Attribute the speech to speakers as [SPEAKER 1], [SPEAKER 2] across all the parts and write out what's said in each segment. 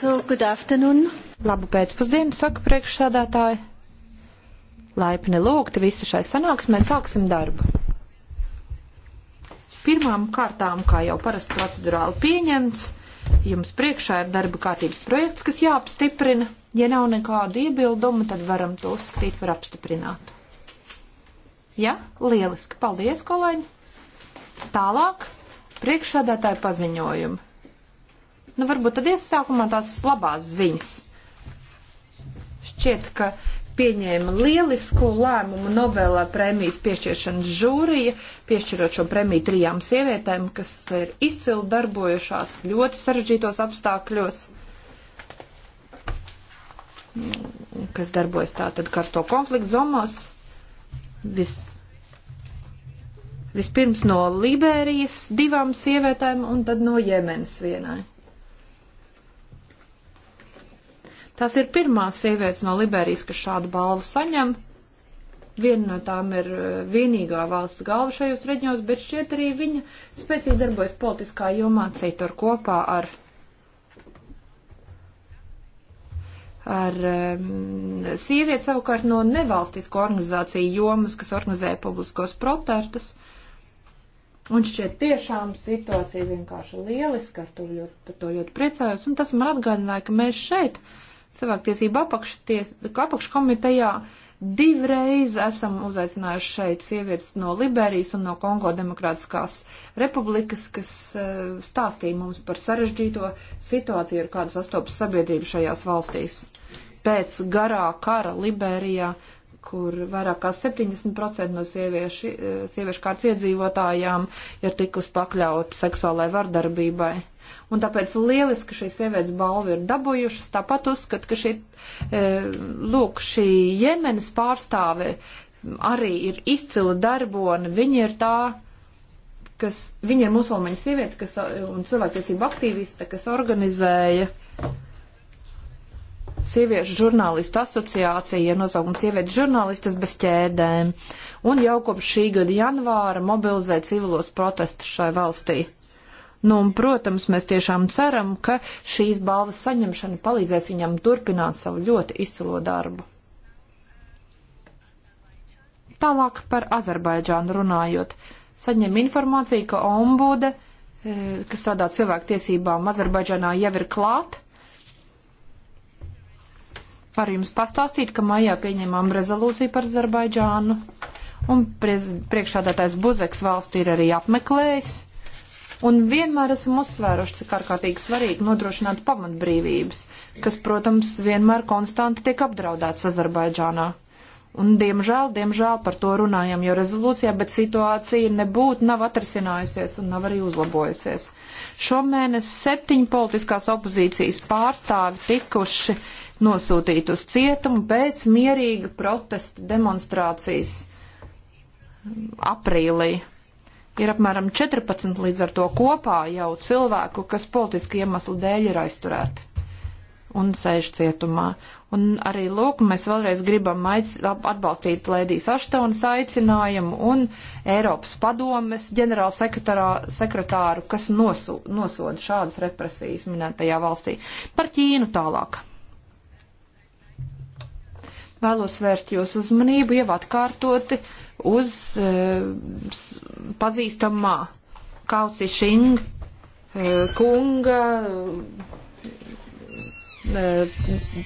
[SPEAKER 1] So, good afternoon. Labu pēcpusdienu, saka priekšsādātāji. Laipni lūgti visi šai sanāksmē, sāksim darbu. Pirmām kārtām, kā jau parasti procedurāli pieņemts, jums priekšā ir darba kārtības projekts, kas jāapstiprina. Ja nav nekādu iebildumu, tad varam to uzskatīt par apstiprinātu. Ja? Lieliski. Paldies, kolēģi. Tālāk priekšsādātāju paziņojumi. Nu, varbūt tad iesākumā tās labās ziņas. Šķiet, ka pieņēma lielisku lēmumu Nobelā prēmijas piešķiršanas žūrija, piešķirot šo prēmiju trijām sievietēm, kas ir izcili darbojušās ļoti sarežģītos apstākļos, nu, kas darbojas tātad karsto konfliktu zomos. Vis, vispirms no Liberijas divām sievietēm un tad no Jemenas vienai. Tās ir pirmās sievietes no Liberijas, kas šādu balvu saņem. Viena no tām ir eh, vienīgā valsts galva šajos reģionos, bet šķiet arī viņa spēcīgi darbojas politiskā jomā citur kopā ar, ar um, sievieti savukārt no nevalstisko organizāciju jomas, kas organizē publiskos protestus. Un šķiet tiešām situācija vienkārši lieliska, ar to ļoti, par to ļoti priecājos, un tas man atgādināja, ka mēs šeit, uh, cilvēktiesību apakškomitejā divreiz esam uzaicinājuši šeit sievietes no Liberijas un no Kongo Demokrātiskās republikas, kas eh, stāstīja mums par sarežģīto situāciju, ar kādu sastopas sabiedrību šajās valstīs. Pēc garā kara Liberijā, kur vairāk kā 70% no eh, sieviešu, sieviešu kārtas iedzīvotājām ir tikus pakļaut seksuālai vardarbībai Un tāpēc lieliski, ka šīs sievietes balvu ir dabūjušas. Tāpat uzskat, ka šī, e, lūk, šī Jemenas pārstāve arī ir izcila darbona. Viņa ir tā, kas, viņa ir musulmaņa sieviete kas, e, un cilvēktiesība aktīviste, kas organizēja Sieviešu žurnālistu asociācija, nosaukums sievietes žurnālistas bez ķēdēm, un jau kopš šī gada janvāra mobilizē civilos protestus šai valstī. Nu, un, protams, mēs tiešām ceram, ka šīs balvas saņemšana palīdzēs viņam turpināt savu ļoti izcilo darbu. Tālāk par Azerbaidžānu runājot. Saņem informāciju, ka ombude, e, kas strādā cilvēku tiesībām Azerbaidžānā, jau ir klāt. Varu jums pastāstīt, ka maijā pieņemām rezolūciju par Azerbaidžānu, un priekšādātais Buzeks valsti ir arī apmeklējis un vienmēr esam uzsvēruši, cik ārkārtīgi svarīgi nodrošināt pamatbrīvības, kas, protams, vienmēr konstanti tiek apdraudēts Azerbaidžānā. Un, diemžēl, diemžēl par to runājam jau rezolūcijā, bet situācija nebūtu nav atrasinājusies un nav arī uzlabojusies. Šomēnes septiņi politiskās opozīcijas pārstāvi tikuši nosūtīti uz cietumu pēc mierīga protesta demonstrācijas aprīlī ir apmēram 14 līdz ar to kopā jau cilvēku, kas politiski iemeslu dēļ ir aizturēti un sēž cietumā. Un arī lūk, mēs vēlreiz gribam aic, atbalstīt Lēdijas Aštonas aicinājumu un Eiropas padomes ģenerāla sekretāru, kas nosu, nosoda šādas represijas minētajā valstī. Par Ķīnu tālāk. Vēlos vērst jūs uzmanību jau atkārtoti uz e, pazīstamā Kauci Šing e, kunga e,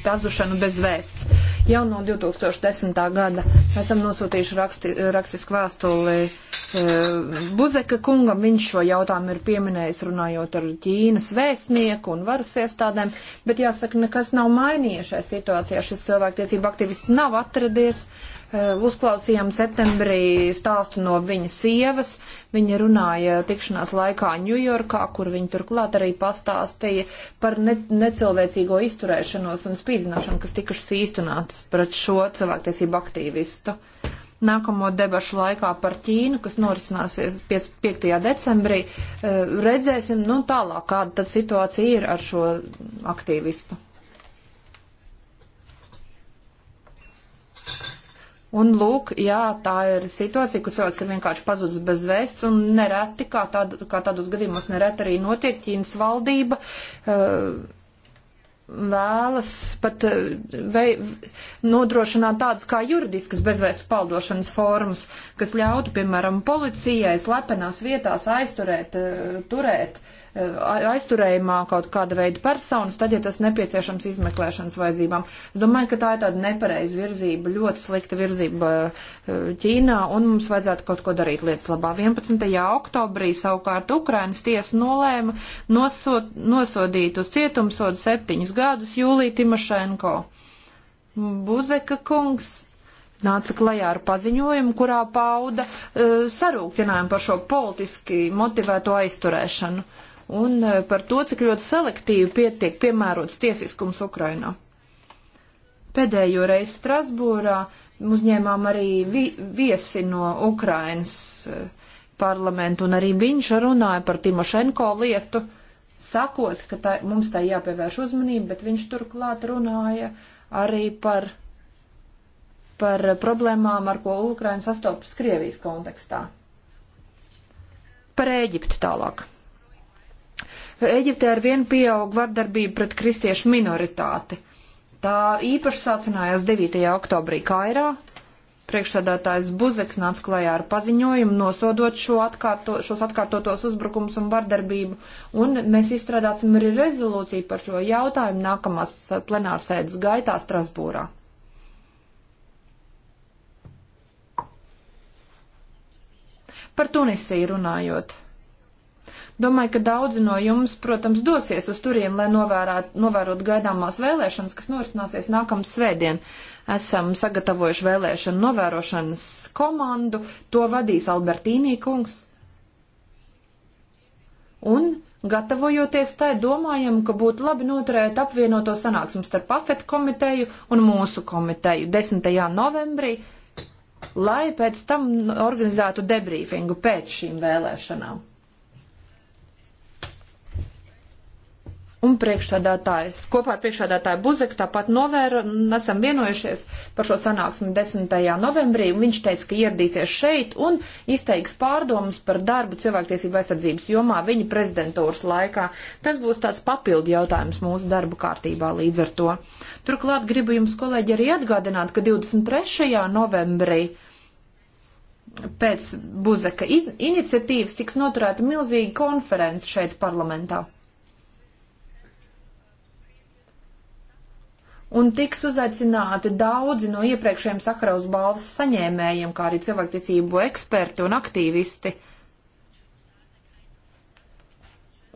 [SPEAKER 1] pazušanu bez vēsts. Jau no 2010. gada esam nosūtījuši raksti, rakstisku vēstuli Buzeka kungam. Viņš šo jautājumu ir pieminējis runājot ar Ķīnas vēstnieku un varas iestādēm, bet jāsaka, nekas nav mainījies šajā situācijā. Šis cilvēktiesība aktivists nav atradies. Uh, Eh, uzklausījām septembrī stāstu no viņa sievas. Viņa runāja tikšanās laikā Ņujorkā, kur viņa turklāt arī pastāstīja par ne necilvēcīgo izturēšanos un spīdzināšanu, kas tikušas īstenātas pret šo cilvēktiesību aktīvistu. Nākamo debašu laikā par Ķīnu, kas norisināsies 5. decembrī, eh, redzēsim, nu tālāk, kāda tad situācija ir ar šo aktīvistu. Un lūk, jā, tā ir situācija, kur cilvēks ir vienkārši pazudis bez vēsts un nereti, kā, tād, kā tādos gadījumos nereti arī notiek, Ķīnas valdība uh, vēlas pat uh, vei, nodrošināt tādas kā juridiskas bezvēstu paldošanas formas, kas ļautu, piemēram, policijai slepenās vietās aizturēt, uh, turēt uh, Eh, aizturējumā kaut kāda veida personas, tad, ja tas nepieciešams izmeklēšanas vajadzībām. Domāju, ka tā ir tāda nepareiza virzība, ļoti slikta virzība eh, Ķīnā, un mums vajadzētu kaut ko darīt lietas labā. 11. oktobrī savukārt Ukrainas tiesa nolēma nosot, nosodīt uz cietumsodu septiņus gadus Jūliju Timošenko. Buzeka kungs nāca klajā ar paziņojumu, kurā pauda uh, sarūktinājumu par šo politiski motivēto aizturēšanu. Uh, un e, par to, cik ļoti selektīvi pietiek piemērots tiesiskums Ukrainā. Pēdējo reizi Strasbūrā uzņēmām arī vi viesi no Ukrainas e, parlamentu, un arī viņš runāja par Timošenko lietu, sakot, ka tā, mums tā jāpievērš uzmanība, bet viņš turklāt runāja arī par, par problēmām, ar ko Ukraina sastopas Krievijas kontekstā. Par Ēģipti tālāk. Eģiptē ar vienu pieaug vardarbība pret kristiešu minoritāti. Tā īpaši sācinājās 9. oktobrī Kairā. Priekšsēdētājs Buzeks nāca klajā ar paziņojumu, nosodot šo atkārto, šos atkārtotos uzbrukums un vardarbību, un mēs izstrādāsim arī rezolūciju par šo jautājumu nākamās plenārsēdes gaitā Strasbūrā. Par Tunisiju runājot. Domāju, ka daudzi no jums, protams, dosies uz turien, lai novērāt, novērot gaidāmās vēlēšanas, kas norisināsies nākamā svētdien. Esam sagatavojuši vēlēšanu novērošanas komandu, to vadīs Albertīnī kungs. Un Gatavojoties tai, domājam, ka būtu labi noturēt apvienoto sanāksmu starp AFET komiteju un mūsu komiteju 10. novembrī, lai pēc tam organizētu debriefingu pēc šīm vēlēšanām. un priekšsādātājs. Kopā ar priekšsādātāju Buzeku tāpat novēru un esam vienojušies par šo sanāksmi 10. novembrī. Viņš teica, ka ieradīsies šeit un izteiks pārdomus par darbu cilvēktiesību aizsardzības jomā viņa prezidentūras laikā. Tas būs tāds papildu jautājums mūsu darbu kārtībā līdz ar to. Turklāt gribu jums, kolēģi, arī atgādināt, ka 23. novembrī pēc Buzeka iniciatīvas tiks noturēta milzīga konference šeit parlamentā. un tiks uzaicināti daudzi no iepriekšējiem Sakarovas balvas saņēmējiem, kā arī cilvēktiesību eksperti un aktīvisti.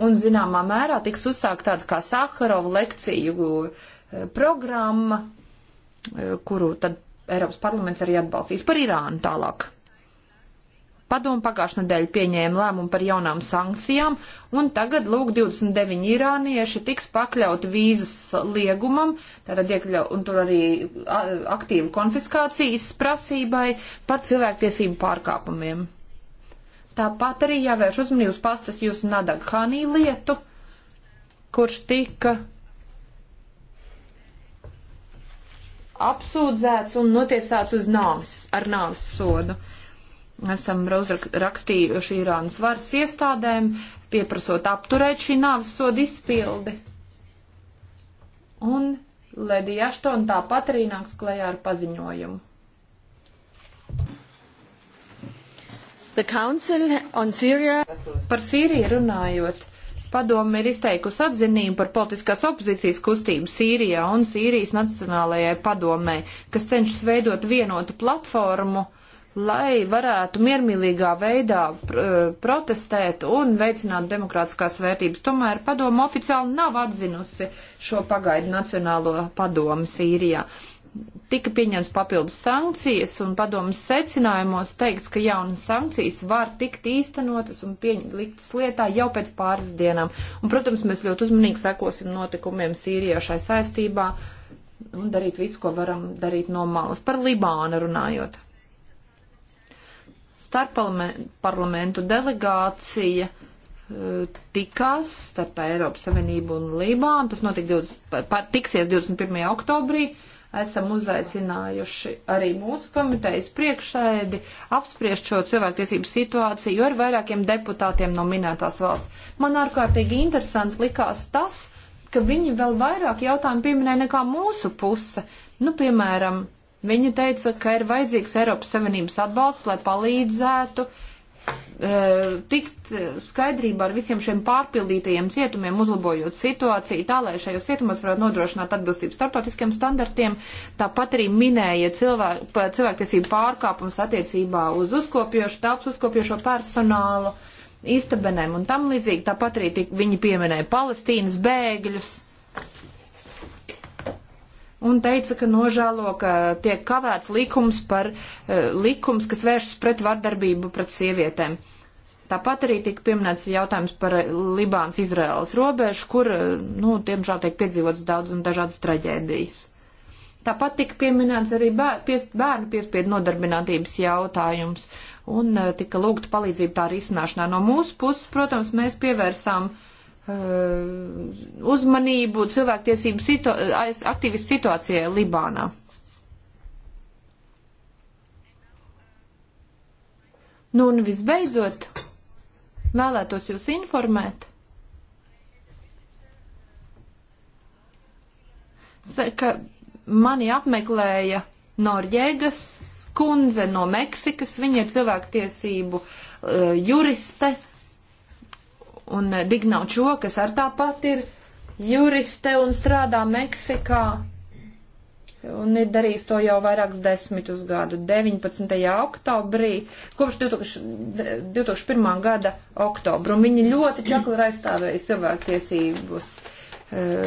[SPEAKER 1] Un zināmā mērā tiks uzsākt tāda kā Sakarova lekciju eh, programma, eh, kuru tad Eiropas parlaments arī atbalstīs par Irānu tālāk. Padomu pagājušā nedēļa pieņēma lēmumu par jaunām sankcijām, un tagad, lūk, 29 irānieši tiks pakļauti vīzas liegumam, tātad iekļau, un tur arī aktīvu konfiskācijas prasībai par cilvēktiesību pārkāpumiem. Tāpat arī jāvērš uzmanību uz pastas jūsu Nadaghānī lietu, kurš tika apsūdzēts un notiesāts uz nāvis, ar nāvis sodu. Esam rakstījuši Irānas varas iestādēm, pieprasot apturēt šī nāves soda izpildi. Un Ledija Aštona tāpat arī nāks klajā ar paziņojumu. Par Sīriju runājot, padomu ir izteikusi atzinību par politiskās opozīcijas kustību Sīrijā un Sīrijas Nacionālajai padomē, kas cenšas veidot vienotu platformu lai varētu miermīlīgā veidā eh, protestēt un veicināt demokrātiskās vērtības. Tomēr padoma oficiāli nav atzinusi šo pagaidu Nacionālo padomu Sīrijā. Tika pieņemts papildus sankcijas un padomas secinājumos teikts, ka jaunas sankcijas var tikt īstenotas un pieņemtas lietā jau pēc pāris dienām. Un, protams, mēs ļoti uzmanīgi sekosim notikumiem Sīrijā šai saistībā un darīt visu, ko varam darīt no malas. Par Libānu runājot starp parlamentu delegācija eh, tikās starp Eiropas Savienību un Lībānu. Tas notika 20, par, tiksies 21. oktobrī. Esam uzaicinājuši arī mūsu komitejas priekšsēdi apspriest šo cilvēktiesību situāciju ar vairākiem deputātiem no minētās valsts. Man ārkārtīgi interesanti likās tas, ka viņi vēl vairāk jautājumu pieminēja nekā mūsu puse. Nu, piemēram, Viņa teica, ka ir vajadzīgs Eiropas Savienības atbalsts, lai palīdzētu uh, tikt skaidrībā ar visiem šiem pārpildītajiem cietumiem, uzlabojot situāciju tā, lai šajos cietumos varētu nodrošināt atbilstību starptautiskiem standartiem. Tāpat arī minēja cilvēku, cilvēktiesību pārkāpums attiecībā uz uzkopjošu, tāps uzkopjošo personālu, istabenēm un tam līdzīgi. Tāpat arī tik, viņi pieminēja Palestīnas bēgļus un teica, ka nožēlo, ka tiek kavēts likums par uh, likums, kas vēršas pret vardarbību pret sievietēm. Tāpat arī tika pieminēts jautājums par eh, Libānas-Izraēlas robežu, kur, eh, nu, tiemžēl tiek piedzīvotas daudz un dažādas traģēdijas. Tāpat tika pieminēts arī bēr, pies, bērnu piespiedu nodarbinātības jautājums un uh, tika lūgta palīdzība tā risināšanā. No mūsu puses, protams, mēs pievērsām uh, Uh, uzmanību cilvēktiesību situ aktīvistu situācijai Libānā. Nu un visbeidzot, vēlētos jūs informēt, ka mani apmeklēja Norģēgas kundze no Meksikas, viņa ir cilvēktiesību uh, juriste un eh, Dignaučo, kas ar tāpat ir juriste un strādā Meksikā. Un ir darījis to jau vairākus desmitus gadu. 19. oktobrī, kopš 2000, 2001. gada oktobra. Un viņi ļoti čakli ir aizstāvējuši cilvēktiesības. Uh, Eh,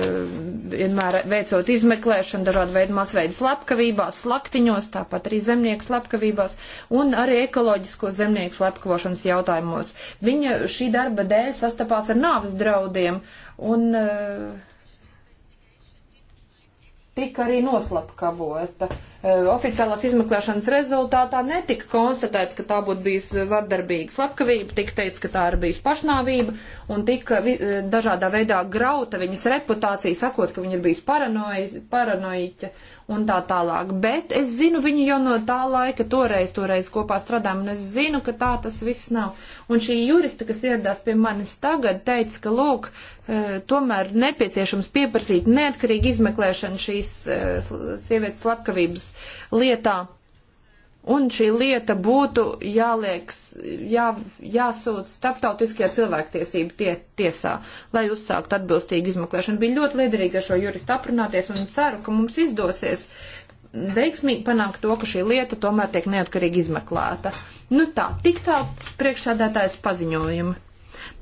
[SPEAKER 1] vienmēr veicot izmeklēšanu dažādu veidu masveidu slepkavībās, slaktiņos, tāpat arī zemnieku slepkavībās un arī ekoloģisko zemnieku slepkavošanas jautājumos. Viņa šī darba dēļ sastapās ar nāves draudiem un uh, tika arī noslapkavota. E, oficiālās izmeklēšanas rezultātā netika konstatēts, ka tā būtu bijusi vardarbīga slepkavība, tika teikts, ka tā ir bijusi pašnāvība un tika e, dažādā veidā grauta viņas reputācija, sakot, ka viņa ir bijusi paranoiķa un tā tālāk. Bet es zinu viņu jau no tā laika, toreiz, toreiz kopā strādājām, un es zinu, ka tā tas viss nav. Un šī jurista, kas ieradās pie manis tagad, teica, ka, lūk, Eh, tomēr nepieciešams pieprasīt neatkarīgu izmeklēšanu šīs eh, sievietes slepkavības lietā. Un šī lieta būtu jāliek, jā, jāsūt starptautiskajā cilvēktiesību tie, tiesā, lai uzsākt atbilstīgu izmeklēšanu. Bija ļoti liederīgi ar šo juristu aprunāties un ceru, ka mums izdosies veiksmīgi panākt to, ka šī lieta tomēr tiek neatkarīgi izmeklēta. Nu tā, tik tā priekšsādātājs paziņojumi.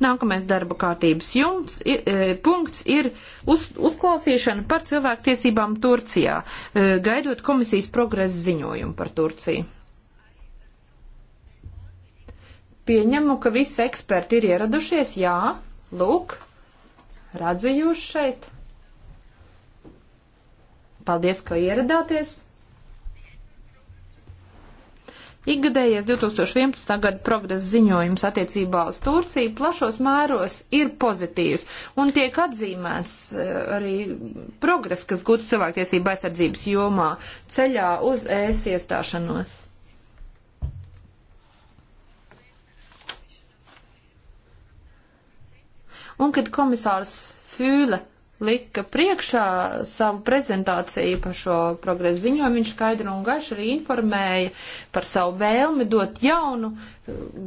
[SPEAKER 1] Nākamais darba kārtības jumts, i, e, punkts ir uz, uzklausīšana par cilvēktiesībām Turcijā, e, gaidot komisijas progresa ziņojumu par Turciju. Pieņemu, ka visi eksperti ir ieradušies, jā, lūk, redzu jūs šeit. Paldies, ka ieradāties! Ikgadējais 2011. gada progresa ziņojums attiecībā uz Turciju plašos mēros ir pozitīvs un tiek atzīmēts eh, arī progress, kas gūts cilvēktiesība aizsardzības jomā ceļā uz ES iestāšanos. Un kad komisārs Fūle lika priekšā savu prezentāciju par šo progresu ziņojumu, viņš skaidri un gaiši arī informēja par savu vēlmi dot jaunu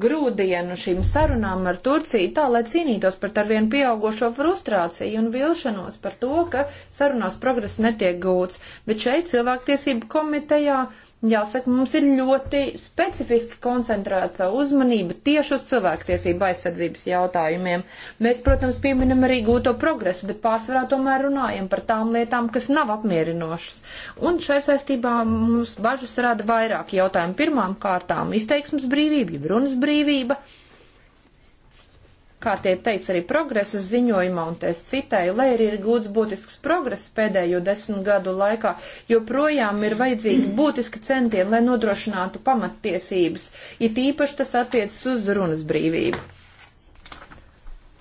[SPEAKER 1] grūdienu šīm sarunām ar Turciju tā, lai cīnītos par arvien pieaugošo frustrāciju un vilšanos par to, ka sarunās progress netiek gūts. Bet šeit cilvēktiesību komitejā, jāsaka, mums ir ļoti specifiski koncentrēta uzmanība tieši uz cilvēktiesību aizsardzības jautājumiem. Mēs, protams, pieminam arī gūto progresu, bet pārsvarā tomēr runājam par tām lietām, kas nav apmierinošas. Un šai saistībā mums bažas rada vairāk jautājumu. Pirmām kārtām izteiksmes brīvība runas brīvība. Kā tie teica arī progresa ziņojumā, un es citēju, lai arī ir gūts būtisks progress pēdējo desmit gadu laikā, joprojām ir vajadzīgi būtiski centieni, lai nodrošinātu pamattiesības, it īpaši tas attiecas uz runas brīvību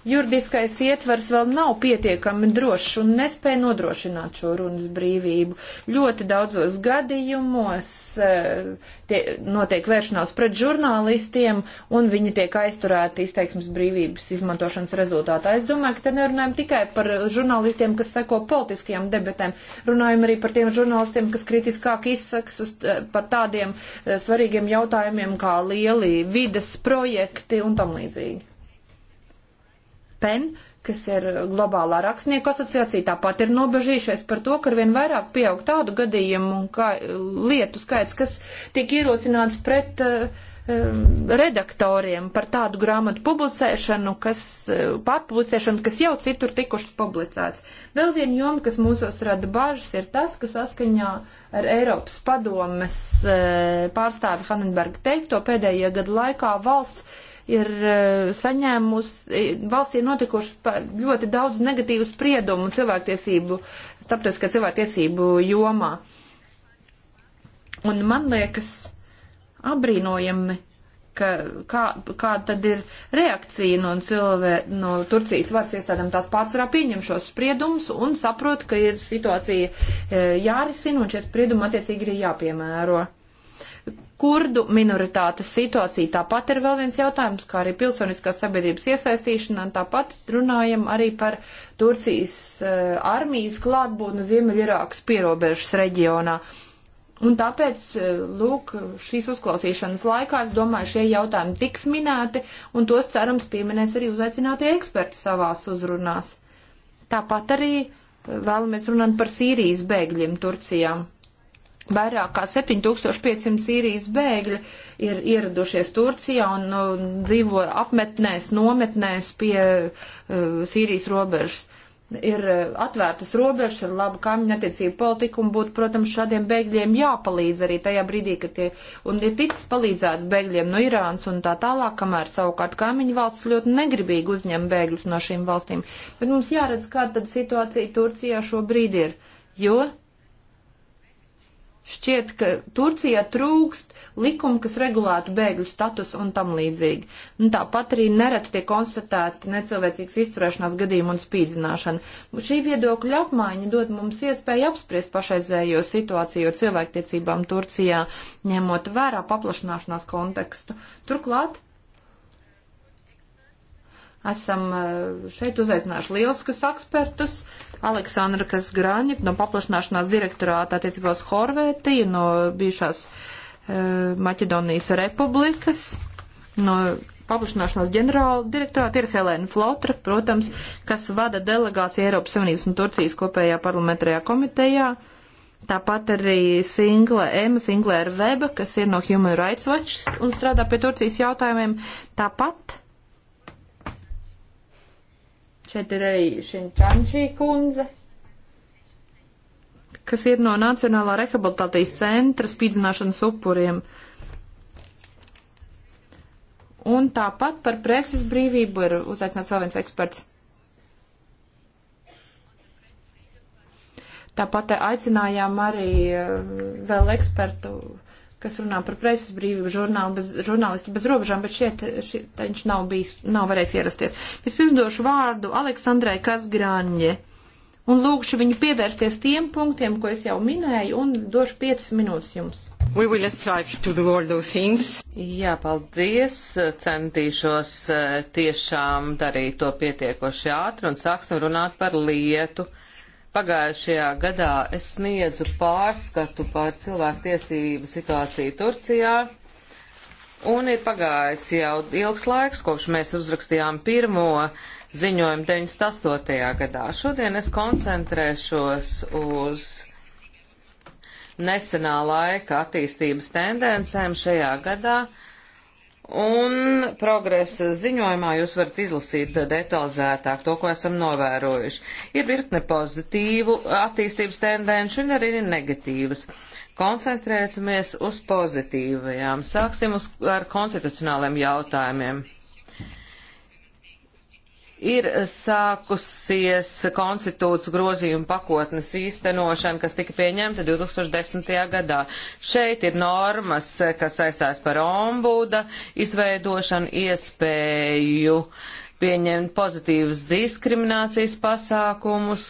[SPEAKER 1] juridiskais ietvers vēl nav pietiekami drošs un nespēja nodrošināt šo runas brīvību. Ļoti daudzos gadījumos e, tie, notiek vēršanās pret žurnālistiem un viņi tiek aizturēti izteiksmes brīvības izmantošanas rezultātā. Es domāju, ka te nerunājam tikai par žurnālistiem, kas seko politiskajām debatēm, runājam arī par tiem žurnālistiem, kas kritiskāk izsaks uz, e, par tādiem e, svarīgiem jautājumiem kā lieli vides projekti un tam līdzīgi. PEN, kas ir globālā rakstnieku asociācija, tāpat ir nobežījušies par to, ka arvien vairāk pieaug tādu gadījumu un kā, lietu skaits, kas tiek ierosināts pret uh, redaktoriem par tādu grāmatu publicēšanu, kas, eh, pārpublicēšanu, kas jau citur tikušas publicēts. Vēl viena joma, kas mūsos rada bažas, ir tas, ka saskaņā ar Eiropas padomes pārstāvi Hanenberga teikto pēdējie gadu laikā valsts ir eh, saņēmusi, eh, valstī ir notikuši ļoti daudz negatīvu spriedumu cilvēktiesību, starptautiskā cilvēktiesību jomā. Un man liekas abrīnojami, ka, kā, kā tad ir reakcija no, cilvē, no Turcijas varas iestādēm, tās pārsvarā pieņem šos spriedumus un saprot, ka ir situācija eh, jārisina un šie spriedumi attiecīgi ir jāpiemēro. Kurdu minoritātes situācija tāpat ir vēl viens jautājums, kā arī pilsoniskās sabiedrības iesaistīšana, un tāpat runājam arī par Turcijas uh, armijas klātbūtni Ziemeļirākas pierobežas reģionā. Un tāpēc, eh, lūk, šīs uzklausīšanas laikā, es domāju, šie jautājumi tiks minēti, un tos cerams pieminēs arī uzaicinātie eksperti savās uzrunās. Tāpat arī eh, vēlamies runāt par Sīrijas bēgļiem Turcijām. Vairāk kā 7500 īrijas bēgļi ir ieradušies Turcijā un nu, dzīvo apmetnēs, nometnēs pie uh, Sīrijas robežas. Ir uh, atvērtas robežas, ir laba kaimiņa attiecība politika un būtu, protams, šādiem bēgļiem jāpalīdz arī tajā brīdī, kad tie un ir ticis palīdzēts bēgļiem no Irānas un tā tālāk, kamēr savukārt kaimiņu valsts ļoti negribīgi uzņem bēgļus no šīm valstīm. Bet mums jāredz, kāda tad situācija Turcijā šobrīd ir, jo Šķiet, ka Turcijā trūkst likumu, kas regulētu bēgļu status un tam līdzīgi. Nu, tāpat arī nereti tiek konstatēta necilvēcīgas izturēšanās gadījuma un spīdzināšana. Šī viedokļa apmaiņa dod mums iespēju apspriest pašreizējo situāciju ar cilvēktiecībām Turcijā, ņemot vērā paplašanāšanās kontekstu. Turklāt esam eh, šeit uzaicinājuši lielus ekspertus, uh, Aleksandra Kasgraņa no paplašanāšanās direktorāta attiecībā uz Horvētiju, no bijušās e, Maķedonijas republikas, no paplašanāšanās ģenerāla direktorāta ir Helēna Flotra, protams, kas vada delegāciju Eiropas Savienības un Turcijas kopējā parlamentārajā komitejā. Tāpat arī Single, Emma Singlēra Veba, kas ir no Human Rights Watch un strādā pie Turcijas jautājumiem. Tāpat Šeit ir arī Šinčančī kundze, kas ir no Nacionālā rehabilitācijas centra spīdzināšanas upuriem. Un tāpat par preses brīvību ir uzaicināts vēl viens eksperts. Tāpat aicinājām arī eh, vēl ekspertu kas runā par preses brīvību, žurnāli bez, žurnālisti bez robežām, bet šeit, šeit viņš nav bijis, nav varējis ierasties. Vispirms došu vārdu Aleksandrai Kazgrāņģe un lūkšu viņu pievērsties tiem punktiem, ko es jau minēju, un došu 5 minūtes jums.
[SPEAKER 2] Jā, paldies. Centīšos eh, tiešām darīt to pietiekoši ātri un sāksim runāt par lietu, uh, Pagājušajā gadā es sniedzu pārskatu par cilvēktiesību situāciju Turcijā, un ir pagājis jau ilgs laiks, kopš mēs uzrakstījām pirmo ziņojumu 98. gadā. Šodien es koncentrēšos uz nesenā laika attīstības tendencēm šajā gadā Un progresa ziņojumā jūs varat izlasīt detalizētāk to, ko esam novērojuši. Ir virkne pozitīvu attīstības tendenci un arī negatīvas. Koncentrēsimies uz pozitīvajām. Sāksim uz, ar konstitucionāliem jautājumiem ir sākusies konstitūts grozījuma pakotnes īstenošana, kas tika pieņemta 2010. gadā. Šeit ir normas, kas saistās par ombuda izveidošanu, iespēju pieņemt pozitīvas diskriminācijas pasākumus.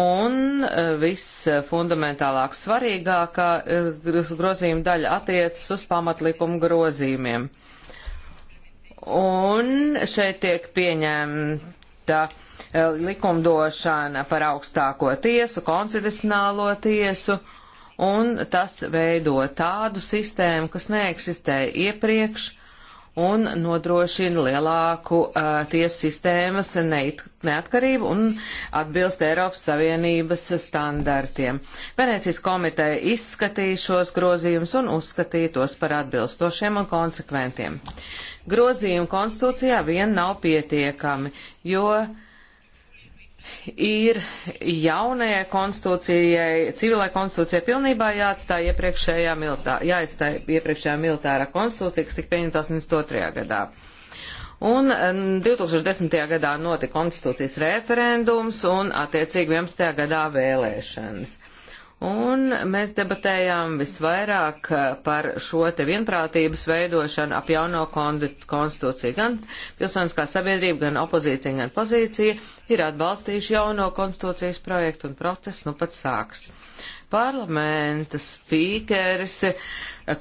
[SPEAKER 2] Un e, viss fundamentālāk svarīgākā e, grozījuma daļa attiecas uz pamatlikumu grozījumiem. Uh, Un šeit tiek pieņemta eh, likumdošana par augstāko tiesu, konstitucionālo tiesu, un tas veido tādu sistēmu, kas neeksistēja iepriekš un nodrošina lielāku uh, tiesu sistēmas neit, neatkarību un atbilst Eiropas Savienības standartiem. Venecijas komiteja izskatīja šos grozījumus un uzskatīja tos par atbilstošiem un konsekventiem. Uh, grozījumi konstitūcijā vien nav pietiekami, jo ir jaunajai konstitūcijai, civilai konstitūcijai pilnībā jāatstāja iepriekšējā, militā, jāatstāja iepriekšējā militārā konstitūcija, kas tika pieņemta 82. gadā. Un 2010. gadā notika konstitūcijas referendums un attiecīgi 11. gadā vēlēšanas. Un mēs debatējām visvairāk eh, par šo te vienprātības veidošanu ap jauno konstitūciju. Gan pilsoniskā sabiedrība, gan opozīcija, gan pozīcija ir atbalstījuši jauno konstitūcijas projektu un process nu pat sāks. Parlamenta spīkeris eh,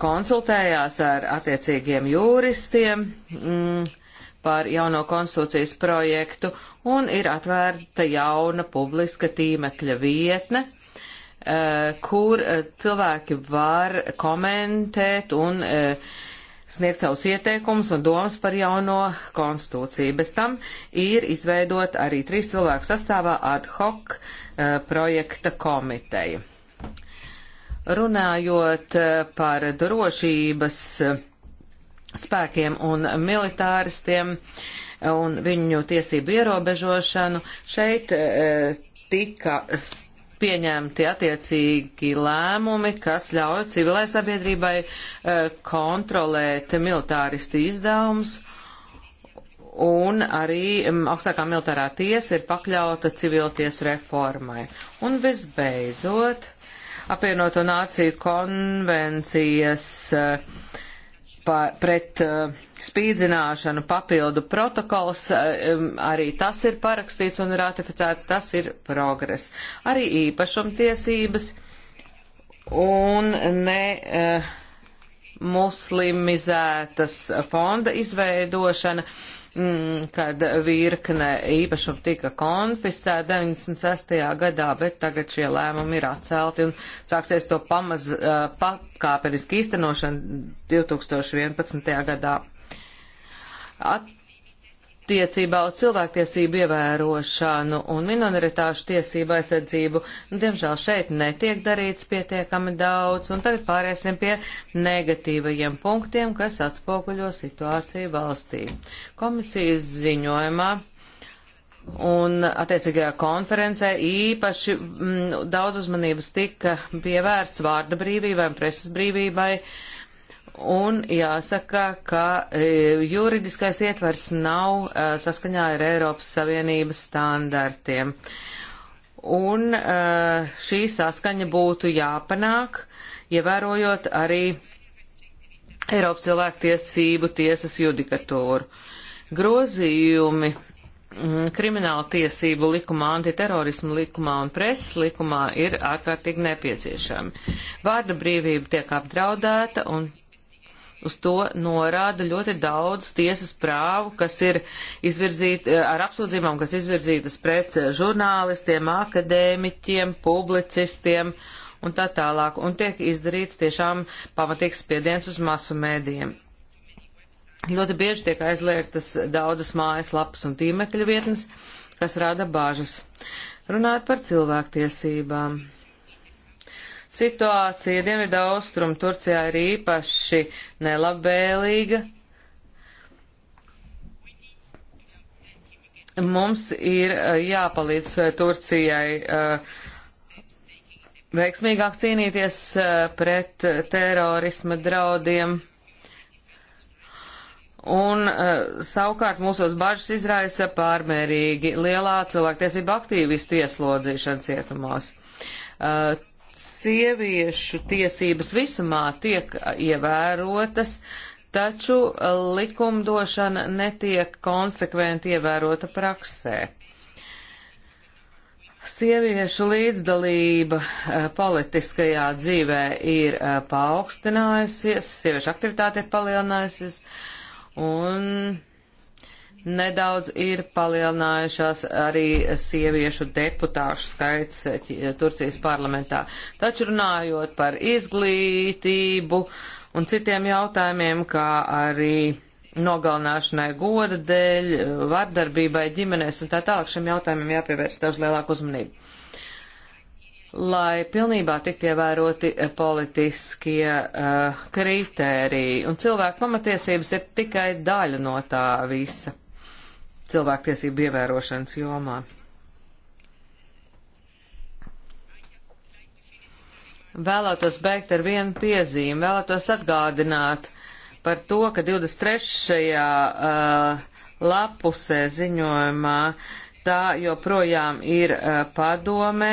[SPEAKER 2] konsultējās ar attiecīgiem juristiem. Mm, par jauno konstitūcijas projektu un ir atvērta jauna publiska tīmekļa vietne, Eh, kur eh, cilvēki var komentēt un eh, sniegt savus ieteikumus un domas par jauno konstitūciju. Bez tam ir izveidot arī trīs cilvēku sastāvā ad hoc projekta komiteja. Runājot par drošības spēkiem un militāristiem un viņu tiesību ierobežošanu, šeit tika pieņemti attiecīgi lēmumi, kas ļauj civilai sabiedrībai e, kontrolēt militāristi izdevumus. Un arī augstākā militārā tiesa ir pakļauta civiltiesu reformai. Un visbeidzot, apvienoto nāciju konvencijas uh, par, pret uh, spīdzināšanu papildu protokols, uh, um, arī tas ir parakstīts un ratificēts, tas ir progress. Arī īpašumtiesības un ne uh, muslimizētas fonda izveidošana. Uh, Mm, kad virkne īpašumu tika konfiscēta 96. gadā, bet tagad šie lēmumi ir atcelti un sāksies to pamaz pakāpeniski īstenošana 2011. gadā. At, attiecībā uz cilvēktiesību ievērošanu un minoritāšu tiesību aizsardzību. Nu, diemžēl šeit netiek darīts pietiekami daudz, un tagad pāriesim pie negatīvajiem punktiem, kas atspoguļo situāciju valstī. Komisijas ziņojumā. Un attiecīgajā konferencē īpaši m, mm, daudz uzmanības tika pievērsts vārda brīvībai un presas brīvībai. Uh, Un jāsaka, ka e, juridiskais ietvers nav e, saskaņā ar Eiropas Savienības standartiem. Un e, šī saskaņa būtu jāpanāk, ievērojot arī Eiropas cilvēktiesību tiesas judikatūru. Grozījumi mm, krimināla tiesību likumā, antiterorismu likumā un preses likumā ir ārkārtīgi nepieciešami. Vārda brīvība tiek apdraudēta un Uz to norāda ļoti daudz tiesas prāvu, kas ir izvirzīti eh, ar apsūdzībām, kas izvirzītas pret eh, žurnālistiem, akadēmiķiem, publicistiem un tā tālāk, un tiek izdarīts tiešām pamatīgs spiediens uz masu mēdījiem. Ļoti bieži tiek aizliegtas daudzas mājaslapas un tīmekļa vietnes, kas rada bāžas. Runāt par cilvēktiesībām. Situācija Dienvidu austrumu Turcijā ir īpaši nelabvēlīga. Mums ir eh, jāpalīdz eh, Turcijai eh, veiksmīgāk cīnīties pret terorisma draudiem. Un uh, savukārt mūsos bažas izraisa pārmērīgi lielā cilvēktiesība aktīvistu ieslodzīšana cietumos. Uh, sieviešu tiesības visumā tiek ievērotas, taču likumdošana netiek konsekventi ievērota praksē. Sieviešu līdzdalība eh, politiskajā dzīvē ir eh, paaugstinājusies, sieviešu aktivitāte ir palielinājusies, un Nedaudz ir palielinājušās arī sieviešu deputāšu skaits eh, Turcijas parlamentā. Taču runājot par izglītību un citiem jautājumiem, kā arī nogalināšanai goda dēļ, vardarbībai ģimenēs un tā tālāk, šiem jautājumiem jāpievērst daudz lielāku uzmanību. Lai pilnībā tiktu ievēroti politiskie uh, kritēriji, un cilvēku pamatiesības ir tikai daļa no tā visa cilvēktiesību ievērošanas jomā. Vēlētos beigt ar vienu piezīmi, vēlētos atgādināt par to, ka 23. Uh, lapusē ziņojumā tā joprojām ir uh, padomē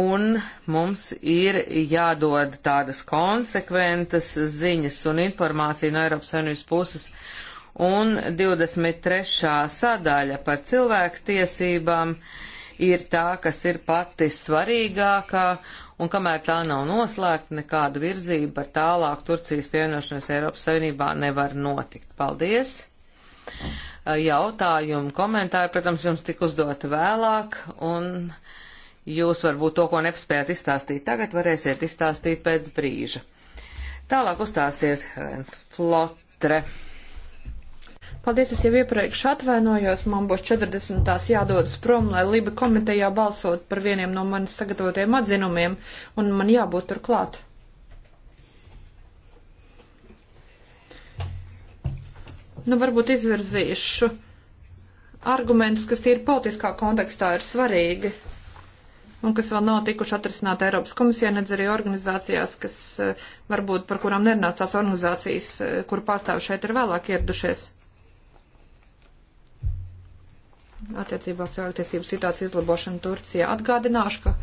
[SPEAKER 2] un mums ir jādod tādas konsekventas ziņas un informācija no Eiropas Savienības puses uh, un 23. sadaļa par cilvēku tiesībām ir tā, kas ir pati svarīgākā, un kamēr tā nav noslēgta, nekāda virzība par tālāk Turcijas pievienošanos Eiropas Savienībā nevar notikt. Paldies! Jautājumi, komentāri, protams, jums tika uzdoti vēlāk, un jūs varbūt to, ko nepaspējāt izstāstīt tagad, varēsiet izstāstīt pēc brīža. Tālāk uzstāsies Flotre. Paldies, es jau iepriekš atvainojos,
[SPEAKER 1] man būs 40. jādodas prom, lai Liba komitejā balsot par vieniem no manis sagatavotiem atzinumiem, un man jābūt turklāt. Nu, varbūt izvirzīšu argumentus, kas tīri politiskā kontekstā ir svarīgi un kas vēl nav tikuši atrisināti Eiropas komisijā, nedz arī organizācijās, kas eh, varbūt par kurām nerunās tās organizācijas, eh, kur pārstāvi šeit ir vēlāk ieradušies. attiecībā uz cilvēktiesību situāciju uzlabošanu Turcijā. Atgādināšu, ka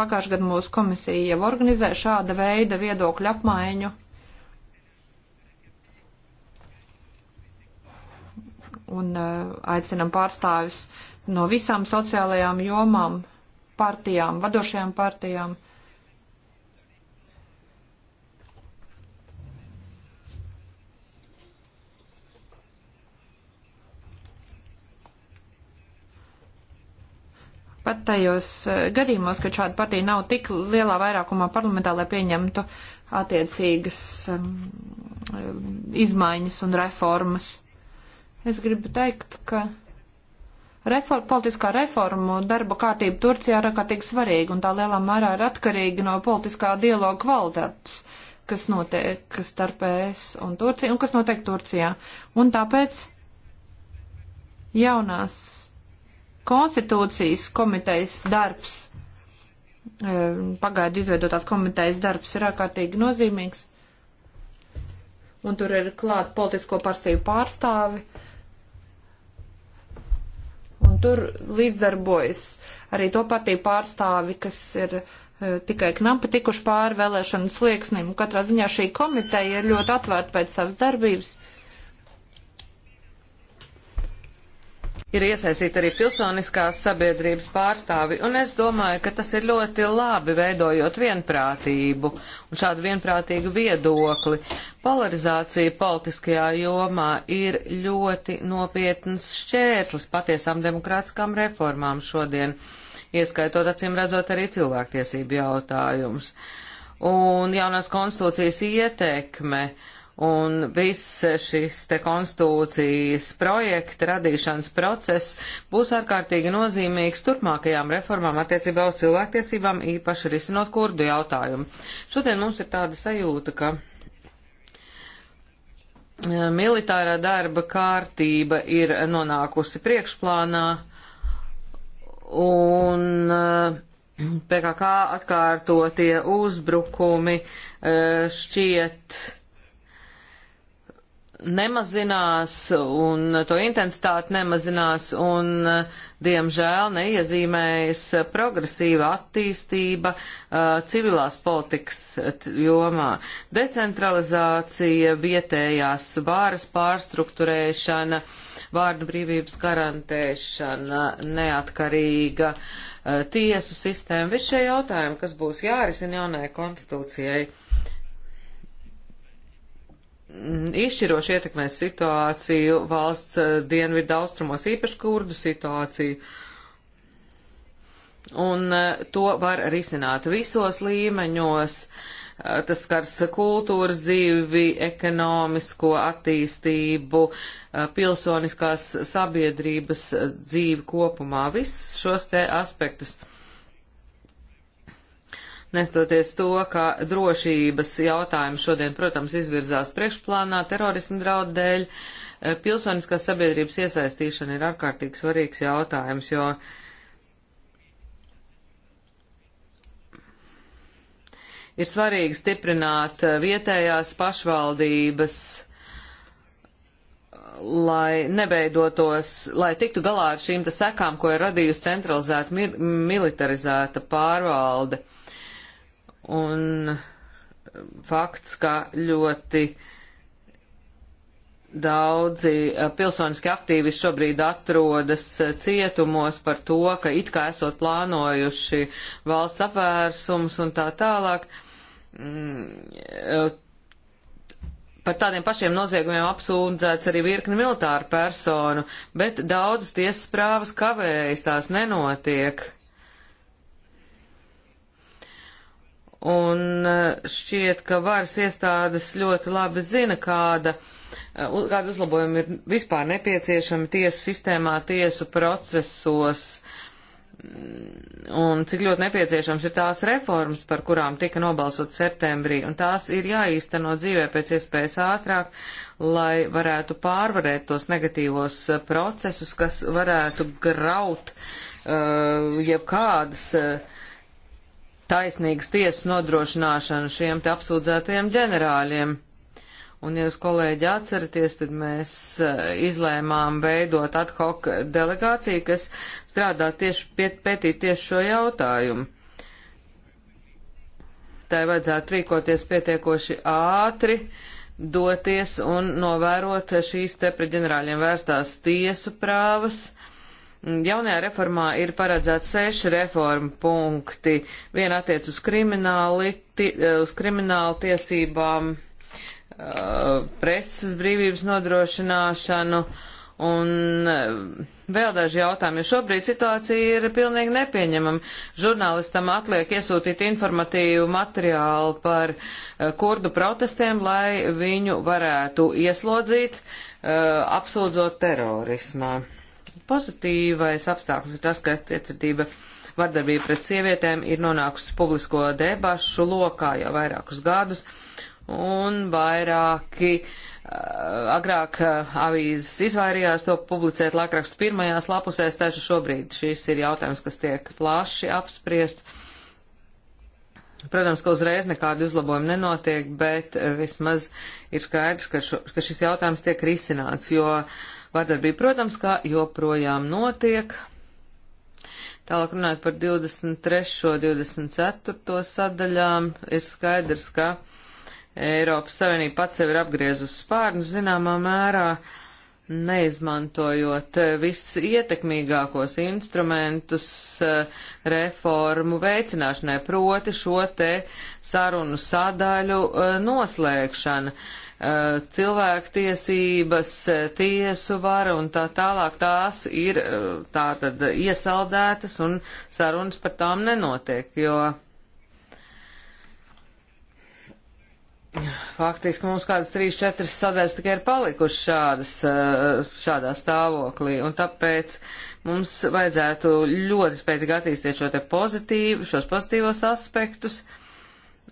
[SPEAKER 1] pagājušajā gadā mūsu komisija jau organizē šāda veida viedokļu apmaiņu. Un uh, aicinam pārstāvis no visām sociālajām jomām, partijām, vadošajām partijām pat tajos e, gadījumos, kad šāda partija nav tik lielā vairākumā parlamentā, lai pieņemtu attiecīgas um, izmaiņas un reformas. Es gribu teikt, ka reform, politiskā reformu darba kārtība Turcijā ir ārkārtīgi svarīga un tā lielā mērā ir atkarīga no politiskā dialoga kvalitātes, kas notiek starp ES un Turciju un kas notiek Turcijā. Un tāpēc jaunās Konstitūcijas komitejas darbs, e, pagaidu izveidotās komitejas darbs ir ārkārtīgi nozīmīgs. Un tur ir klāt politisko pārstīvu pārstāvi. Un tur līdzdarbojas arī to partiju pārstāvi, kas ir e, tikai knapi tikuši pāri vēlēšanu slieksnim. Katrā ziņā šī komiteja ir ļoti atvērta pēc savas darbības
[SPEAKER 2] ir iesaistīti arī pilsoniskās sabiedrības pārstāvi, un es domāju, ka tas ir ļoti labi veidojot vienprātību un šādu vienprātīgu viedokli. Polarizācija politiskajā jomā ir ļoti nopietns šķērslis patiesām demokrātiskām reformām šodien, ieskaitot acīm redzot arī cilvēktiesību jautājumus. Un jaunās konstitūcijas ietekme uh, un viss šis te konstitūcijas projekta radīšanas process būs ārkārtīgi nozīmīgs turpmākajām reformām attiecībā uz cilvēktiesībām, īpaši risinot kurdu jautājumu. Šodien mums ir tāda sajūta, ka e, militārā darba kārtība ir nonākusi priekšplānā un e, PKK atkārtotie uzbrukumi e, šķiet nemazinās un to intensitāte nemazinās un, diemžēl, neiezīmējas progresīva attīstība uh, civilās politikas uh, jomā. Decentralizācija, vietējās vāras pārstruktūrēšana, vārdu brīvības garantēšana, neatkarīga uh, tiesu sistēma, visi šie jautājumi, kas būs jārisina jaunajai konstitūcijai. Uh, Mm, izšķiroši ietekmēs situāciju valsts eh, dienvidu austrumos, īpaši kurdu situāciju. Un eh, to var risināt visos līmeņos. Eh, tas skars kultūras dzīvi, ekonomisko attīstību, pilsoniskās sabiedrības dzīvi kopumā, visus šos te aspektus. Nestoties to, ka drošības jautājums šodien, protams, izvirzās priekšplānā terorismu draudu dēļ, eh, pilsoniskās sabiedrības iesaistīšana ir ārkārtīgi svarīgs jautājums, jo ir svarīgi stiprināt eh, vietējās pašvaldības, lai nebeidotos, lai tiktu galā ar šīm te sekām, ko ir radījusi centralizēta militarizēta pārvalde. Un um, fakts, ka ļoti daudzi uh, pilsoniski aktīvisti šobrīd atrodas uh, cietumos par to, ka it kā esot plānojuši valsts apvērsums un tā tālāk. Mm, uh, par tādiem pašiem noziegumiem apsūdzēts arī virkni militāru personu, bet daudzas tiesas prāvas kavējas tās nenotiek un eh, šķiet, ka varas iestādes ļoti labi zina, kāda, eh, kāda uzlabojuma ir vispār nepieciešama tiesu sistēmā, tiesu procesos, un cik ļoti nepieciešams ir tās reformas, par kurām tika nobalsot septembrī, un tās ir jāīsteno dzīvē pēc iespējas ātrāk, lai varētu pārvarēt tos negatīvos eh, procesus, kas varētu graut uh, jebkādas uh, taisnīgas tiesas nodrošināšanu šiem te apsūdzētajiem ģenerāļiem. Un, ja jūs, kolēģi, atceraties, tad mēs eh, izlēmām veidot ad hoc delegāciju, kas strādā tieši piet, pētīt tieši šo jautājumu. Tai vajadzētu rīkoties pietiekoši ātri, doties un novērot šīs te pret ģenerāļiem vērstās tiesu prāvas Mm, jaunajā reformā ir paredzēts seši reformu punkti. Viena attiec uz, ti, eh, uz kriminālu tiesībām, eh, preses brīvības nodrošināšanu un eh, vēl daži jautājumi, jo šobrīd situācija ir pilnīgi nepieņemama. Žurnālistam atliek iesūtīt informatīvu materiālu par kurdu protestiem, lai viņu varētu ieslodzīt, apsūdzot terorismā. Pozitīvais apstākļus ir tas, ka tiecardība vardarbība pret sievietēm ir nonākusi publisko debašu lokā jau vairākus gadus, un vairāki eh, agrāk eh, avīzes izvairījās to publicēt laikrakstu pirmajās lapusēs, taču šobrīd šis ir jautājums, kas tiek plaši apspriests. Protams, ka uzreiz nekādi uzlabojumi nenotiek, bet eh, vismaz ir skaidrs, ka, šo, ka šis jautājums tiek risināts, jo uh, vardarbība, protams, kā joprojām notiek. Tālāk runājot par 23. 24. sadaļām, ir skaidrs, ka Eiropas Savienība pats sevi ir apgriezus spārnu zināmā mērā, neizmantojot visietekmīgākos instrumentus eh, reformu veicināšanai, proti šo te sarunu sadaļu eh, noslēgšanu Eh, cilvēktiesības, eh, tiesu vara un tā tālāk tās ir eh, tā tad iesaldētas un sarunas par tām nenotiek, jo faktiski mums kādas trīs, četras sadaļas tikai ir palikušas šādas, šādā stāvoklī un tāpēc mums vajadzētu ļoti spēcīgi attīstīt šo te pozitīvu, šos pozitīvos aspektus. Uh,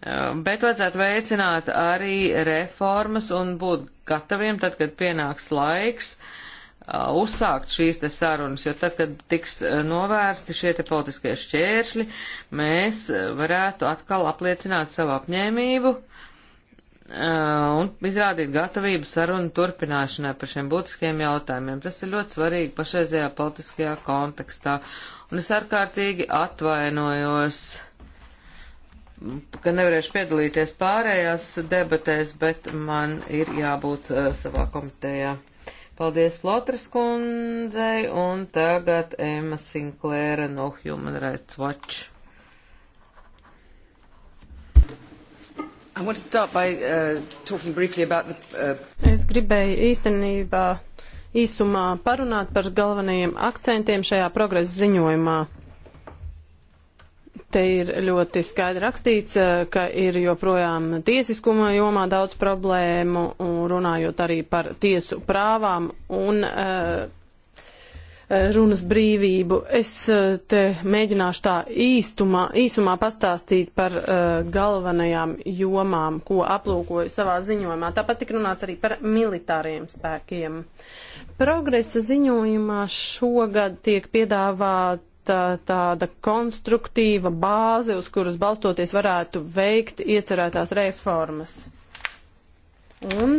[SPEAKER 2] Um, bet vajadzētu veicināt arī reformas un būt gataviem tad, kad pienāks laiks uh, uzsākt šīs te sarunas, jo tad, kad tiks uh, novērsti šie te politiskie šķēršļi, mēs uh, varētu atkal apliecināt savu apņēmību un izrādīt gatavību sarunu turpināšanai par šiem būtiskiem jautājumiem. Tas ir ļoti svarīgi pašreizajā politiskajā kontekstā. Un es ārkārtīgi atvainojos Nu, ka nevarēšu piedalīties pārējās debatēs, bet man ir jābūt uh, savā komitejā. Paldies Flotras kundzei un tagad Emma Sinklēra no Human Rights Watch. I want to start by uh, talking briefly about the. Uh...
[SPEAKER 3] Es gribēju īstenībā īsumā parunāt par galvenajiem akcentiem šajā progresa ziņojumā. Te ir ļoti skaidri rakstīts, eh, ka ir joprojām tiesiskuma jomā daudz problēmu, runājot arī par tiesu prāvām un uh, runas brīvību. Es te mēģināšu tā īstumā, īsumā pastāstīt par uh, galvenajām jomām, ko aplūkoju savā ziņojumā. Tāpat tik runāts arī par militāriem spēkiem. Progresa ziņojumā šogad tiek piedāvāt tāda konstruktīva bāze, uz kuras balstoties varētu veikt iecerētās reformas. Un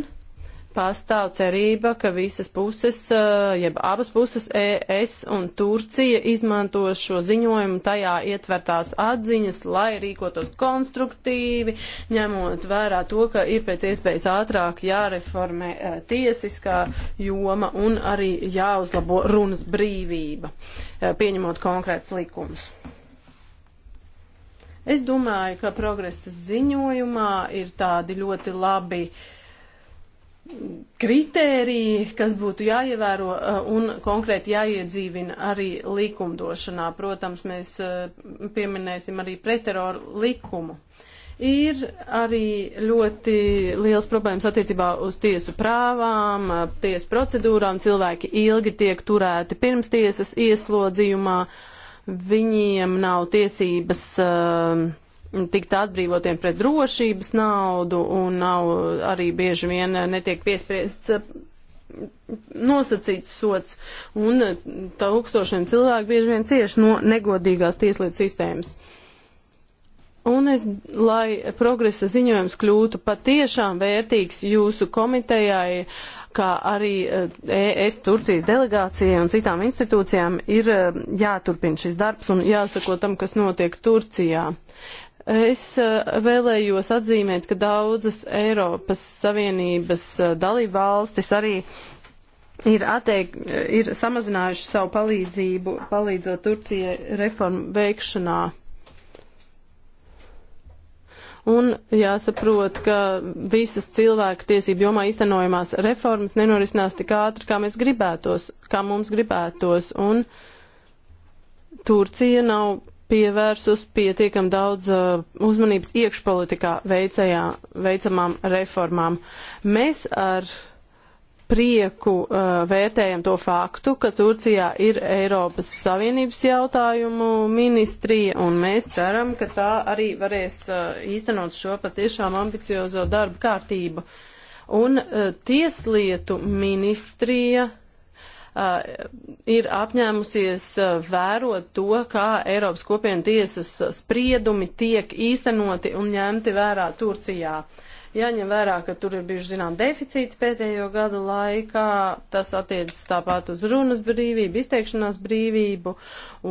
[SPEAKER 3] pastāv cerība, ka visas puses, eh, jeb abas puses, ES un Turcija izmantos šo ziņojumu tajā ietvertās atziņas, lai rīkotos konstruktīvi, ņemot vērā to, ka ir pēc iespējas ātrāk jāreformē eh, tiesiskā joma un arī jāuzlabo runas brīvība, eh, pieņemot konkrēts likums. Es domāju, ka progresa ziņojumā ir tādi ļoti labi uh, kritēriji, kas būtu jāievēro eh, un konkrēti jāiedzīvina arī likumdošanā. Protams, mēs eh, pieminēsim arī preteroru likumu. Ir arī ļoti liels problēmas attiecībā uz tiesu prāvām, tiesu procedūrām. Cilvēki ilgi tiek turēti pirms tiesas ieslodzījumā. Viņiem nav tiesības uh, tikt atbrīvotiem pret drošības naudu un nav arī bieži vien netiek piespriests eh, nosacīts sots, un eh, tūkstošiem cilvēku bieži vien cieši no negodīgās tieslietu sistēmas. Un es, lai progresa ziņojums kļūtu patiešām vērtīgs jūsu komitejai, kā arī ES eh, e Turcijas delegācijai un citām institūcijām, ir jāturpina šis darbs un jāsako tam, kas notiek Turcijā. Es eh, vēlējos atzīmēt, ka daudzas Eiropas Savienības eh, dalībvalstis arī ir, atteik, eh, ir samazinājuši savu palīdzību, palīdzot Turcijai reformu veikšanā. Un jāsaprot, ka visas cilvēku tiesību jomā īstenojamās reformas nenorisinās tik ātri, kā mēs gribētos, kā mums gribētos. Un Turcija nav pievērsus pietiekam daudz uh, uzmanības iekšpolitikā veicajā, veicamām reformām. Mēs ar prieku uh, vērtējam to faktu, ka Turcijā ir Eiropas Savienības jautājumu ministrija, un mēs ceram, ka tā arī varēs uh, īstenot šo patiešām ambiciozo darbu kārtību. Un uh, tieslietu ministrija uh, Uh, ir apņēmusies uh, vērot to, kā Eiropas kopienu tiesas spriedumi tiek īstenoti un ņemti vērā Turcijā. Uh, Jāņem vērā, ka tur ir bijuši, zinām, deficīti pēdējo gadu laikā, tas attiecas tāpat uz runas brīvību, izteikšanās brīvību,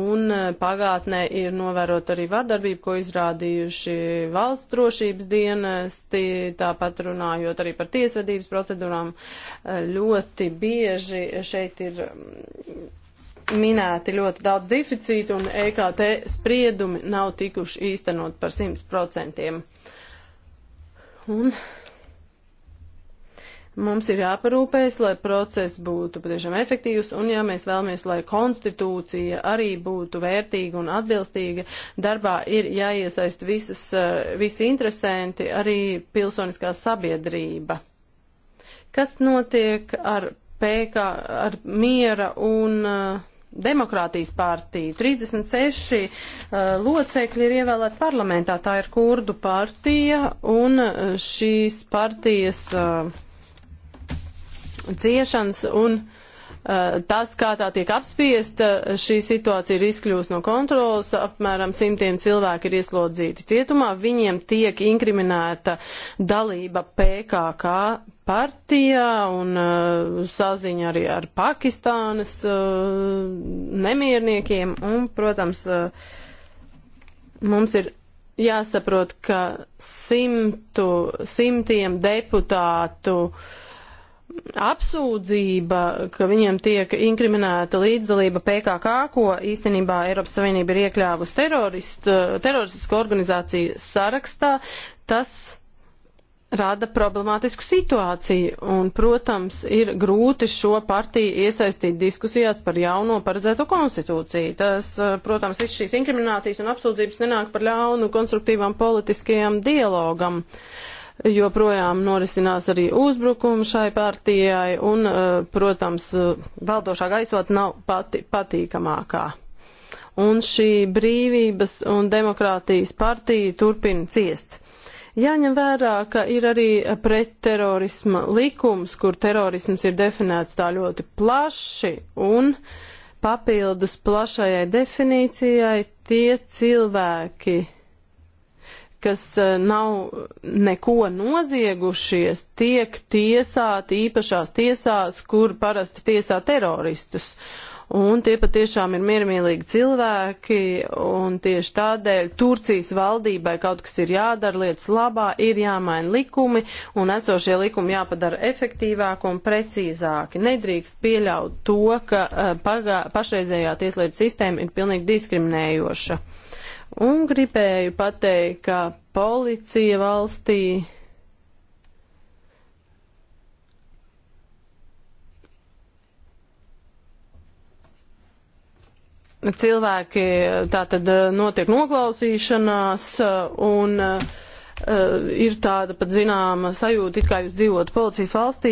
[SPEAKER 3] un e, pagātnē ir novērot arī vardarbību, ko izrādījuši valsts drošības dienesti, tāpat runājot arī par tiesvedības procedūrām. E, ļoti bieži šeit ir mm, minēti ļoti daudz deficītu un EKT spriedumi nav tikuši īstenot par 100%. Un mums ir jāparūpējas, lai process būtu patiešām efektīvs, un ja mēs vēlamies, lai konstitūcija arī būtu vērtīga un atbilstīga, darbā ir jāiesaist visas, eh, visi interesanti, arī pilsoniskā sabiedrība. Kas notiek ar PK, ar miera un uh, demokrātijas partija. 36 uh, locekļi ir ievēlēti parlamentā, tā ir kurdu partija, un uh, šīs partijas uh, ciešanas un uh, Tas, kā tā tiek apspiesta, šī situācija ir izkļūst no kontrolas, apmēram simtiem cilvēki ir ieslodzīti cietumā, viņiem tiek inkriminēta dalība PKK partijā un uh, saziņa arī ar Pakistānas uh, nemierniekiem. Un, protams, uh, mums ir jāsaprot, ka simtu, simtiem deputātu uh, apsūdzība, ka viņiem tiek inkriminēta līdzdalība PKK, ko īstenībā Eiropas Savienība ir iekļāvusi teroristu, teroristisku organizāciju sarakstā, tas rada problemātisku situāciju, un, protams, ir grūti šo partiju iesaistīt diskusijās par jauno paredzēto konstitūciju. Tas, eh, protams, viss šīs inkriminācijas un apsūdzības nenāk par ļaunu konstruktīvam politiskajam dialogam. Joprojām norisinās arī uzbrukumi šai partijai, un, eh, protams, valdošā gaisot nav pati patīkamākā un šī brīvības un demokrātijas partija turpina ciest. Jāņem vērā, ka ir arī pretterorisma likums, kur terorisms ir definēts tā ļoti plaši un papildus plašajai definīcijai tie cilvēki, kas eh, nav neko noziegušies, tiek tiesāti īpašās tiesās, kur parasti tiesā teroristus. Uh, un tie patiešām ir miermīlīgi cilvēki, un tieši tādēļ Turcijas valdībai kaut kas ir jādara lietas labā, ir jāmaina likumi, un esošie likumi jāpadara efektīvāk un precīzāki. Nedrīkst pieļaut to, ka eh, pagā, pašreizējā tieslietu sistēma ir pilnīgi diskriminējoša. Un gribēju pateikt, ka policija valstī cilvēki eh, tātad eh, notiek noklausīšanās eh, un ir tāda pat zināma sajūta, it kā jūs dzīvotu policijas valstī,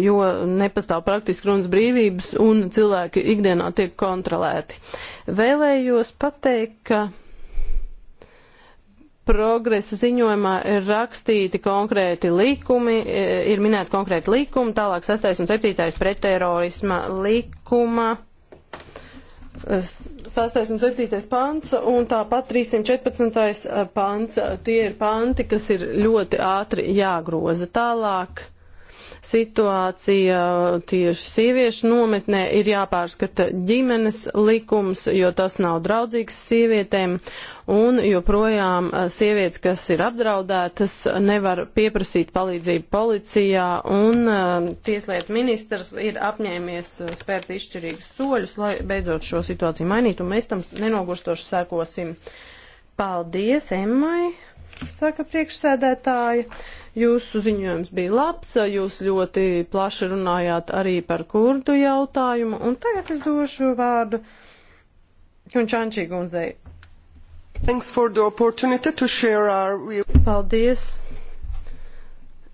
[SPEAKER 3] jo nepastāv praktiski runas brīvības un cilvēki ikdienā tiek kontrolēti. Vēlējos pateikt, ka progresa ziņojumā ir rakstīti konkrēti likumi, ir minēti konkrēti likumi, tālāk 6. un 7. pretterorisma likuma. 6. un 7. pants un tāpat 314. Eh, pants. Tie ir panti, kas ir ļoti ātri jāgroza tālāk situācija tieši sieviešu nometnē, ir jāpārskata ģimenes likums, jo tas nav draudzīgs sievietēm, un joprojām eh, sievietes, kas ir apdraudētas, nevar pieprasīt palīdzību policijā, un eh, tieslietu ministrs ir apņēmies eh, spērt izšķirīgus soļus, lai beidzot šo situāciju mainītu, un mēs tam nenogurstoši sekosim. Paldies, Emmai! Saka priekšsēdētāji, jūsu ziņojums bija labs, jūs ļoti plaši runājāt arī par kurdu jautājumu, un tagad es došu vārdu Kunčančī kundzei. Thanks for the opportunity to share our... Paldies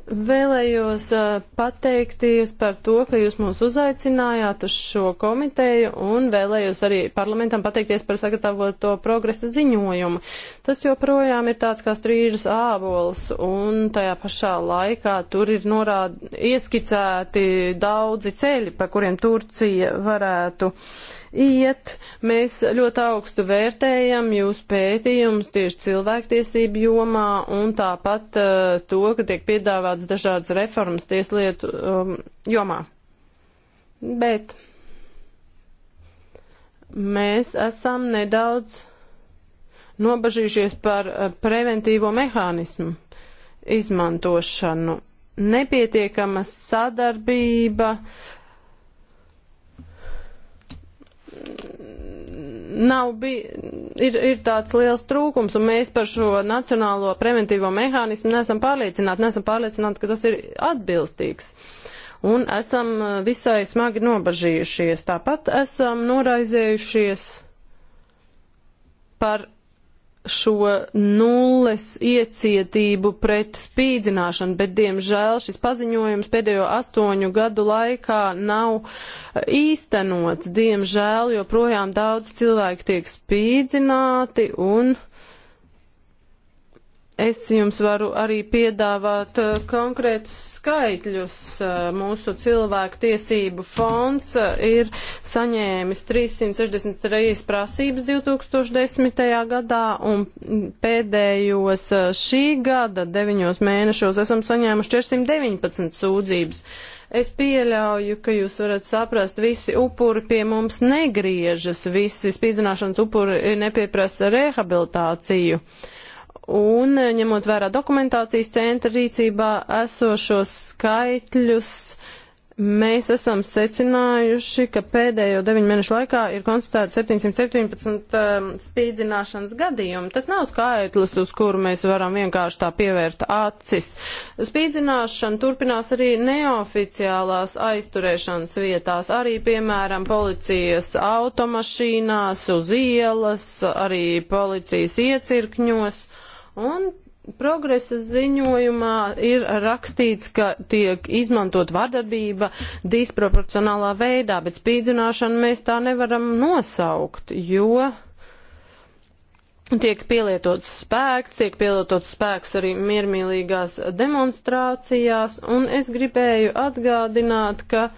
[SPEAKER 3] Vēlējos pateikties par to, ka jūs mūs uzaicinājāt uz šo komiteju un vēlējos arī parlamentam pateikties par sagatavoto progresa ziņojumu. Tas joprojām ir tāds kā strīžas ābols un tajā pašā laikā tur ir norād, ieskicēti daudzi ceļi, pa kuriem Turcija varētu uh, iet. Mēs ļoti augstu vērtējam jūs pētījumus tieši cilvēktiesību jomā un tāpat uh, to, ka tiek piedāvāts dažādas reformas tieslietu um, jomā. Bet mēs esam nedaudz nobažījušies par uh, preventīvo mehānismu izmantošanu nepietiekama sadarbība, nav bija, ir, ir tāds liels trūkums, un mēs par šo nacionālo preventīvo mehānismu nesam pārliecināti, nesam pārliecināti, ka tas ir atbilstīgs. Un esam eh, visai smagi nobažījušies. Tāpat esam noraizējušies par šo nulles iecietību pret spīdzināšanu, bet, diemžēl, šis paziņojums pēdējo astoņu gadu laikā nav eh, īstenots. Diemžēl joprojām daudz cilvēku tiek spīdzināti un Es jums varu arī piedāvāt uh, konkrētus skaitļus. Uh, mūsu cilvēku tiesību fonds uh, ir saņēmis 363 prasības 2010. gadā un pēdējos šī gada deviņos mēnešos esam saņēmuši 419 sūdzības. Es pieļauju, ka jūs varat saprast, visi upuri pie mums negriežas, visi spīdzināšanas upuri nepieprasa rehabilitāciju. Uh, Un eh, ņemot vērā dokumentācijas centra rīcībā esošos skaitļus, mēs esam secinājuši, ka pēdējo 9 mēnešu laikā ir konstatēta 717 um, spīdzināšanas gadījumi. Tas nav skaitlis, uz kuru mēs varam vienkārši tā pievērt acis. Spīdzināšana turpinās arī neoficiālās aizturēšanas vietās, arī, piemēram, policijas automašīnās, uz ielas, arī policijas iecirkņos. Un progresa ziņojumā ir rakstīts, ka tiek izmantot vardarbība disproporcionālā veidā, bet spīdzināšanu mēs tā nevaram nosaukt, jo tiek pielietots spēks, tiek pielietots spēks arī miermīlīgās demonstrācijās, un es gribēju atgādināt, ka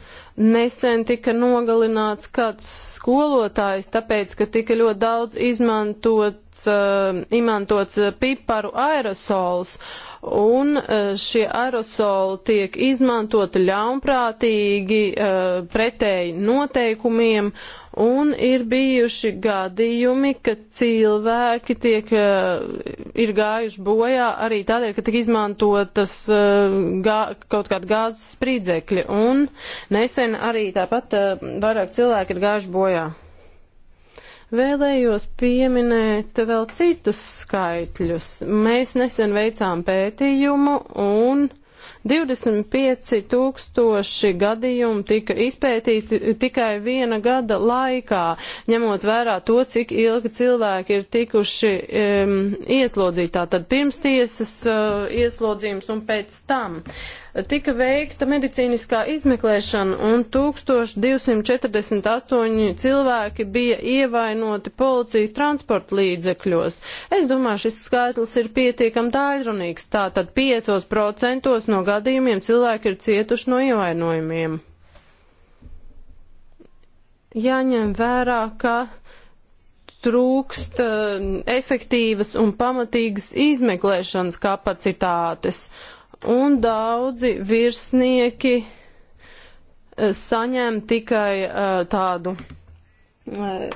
[SPEAKER 3] nesen tika nogalināts kāds skolotājs, tāpēc, ka tika ļoti daudz izmantots, uh, izmantots piparu aerosols, un uh, šie aerosoli tiek izmantoti ļaunprātīgi uh, pretēji noteikumiem, uh, Un ir bijuši gadījumi, ka cilvēki tiek, eh, ir gājuši bojā arī tādēļ, ka tik izmantotas eh, gā, kaut kāda gāzes spridzekļa. Un nesen arī tāpat eh, vairāk cilvēki ir gājuši bojā. Vēlējos pieminēt vēl citus skaitļus. Mēs nesen veicām pētījumu un 25 tūkstoši gadījumu tika izpētīti tikai viena gada laikā, ņemot vērā to, cik ilgi cilvēki ir tikuši um, ieslodzītā, tad pirms tiesas uh, eh, ieslodzījums un pēc tam. Uh, tika veikta medicīniskā izmeklēšana un 1248 cilvēki bija ievainoti policijas transporta līdzekļos. Es domāju, šis skaitlis ir pietiekam tāļrunīgs, tātad 5% no gadījumiem cilvēki ir cietuši no ievainojumiem. Jāņem vērā, ka trūkst uh, efektīvas un pamatīgas izmeklēšanas kapacitātes. Uh, un daudzi virsnieki eh, saņem tikai uh, tādu eh,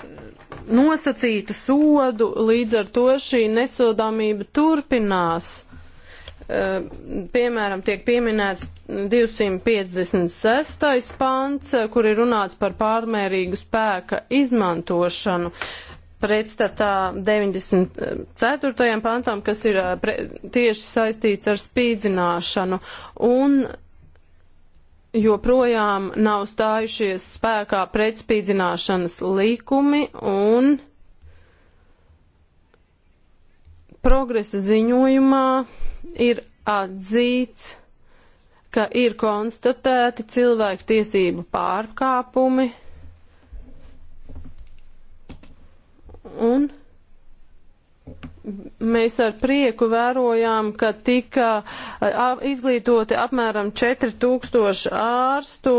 [SPEAKER 3] nosacītu sodu, līdz ar to šī nesodāmība turpinās. Piemēram, tiek pieminēts 256. pants, kur ir runāts par pārmērīgu spēka izmantošanu pretstatā 94. Eh, pantam, kas ir eh, pre, tieši saistīts ar spīdzināšanu. Un joprojām nav stājušies spēkā pretspīdzināšanas likumi un progresa ziņojumā ir atzīts, ka ir konstatēti cilvēku tiesību pārkāpumi Un mēs ar prieku vērojām, ka tika izglītoti apmēram 4000 ārstu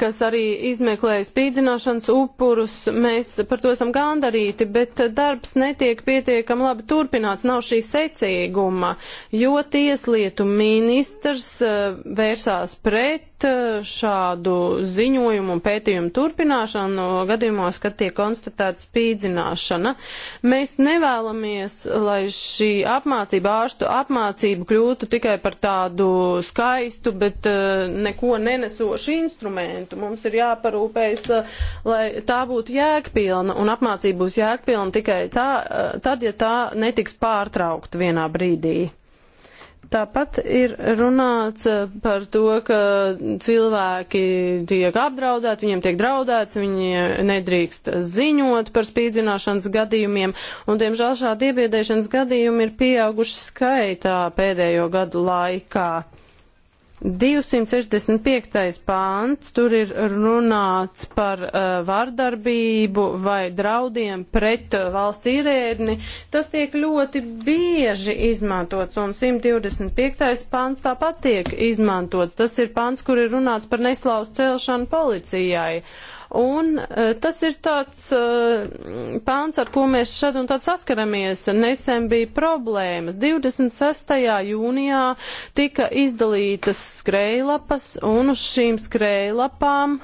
[SPEAKER 3] kas arī izmeklēja spīdzināšanas upurus. Mēs par to esam gandarīti, bet darbs netiek pietiekam labi turpināts, nav šī secīguma, jo tieslietu ministrs vērsās pret pret eh, šādu ziņojumu un pētījumu turpināšanu gadījumos, kad tiek konstatēta spīdzināšana. Mēs nevēlamies, lai šī apmācība, ārstu apmācība kļūtu tikai par tādu skaistu, bet eh, neko nenesošu instrumentu. Mums ir jāparūpējas, eh, lai tā būtu jēgpilna un apmācība būs jēgpilna tikai tā, tad, ja tā netiks pārtraukta vienā brīdī. Tāpat ir runāts eh, par to, ka cilvēki tiek apdraudēti, viņiem tiek draudēts, viņi nedrīkst ziņot par spīdzināšanas gadījumiem, un, diemžēl, šādi iebiedēšanas gadījumi ir pieauguši skaitā pēdējo gadu laikā. 265. pāns, tur ir runāts par uh, vardarbību vai draudiem pret uh, valsts ierēdni. Tas tiek ļoti bieži izmantots, un 125. pāns tāpat tiek izmantots. Tas ir pāns, kur ir runāts par neslauz celšanu policijai. Un e, tas ir tāds e, pāns, ar ko mēs šad un tad saskaramies. Nesen bija problēmas. 26. jūnijā tika izdalītas skrējlapas, un uz šīm skrējlapām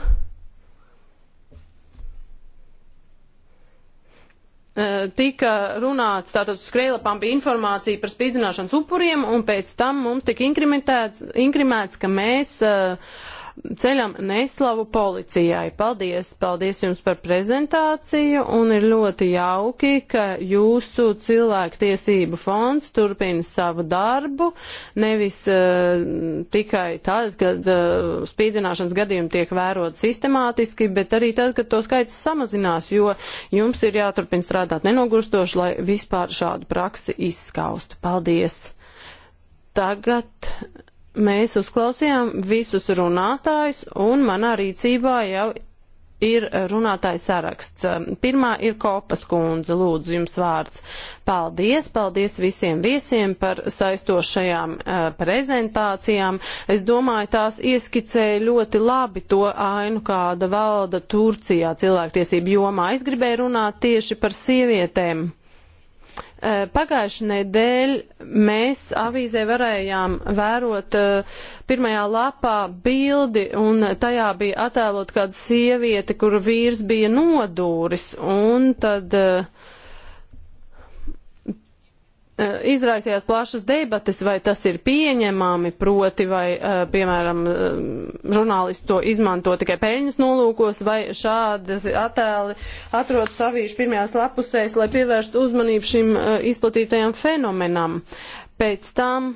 [SPEAKER 3] e, tika runāts, tātad uz skrējlapām bija informācija par spīdzināšanas upuriem, un pēc tam mums tika inkriminēts, ka mēs uh, ceļam neslavu policijai. Paldies, paldies jums par prezentāciju un ir ļoti jauki, ka jūsu cilvēktiesību fonds turpina savu darbu, nevis uh, tikai tad, kad uh, spīdzināšanas gadījumi tiek vērot sistemātiski, bet arī tad, kad to skaits samazinās, jo jums ir jāturpina strādāt nenogurstoši, lai vispār šādu praksi izskaustu. Paldies! Tagad Mēs uzklausījām visus runātājus, un manā rīcībā jau ir runātāja saraksts. Pirmā ir Kopas kundze, lūdzu jums vārds. Paldies, paldies visiem viesiem par saistošajām uh, prezentācijām. Es domāju, tās ieskicēja ļoti labi to ainu, kāda valda Turcijā cilvēktiesību jomā. Es gribēju runāt tieši par sievietēm. Eh, pagājušajā nedēļ mēs avīzē varējām vērot eh, pirmajā lapā bildi, un tajā bija attēlot kāda sieviete, kuru vīrs bija nodūris, un tad uh, Eh, izraisījās plašas debates, vai tas ir pieņemami, proti, vai, eh, piemēram, eh, žurnālisti to izmanto tikai peļņas nolūkos, vai šādas attēli atrodas savīšu pirmajās lapusēs, lai pievērstu uzmanību šim izplatītajam fenomenam. Pēc tam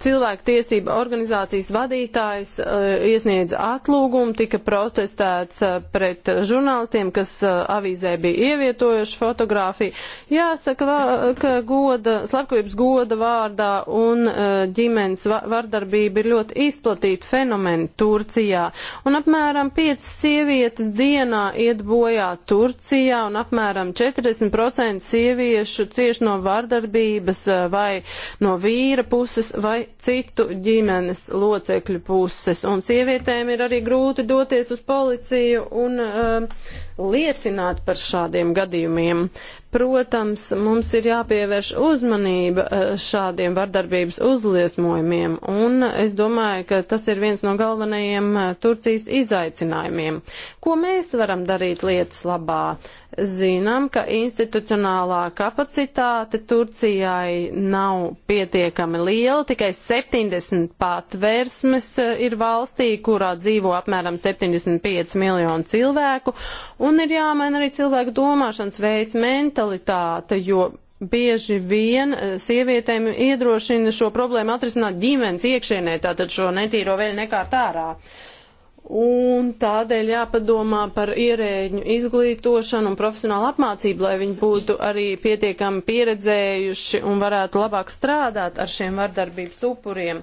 [SPEAKER 3] cilvēku tiesība organizācijas vadītājs eh, iesniedz atlūgumu, tika protestēts eh, pret žurnālistiem, kas eh, avīzē bija ievietojuši fotografiju. Jāsaka, ka goda, slepkavības goda vārdā un ģimenes vardarbība ir ļoti izplatīta fenomena Turcijā. Un apmēram 5 sievietes dienā iet bojā Turcijā un apmēram 40% sieviešu cieši no vardarbības vai no vīra puses puses vai citu ģimenes locekļu puses. Un sievietēm ir arī grūti doties uz policiju un uh, liecināt par šādiem gadījumiem. Protams, mums ir jāpievērš uzmanība uh, šādiem vardarbības uzliesmojumiem, un es domāju, ka tas ir viens no galvenajiem uh, Turcijas izaicinājumiem. Ko mēs varam darīt lietas labā? Uh, zinām, ka institucionālā kapacitāte Turcijai nav pietiekami liela, tikai 70 patvērsmes eh, ir valstī, kurā dzīvo apmēram 75 miljonu cilvēku, un ir jāmaina arī cilvēku domāšanas veids, mentalitāte, jo bieži vien eh, sievietēm iedrošina šo problēmu atrisināt ģimenes iekšienē, tātad šo netīro veļu nekārt ārā. Uh, Un tādēļ jāpadomā par ierēģu izglītošanu un profesionālu apmācību, lai viņi būtu arī pietiekami pieredzējuši un varētu labāk strādāt ar šiem vardarbības upuriem.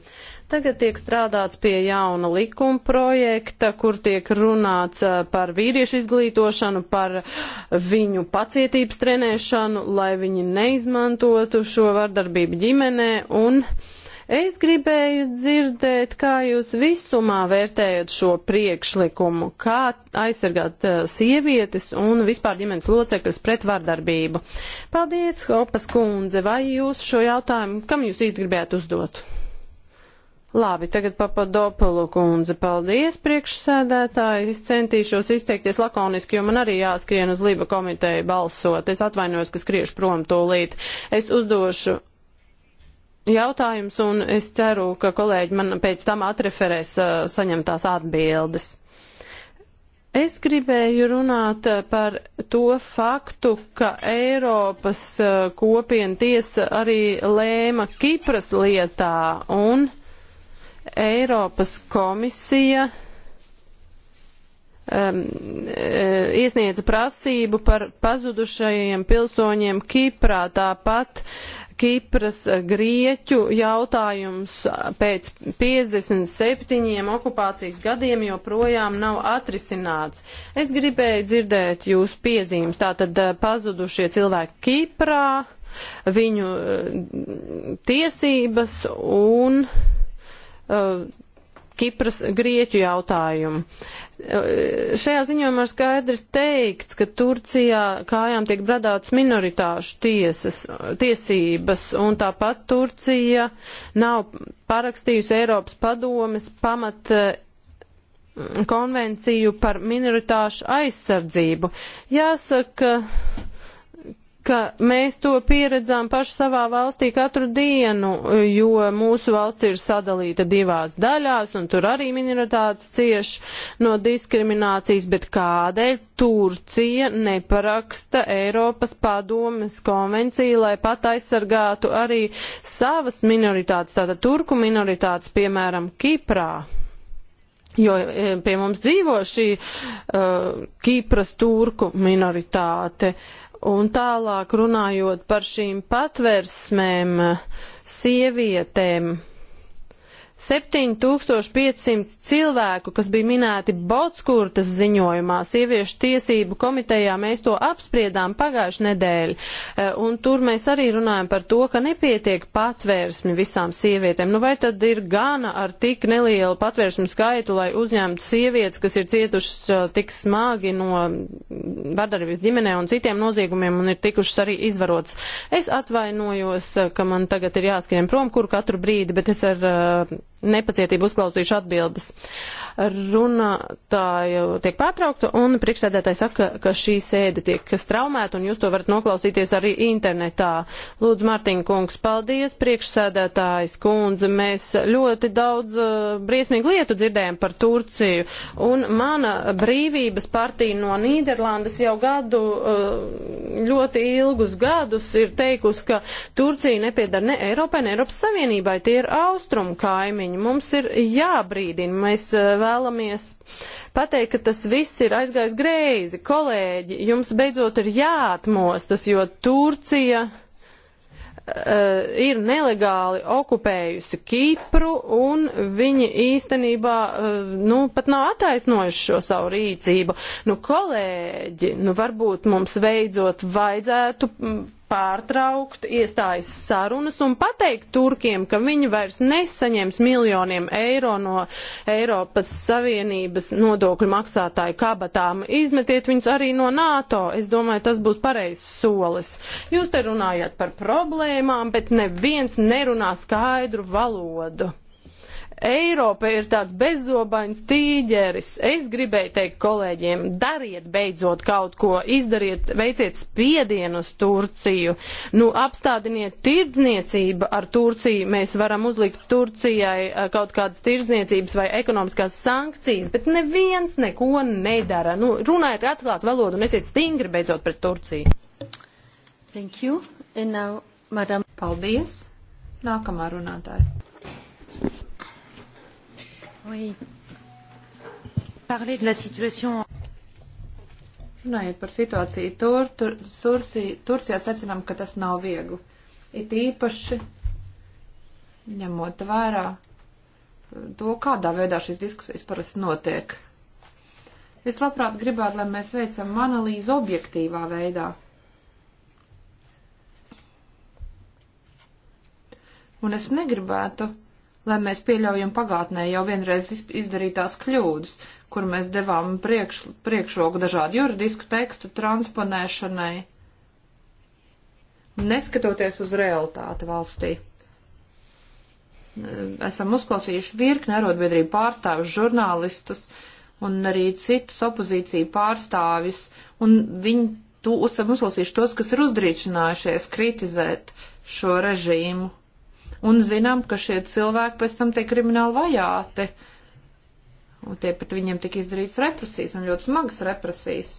[SPEAKER 3] Tagad tiek strādāts pie jauna likuma projekta, kur tiek runāts eh, par vīriešu izglītošanu, par viņu pacietības trenēšanu, lai viņi neizmantotu šo vardarbību ģimenē un. Uh, Es gribēju dzirdēt, kā jūs visumā vērtējat šo priekšlikumu, kā aizsargāt eh, sievietes un vispār ģimenes locekļus pret vardarbību. Paldies, Hopas kundze, vai jūs šo jautājumu, kam jūs īsti gribētu uzdot? Labi, tagad Papadopulu kundze, paldies priekšsēdētāji. Es centīšos izteikties lakoniski, jo man arī jāskrien uz Lība komiteju balsot. Es atvainojos, ka skriešu prom tūlīt. Es uzdošu jautājums, un es ceru, ka kolēģi man pēc tam atreferēs uh, saņemtās atbildes. Es gribēju runāt uh, par to faktu, ka Eiropas uh, kopiena tiesa arī lēma Kipras lietā un Eiropas komisija um, iesniedza prasību par pazudušajiem pilsoņiem Kiprā. Tāpat uh, Kipras eh, grieķu jautājums eh, pēc 57 okupācijas gadiem joprojām nav atrisināts. Es gribēju dzirdēt jūsu piezīmes. Tātad eh, pazudušie cilvēki Kiprā, viņu tiesības un Kipras grieķu jautājumu. Šajā ziņojumā ir skaidri teikts, ka Turcijā kājām tiek bradāts minoritāšu tiesas, tiesības, un tāpat Turcija nav parakstījusi Eiropas padomes pamat eh, konvenciju par minoritāšu aizsardzību. Jāsaka, ka mēs to pieredzām paši savā valstī katru dienu, jo mūsu valsts ir sadalīta divās daļās, un tur arī minoritātes cieš no diskriminācijas, bet kādēļ Turcija neparaksta Eiropas padomes konvenciju, lai pat aizsargātu arī savas minoritātes, tātad turku minoritātes, piemēram, Kiprā? Jo e, pie mums dzīvo šī uh, Kipras turku minoritāte. Uh, Un tālāk runājot par šīm patversmēm, sievietēm 7500 cilvēku, kas bija minēti Botskurtas ziņojumā, sieviešu tiesību komitejā, mēs to apspriedām pagājuši nedēļu, eh, un tur mēs arī runājam par to, ka nepietiek patvērsmi visām sievietēm. Nu vai tad ir gana ar tik nelielu patvērsmu skaitu, lai uzņemtu sievietes, kas ir cietušas eh, tik smagi no vardarbības ģimenē un citiem noziegumiem un ir tikušas arī izvarotas? Es atvainojos, eh, ka man tagad ir jāskrien prom, kur katru brīdi, bet es ar nepacietību uzklausījuši atbildes. Runātāja tiek pārtraukta un priekšsēdētāja saka, ka šī sēde tiek straumēta un jūs to varat noklausīties arī internetā. Lūdzu, Mārtiņa kungs, paldies, priekšsēdētājs kundze. Mēs ļoti daudz uh, briesmīgu lietu dzirdējam par Turciju un mana brīvības partija no Nīderlandes jau gadu, uh, ļoti ilgus gadus ir teikusi, ka Turcija nepiedara ne Eiropai, ne Eiropas Savienībai, tie ir austrumu kaimiņi termiņu. Mums ir jābrīdina. Mēs eh, vēlamies pateikt, ka tas viss ir aizgājis greizi. Kolēģi, jums beidzot ir jāatmostas, jo Turcija uh, ir nelegāli okupējusi Kipru un viņi īstenībā uh, nu, pat nav attaisnojuši šo savu rīcību. Nu, kolēģi, nu, varbūt mums veidzot vajadzētu pārtraukt iestājas sarunas un pateikt turkiem, ka viņi vairs nesaņems miljoniem eiro no Eiropas Savienības nodokļu maksātāju kabatām. Izmetiet viņus arī no NATO. Es domāju, tas būs pareizs solis. Jūs te runājat par problēmām, bet neviens nerunā skaidru valodu. Eiropa ir tāds bezzobains tīģeris. Es gribēju teikt kolēģiem, dariet beidzot kaut ko, izdariet, veiciet spiedienu uz Turciju. Nu, apstādiniet tirdzniecību ar Turciju. Mēs varam uzlikt Turcijai eh, kaut kādas tirdzniecības vai ekonomiskās sankcijas, bet neviens neko nedara. Nu, runājiet atklāt valodu un esiet stingri beidzot pret Turciju.
[SPEAKER 1] Thank you. And now, madam. Paldies. Nākamā runātāja. Oui. Parler de la situation. Runājot par situāciju tur, tur, Sursī, Turcijā secinām, ka tas nav viegli. It īpaši ņemot vērā eh, to, kādā veidā šīs diskusijas parasti notiek. Es labprāt gribētu, lai mēs veicam analīzi objektīvā veidā. Un es negribētu lai mēs pieļaujam pagātnē jau vienreiz izdarītās kļūdas, kur mēs devām priekš, priekšroku dažādu juridisku tekstu transponēšanai, neskatoties uz realitāti valstī. Esam uzklausījuši virkni arotbiedrību pārstāvjus, žurnālistus un arī citus opozīciju pārstāvjus, un viņi tu, esam uzklausījuši tos, kas ir uzdrīkšinājušies kritizēt šo režīmu un zinām, ka šie cilvēki pēc tam tiek krimināli vajāti. Un tie pat viņiem tika izdarīts represijas un ļoti smagas represijas.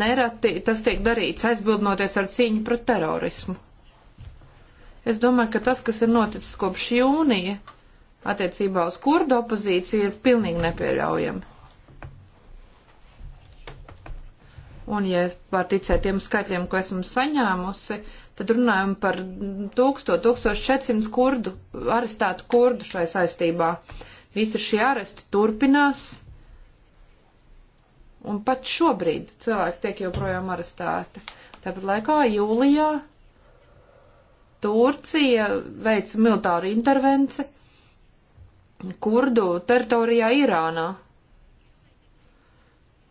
[SPEAKER 1] Nereti tas tiek darīts aizbildnoties ar cīņu pret terorismu. Es domāju, ka tas, kas ir noticis kopš jūnija attiecībā uz kurdu opozīciju, ir pilnīgi nepieļaujami. Un, ja var ticēt tiem skaitļiem, ko esmu saņēmusi, tad runājam par 1000-1400 kurdu, arestētu kurdu šai saistībā. Visi šie aresti turpinās, un pat šobrīd cilvēki tiek joprojām arestēti. Tāpat laikā jūlijā Turcija veica militāru intervenci kurdu teritorijā Irānā.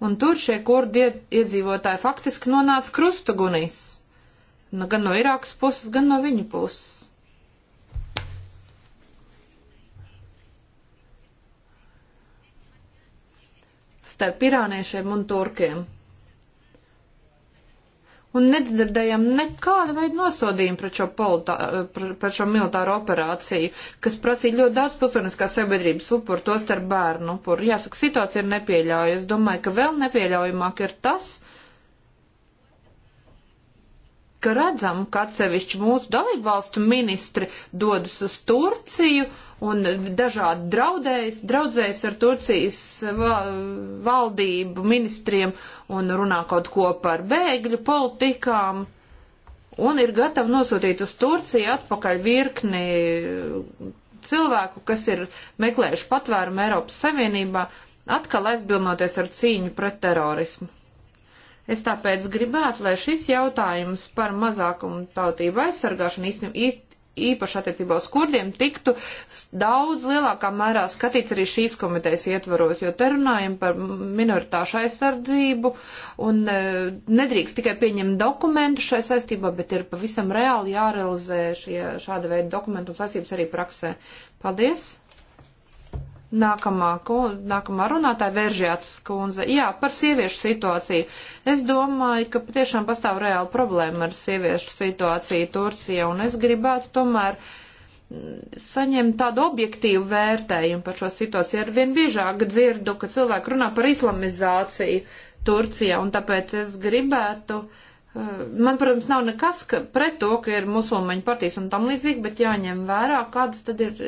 [SPEAKER 1] Un tur šie kurdi iedzīvotāji faktiski nonāca krustugunīs nu, gan no Irākas puses, gan no viņu puses. starp irāniešiem un turkiem. Un nedzirdējām nekādu veidu nosodījumu pret šo, politā, pret šo militāro operāciju, kas prasīja ļoti daudz pilsoniskās sabiedrības upuru, to starp bērnu upuru. Jāsaka, situācija ir nepieļaujama. Es domāju, ka vēl nepieļaujamāk ir tas, uh, ka redzam, ka atsevišķi mūsu dalībvalstu ministri dodas uz Turciju un dažādi draudējas, draudzējas ar Turcijas valdību ministriem un runā kaut ko par bēgļu politikām. Un ir gatavi nosūtīt uz Turciju atpakaļ virkni cilvēku, kas ir meklējuši patvērumu Eiropas Savienībā, atkal aizbildnoties ar cīņu pret terorismu. Es tāpēc gribētu, lai šis jautājums par mazākumu tautību aizsargāšanu īstenībā īpaši attiecībā uz kurdiem tiktu daudz lielākā mērā skatīts arī šīs komitejas ietvaros, jo te runājam par minoritāšu aizsardzību un e, nedrīkst tikai pieņemt dokumentu šai saistībā, bet ir pavisam reāli jārealizē šie, šāda veida dokumentu un sasības arī praksē. Paldies! Nākamā, nākamā runātāja Veržjāts kundze. Jā, par sieviešu situāciju. Es domāju, ka patiešām pastāv reāla problēma ar sieviešu situāciju Turcijā, un es gribētu tomēr mm, saņemt tādu objektīvu vērtējumu par šo situāciju. Arvien biežāk dzirdu, ka cilvēki runā par islamizāciju Turcijā, un tāpēc es gribētu uh, Man, protams, nav nekas ka, pret to, ka ir musulmaņu partijas un tam līdzīgi, bet jāņem vērā, kādas tad ir,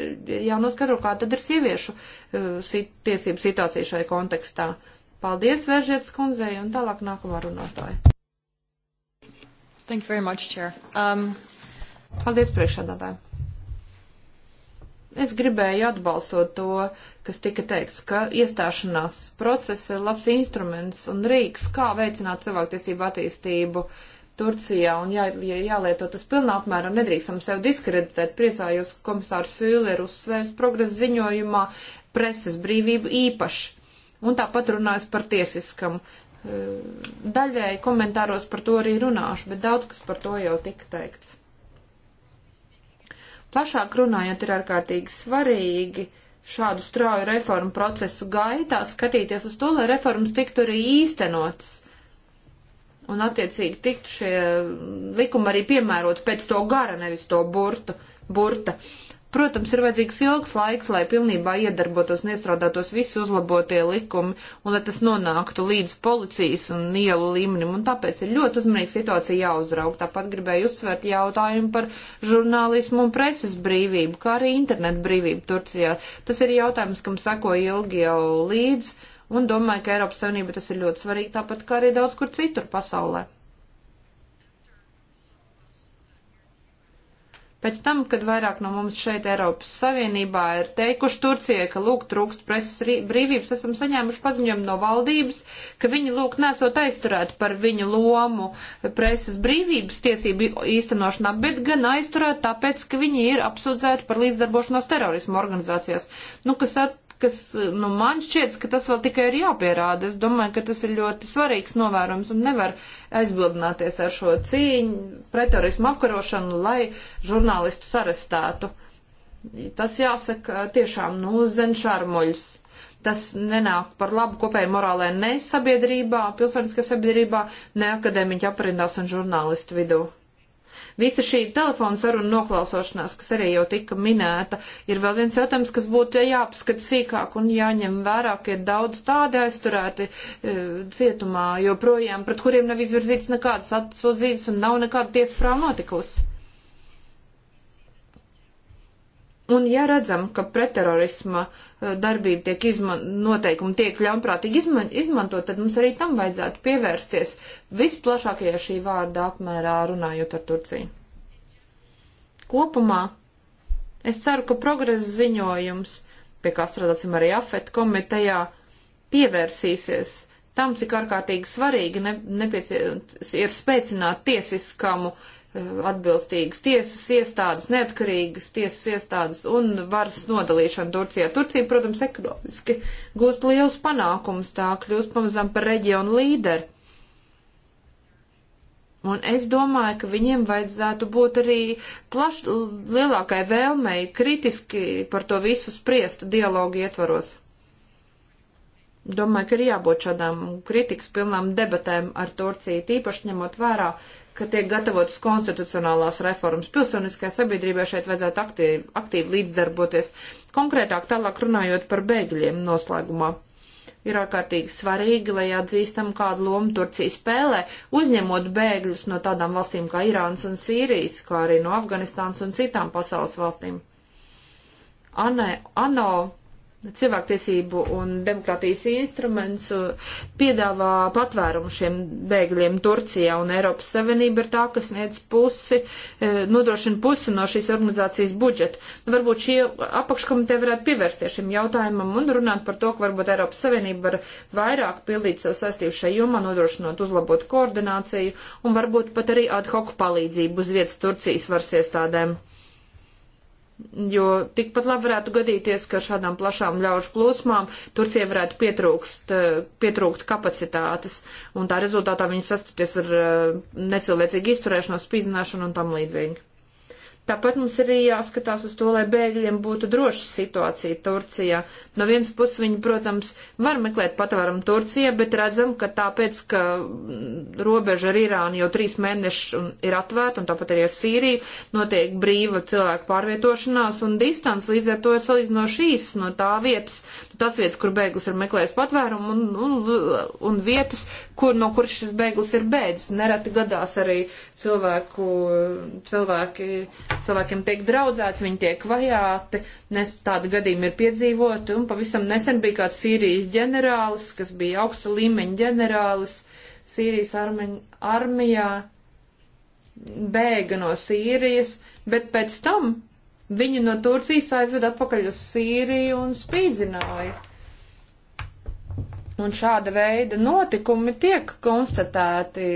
[SPEAKER 1] jānoskatro, kāda tad ir sieviešu uh, sit, tiesību situācija šai kontekstā. Paldies, Vēržietas kundzei, un tālāk nākamā runātāja. Thank you very much, Chair. Um... Paldies, priekšādātāji. Es gribēju atbalstot to, kas tika teikts, ka iestāšanās process ir labs instruments un rīks, kā veicināt cilvēktiesību attīstību Turcijā, un jā, jā, jālieto tas pilnā apmērā, nedrīkstam sev diskreditēt. Priecājos, komisārs Fīler uzsvērs progresa ziņojumā preses brīvību īpaši, un tāpat runājas par tiesiskam. E, daļēji komentāros par to arī runāšu, bet daudz kas par to jau tika teikts plašāk runājot, ir ārkārtīgi svarīgi šādu strauju reformu procesu gaitā skatīties uz to, lai reformas tiktu arī īstenotas. Un attiecīgi tiktu šie likumi arī piemērot pēc to gara, nevis to burtu, burta. Protams, ir vajadzīgs ilgs laiks, lai pilnībā iedarbotos un iestrādātos visi uzlabotie likumi, un lai tas nonāktu līdz policijas un ielu līmenim, un tāpēc ir ļoti uzmanīgi situācija jāuzraug. Tāpat gribēju uzsvērt jautājumu par žurnālismu un preses brīvību, kā arī internetu brīvību Turcijā. Tas ir jautājums, kam sako ilgi jau līdz un domāju, ka Eiropas Savienība tas ir ļoti svarīgi, tāpat kā arī daudz kur citur pasaulē. Pēc tam, kad vairāk no mums šeit Eiropas Savienībā ir teikuši Turcijai, ka lūk trūkst preses brīvības, esam saņēmuši paziņojumu no valdības, ka viņi lūk nesot aizturēti par viņu lomu preses brīvības tiesību īstenošanā, bet gan aizturēti tāpēc, ka viņi ir apsūdzēti par līdzdarbošanos terorismu organizācijās. Nu, kas at kas, nu, man šķiet, ka tas vēl tikai ir jāpierāda. Es domāju, ka tas ir ļoti svarīgs novērojums un nevar aizbildināties ar šo cīņu, pretorismu apkarošanu, lai žurnālistus arestētu. Tas jāsaka tiešām, nu, zen šarmuļs tas nenāk par labu kopēji morālē ne sabiedrībā, pilsoniskā sabiedrībā, ne akadēmiķa aprindās un žurnālistu vidū. Visa šī telefona saruna noklausošanās, kas arī jau tika minēta, ir vēl viens jautājums, kas būtu jāapskata sīkāk un jāņem vērā, ka ir daudz tādi aizturēti e, cietumā joprojām, pret kuriem nav izvirzīts nekādas atsūdzības un nav nekāda tiesprāva notikusi. Un ja redzam, ka pretterorisma uh, Eh, darbība tiek izman, noteikumi tiek ļaunprātīgi izman, izmantot, tad mums arī tam vajadzētu pievērsties visplašākajā šī vārda apmērā runājot ar Turciju. Kopumā es ceru, ka progresa ziņojums, pie kā strādāsim arī AFET komitejā, pievērsīsies tam, cik ārkārtīgi svarīgi ne, nepiecie, ir spēcināt tiesiskamu uh, atbilstīgas tiesas iestādes, neatkarīgas tiesas iestādes un varas nodalīšana Turcijā. Turcija, protams, ekonomiski gūst lielus panākumus, tā kļūst pamazām par reģionu līderi. Un es domāju, ka viņiem vajadzētu būt arī plaš, lielākai vēlmei kritiski par to visu spriest dialogu ietvaros. Domāju, ka ir jābūt šādām kritikas pilnām debatēm ar Turciju, tīpaši ņemot vērā, ka tiek gatavotas konstitucionālās reformas. Pilsoniskai sabiedrībai šeit vajadzētu aktīvi, aktīvi līdzdarboties. Konkrētāk tālāk runājot par bēgļiem noslēgumā. Ir ārkārtīgi svarīgi, lai atzīstam, kādu lomu Turcija spēlē, uzņemot bēgļus no tādām valstīm kā Irāns un Sīrijas, kā arī no Afganistānas un citām pasaules valstīm. Anē, ANO cilvēktiesību un demokrātijas instruments uh, piedāvā patvērumu šiem bēgļiem Turcijā, un Eiropas Savienība ir tā, kas sniedz pusi, eh, nodrošina pusi no šīs organizācijas budžeta. Nu, varbūt šie apakškomiteja varētu pievērsties šim jautājumam un runāt par to, ka varbūt Eiropas Savienība var vairāk pildīt savu saistību šai jomā, nodrošinot uzlabot koordināciju un varbūt pat arī ad hoc palīdzību uz vietas Turcijas varas iestādēm. Jo tikpat labi varētu gadīties, ka šādām plašām ļaužu plūsmām Turcija varētu pietrūkst, eh, pietrūkt kapacitātes, un tā rezultātā viņi sastapties ar eh, necilvēcīgu izturēšanos, spīdzināšanu un tam līdzīgi. Tāpat mums arī jāskatās uz to, lai bēgļiem būtu droša situācija Turcijā. No vienas puses viņi, protams, var meklēt patvērumu Turcijā, bet redzam, ka tāpēc, ka mm, robeža ar Irānu jau trīs mēnešus ir atvērta un tāpat arī ar Sīriju, notiek brīva cilvēku pārvietošanās un distance līdz ar to ir salīdzinoši īsas no tā vietas, tas vietas, kur bēglis ir meklējis patvērumu un, un, un vietas, kur, no kuras šis bēglis ir bēdzis. Nereti gadās arī cilvēku, cilvēki, cilvēkiem tiek draudzēts, viņi tiek vajāti, nes tādi gadījumi ir piedzīvoti, un pavisam nesen bija kāds Sīrijas ģenerālis, kas bija augsta līmeņa ģenerālis Sīrijas armi, armijā, bēga no Sīrijas, bet pēc tam Viņu no Turcijas aizved atpakaļ uz Sīriju un spīdzināja. Un šāda veida notikumi tiek konstatēti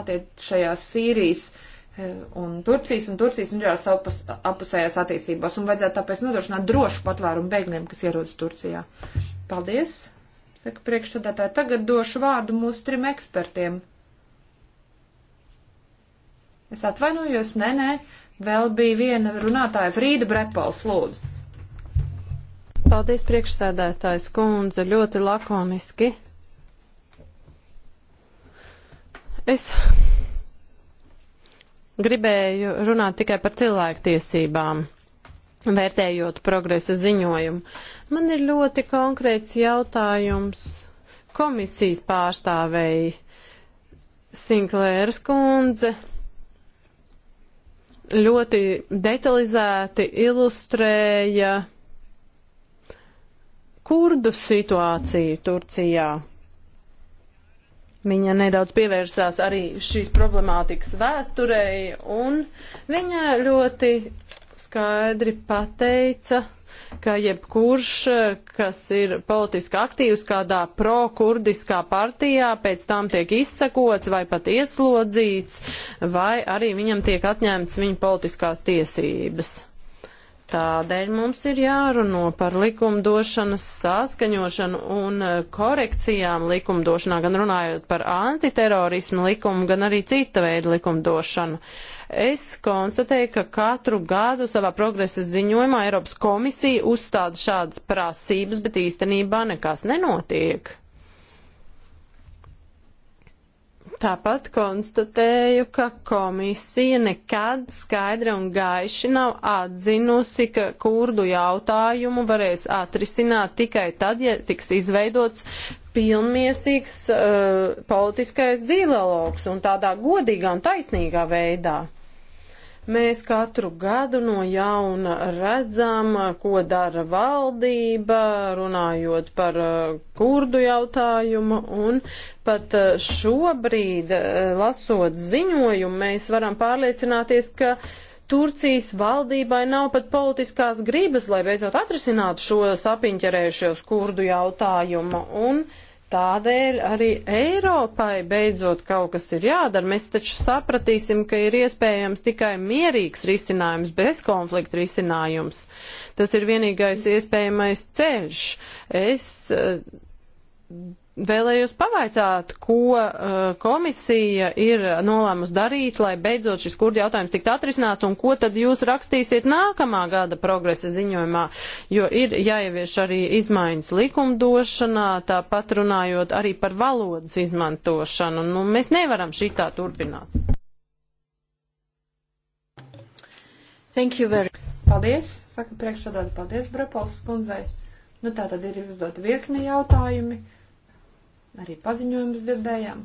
[SPEAKER 1] attiec šajās Sīrijas eh, un Turcijas un Turcijas un Ģērās apus, apusējās attiecībās. Un vajadzētu tāpēc nodrošināt drošu patvērumu bēgļiem, kas ierodas Turcijā. Paldies! Saka priekšsādātāji, tagad došu vārdu mūsu trim ekspertiem. Es atvainojos, nē, nē,
[SPEAKER 3] Vēl bija viena runātāja, Frīda Brepals, lūdzu. Paldies, priekšsēdētājs kundze, ļoti lakoniski. Es gribēju runāt tikai par cilvēktiesībām, vērtējot progresa ziņojumu. Man ir ļoti konkrēts jautājums komisijas pārstāvēji Sinklēras kundze ļoti detalizēti ilustrēja kurdu situāciju Turcijā. Viņa nedaudz pievērsās arī šīs problemātikas vēsturei, un viņa ļoti skaidri pateica, ka jebkurš, kas ir politiski aktīvs kādā pro-kurdiskā partijā, pēc tam tiek izsakots vai pat ieslodzīts, vai arī viņam tiek atņemts viņa politiskās tiesības. Tādēļ mums ir jārunā par likumdošanas saskaņošanu un eh, korekcijām likumdošanā, gan runājot par antiterorismu likumu, gan arī cita veida likumdošanu. Es konstatēju, ka katru gadu savā progresa ziņojumā Eiropas komisija uzstāda šādas prasības, bet īstenībā nekas nenotiek. Tāpat konstatēju, ka komisija nekad skaidri un gaiši nav atzinusi, ka kurdu jautājumu varēs atrisināt tikai tad, ja tiks izveidots pilnmiesīgs uh, politiskais dialogs un tādā godīgā un taisnīgā veidā. Mēs katru gadu no jauna redzam, ko dara valdība, runājot par uh, kurdu jautājumu, un pat uh, šobrīd, uh, lasot ziņojumu, mēs varam pārliecināties, ka Turcijas valdībai nav pat politiskās gribas, lai beidzot atrisinātu šo sapiņķerējušos kurdu jautājumu. Un, uh, Tādēļ arī Eiropai beidzot kaut kas ir jādara. Mēs taču sapratīsim, ka ir iespējams tikai mierīgs risinājums, bezkonflikta risinājums. Tas ir vienīgais iespējamais ceļš. Es eh, Vēlējos pavaicāt, ko uh, komisija ir nolēmusi darīt, lai beidzot šis kurdi jautājums tiktu atrisināts, un ko tad jūs rakstīsiet nākamā gada progresa ziņojumā, jo ir jāievieš arī izmaiņas likumdošanā, tāpat runājot arī par valodas izmantošanu. Nu, mēs nevaram šitā turpināt.
[SPEAKER 1] Thank you very much. Paldies, saka priekšsādātāji, paldies Brepals kundzei. Nu tā tad ir uzdot virkni jautājumi arī paziņojumus dzirdējām.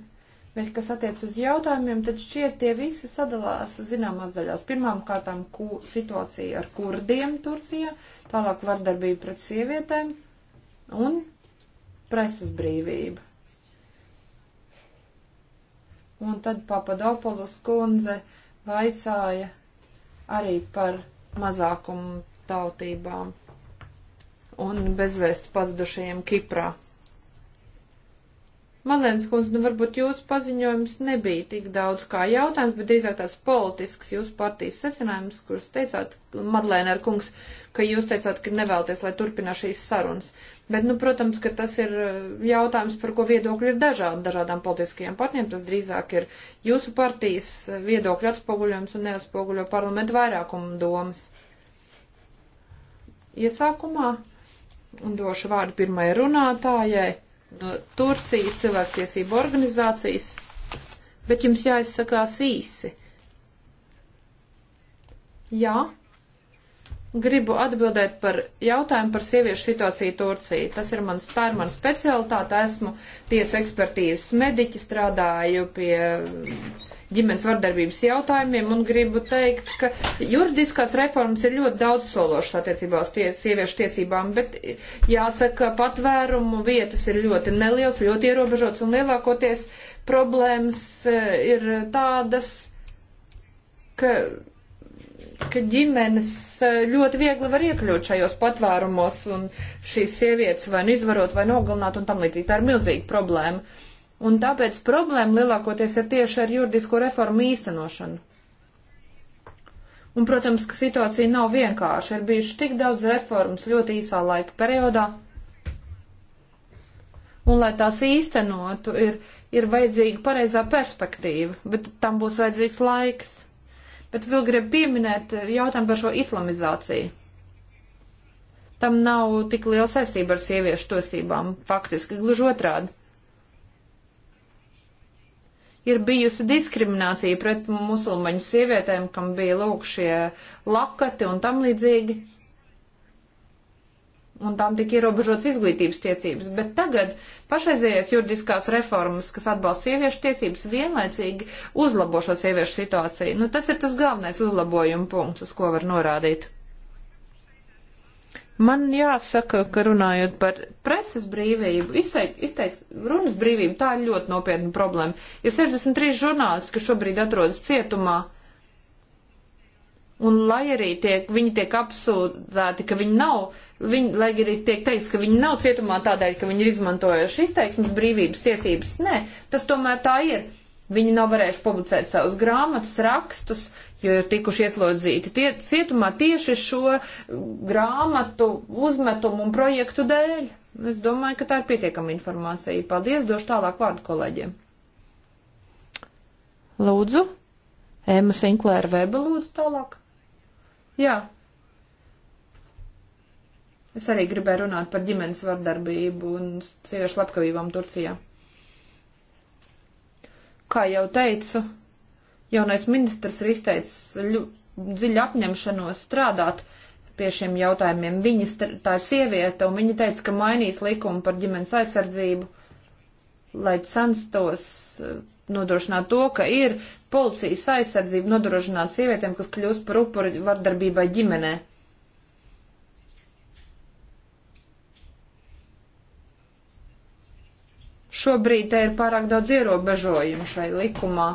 [SPEAKER 1] Bet, kas attiec uz jautājumiem, tad šie tie visi sadalās zināmās daļās. Pirmām kārtām ku, situācija ar kurdiem Turcijā, tālāk vardarbība pret sievietēm un presas brīvība. Un tad Papadopoulos kundze vaicāja arī par mazākumu tautībām un bezvēsts pazudušajiem Kiprā. Malēns kundze, nu varbūt jūsu paziņojums nebija tik daudz kā jautājums, bet drīzāk tāds politisks jūsu partijas secinājums, kurus teicāt, Madlēna ar kungs, ka jūs teicāt, ka nevēlties, lai turpina šīs sarunas. Bet, nu, protams, ka tas ir uh, jautājums, par ko viedokļi ir dažādi dažādām politiskajām partijām. Tas drīzāk ir jūsu partijas uh, viedokļu atspoguļojums un neatspoguļo parlamentu vairākumu domas. Iesākumā došu vārdu pirmai runātājai no Turcijas cilvēktiesību organizācijas, bet jums jāizsakās īsi. Jā, gribu atbildēt par jautājumu par sieviešu situāciju Turcijā. Tas ir mans, tā ir mana specialitāte. Esmu tiesu ekspertīzes mediķi, strādāju pie ģimenes vardarbības jautājumiem un gribu teikt, ka juridiskās reformas ir ļoti daudz sološas attiecībā uz ties, sieviešu tiesībām, bet jāsaka, patvērumu vietas ir ļoti neliels, ļoti ierobežots un lielākoties problēmas e, ir tādas, ka ka ģimenes e, ļoti viegli var iekļūt šajos patvērumos un šīs sievietes vai nu izvarot vai nogalināt un tam līdzīgi. Tā ir milzīga problēma un tāpēc problēma lielākoties ir tieši ar juridisko reformu īstenošanu. Un, protams, ka situācija nav vienkārša. Ir bijuši tik daudz reformas ļoti īsā laika periodā, un, lai tās īstenotu, ir, ir vajadzīga pareizā perspektīva, bet tam būs vajadzīgs laiks. Bet vēl gribu pieminēt eh, jautājumu par šo islamizāciju. Tam nav tik liela saistība ar sieviešu tosībām, faktiski gluži otrādi ir bijusi diskriminācija pret musulmaņu sievietēm, kam bija lūk šie lakati un tam līdzīgi. Un tām tika ierobežots izglītības tiesības. Bet tagad pašreizējās juridiskās reformas, kas atbalsta sieviešu tiesības, vienlaicīgi uzlabo šo sieviešu situāciju. Nu, tas ir tas galvenais uzlabojuma punkts, uz ko var norādīt. Man jāsaka, ka runājot par preses brīvību, izteiks runas brīvību, tā ir ļoti nopietna problēma. Ir 63 žurnālisti, kas šobrīd atrodas cietumā, un lai arī tiek, viņi tiek apsūdzēti, ka viņi nav, viņi, lai arī tiek teiks, ka viņi nav cietumā tādēļ, ka viņi ir izmantojuši izteiksmes brīvības tiesības, nē, tas tomēr tā ir. Viņi nav varējuši publicēt savus grāmatas, rakstus, uh, jo ir tikuši ieslodzīti tie, cietumā tieši šo mm, grāmatu uzmetumu un projektu dēļ. Es domāju, ka tā ir pietiekama informācija. Paldies, došu tālāk vārdu kolēģiem. Lūdzu, Emma Sinklēra Veba lūdzu tālāk. Jā. Es arī gribēju runāt par ģimenes vardarbību un sieviešu labkavībām Turcijā. Kā jau teicu, Jaunais ministrs ir izteicis dziļu apņemšanos strādāt pie šiem jautājumiem. Viņa, tā ir sieviete, un viņa teica, ka mainīs likumu par ģimenes aizsardzību, lai censtos eh, nodrošināt to, ka ir policijas aizsardzība nodrošināt sievietēm, kas kļūst par upuri vardarbībai ģimenē. Šobrīd te ir pārāk daudz ierobežojumu šai likumā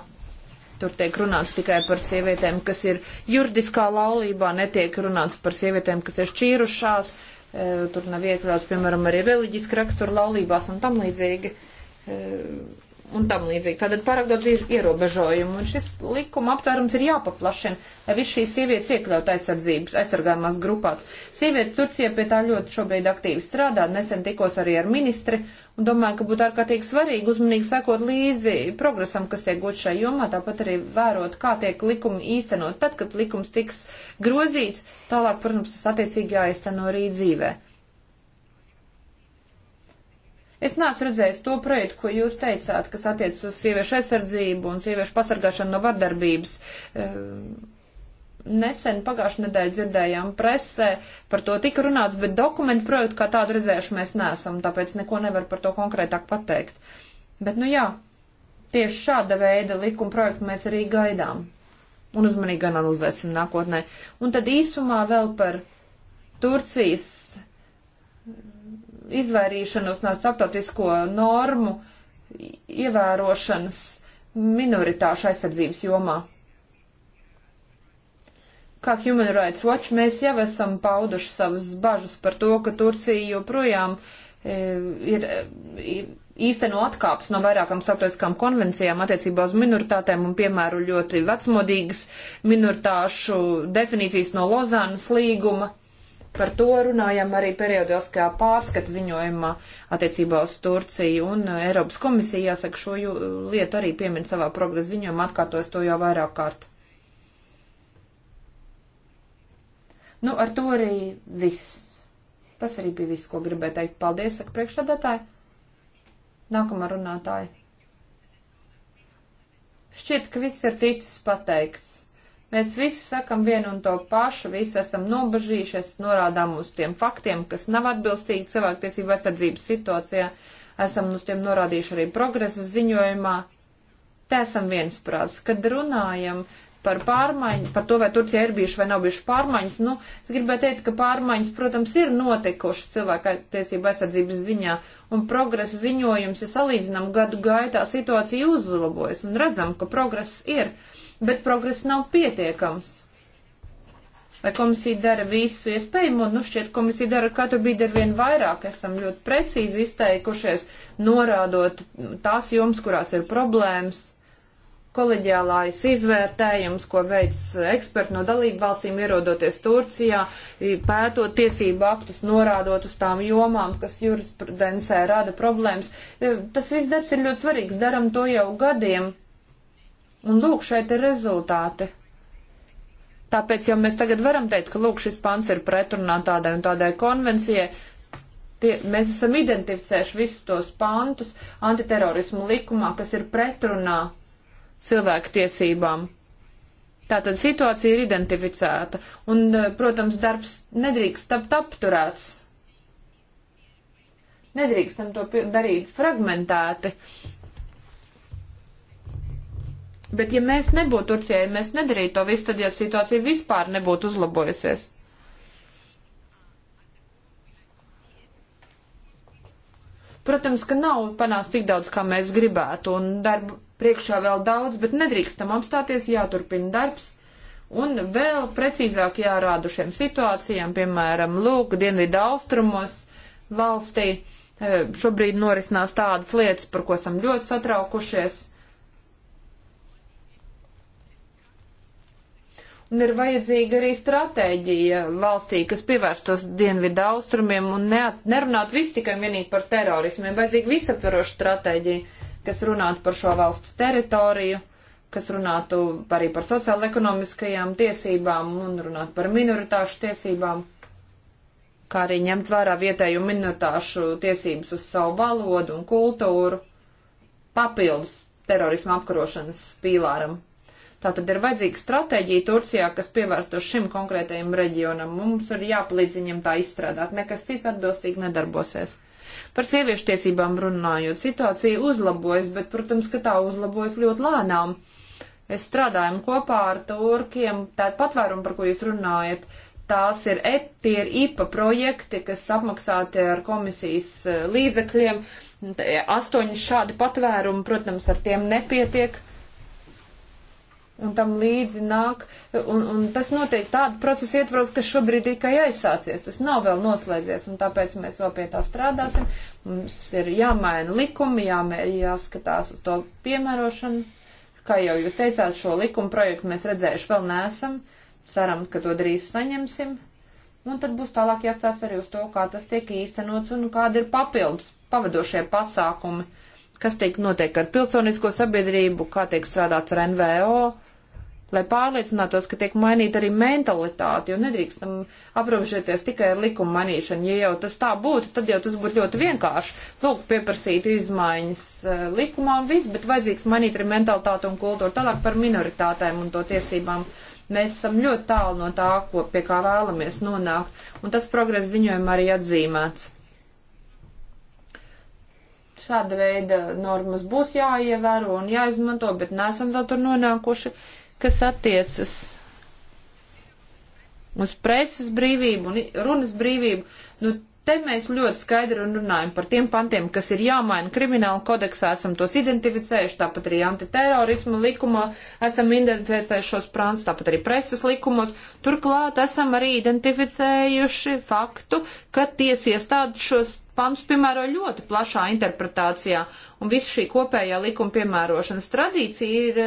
[SPEAKER 1] Tur tiek runāts tikai par sievietēm, kas ir juridiskā laulībā, netiek runāts par sievietēm, kas ir šķīrušās, e, tur nav iekļauts, piemēram, arī reliģiski rakstura laulībās un tam līdzīgi. E, un tam līdzīgi. Tātad pārāk daudz ierobežojumu, un šis likuma aptvērums ir jāpaplašina, lai viss šīs sievietes iekļaut aizsardzības, aizsargājumās grupās. Sievietes Turcija pie tā ļoti šobrīd aktīvi strādā, nesen tikos arī ar ministri, un domāju, ka būtu ārkārtīgi svarīgi uzmanīgi sekot līdzi progresam, kas tiek gūts šai jomā, tāpat arī vērot, kā tiek likumi īstenot. Tad, kad likums tiks grozīts, tālāk, protams, tas attiecīgi jāizteno arī dzīvē. Es neesmu redzējis to projektu, ko jūs teicāt, kas attiecas uz sieviešu aizsardzību un sieviešu pasargāšanu no vardarbības. Ehm, nesen pagājušajā nedēļā dzirdējām presē, par to tika runāts, bet dokumentu projektu kā tādu redzējuši mēs neesam, tāpēc neko nevar par to konkrētāk pateikt. Bet, nu jā, tieši šāda veida likuma projektu mēs arī gaidām un uzmanīgi analizēsim nākotnē. Un tad īsumā vēl par Turcijas izvairīšanos no starptautisko normu ievērošanas minoritāšu aizsardzības jomā. Kā Human Rights Watch mēs jau esam pauduši savas bažas par to, ka Turcija joprojām e, ir e, īsteno atkāpes no vairākām starptautiskām konvencijām attiecībā uz minoritātēm un piemēru ļoti vecmodīgas minoritāšu definīcijas no Lozānas līguma. Par to runājam arī periodiskajā pārskata ziņojumā attiecībā uz Turciju, un uh, Eiropas komisija, jāsaka, šo lietu arī piemin savā progresa ziņojumā, atkārtojas to jau vairāk kārt. Nu, ar to arī viss. Tas arī bija viss, ko gribēju teikt. Paldies, saka priekšsēdētāji. Nākamā runātāja. Šķiet, ka viss ir ticis pateikts. Mēs visi sakam vienu un to pašu, visi esam nobažījušies, norādām uz tiem faktiem, kas nav atbilstīgi cilvēktiesību aizsardzības situācijā, esam uz tiem norādījuši arī progresa ziņojumā. Te esam viensprāts, kad runājam par pārmaiņu, par to, vai Turcija ir bijuši vai nav bijuši pārmaiņas. Nu, es gribēju teikt, ka pārmaiņas, protams, ir notikušas cilvēka tiesība aizsardzības ziņā, un progresa ziņojums, ja salīdzinām gadu gaitā, situācija uzlabojas, un redzam, ka progress ir. Uh, bet progress nav pietiekams. Lai komisija dara visu iespējamo, nu šķiet komisija dara katru brīdi ar vien vairāk, esam ļoti precīzi izteikušies, norādot tās jums, kurās ir problēmas, koleģiālais izvērtējums, ko veic eksperti no dalību valstīm ierodoties Turcijā, pētot tiesību aktus, norādot uz tām jomām, kas jurisprudencē rada problēmas. Tas viss darbs ir ļoti svarīgs, daram to jau gadiem. Un lūk, šeit ir rezultāti. Tāpēc jau mēs tagad varam teikt, ka lūk, šis pants ir pretrunā tādai un tādai konvencijai. Tie, mēs esam identificējuši visus tos pantus antiterorismu likumā, kas ir pretrunā cilvēku tiesībām. Tātad situācija ir identificēta, un, protams, darbs nedrīkst tapt apturēts. Nedrīkstam to darīt fragmentēti, Bet ja mēs nebūtu Turcijai, ja mēs nedarītu to visu, tad ja situācija vispār nebūtu uzlabojusies. Protams, ka nav panāks tik daudz, kā mēs gribētu, un darba priekšā vēl daudz, bet nedrīkstam apstāties, jāturpina darbs. Un vēl precīzāk jārāda šiem situācijām, piemēram, lūk, dienvidu austrumos valstī eh, šobrīd norisinās tādas lietas, par ko esam ļoti satraukušies. Un ir vajadzīga arī stratēģija valstī, kas pievērstos dienvidu austrumiem un neat, nerunāt viss tikai vienīgi par terorismu. Ir vajadzīga visaptveroša stratēģija, kas runātu par šo valsts teritoriju, kas runātu arī par sociāla-ekonomiskajām tiesībām un runātu par minoritāšu tiesībām kā arī ņemt vērā vietēju minoritāšu tiesības uz savu valodu un kultūru, papildus terorismu apkarošanas pīlāram. Tātad ir vajadzīga stratēģija Turcijā, kas pievērstos šim konkrētajam reģionam. Mums ir jāpalīdz viņam tā izstrādāt, nekas cits atbilstīgi nedarbosies. Par sieviešu tiesībām runājot, situācija uzlabojas, bet, protams, ka tā uzlabojas ļoti lēnām. Es strādāju kopā ar turkiem, tā patvērumu, par ko jūs runājat, tās ir, e, tie ir IPA projekti, kas apmaksāti ar komisijas eh, līdzekļiem. Astoņi šādi patvērumi, protams, ar tiem nepietiek un tam līdzi nāk, un, un tas notiek tādu procesu ietvaros, kas šobrīd tikai aizsācies, tas nav vēl noslēdzies, un tāpēc mēs vēl pie tā strādāsim. Mums ir jāmaina likumi, jāmē, jāskatās uz to piemērošanu. Kā jau jūs teicāt, šo likumu projektu mēs redzējuši vēl neesam, ceram, ka to drīz saņemsim. Un tad būs tālāk jāstāsta arī uz to, kā tas tiek īstenots un kāda ir papildus pavadošie pasākumi, kas tiek notiek ar pilsonisko sabiedrību, kā tiek strādāts ar NVO, lai pārliecinātos, ka tiek mainīta arī mentalitāte, jo nedrīkstam aprobežoties tikai ar likuma mainīšanu. Ja jau tas tā būtu, tad jau tas būtu ļoti vienkārši. Lūk, pieprasīt izmaiņas eh, likumā un viss, bet vajadzīgs mainīt arī mentalitāti un kultūru tālāk par minoritātēm un to tiesībām. Mēs esam ļoti tālu no tā, ko, pie kā vēlamies nonākt, un tas progress ziņojumā arī atzīmēts. Šāda veida normas būs jāievēro un jāizmanto, bet nesam vēl tur nonākuši. Uh, kas attiecas uz preses brīvību un runas brīvību, nu, te mēs ļoti skaidri runājam par tiem pantiem, kas ir jāmaina krimināla kodeksā, esam tos identificējuši, tāpat arī antiterorisma likumā esam identificējuši šos prants, tāpat arī preses likumos. Turklāt esam arī identificējuši faktu, ka tiesa iestāde šos pantus piemēro ļoti plašā interpretācijā, un visa šī kopējā likuma piemērošanas tradīcija ir,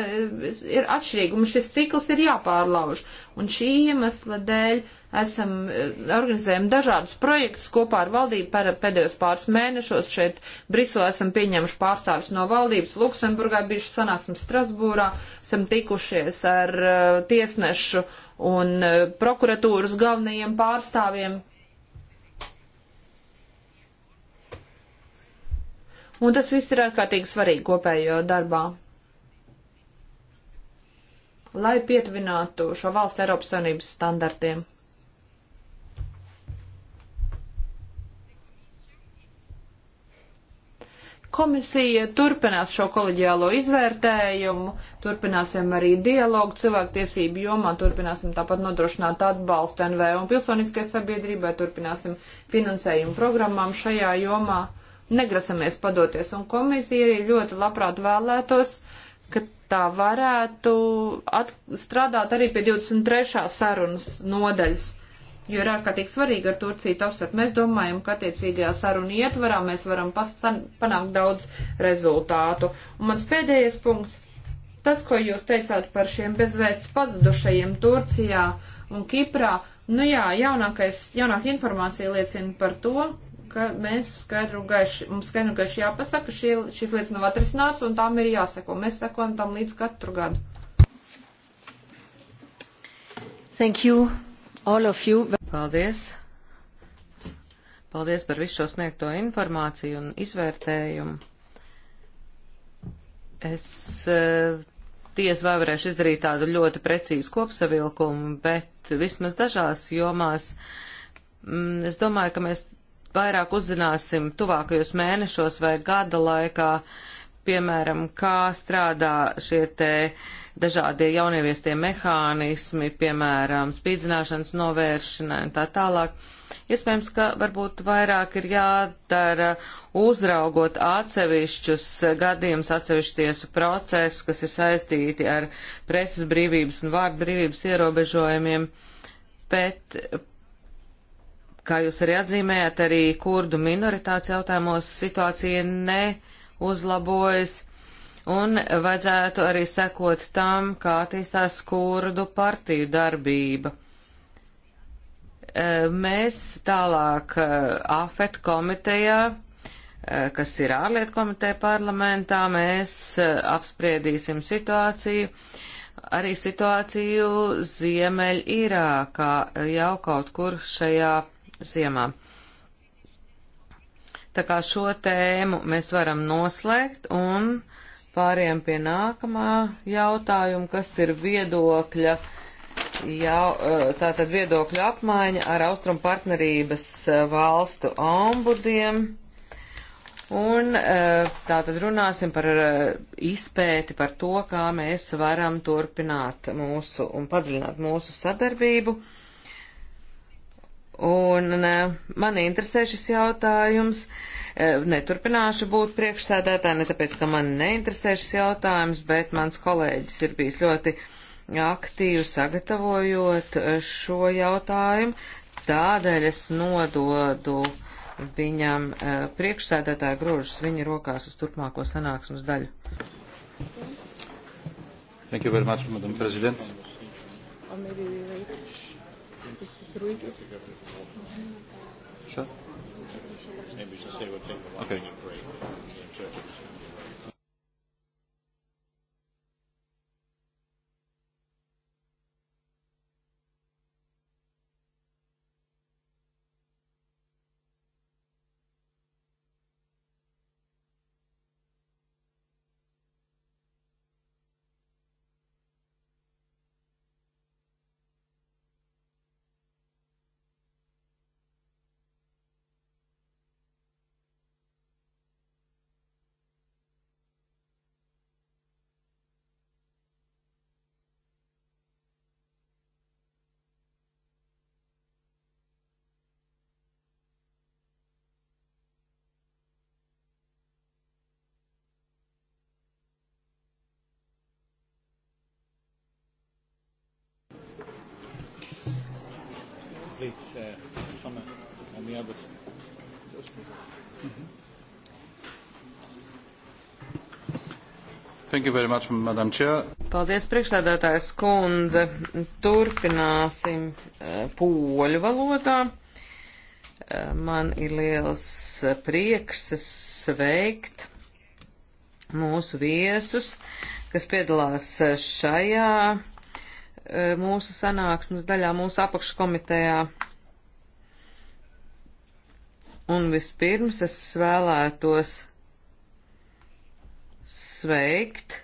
[SPEAKER 1] ir atšķirīga, un šis cikls ir jāpārlauž. Un šī iemesla dēļ esam eh, organizējam dažādus projektus kopā ar valdību par pēdējos pāris mēnešos. Šeit Briselē esam pieņemuši pārstāvis no valdības, Luksemburgā bijuši sanāksim Strasbūrā, esam tikušies ar uh, tiesnešu un uh, prokuratūras galvenajiem pārstāvjiem Un tas viss ir ārkārtīgi svarīgi kopējo darbā. Lai pietuvinātu šo valstu Eiropas Savienības standartiem. Komisija turpinās šo koleģiālo izvērtējumu, turpināsim arī dialogu cilvēktiesību jomā, turpināsim tāpat nodrošināt atbalstu NVO un pilsoniskajai sabiedrībai, turpināsim finansējumu programmām šajā jomā negrasamies padoties, un komisija arī ļoti labprāt vēlētos, ka tā varētu at, strādāt arī pie 23. sarunas nodaļas, jo ir ārkārtīgi svarīgi ar Turciju apsvert. Mēs domājam, ka attiecīgajā saruna ietvarā mēs varam pasan, panākt daudz rezultātu. Un mans pēdējais punkts, tas, ko jūs teicāt par šiem bezvēsts pazudušajiem Turcijā un Kiprā, nu jā, jaunākais, jaunāka informācija liecina par to, ka mēs skaidru gaiši, mums skaidru gaiši jāpasaka, šī, šīs lietas nav atrisināts un tām ir jāseko. Mēs sekojam tam līdz katru gadu.
[SPEAKER 2] Thank you, all of you. Paldies. Paldies par visu šo sniegto informāciju un izvērtējumu. Es eh, tiesa vai varēšu izdarīt tādu ļoti precīzu kopsavilkumu, bet vismaz dažās jomās mm, es domāju, ka mēs vairāk uzzināsim tuvākajos mēnešos vai gada laikā, piemēram, kā strādā šie te dažādie jaunieviestie mehānismi, piemēram, spīdzināšanas novēršanai un tā tālāk. Iespējams, ka varbūt vairāk ir jādara uzraugot atsevišķus gadījumus, atsevišķu tiesu procesu, kas ir saistīti ar preses brīvības un vārdu brīvības ierobežojumiem, bet Kā jūs arī atzīmējat, arī kurdu minoritātes jautājumos situācija neuzlabojas, un vajadzētu arī sekot tam, kā attīstās kurdu partiju darbība. E, mēs tālāk e, AFET komitejā e, kas ir ārlietu komiteja parlamentā, mēs apspriedīsim situāciju, arī situāciju Ziemeļ Irākā jau kaut kur šajā ziemā. Tā kā šo tēmu mēs varam noslēgt un pāriem pie nākamā jautājuma, kas ir viedokļa, jau, tātad viedokļa apmaiņa ar Austrum partnerības valstu ombudiem. Un tātad runāsim par izpēti par to, kā mēs varam turpināt mūsu un padziļināt mūsu sadarbību. Uh, Un man interesē šis jautājums. E, neturpināšu būt priekšsēdētāji, ne tāpēc, ka man neinteresē šis jautājums, bet mans kolēģis ir bijis ļoti aktīvi sagatavojot e, šo jautājumu. Tādēļ es nododu viņam e, priekšsēdētāju grožus viņa rokās uz turpmāko sanāksmes daļu.
[SPEAKER 4] Thank you very much, Madam President.
[SPEAKER 1] Or maybe we wait.
[SPEAKER 2] This is Ruigas. Okay.
[SPEAKER 4] steeds uh, Sanne en die hebben het. Thank you very much, Madam Chair.
[SPEAKER 2] Paldies, priekšstādātājs kundze. Turpināsim uh, poļu valodā. Uh, man ir liels prieks sveikt mūsu viesus, kas piedalās šajā E, mūsu sanāksmes daļā, mūsu apakškomitejā. Un vispirms es vēlētos sveikt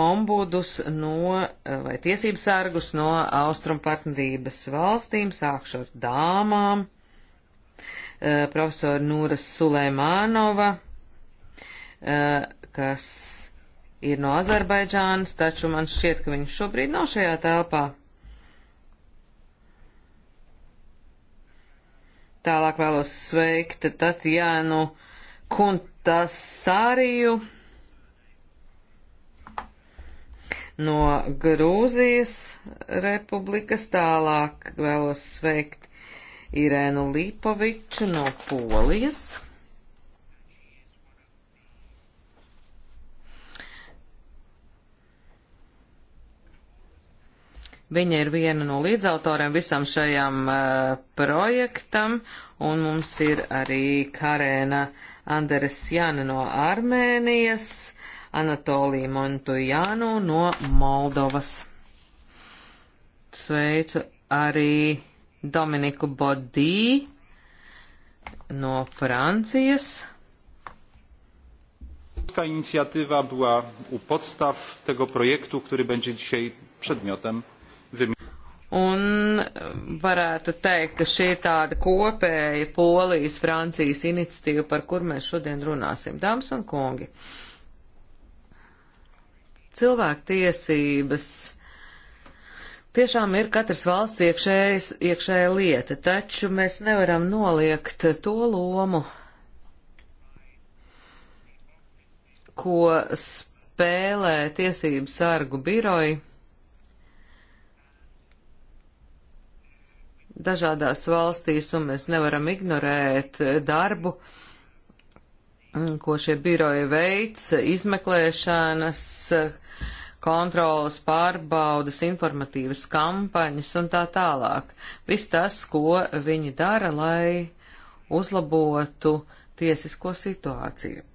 [SPEAKER 2] ombudus no, vai tiesības sargus no austrumpartnerības valstīm, sākšu ar dāmām, e, profesoru Nūras Sulēmānova, e, kas ir no Azerbaidžānas, taču man šķiet, ka viņš šobrīd nav šajā telpā. Tālāk vēlos sveikt Tatjānu Kuntasāriju no Grūzijas republikas. Tālāk vēlos sveikt Irēnu Līpoviču no Polijas. Viņa ir viena no līdzautoriem visam šajam uh, projektam, un mums ir arī Karēna Anderesjana no Armēnijas, Anatolija Montujānu no Moldovas. Sveicu arī Dominiku Bodī no Francijas.
[SPEAKER 4] Polska inicjatywa była u podstaw tego projektu, który będzie dzisiaj przedmiotem
[SPEAKER 2] Un varētu teikt, ka šī ir tāda kopēja Polijas, Francijas iniciatīva, par kur mēs šodien runāsim, dāmas un kungi. Cilvēktiesības tiešām ir katras valsts iekšējas, iekšēja lieta, taču mēs nevaram noliegt to lomu, ko spēlē tiesību sargu biroji dažādās valstīs, un mēs nevaram ignorēt darbu, mm, ko šie biroji veids, izmeklēšanas, kontrolas, pārbaudas, informatīvas kampaņas un tā tālāk. Viss tas, ko viņi dara, lai uzlabotu tiesisko situāciju.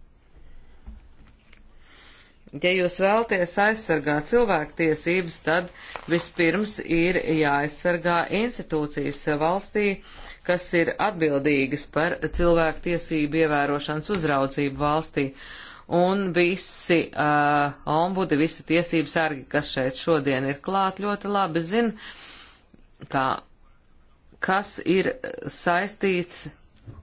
[SPEAKER 2] Ja jūs vēlaties aizsargāt cilvēktiesības, tad vispirms ir jāaizsargā institūcijas valstī, kas ir atbildīgas par cilvēktiesību ievērošanas uzraudzību valstī un visi uh, ombudi, visi tiesības sargi, kas šeit šodien ir klāt, ļoti labi zina, kā, kas ir saistīts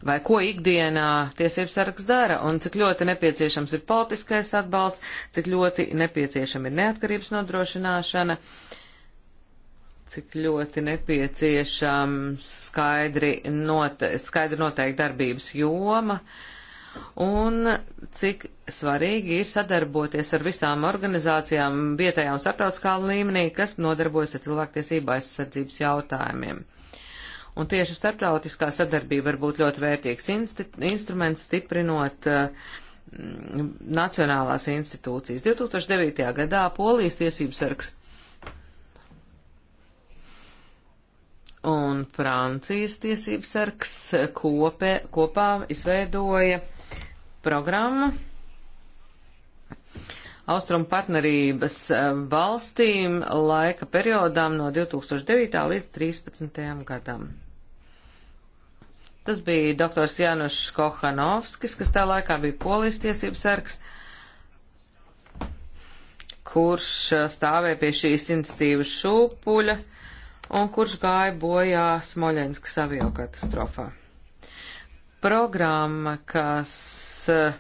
[SPEAKER 2] vai ko ikdienā tiesības sargs dara un cik ļoti nepieciešams ir politiskais atbalsts, cik ļoti nepieciešama ir neatkarības nodrošināšana, cik ļoti nepieciešams skaidri, note, skaidri noteikti darbības joma un cik svarīgi ir sadarboties ar visām organizācijām vietējā un starptautiskā līmenī, kas nodarbojas ar cilvēktiesību aizsardzības jautājumiem. Un tieši starptautiskā sadarbība var būt ļoti vērtīgs instruments, stiprinot uh, nacionālās institūcijas. 2009. gadā Polijas tiesības sargs un Francijas tiesības sargs kopē, kopā izveidoja programmu Austrumu partnerības eh, valstīm laika periodām no 2009. līdz 2013. gadam. Tas bija doktors Janušs Kohanovskis, kas tā laikā bija polijas tiesības sargs, kurš uh, stāvēja pie šīs institīvas šūpuļa un kurš gāja bojā Smoļenskas aviokatastrofā. Programma, kas uh,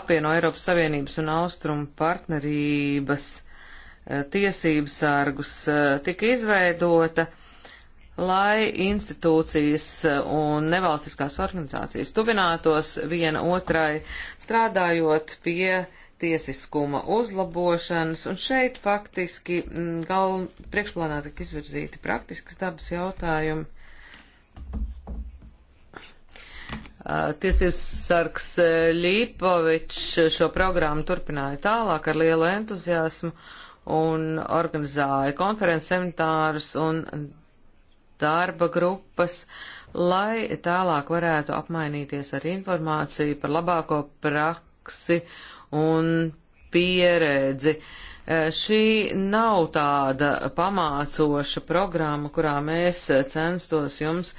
[SPEAKER 2] apvieno Eiropas Savienības un Austrumu partnerības uh, tiesības sargus, tika izveidota lai institūcijas eh, un nevalstiskās organizācijas tuvinātos viena otrai, strādājot pie tiesiskuma uzlabošanas, un šeit faktiski mm, gal priekšplānā tik izvirzīti praktiskas dabas jautājumi. Eh, tiesības sargs Ļīpovičs eh, šo programmu turpināja tālāk ar lielu entuziasmu un organizēja konferences, seminārus un darba grupas, lai tālāk varētu apmainīties ar informāciju par labāko praksi un pieredzi. E, šī nav tāda pamācoša programma, kurā mēs censtos jums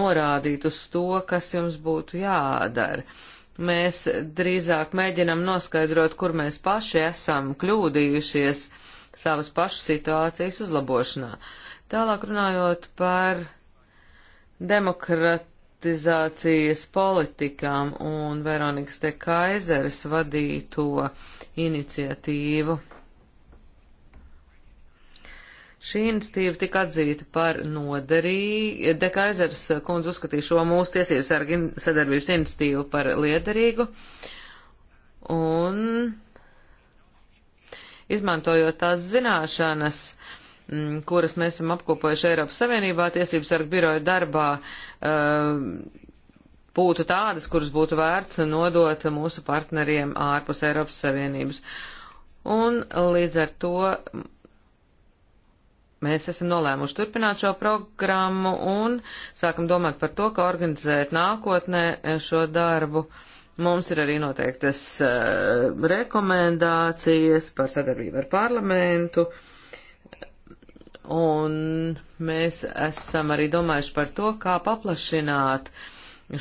[SPEAKER 2] norādīt uz to, kas jums būtu jādara. Mēs drīzāk mēģinam noskaidrot, kur mēs paši esam kļūdījušies savas pašu situācijas uzlabošanā. Uh, Tālāk runājot par demokratizācijas politikām un Veronikas te Kaizeres vadīto iniciatīvu. Šī institīva tika atzīta par noderīgu, Dekaizers kundze uzskatīja šo mūsu tiesības sargi sadarbības institīvu par liederīgu, un izmantojot tās zināšanas, Mm, kuras mēs esam apkopojuši Eiropas Savienībā, tiesības sargu biroja darbā, eh, būtu tādas, kuras būtu vērts nodot mūsu partneriem ārpus Eiropas Savienības. Un līdz ar to mēs esam nolēmuši turpināt šo programmu un sākam domāt par to, kā organizēt nākotnē šo darbu. Mums ir arī noteiktas uh, rekomendācijas par sadarbību ar parlamentu. Uh, Un mēs esam arī domājuši par to, kā paplašināt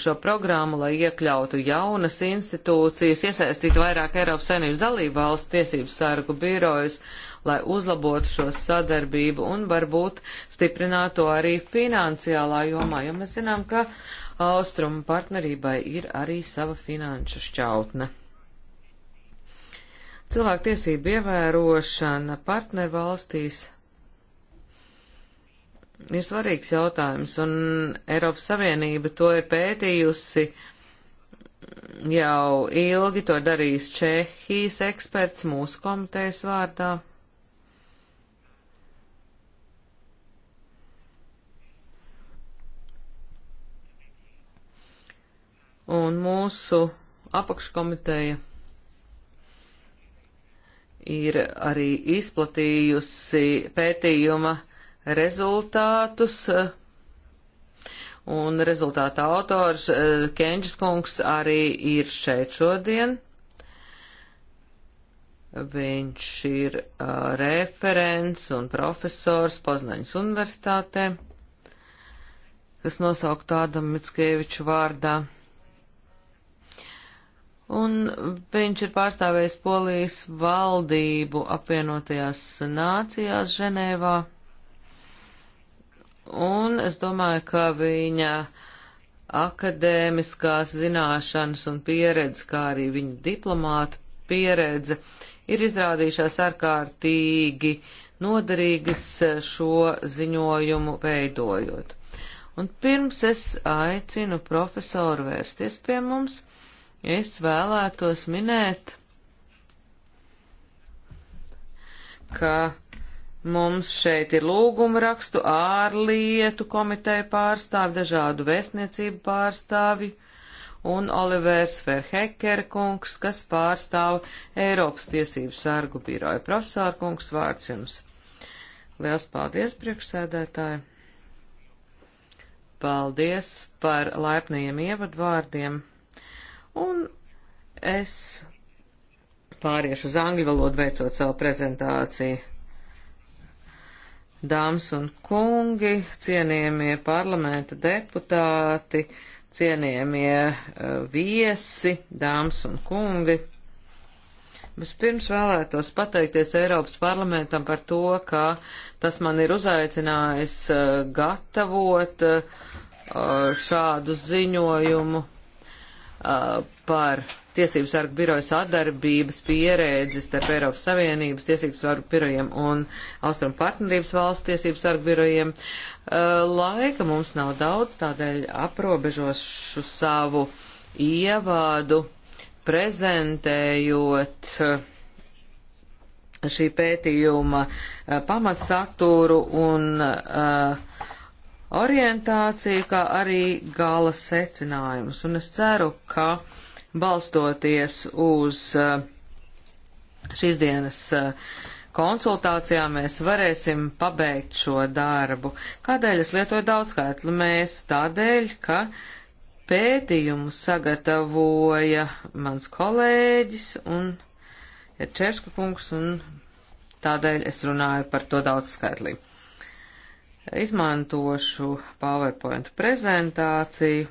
[SPEAKER 2] šo programmu, lai iekļautu jaunas institūcijas, iesaistītu vairāk Eiropas Savienības dalību valstu tiesību sargu birojas, lai uzlabotu šo sadarbību un varbūt stiprinātu arī finansiālā jomā, jo mēs zinām, ka Austrumu partnerībai ir arī sava finanšu šķautne. Cilvēktiesību ievērošana partnervalstīs ir svarīgs jautājums, un Eiropas Savienība to ir pētījusi jau ilgi, to darījis Čehijas eksperts mūsu komitejas vārdā. Un mūsu apakškomiteja ir arī izplatījusi pētījuma uh, rezultātus. Un rezultāta autors eh, Kenģis kungs arī ir šeit šodien. Viņš ir uh, referents un profesors Poznaņas universitātē, kas nosaukt Ādam Mickeviču vārdā. Un viņš ir pārstāvējis Polijas valdību apvienotajās nācijās Ženēvā. Un es domāju, ka viņa akadēmiskās zināšanas un pieredze, kā arī viņa diplomāta pieredze, ir izrādījušās ārkārtīgi noderīgas šo ziņojumu veidojot. Un pirms es aicinu profesoru vērsties pie mums, es vēlētos minēt, ka Mums šeit ir lūguma rakstu, ārlietu komiteju pārstāvi, dažādu vēstniecību pārstāvi un Olivers Verheker kungs, kas pārstāv Eiropas tiesību sargu biroju. Profesor kungs, vārds jums. Liels paldies, priekšsēdētāji. Paldies par laipniem ievadvārdiem. Un es pāriešu uz angļu valodu veicot savu prezentāciju. Dāmas un kungi, cienījamie parlamenta deputāti, cienījamie uh, viesi, dāmas un kungi. Vispirms vēlētos pateikties Eiropas parlamentam par to, ka tas man ir uzaicinājis uh, gatavot uh, šādu ziņojumu par tiesību sargu biroja sadarbības pieredzes starp Eiropas Savienības tiesību sargu birojiem un Austrum partnerības valsts tiesību sargu birojiem. Uh, laika mums nav daudz, tādēļ aprobežošu savu ievādu prezentējot uh, šī pētījuma uh, pamatsaturu un uh, orientāciju, kā arī gala secinājumus. Un es ceru, ka uh, balstoties uz eh, šīs dienas eh, konsultācijām, mēs varēsim pabeigt šo darbu. Kādēļ es lietoju daudzskaitli? Mēs tādēļ, ka pētījumu sagatavoja mans kolēģis un ir Čerska kungs, un tādēļ es runāju par to daudzskaitlī. Izmantošu PowerPoint prezentāciju.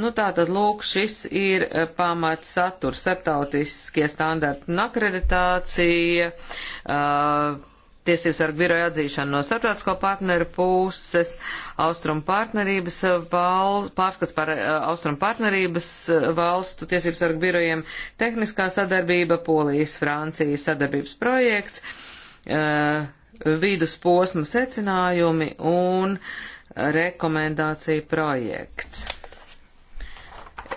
[SPEAKER 2] Nu tā tad lūk, šis ir e, pamats saturs starptautiskie standarti un akreditācija, uh, tiesības ar biroju atzīšanu no starptautisko partneru puses, austrumu partnerības e, val, pārskats par uh, austrumu partnerības valstu tiesības ar birojiem, tehniskā sadarbība, Polijas, Francijas sadarbības projekts, uh, vidusposma secinājumi un rekomendācija projekts.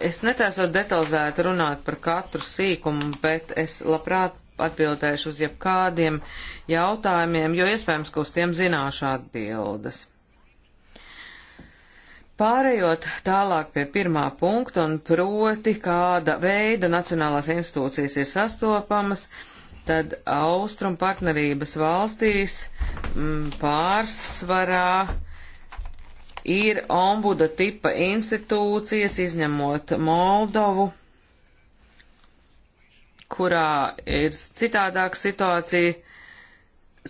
[SPEAKER 2] Es netēsot detalizēti runāt par katru sīkumu, bet es labprāt atbildēšu uz jebkādiem jautājumiem, jo iespējams, ka uz tiem zināšu atbildes. Pārējot tālāk pie pirmā punkta un proti, kāda veida nacionālās institūcijas ir sastopamas, tad austrum partnerības valstīs m, mm, pārsvarā ir ombuda tipa institūcijas, izņemot Moldovu, kurā ir citādāka situācija.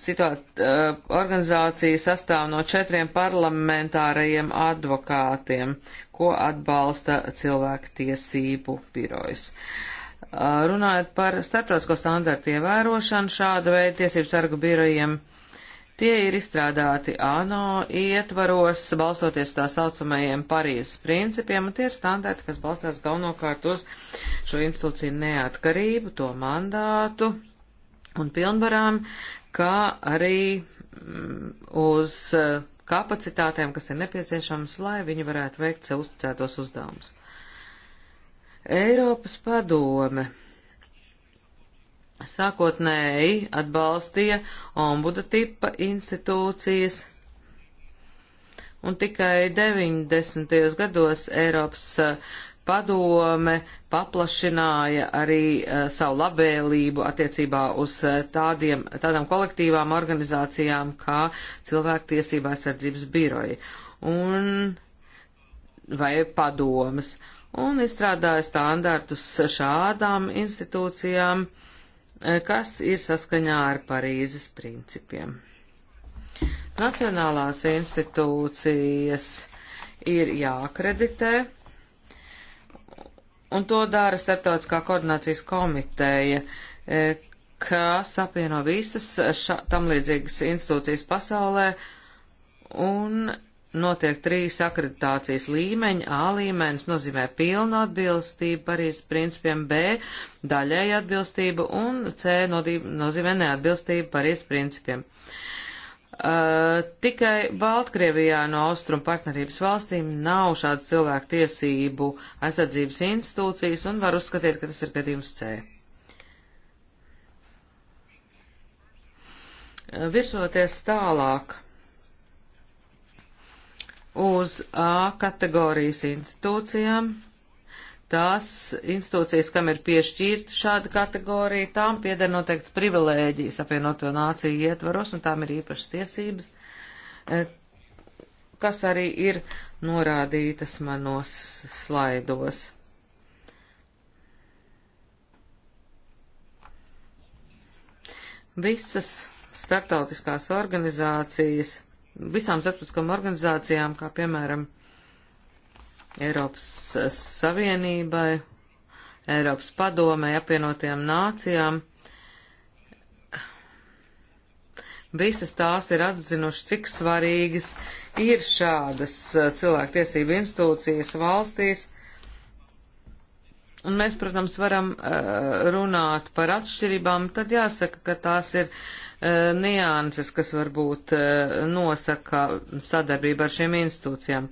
[SPEAKER 2] Situāt, uh, eh, organizācija sastāv no četriem parlamentārajiem advokātiem, ko atbalsta cilvēku tiesību birojas. Uh, eh, runājot par starptautisko standartu ievērošanu, šāda veida tiesību sargu birojiem uh, Tie ir izstrādāti ANO ietvaros, balsoties tā saucamajiem Parīzes principiem, un tie ir standarti, kas balstās galvenokārt uz šo institūciju neatkarību, to mandātu un pilnvarām, kā arī mm, uz eh, kapacitātēm, kas ir nepieciešams, lai viņi varētu veikt sev uzticētos uzdevumus. Eiropas padome sākotnēji atbalstīja ombuda tipa institūcijas, un tikai 90. gados Eiropas uh, padome paplašināja arī uh, savu labvēlību attiecībā uz uh, tādiem, tādām kolektīvām organizācijām kā cilvēktiesībā aizsardzības biroji un vai padomas un izstrādāja standartus šādām institūcijām. Uh, Eh, kas ir saskaņā ar Parīzes principiem. Nacionālās institūcijas ir jāakreditē, un to dara Starptautiskā koordinācijas komiteja, eh, kas apvieno visas ša, tam līdzīgas institūcijas pasaulē, un notiek trīs akreditācijas līmeņi. A līmenis nozīmē pilnu atbilstību Parīzes principiem, B daļēja atbilstību un C nozīmē neatbilstību Parīzes principiem. Uh, tikai Baltkrievijā no Austrum partnerības valstīm nav šādas cilvēku tiesību aizsardzības institūcijas un var uzskatīt, ka tas ir gadījums C. Virsoties tālāk uz A kategorijas institūcijām. Tās institūcijas, kam ir piešķirta šāda kategorija, tām pieder noteikts privilēģijas apvienoto nāciju ietvaros, un tām ir īpašas tiesības, e, kas arī ir norādītas manos slaidos. Visas starptautiskās organizācijas visām starptautiskām organizācijām, kā piemēram Eiropas eh, Savienībai, Eiropas padomē, apvienotajām nācijām. Visas tās ir atzinušas, cik svarīgas ir šādas eh, cilvēktiesību institūcijas valstīs. Un mēs, protams, varam uh, runāt par atšķirībām, tad jāsaka, ka tās ir uh, Eh, nianses, kas varbūt eh, nosaka sadarbību ar šiem institūcijām.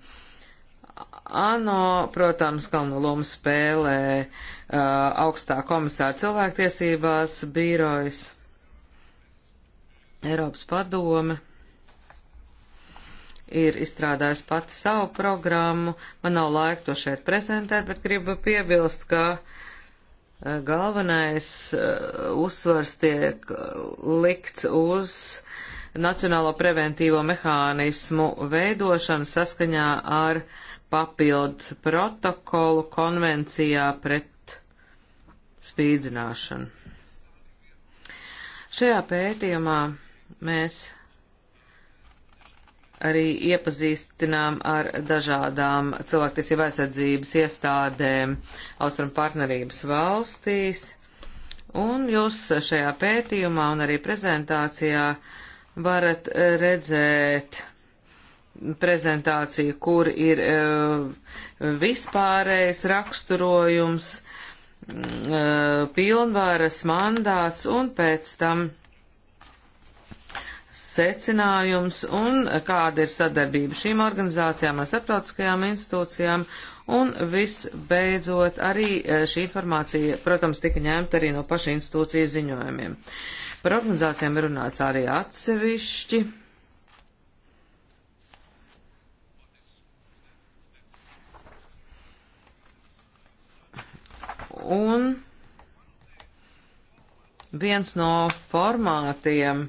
[SPEAKER 2] ANO, protams, galveno lomu spēlē uh, augstā komisāra cilvēktiesībās bīrojas Eiropas padome ir izstrādājusi pati savu programmu. Man nav laika to šeit prezentēt, bet gribu piebilst, ka uh, galvenais eh, uzsvars tiek likts uz nacionālo preventīvo mehānismu veidošanu saskaņā ar papildu protokolu konvencijā pret spīdzināšanu. Šajā pētījumā mēs arī iepazīstinām ar dažādām cilvēktiesību aizsardzības iestādēm Austrum partnerības valstīs. Un jūs šajā pētījumā un arī prezentācijā varat eh, redzēt prezentāciju, kur ir eh, vispārējais raksturojums, mm, eh, pilnvaras mandāts un pēc tam secinājums un kāda ir sadarbība šīm organizācijām ar starptautiskajām institūcijām. Un visbeidzot, arī eh, šī informācija, protams, tika ņemta arī no paša institūcijas ziņojumiem. Par organizācijām ir runāts arī atsevišķi. Un viens no formātiem,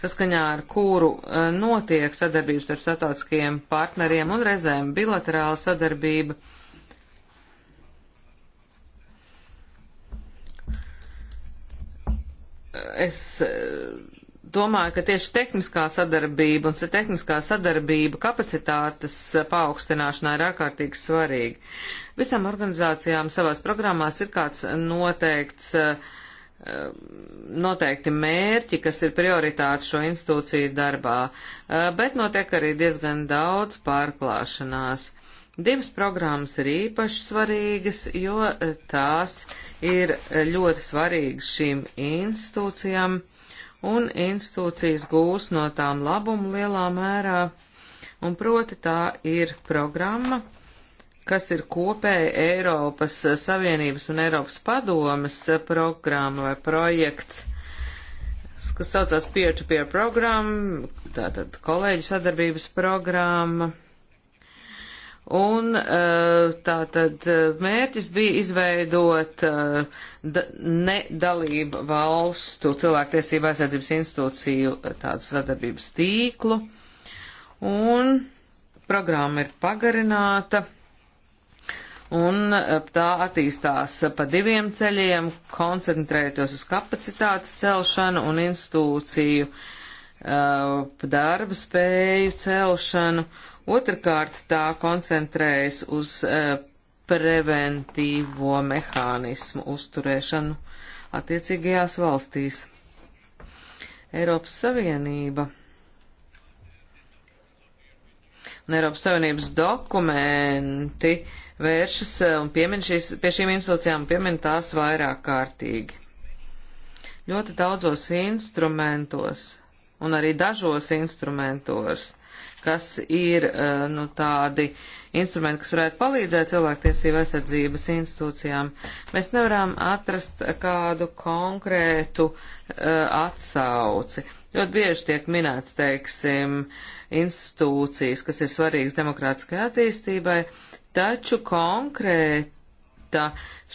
[SPEAKER 2] saskaņā ar kuru eh, notiek sadarbības ar starptautiskiem partneriem un reizēm bilaterāla sadarbība. Es eh, domāju, ka tieši tehniskā sadarbība un tehniskā sadarbība kapacitātes paaugstināšanā ir ārkārtīgi svarīga. Visām organizācijām savās programmās ir kāds noteikts uh, Ehm, noteikti mērķi, kas ir prioritāti šo institūciju darbā, ehm, bet notiek arī diezgan daudz pārklāšanās. Divas programmas ir īpaši svarīgas, jo eh, tās ir ļoti svarīgas šīm institūcijām, un institūcijas gūs no tām labumu lielā mērā, un proti tā ir programma, kas ir kopēja Eiropas Savienības un Eiropas padomas programma vai projekts, kas saucās peer-to-peer -peer programma, tātad kolēģu sadarbības programma. Un eh, tātad eh, mērķis bija izveidot eh, nedalību valstu cilvēktiesību aizsardzības institūciju tādu sadarbības tīklu. Un programma ir pagarināta un eh, tā attīstās pa diviem ceļiem, koncentrētos uz kapacitātes celšanu un institūciju uh, darba spēju celšanu. Otrakārt, tā koncentrējas uz uh, preventīvo mehānismu uzturēšanu attiecīgajās valstīs. Eiropas Savienība un Eiropas Savienības dokumenti uh, vēršas eh, un piemin šīs, pie šīm institūcijām un piemin tās vairāk kārtīgi. Ļoti daudzos instrumentos un arī dažos instrumentos, kas ir eh, nu, tādi instrumenti, kas varētu palīdzēt cilvēktiesību aizsardzības institūcijām, mēs nevaram atrast kādu konkrētu uh, atsauci. Ļoti bieži tiek minēts, teiksim, institūcijas, kas ir svarīgas demokrātiskai attīstībai, Taču konkrēta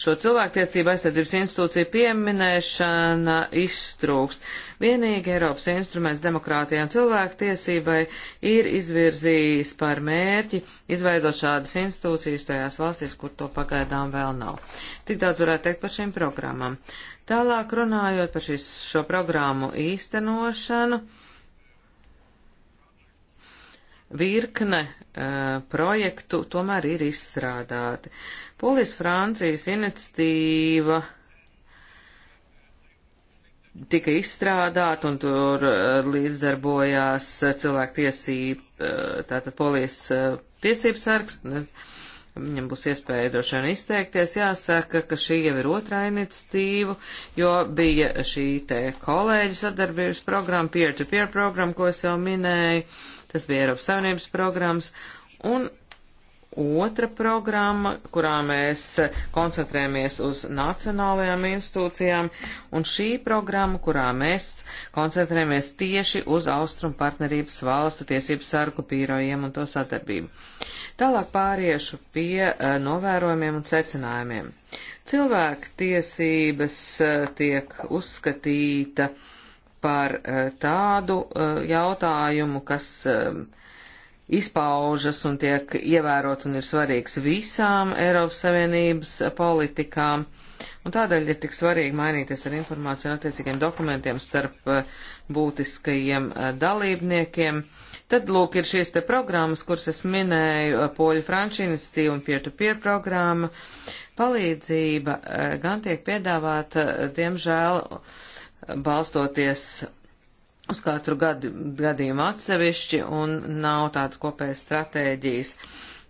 [SPEAKER 2] šo cilvēktiesību aizsardzības institūciju pieminēšana iztrūkst. Vienīgi Eiropas instruments demokrātijai un cilvēktiesībai ir izvirzījis par mērķi izveidot šādas institūcijas tajās valstīs, kur to pagaidām vēl nav. Tik daudz varētu teikt par šīm programmām. Tālāk runājot par šis, šo programmu īstenošanu. Uh, virkne uh, projektu tomēr ir izstrādāti. Polijas Francijas iniciatīva tika izstrādāta un tur uh, līdzdarbojās cilvēktiesība, uh, tātad polijas uh, tiesības sargs. Viņam būs iespēja droši vien izteikties. Jāsaka, ka šī jau ir otrā iniciatīva, jo bija šī te kolēģu sadarbības programma, peer-to-peer -peer programma, ko es jau minēju. Uh, kas bija Eiropas Savienības programmas, un otra programma, kurā mēs koncentrējamies uz nacionālajām institūcijām, un šī programma, kurā mēs koncentrējamies tieši uz austrumu partnerības valstu tiesību sargu pīrojiem un to sadarbību. Tālāk pāriešu pie uh, novērojumiem un secinājumiem. Cilvēku tiesības uh, tiek uzskatīta uh, par eh, tādu eh, jautājumu, kas eh, izpaužas un tiek ievērots un ir svarīgs visām Eiropas Savienības politikām. Un tādēļ ir tik svarīgi mainīties ar informāciju un attiecīgiem dokumentiem starp būtiskajiem dalībniekiem. Tad, lūk, ir šīs te programmas, kuras es minēju, Poļu Franču iniciatīva un peer-to-peer programma. Palīdzība gan tiek piedāvāta, diemžēl, uh, balstoties uz katru gadu, gadījumu atsevišķi un nav tādas kopējas stratēģijas.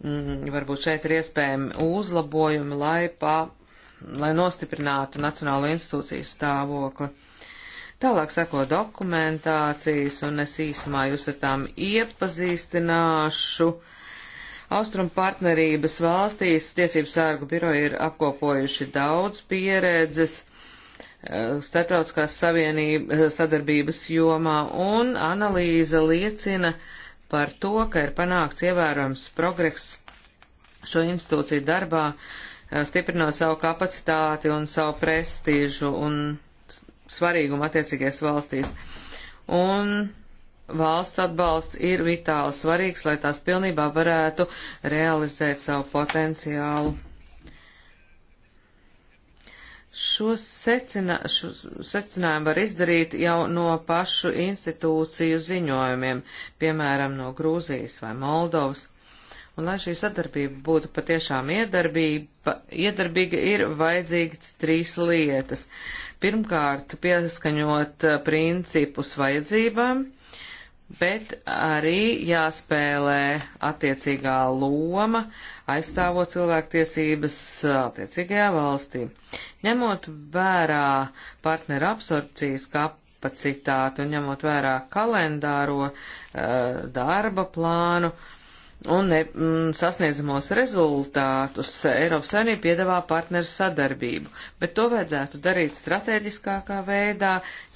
[SPEAKER 2] Mm, varbūt šeit ir iespējami uzlabojumi, lai, pa, lai nostiprinātu Nacionālo institūciju stāvokli. Tālāk seko dokumentācijas, un es īsumā jūs ar tām iepazīstināšu. Austrum partnerības valstīs tiesību sārgu biroji ir apkopojuši daudz pieredzes starptautiskās savienības eh, sadarbības jomā, un analīze liecina par to, ka ir panākts ievērojams progress šo institūciju darbā, eh, stiprinot savu kapacitāti un savu prestīžu un svarīgumu attiecīgajās valstīs. Un valsts atbalsts ir vitāli svarīgs, lai tās pilnībā varētu realizēt savu potenciālu. Šo, secina, šo secinājumu var izdarīt jau no pašu institūciju ziņojumiem, piemēram, no Grūzijas vai Moldovas. Un, lai šī sadarbība būtu patiešām iedarbība, iedarbīga, ir vajadzīgas trīs lietas. Pirmkārt, pieskaņot eh, principus vajadzībām, bet arī jāspēlē attiecīgā loma, aizstāvot cilvēktiesības uh, attiecīgajā valstī. Ņemot vērā partneru absorpcijas kapacitāti un ņemot vērā kalendāro uh, darba plānu, uh, un ne, mm, sasniedzamos rezultātus Eiropas Savienība piedāvā partneru sadarbību, bet to vajadzētu darīt strateģiskākā veidā,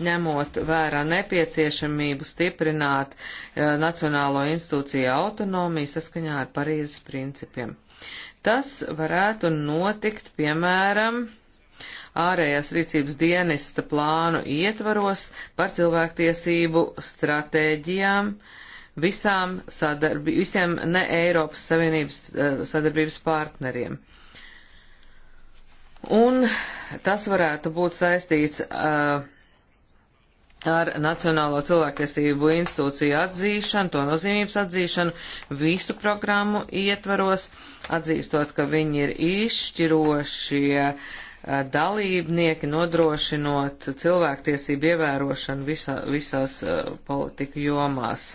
[SPEAKER 2] ņemot vērā nepieciešamību stiprināt e, Nacionālo institūciju autonomiju saskaņā ar Parīzes principiem. Tas varētu notikt, piemēram, ārējās rīcības dienesta plānu ietvaros par cilvēktiesību stratēģijām, uh, visām sadarbi, visiem ne Eiropas Savienības eh, sadarbības partneriem. Un tas varētu būt saistīts uh, ar Nacionālo cilvēktiesību institūciju atzīšanu, to nozīmības atzīšanu visu programmu ietvaros, atzīstot, ka viņi ir izšķirošie eh, dalībnieki, nodrošinot cilvēktiesību ievērošanu visā, visās politika jomās.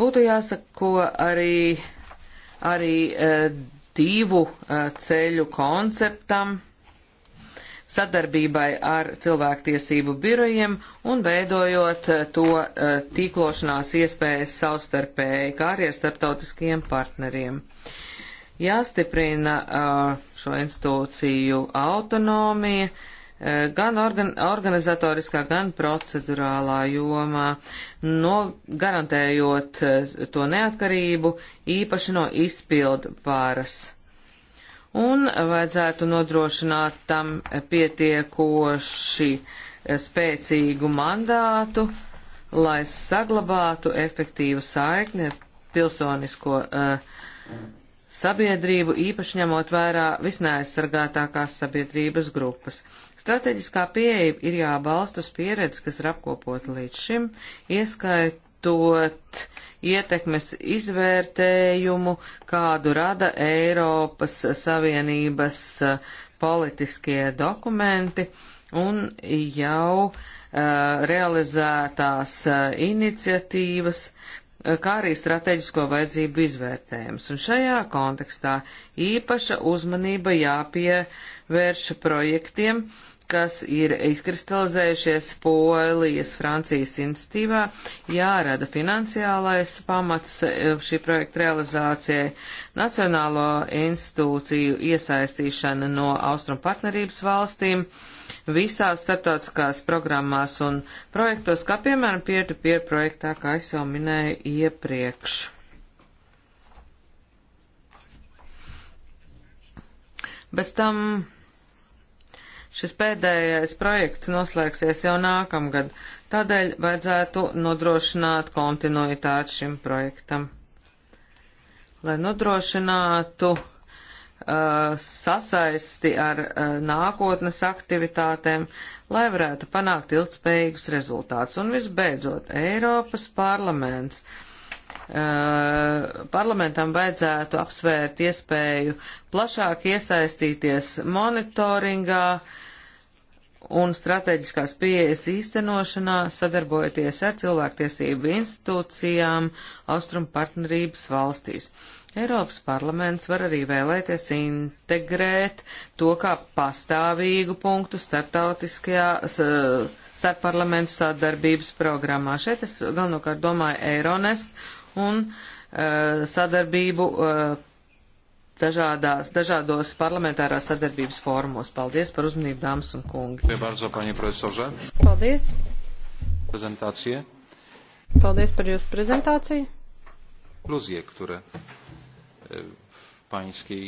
[SPEAKER 2] Būtu jāsako arī, arī e, divu e, ceļu konceptam sadarbībai ar cilvēktiesību birojiem un veidojot e, to tīklošanās iespējas savstarpēji, kā arī ar starptautiskiem partneriem. Jāstiprina šo institūciju autonomija, gan organ organizatoriskā, gan procedurālā jomā, no, garantējot eh, to neatkarību, īpaši no izpildu pāras. Un vajadzētu nodrošināt tam pietiekoši eh, spēcīgu mandātu, lai saglabātu efektīvu saikni ar pilsonisko uh, sabiedrību, īpaši ņemot vērā visneaizsargātākās sabiedrības grupas. Strateģiskā pieeja ir jābalst uz pieredzi, kas ir apkopota līdz šim, ieskaitot ietekmes izvērtējumu, kādu rada Eiropas Savienības uh, politiskie dokumenti un jau uh, realizētās uh, iniciatīvas, kā arī strateģisko vajadzību izvērtējums. Un šajā kontekstā īpaša uzmanība jāpievērš projektiem, kas ir izkristalizējušies Polijas, Francijas institīvā, jārada finansiālais pamats šī projekta realizācijai, nacionālo institūciju iesaistīšana no Austrum partnerības valstīm visās starptautiskās programmās un projektos, kā piemēram peer-to-peer -pier projektā, kā es jau minēju iepriekš. Bez tam Šis pēdējais projekts noslēgsies jau nākamgad, tādēļ vajadzētu nodrošināt kontinuitāti šim projektam. Lai nodrošinātu uh, sasaisti ar uh, nākotnes aktivitātēm, lai varētu panākt ilgspējīgus rezultātus. Un visbeidzot, Eiropas parlaments. Uh, parlamentam vajadzētu apsvērt iespēju plašāk iesaistīties monitoringā, uh, un strateģiskās pieejas īstenošanā, sadarbojoties ar cilvēktiesību institūcijām Austrum partnerības valstīs. Eiropas parlaments var arī vēlēties integrēt to kā pastāvīgu punktu starptautiskajā starpparlamentu sadarbības programmā. Šeit es galvenokārt domāju Eironest un uh, sadarbību uh, dažādās, dažādos parlamentārās sadarbības formos. Paldies par uzmanību, dāmas un
[SPEAKER 4] kungi. Paldies. Prezentācija.
[SPEAKER 3] Paldies par jūsu prezentāciju.
[SPEAKER 4] Pluzie, kura e, paņiskī.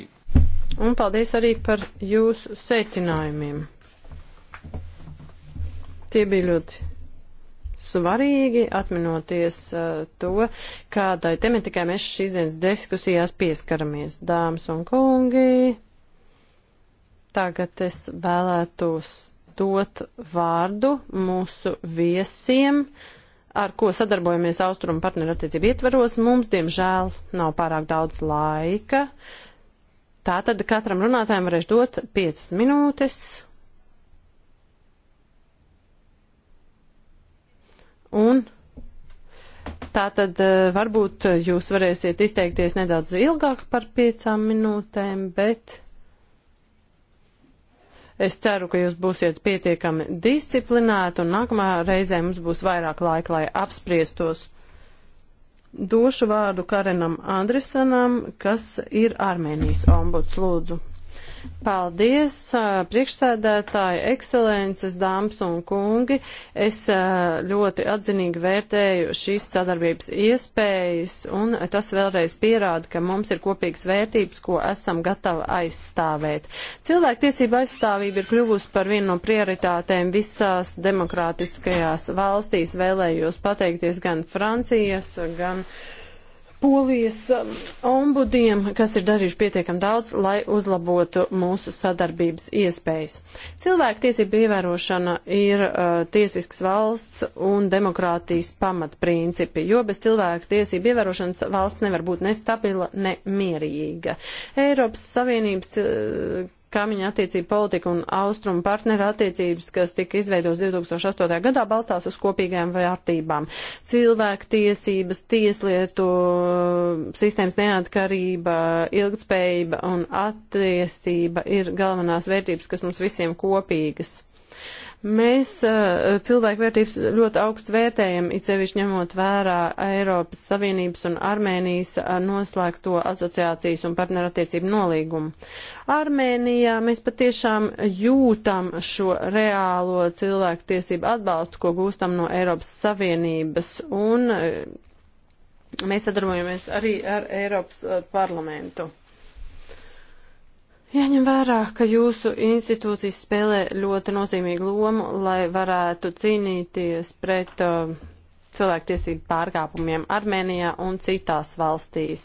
[SPEAKER 3] Un paldies arī par jūsu secinājumiem. Tie bija ļoti svarīgi, atminoties uh, to, kādai tematikai mēs šīs dienas diskusijās pieskaramies. Dāmas un kungi, tagad es vēlētos dot vārdu mūsu viesiem, ar ko sadarbojamies Austrumu partneru attiecību ietveros. Mums, diemžēl, nav pārāk daudz laika. Tātad katram runātājam varēšu dot 5 minūtes, Un tātad eh, varbūt jūs varēsiet izteikties nedaudz ilgāk par piecām minūtēm, bet es ceru, ka jūs būsiet pietiekami disciplinēti un nākamā reizē mums būs vairāk laika, lai apspriestos. Došu vārdu Karenam Andresanam, kas ir Armēnijas ombuds lūdzu. Paldies, priekšsēdētāji, ekscelences, dāmas un kungi. Es ļoti atzinīgi vērtēju šīs sadarbības iespējas, un tas vēlreiz pierāda, ka mums ir kopīgas vērtības, ko esam gatavi aizstāvēt. Cilvēktiesība aizstāvība ir kļuvusi par vienu no prioritātēm visās demokrātiskajās valstīs. Vēlējos pateikties gan Francijas, gan. Uh, polijas um, ombudiem, kas ir darījuši pietiekam daudz, lai uzlabotu mūsu sadarbības iespējas. Cilvēktiesība ievērošana ir uh, tiesisks valsts un demokrātijas pamatprincipi, jo bez cilvēktiesība ievērošanas valsts nevar būt nestabila, nemierīga. Eiropas Savienības uh, Kamiņa attiecība politika un austrumu partneru attiecības, kas tika izveidotas 2008. gadā, balstās uz kopīgām vērtībām. Cilvēku tiesības, tieslietu sistēmas neatkarība, ilgtspējība un attiestība ir galvenās vērtības, kas mums visiem kopīgas. Mēs cilvēkvērtības ļoti augstu vērtējam, it sevišķi ņemot vērā Eiropas Savienības un Armēnijas noslēgto asociācijas un partnerattiecību nolīgumu. Armēnijā mēs patiešām jūtam šo reālo cilvēktiesību atbalstu, ko gūstam no Eiropas Savienības un mēs sadarbojamies arī ar Eiropas parlamentu. Jāņem vērā, ka jūsu institūcijas spēlē ļoti nozīmīgu lomu, lai varētu cīnīties pret uh, cilvēktiesību pārkāpumiem Armēnijā un citās valstīs.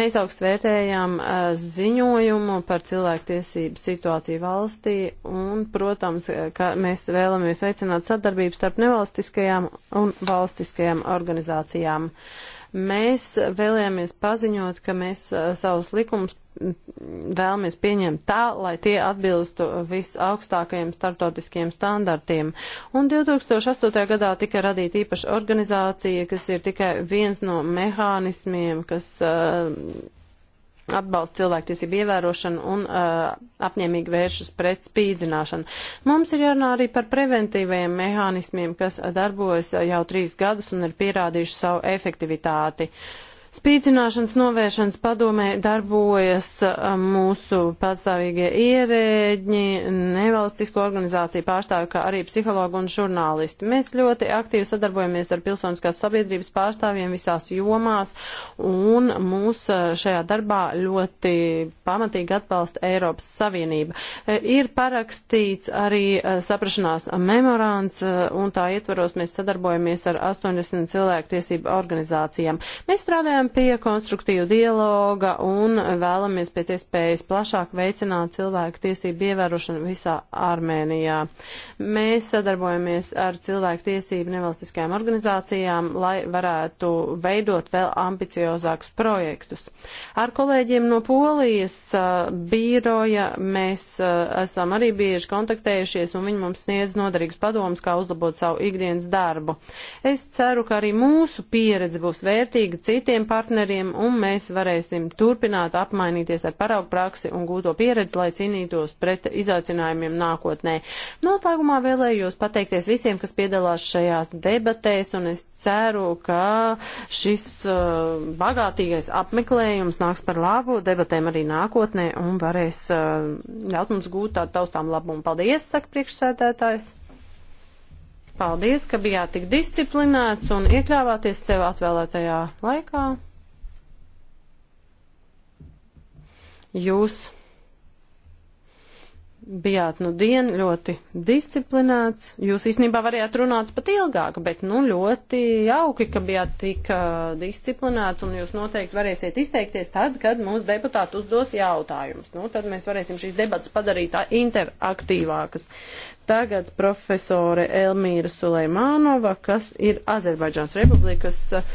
[SPEAKER 3] Mēs augst vērtējām uh, ziņojumu par cilvēktiesību situāciju valstī un, protams, ka mēs vēlamies veicināt sadarbību starp nevalstiskajām un valstiskajām organizācijām. Uh, Mēs vēlējāmies paziņot, ka mēs uh, savus likumus mm, vēlamies pieņemt tā, lai tie atbilstu visaugstākajiem startautiskiem standartiem. Un 2008. gadā tika radīta īpaša organizācija, kas ir tikai viens no mehānismiem, kas uh, atbalsta cilvēktiesību ievērošanu un uh, apņēmīgi vēršas pret spīdzināšanu. Mums ir jārunā arī par preventīvajiem mehānismiem, kas darbojas jau trīs gadus un ir pierādījuši savu efektivitāti. Uh, Spīdzināšanas novēršanas padomē darbojas um, mūsu patstāvīgie ierēģi, nevalstisko organizāciju pārstāvi, kā arī psihologi un žurnālisti. Mēs ļoti aktīvi sadarbojamies ar pilsoniskās sabiedrības pārstāvjiem visās jomās, un mūs uh, šajā darbā ļoti pamatīgi atbalsta Eiropas Savienība. Uh, ir parakstīts arī uh, saprašanās memorāns, un tā ietvaros mēs sadarbojamies ar 80 cilvēku tiesību organizācijām. Mēs strādājam strādājam pie konstruktīva dialoga un vēlamies pēc iespējas plašāk veicināt cilvēku tiesību ievērošanu visā Armēnijā. Mēs sadarbojamies ar cilvēku tiesību nevalstiskajām organizācijām, lai varētu veidot vēl ambiciozākus projektus. Ar kolēģiem no Polijas uh, bīroja mēs uh, esam arī bieži kontaktējušies un viņi mums sniedz noderīgus padomus, kā uzlabot savu ikdienas darbu. Es ceru, ka arī mūsu pieredze būs vērtīga citiem sociālajiem partneriem, un mēs varēsim turpināt apmainīties ar paraugu praksi un gūto pieredzi, lai cīnītos pret izaicinājumiem nākotnē. Noslēgumā vēlējos pateikties visiem, kas piedalās šajās debatēs, un es ceru, ka šis uh, bagātīgais apmeklējums nāks par labu debatēm arī nākotnē un varēs uh, ļaut mums gūt tādu taustām labumu. Paldies, saka priekšsēdētājs. Paldies, ka bijāt tik disciplinēts un iekļāvāties sev atvēlētajā laikā. Jūs bijāt nu dien ļoti disciplinēts. Jūs īstenībā varējāt runāt pat ilgāk, bet nu ļoti jauki, ka bijāt tik uh, disciplinēts un jūs noteikti varēsiet izteikties tad, kad mūsu deputāti uzdos jautājumus. Nu, tad mēs varēsim šīs debatas padarīt interaktīvākas. Tagad profesore Elmīra Sulejmānova, kas ir Azerbaidžāns Republikas eh,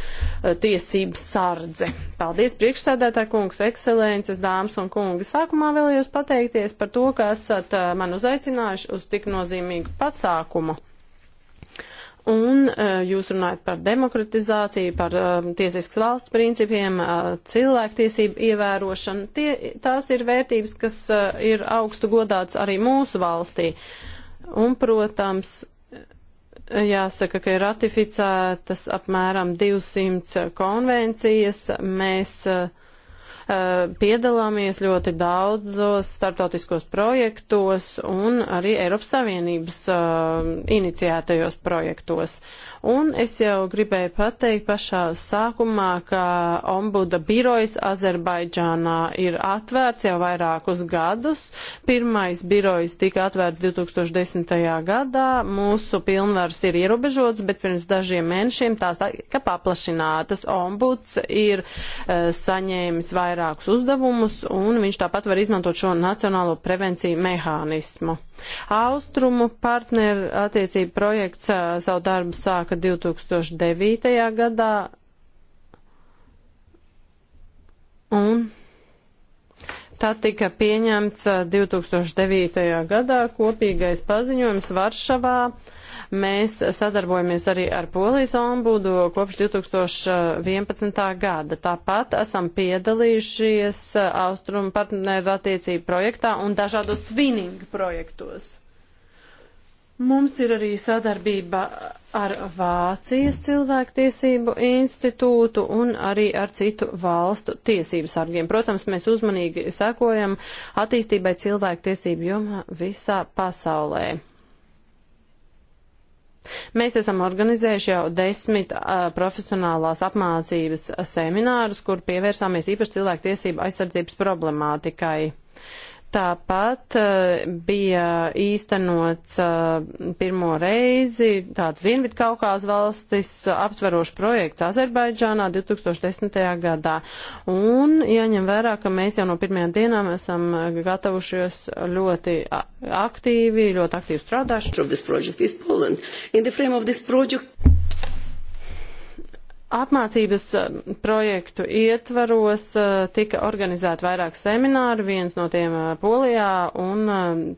[SPEAKER 3] tiesības sardze. Paldies, priekšsēdētāji kungs, ekscelences, dāmas un kungi. Sākumā vēlējos pateikties par to, ka esat eh, man uzaicinājuši uz tik nozīmīgu pasākumu. Un eh, jūs runājat par demokratizāciju, par tiesiskas valsts principiem, cilvēktiesību ievērošanu. Tie, tās ir vērtības, kas ir augstu godāts arī mūsu valstī. Uh, Un, protams, jāsaka, ka ir ratificētas apmēram 200 konvencijas. Mēs uh, Eh, piedalāmies ļoti daudzos startautiskos projektos un arī Eiropas Savienības eh, iniciētajos projektos. Un es jau gribēju pateikt pašā sākumā, ka ombuda birojas Azerbaidžānā ir atvērts jau vairākus gadus. Pirmais birojas tika atvērts 2010. gadā. Mūsu pilnvars ir ierobežots, bet pirms dažiem mēnešiem tās tika paplašinātas. Ombuds ir uh, saņēmis vairāk vairākus uzdevumus, un viņš tāpat var izmantot šo nacionālo prevenciju mehānismu. Austrumu partneru attiecību projekts savu darbu sāka 2009. gadā, un tā tika pieņemts 2009. gadā kopīgais paziņojums Varšavā Mēs sadarbojamies arī ar Polijas ombudu kopš 2011. gada. Tāpat esam piedalījušies Austrumu partneru attiecību projektā un dažādos twinning projektos. Mums ir arī sadarbība ar Vācijas cilvēktiesību institūtu un arī ar citu valstu tiesību sargiem. Protams, mēs uzmanīgi sekojam attīstībai cilvēktiesību jomā visā pasaulē. Mēs esam organizējuši jau desmit uh, profesionālās apmācības seminārus, kur pievērsāmies īpaši cilvēktiesību aizsardzības problemātikai. Tāpat e, bija īstenots e, pirmo reizi tāds Dienvidkaukās valstis aptverošs projekts Azerbaidžānā 2010. gadā. Un jāņem vērā, ka mēs jau no pirmajām dienām esam gatavušies ļoti aktīvi, ļoti aktīvi strādāšu. Apmācības eh, projektu ietvaros eh, tika organizēti vairāk semināru, viens no tiem eh, Polijā, un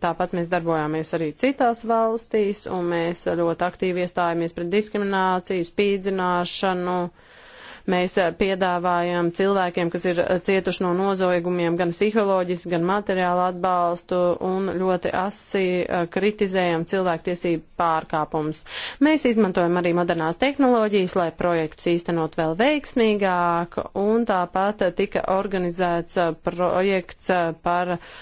[SPEAKER 3] tāpat mēs darbojāmies arī citās valstīs, un mēs ļoti aktīvi iestājāmies pret diskrimināciju, spīdzināšanu, uh, Mēs eh, piedāvājam cilvēkiem, kas ir eh, cietuši no nozoigumiem, gan psiholoģiski, gan materiālu atbalstu un ļoti asi eh, kritizējam cilvēktiesību pārkāpumus. Mēs izmantojam arī modernās tehnoloģijas, lai projektus īstenot vēl veiksmīgāk, un tāpat tika organizēts projekts par uh,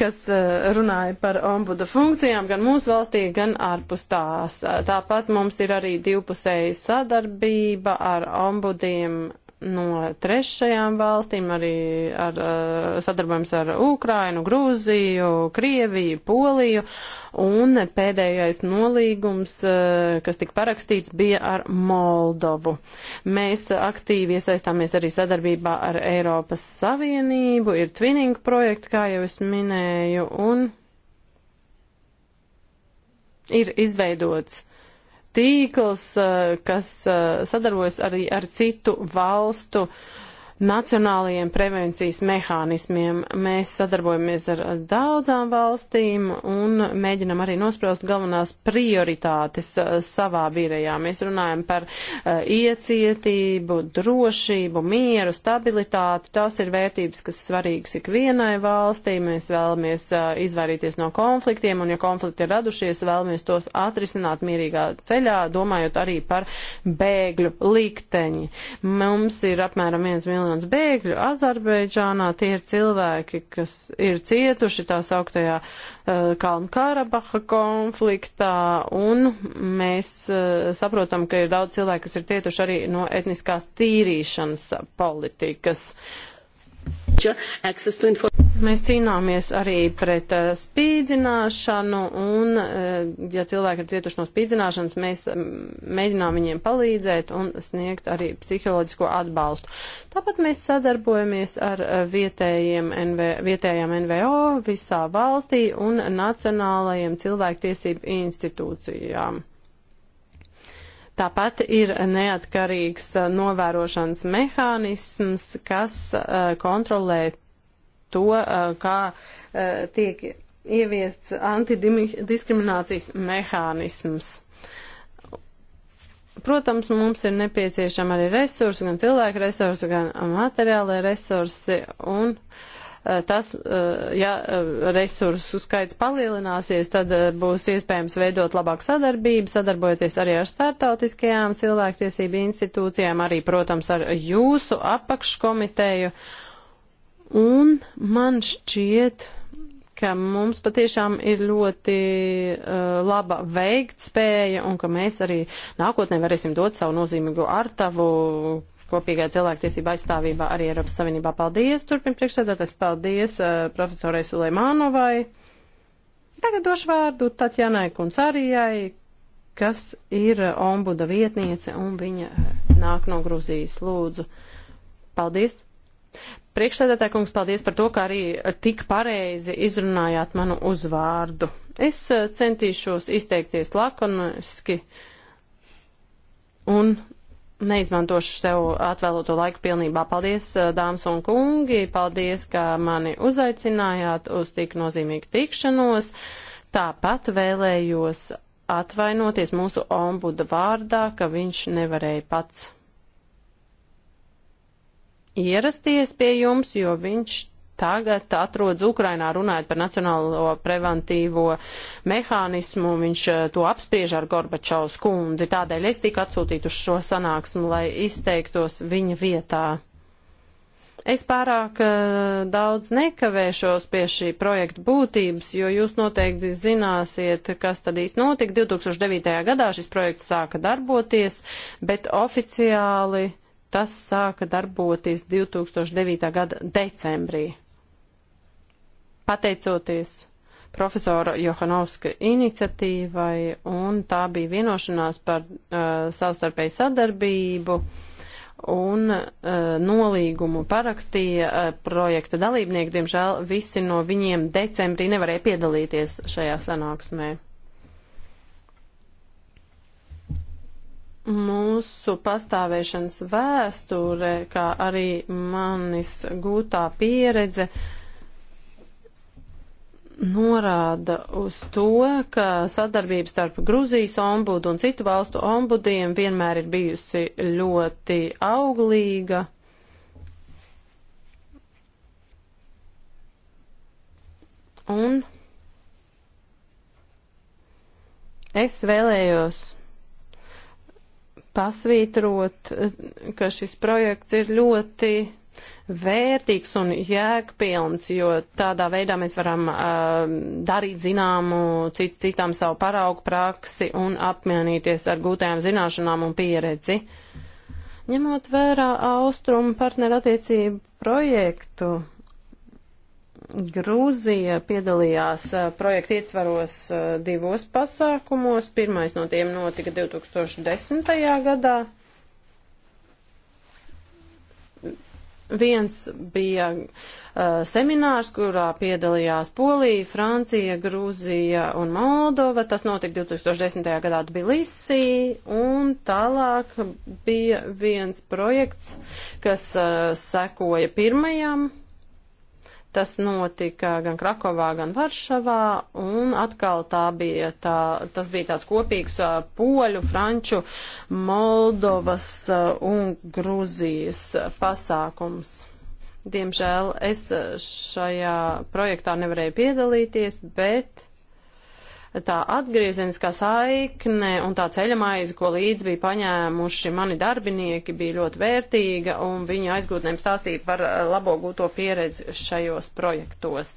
[SPEAKER 3] kas eh, runāja par ombuda funkcijām gan mūsu valstī, gan ārpus tās. Tāpat mums ir arī divpusēja sadarbība ar ombudiem no trešajām valstīm, arī ar, eh, sadarbojums ar Ukrainu, Grūziju, Krieviju, Poliju, un pēdējais nolīgums, eh, kas tika parakstīts, bija ar Moldovu. Mēs aktīvi iesaistāmies arī sadarbībā ar Eiropas Savienību, ir Twinning projekti, kā jau es minēju, un ir izveidots tīkls, eh, kas eh, sadarbojas arī ar citu valstu uh, nacionālajiem prevencijas mehānismiem. Mēs sadarbojamies ar daudzām valstīm un mēģinam arī nospraust galvenās prioritātes uh, savā birajā. Mēs runājam par uh, iecietību, drošību, mieru, stabilitāti. Tās ir vērtības, kas svarīgas ikvienai valstī. Mēs vēlamies uh, izvairīties no konfliktiem un, ja konflikti ir radušies, vēlamies tos atrisināt mierīgā ceļā, domājot arī par bēgļu likteņi. Mums ir apmēram 1 miljons miljonus bēgļu Azerbaidžānā. Tie ir cilvēki, kas ir cietuši tās augtajā uh, Kalnu Karabaha konfliktā, un mēs uh, saprotam, ka ir daudz cilvēku, kas ir cietuši arī no etniskās tīrīšanas politikas. Access to information. Mēs cīnāmies arī pret uh, spīdzināšanu, un, uh, ja cilvēki ir cietuši no spīdzināšanas, mēs mēģinām viņiem palīdzēt un sniegt arī psiholoģisko atbalstu. Tāpat mēs sadarbojamies ar eh, vietējiem NV, vietējām NVO visā valstī un nacionālajiem cilvēktiesību institūcijām. Tāpat ir neatkarīgs novērošanas mehānisms, kas kontrolē to, uh, kā uh, tiek ieviests antidiskriminācijas mehānisms. Protams, mums ir nepieciešama arī resursi, gan cilvēku resursi, gan materiālai resursi, un uh, tas, ja resursu skaits palielināsies, tad būs iespējams veidot labāku sadarbību, sadarbojoties arī ar startautiskajām cilvēktiesību institūcijām, arī, protams, ar jūsu apakškomiteju. Uh, Un man šķiet, ka mums patiešām ir ļoti uh, laba veiktspēja un ka mēs arī nākotnē varēsim dot savu nozīmīgo artavu kopīgā cilvēktiesība aizstāvībā arī Eiropas Savienībā. Paldies, turpin priekšsēdētājs, paldies uh, profesorai Sulejmānovai. Tagad došu vārdu Tatjanai Kuncarijai, kas ir ombuda vietniece un viņa nāk no Gruzijas. Lūdzu, paldies! Priekšsēdētāji kungs, paldies par to, ka arī tik pareizi izrunājāt manu uzvārdu. Es eh, centīšos izteikties lakoniski un neizmantošu sev atvēloto laiku pilnībā. Paldies, eh, dāmas un kungi, paldies, ka mani uzaicinājāt uz tik nozīmīgu tikšanos. Tāpat vēlējos atvainoties mūsu ombuda vārdā, ka viņš nevarēja pats ierasties pie jums, jo viņš tagad atrodas Ukrainā runājot par nacionālo preventīvo mehānismu. Viņš eh, to apspriež ar Gorbačovs kundzi. Tādēļ es tiku atsūtīt uz šo sanāksmu, lai izteiktos viņa vietā. Es pārāk uh, daudz nekavēšos pie šī projekta būtības, jo jūs noteikti zināsiet, kas tad īsti notika. 2009. gadā šis projekts sāka darboties, bet oficiāli uh, Tas sāka darboties 2009. gada decembrī. Pateicoties profesora Johanovska iniciatīvai, un tā bija vienošanās par uh, savstarpēju sadarbību, un uh, nolīgumu parakstīja uh, projekta dalībnieki. Diemžēl visi no viņiem decembrī nevarēja piedalīties šajā sanāksmē. mūsu pastāvēšanas vēsture, kā arī manis gūtā pieredze, norāda uz to, ka sadarbības starp Gruzijas ombudu un citu valstu ombudiem vienmēr ir bijusi ļoti auglīga. Un es vēlējos pasvītrot, ka šis projekts ir ļoti vērtīgs un jēgpilns, jo tādā veidā mēs varam uh, darīt zināmu cit, citām savu paraugu praksi un apmienīties ar gūtajām zināšanām un pieredzi. Ņemot vērā austrumu partnerattiecību projektu, Grūzija piedalījās projekta ietvaros divos pasākumos. Pirmais no tiem notika 2010. gadā. Viens bija uh, seminārs, kurā piedalījās Polija, Francija, Grūzija un Moldova. Tas notika 2010. gadā Tbilisī. Un tālāk bija viens projekts, kas uh, sekoja pirmajam Tas notika gan Krakovā, gan Varšavā, un atkal tā bija tā, tas bija tāds kopīgs uh, poļu, franču, Moldovas uh, un Gruzijas pasākums. Diemžēl es šajā projektā nevarēju piedalīties, bet tā atgriezeniskā saikne un tā ceļamaize, ko līdz bija paņēmuši mani darbinieki, bija ļoti vērtīga, un viņi aizgūtnēm stāstīja par eh, labo gūto pieredzi šajos projektos.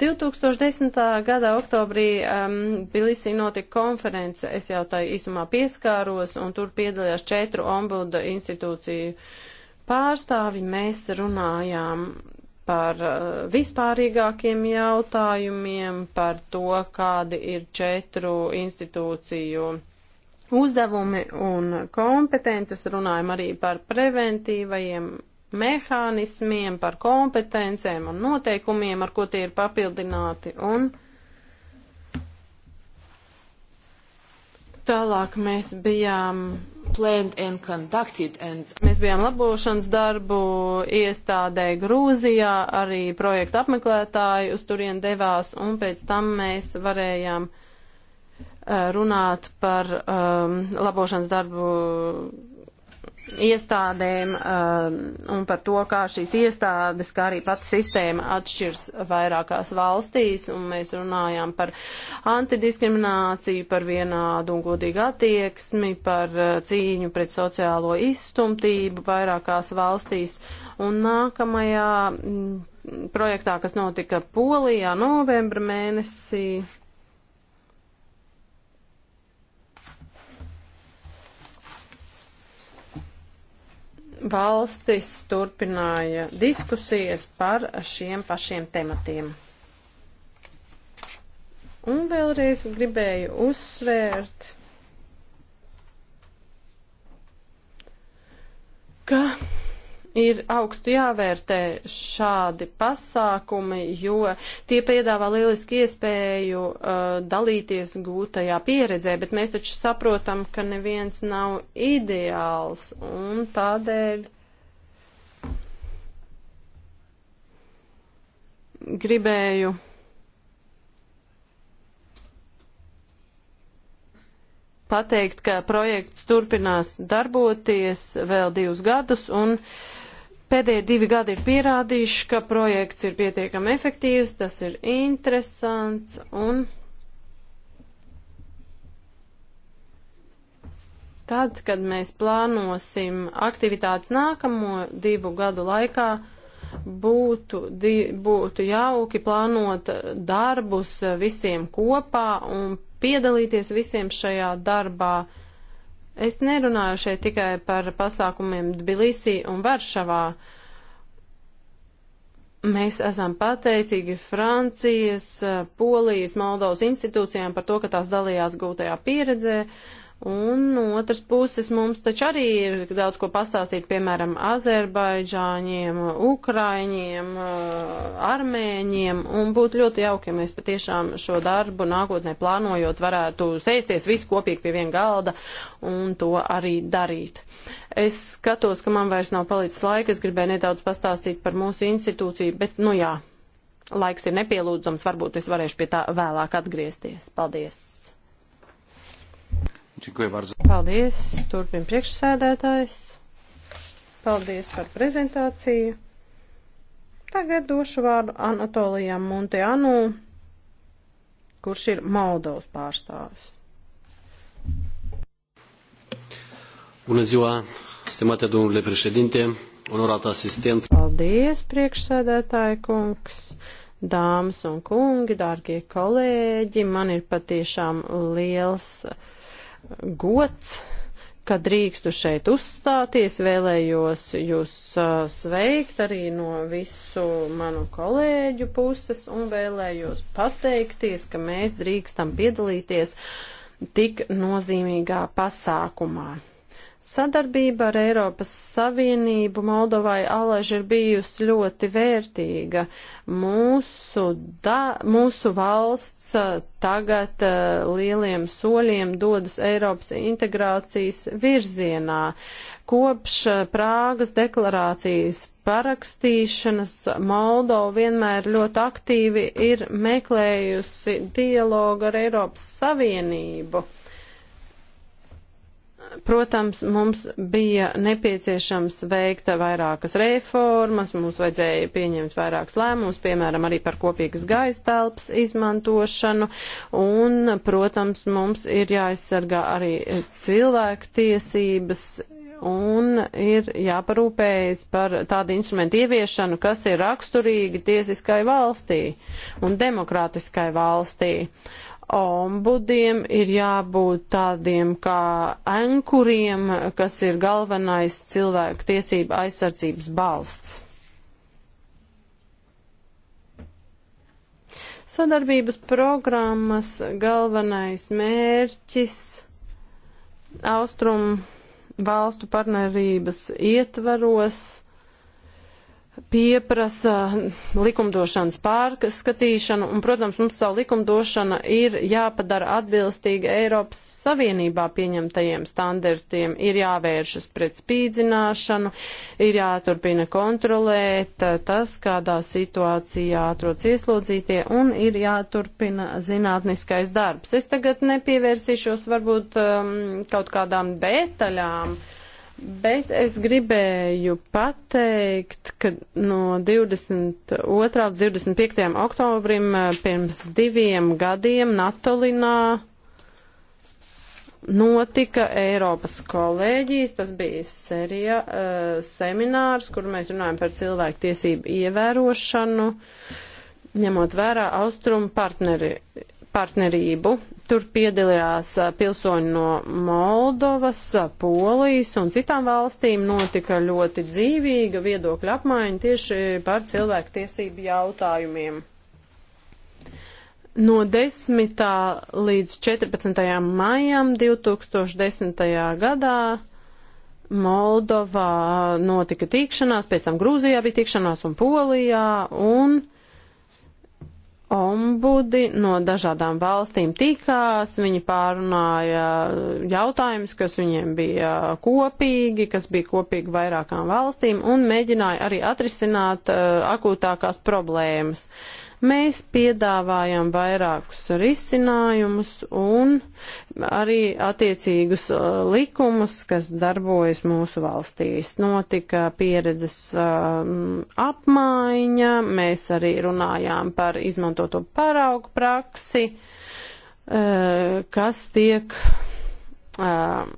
[SPEAKER 3] 2010. gada oktobrī um, ehm, Bilisī notika konference, es jau tai īsumā pieskāros, un tur piedalījās četru ombuda institūciju pārstāvi. Mēs runājām par eh, vispārīgākiem jautājumiem, par to, kādi ir četru institūciju uzdevumi un kompetences, runājam arī par preventīvajiem mehānismiem, par kompetencēm un noteikumiem, ar ko tie ir papildināti. Un tālāk mēs bijām And... Mēs bijām labošanas darbu iestādē Grūzijā, arī projektu apmeklētāji uz turien devās, un pēc tam mēs varējām eh, runāt par um, labošanas darbu iestādēm um, un par to, kā šīs iestādes, kā arī pati sistēma atšķirs vairākās valstīs, un mēs runājām par antidiskrimināciju, par vienādu un godīgu attieksmi, par uh, cīņu pret sociālo izstumtību vairākās valstīs, un nākamajā m, mm, projektā, kas notika Polijā novembra mēnesī, valstis turpināja diskusijas par šiem pašiem tematiem. Un vēlreiz gribēju uzsvērt, ka ir augstu jāvērtē šādi pasākumi, jo tie piedāvā lieliski iespēju uh, dalīties gūtajā pieredzē, bet mēs taču saprotam, ka neviens nav ideāls un tādēļ. Gribēju pateikt, ka projekts turpinās darboties vēl divus gadus un uh, Pēdējie divi gadi ir pierādījuši, ka projekts ir pietiekami efektīvs, tas ir interesants un tad, kad mēs plānosim aktivitātes nākamo divu gadu laikā, būtu, di, būtu jauki plānot darbus visiem kopā un piedalīties visiem šajā darbā. Uh, Es nerunāju šeit tikai par pasākumiem Tbilisī un Varšavā. Mēs esam pateicīgi Francijas, Polijas, Moldovas institūcijām par to, ka tās dalījās gūtajā pieredzē. Uh, Un no otras puses mums taču arī ir daudz ko pastāstīt, piemēram, azerbaidžāņiem, ukraiņiem, eh, armēņiem, un būtu ļoti jauki, ja mēs patiešām šo darbu nākotnē plānojot varētu sēsties visi kopīgi pie viena galda un to arī darīt. Es skatos, ka man vairs nav palicis laika, es gribēju nedaudz pastāstīt par mūsu institūciju, bet, nu jā, laiks ir nepielūdzams, varbūt es varēšu pie tā vēlāk atgriezties. Paldies!
[SPEAKER 4] Paldies,
[SPEAKER 3] turpin priekšsēdētājs. Paldies par prezentāciju. Tagad došu vārdu Anatolijam Monteanu, kurš ir Moldovas pārstāvis. Bună ziua, stimate domnule președinte, onorată asistență. Paldies, priekšsēdētāji kungs, dāmas un kungi, dārgie kolēģi. Man ir patiešām liels. Uh, gods, ka drīkstu šeit uzstāties. Vēlējos jūs sveikt arī no visu manu kolēģu puses un vēlējos pateikties, ka mēs drīkstam piedalīties tik nozīmīgā pasākumā. Sadarbība ar Eiropas Savienību Moldovai alaž ir bijusi ļoti vērtīga. Mūsu, da, mūsu valsts tagad uh, lieliem soļiem dodas Eiropas integrācijas virzienā. Kopš Prāgas deklarācijas parakstīšanas Moldova vienmēr ļoti aktīvi ir meklējusi dialogu ar Eiropas Savienību protams, mums bija nepieciešams veikt vairākas reformas, mums vajadzēja pieņemt vairākas lēmumus, piemēram, arī par kopīgas gaisa telpas izmantošanu, un, protams, mums ir jāaizsargā arī cilvēku tiesības un ir jāparūpējas par tādu instrumentu ieviešanu, kas ir raksturīgi tiesiskai valstī un demokrātiskai valstī. Uh, ombudiem ir jābūt tādiem kā ankuriem, kas ir galvenais cilvēku tiesība aizsardzības balsts. Sadarbības programmas galvenais mērķis austrumu valstu partnerības ietvaros pieprasa likumdošanas pārskatīšanu, un, protams, mums savu likumdošana ir jāpadara atbilstīga Eiropas Savienībā pieņemtajiem standartiem, ir jāvēršas pret spīdzināšanu, ir jāturpina kontrolēt tas, kādā situācijā atrodas ieslodzītie, un ir jāturpina zinātniskais darbs. Es tagad nepievērsīšos varbūt um, kaut kādām detaļām. Uh, Bet es gribēju pateikt, ka no 22. līdz 25. oktobrim eh, pirms diviem gadiem Natolinā notika Eiropas kolēģijas, tas bija serija, uh, eh, seminārs, kur mēs runājam par cilvēku tiesību ievērošanu, ņemot vērā austrumu partneri, partnerību. Tur piedalījās pilsoņi no Moldovas, Polijas un citām valstīm. Notika ļoti dzīvīga viedokļa apmaiņa tieši par cilvēku tiesību jautājumiem. No 10. līdz 14. maijam 2010. gadā Moldovā notika tikšanās, pēc tam Grūzijā bija tikšanās un Polijā. Un ombudi no dažādām valstīm tikās, viņi pārunāja jautājumus, kas viņiem bija kopīgi, kas bija kopīgi vairākām valstīm, un mēģināja arī atrisināt uh, akūtākās problēmas. Uh, Mēs piedāvājam vairākus risinājumus un arī attiecīgus uh, likumus, kas darbojas mūsu valstīs. Notika pieredzes um, apmaiņa, mēs arī runājām par izmantoto paraugu praksi, uh, kas tiek. Uh,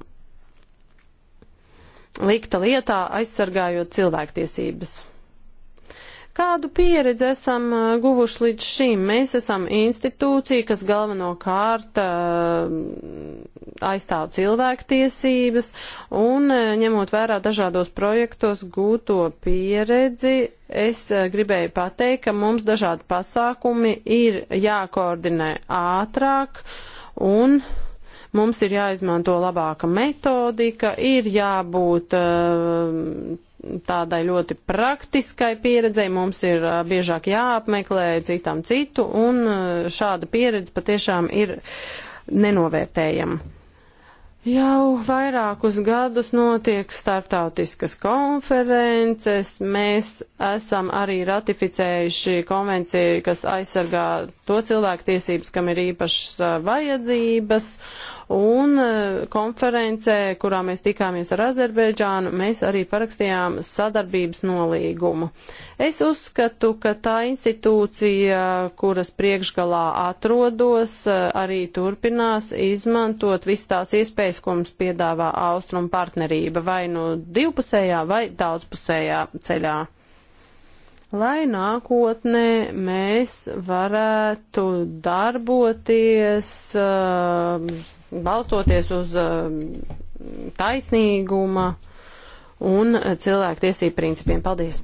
[SPEAKER 3] likta lietā aizsargājot cilvēktiesības. Kādu pieredzi esam uh, guvuši līdz šim? Mēs esam institūcija, kas galvenokārt uh, aizstāv cilvēktiesības un uh, ņemot vērā dažādos projektos gūto pieredzi, es gribēju pateikt, ka mums dažādi pasākumi ir jākoordinē ātrāk un mums ir jāizmanto labāka metodika, ir jābūt uh, tādai ļoti praktiskai pieredzei, mums ir biežāk jāapmeklē citām citu, un šāda pieredze patiešām ir nenovērtējama. Jau vairākus gadus notiek startautiskas konferences, mēs esam arī ratificējuši konvenciju, kas aizsargā to cilvēku tiesības, kam ir īpašas vajadzības, Un e, konferencē, kurā mēs tikāmies ar Azerbaidžānu, mēs arī parakstījām sadarbības nolīgumu. Es uzskatu, ka tā institūcija, kuras priekšgalā atrodos, e, arī turpinās izmantot visas tās iespējas, ko mums piedāvā Austrum partnerība, vai nu no divpusējā vai daudzpusējā ceļā lai nākotnē mēs varētu darboties uh, balstoties uz um, taisnīguma un cilvēku tiesību principiem. Paldies!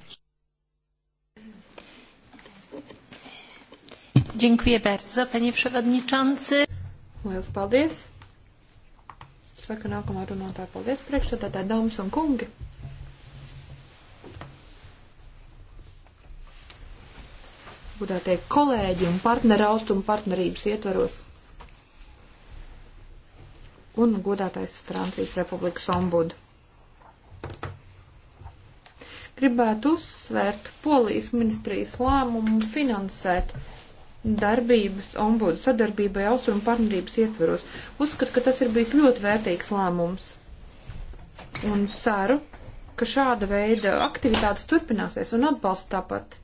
[SPEAKER 3] Dziękuję bardzo,
[SPEAKER 1] panie przewodniczący. Lielas paldies. Saka nākamā runātāja, paldies priekšsēdētāji, dāmas un kungi. Budētie kolēģi un partneri austrumu partnerības ietvaros un godātais Francijas Republikas ombudu. Gribētu uzsvērt Polijas ministrijas lēmumu finansēt darbības ombudu sadarbībai austrumu partnerības ietveros. Uzskatu, ka tas ir bijis ļoti vērtīgs lēmums. Un ceru, ka šāda veida aktivitātes turpināsies un atbalsta tāpat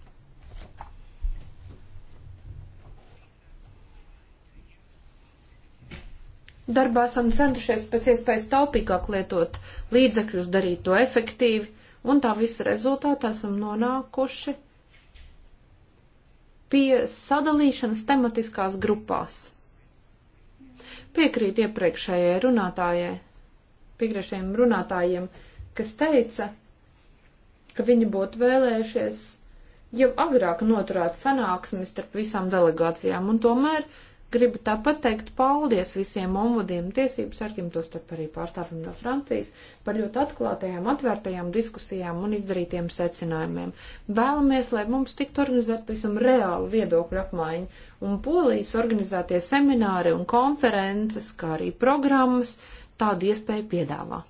[SPEAKER 1] Darbā esam centušies pēc iespējas taupīgāk lietot līdzekļus, darīt to efektīvi, un tā visa rezultātā esam nonākuši pie sadalīšanas tematiskās grupās. Piekrīt iepriekšējai runātājai, piekrītējiem runātājiem, kas teica, ka viņi būtu vēlējušies jau agrāk noturēt sanāksmes starp visām delegācijām, un tomēr Gribu tāpat teikt paldies visiem ombudiem, tiesību sargiem, to starp arī pārstāvjiem no Francijas, par ļoti atklātajām, atvērtajām diskusijām un izdarītiem secinājumiem. Vēlamies, lai mums tiktu organizēt pavisam reālu viedokļu apmaiņu, un polijas organizētie semināri un konferences, kā arī programmas, tādu iespēju piedāvā.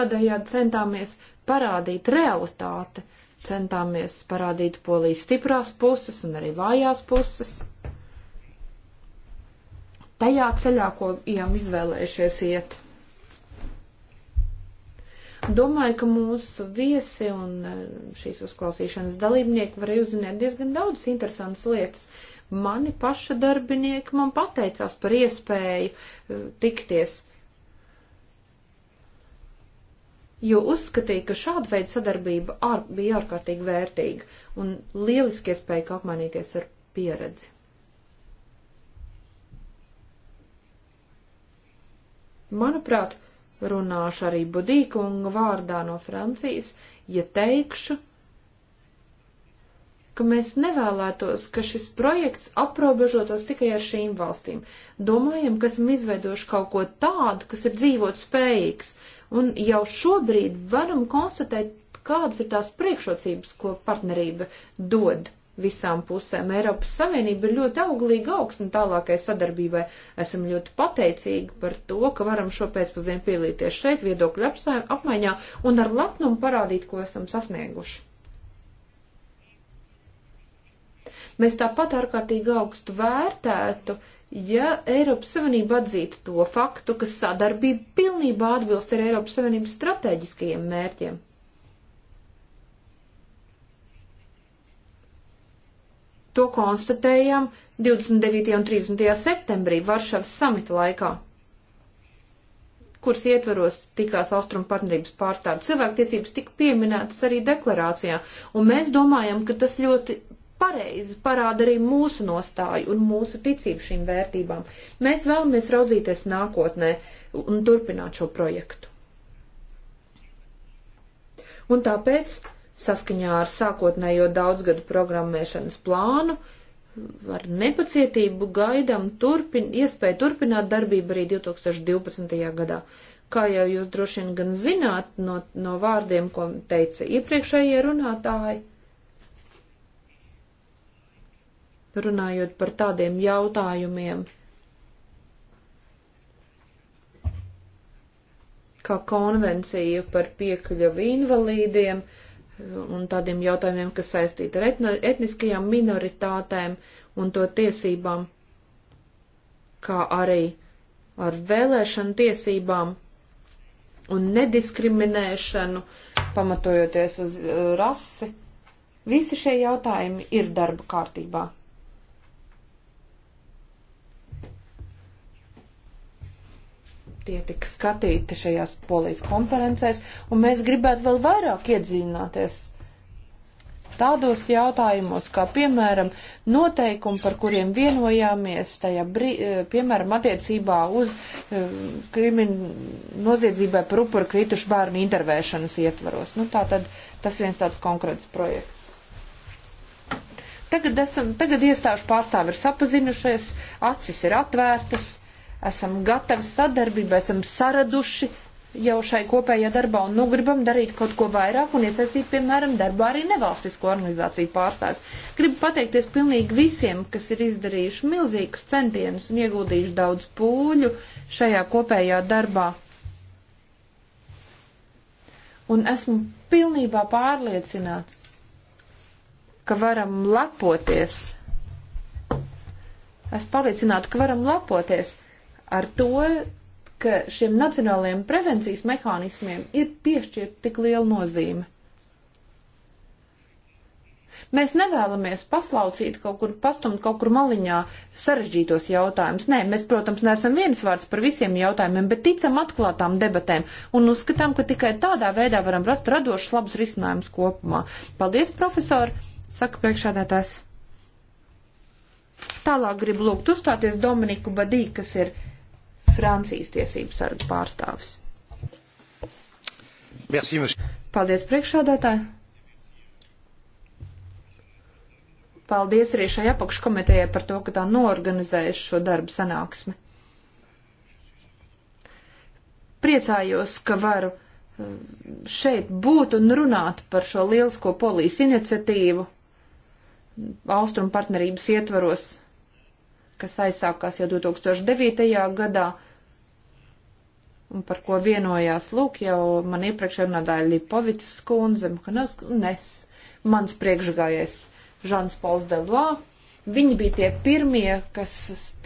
[SPEAKER 1] Tādējādi centāmies parādīt realitāti centāmies parādīt polijas stiprās puses un arī vājās puses. Tajā ceļā, ko ejam izvēlējušies iet. Domāju, ka mūsu viesi un eh, šīs uzklausīšanas dalībnieki varēja uzzināt diezgan daudz interesantas lietas. Mani paša darbinieki man pateicās par iespēju eh, tikties. Uh, jo uzskatīja, ka šāda veida sadarbība ār, bija ārkārtīgi vērtīga un lieliski iespēja apmainīties ar pieredzi. Manuprāt, runāšu arī Budīkunga vārdā no Francijas, ja teikšu, ka mēs nevēlētos, ka šis projekts aprobežotos tikai ar šīm valstīm. Domājam, ka esam izveidojuši kaut ko tādu, kas ir dzīvot spējīgs Un jau šobrīd varam konstatēt, kādas ir tās priekšrocības, ko partnerība dod visām pusēm. Eiropas Savienība ir ļoti auglīga augsne tālākai sadarbībai. Esam ļoti pateicīgi par to, ka varam šo pēcpusdienu pielīties šeit viedokļu apmaiņā un ar lepnumu parādīt, ko esam sasnieguši. Mēs tāpat ārkārtīgi augstu vērtētu uh, ja Eiropas Savienība atzītu to faktu, ka sadarbība pilnībā atbilst ar Eiropas Savienības strateģiskajiem mērķiem. To konstatējām 29. un 30. septembrī Varšavas samita laikā kuras ietvaros tikās austrumu partnerības pārstāvju. Cilvēktiesības tika pieminētas arī deklarācijā, un mēs domājam, ka tas ļoti pareizi parāda arī mūsu nostāju un mūsu ticību šīm vērtībām. Mēs vēlamies raudzīties nākotnē un turpināt šo projektu. Un tāpēc, saskaņā ar sākotnējo daudzgadu programmēšanas plānu, ar nepacietību gaidām turpin, iespēju turpināt darbību arī 2012. gadā. Kā jau jūs droši vien gan zināt no, no vārdiem, ko teica iepriekšējie runātāji, runājot par tādiem jautājumiem, kā konvencija par piekļuvu invalīdiem un tādiem jautājumiem, kas saistīti ar etniskajām minoritātēm un to tiesībām, kā arī ar vēlēšanu tiesībām un nediskriminēšanu, pamatojoties uz eh, rasi. Visi šie jautājumi ir darba kārtībā. Tie tika skatīti šajās polijas konferencēs, un mēs gribētu vēl vairāk iedzīvināties tādos jautājumos, kā piemēram noteikumi, par kuriem vienojāmies, tajā brī, eh, piemēram attiecībā uz eh, krimin noziedzībai par upuru kritušu bērnu intervēšanas ietvaros. Nu, tā tad tas viens tāds konkrēts projekts. Tagad, esam, tagad iestāžu pārstāvi ir sapazinušies, acis ir atvērtas esam gatavi sadarbībai, esam saraduši jau šai kopējā darbā un nu gribam darīt kaut ko vairāk un iesaistīt, piemēram, darbā arī nevalstisko organizāciju pārstāvis. Gribu pateikties pilnīgi visiem, kas ir izdarījuši milzīgus centienus un ieguldījuši daudz pūļu šajā kopējā darbā. Un esmu pilnībā pārliecināts, ka varam lepoties. Esmu pārliecināta, ka varam lepoties ar to, ka šiem nacionālajiem prevencijas mehānismiem ir piešķirt tik liela nozīme. Mēs nevēlamies paslaucīt kaut kur, pastumt kaut kur maliņā sarežģītos jautājumus. Nē, mēs, protams, neesam viens vārds par visiem jautājumiem, bet ticam atklātām debatēm un uzskatām, ka tikai tādā veidā varam rast radošus labus risinājumus kopumā. Paldies, profesori! Saka priekšādātājs. Tālāk gribu lūgt uzstāties Dominiku Badī, kas ir Francijas tiesību sargu pārstāvis. Merci, monsieur. Paldies priekšādātāji. Paldies arī šai apakškomitejai par to, ka tā norganizējuši šo darbu sanāksmi. Priecājos, ka varu eh, šeit būt un runāt par šo lielisko polijas iniciatīvu Austrum partnerības ietvaros, kas aizsākās jau 2009. gadā par ko vienojās lūk jau man iepriekšējā runātāja Lipovicas kundze, nu, nes mans priekšgājais Žans Pols Delois. Viņi bija tie pirmie, kas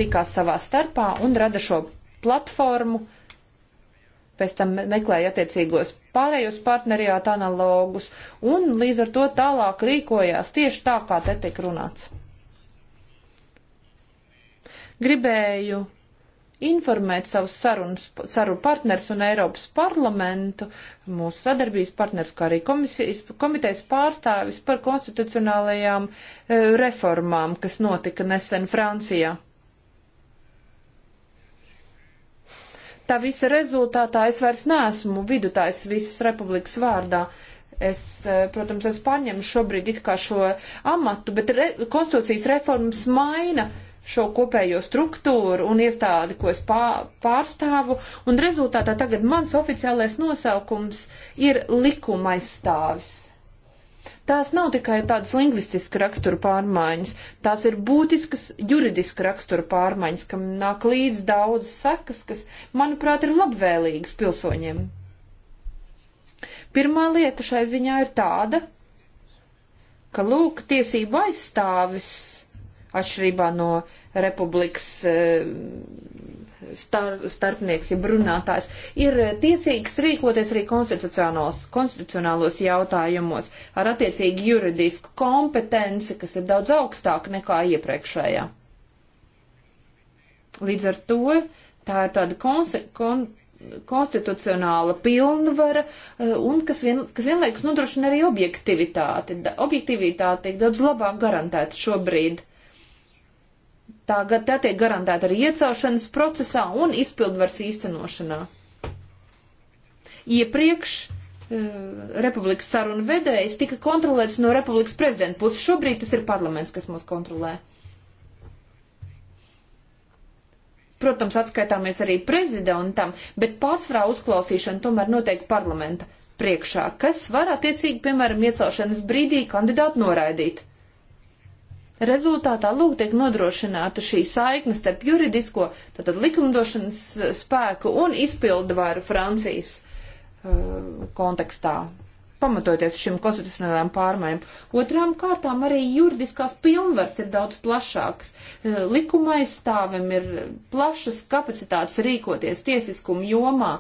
[SPEAKER 1] tikās savā starpā un rada šo platformu, pēc tam meklēja attiecīgos pārējos partneriāta analogus un līdz ar to tālāk rīkojās tieši tā, kā te tiek runāts. Gribēju informēt savus sarunas, saru partners un Eiropas parlamentu, mūsu sadarbības partners, kā arī komisijas, komitejas pārstāvis par konstitucionālajām e, reformām, kas notika nesen Francijā. Tā visa rezultātā es vairs neesmu vidutājs visas republikas vārdā es, e, protams, es pārņemu šobrīd it kā šo amatu, bet re, konstitūcijas reformas maina uh, šo kopējo struktūru un iestādi, ko es pārstāvu, un rezultātā tagad mans oficiālais nosaukums ir likumaizstāvis. Tās nav tikai tādas lingvistiska rakstura pārmaiņas, tās ir būtiskas juridiska rakstura pārmaiņas, kam nāk līdz daudz sekas, kas, manuprāt, ir labvēlīgas pilsoņiem. Pirmā lieta šai ziņā ir tāda, ka lūk, tiesība aizstāvis atšķirībā no republikas eh, star, starpnieks, ja brunātājs, ir eh, tiesīgs rīkoties arī konstitucionālos jautājumos ar attiecīgi juridisku kompetenci, kas ir daudz augstāka nekā iepriekšējā. Līdz ar to tā ir tāda konse, kon, konstitucionāla pilnvara, eh, un kas, vien, kas vienlaikus nodrošina arī objektivitāti. Objektivitāte tiek daudz labāk garantēta šobrīd Tā, tā tiek garantēta arī iecelšanas procesā un izpildvars īstenošanā. Iepriekš eh, republikas sarunu vedējs tika kontrolēts no republikas prezidenta puses. Šobrīd tas ir parlaments, kas mūs kontrolē. Protams, atskaitāmies arī prezidentam, bet pārsvarā uzklausīšana tomēr notiek parlamenta priekšā, kas var attiecīgi, piemēram, iecelšanas brīdī kandidātu noraidīt. Rezultātā, lūk, tiek nodrošināta šī saikne starp juridisko, tātad likumdošanas spēku un izpildu varu Francijas uh, kontekstā, pamatoties šīm konstitucionālām pārmaiņām. Otrām kārtām arī juridiskās pilnvars ir daudz plašāks. Uh, Likuma aizstāvim ir plašas kapacitātes rīkoties tiesiskumu jomā,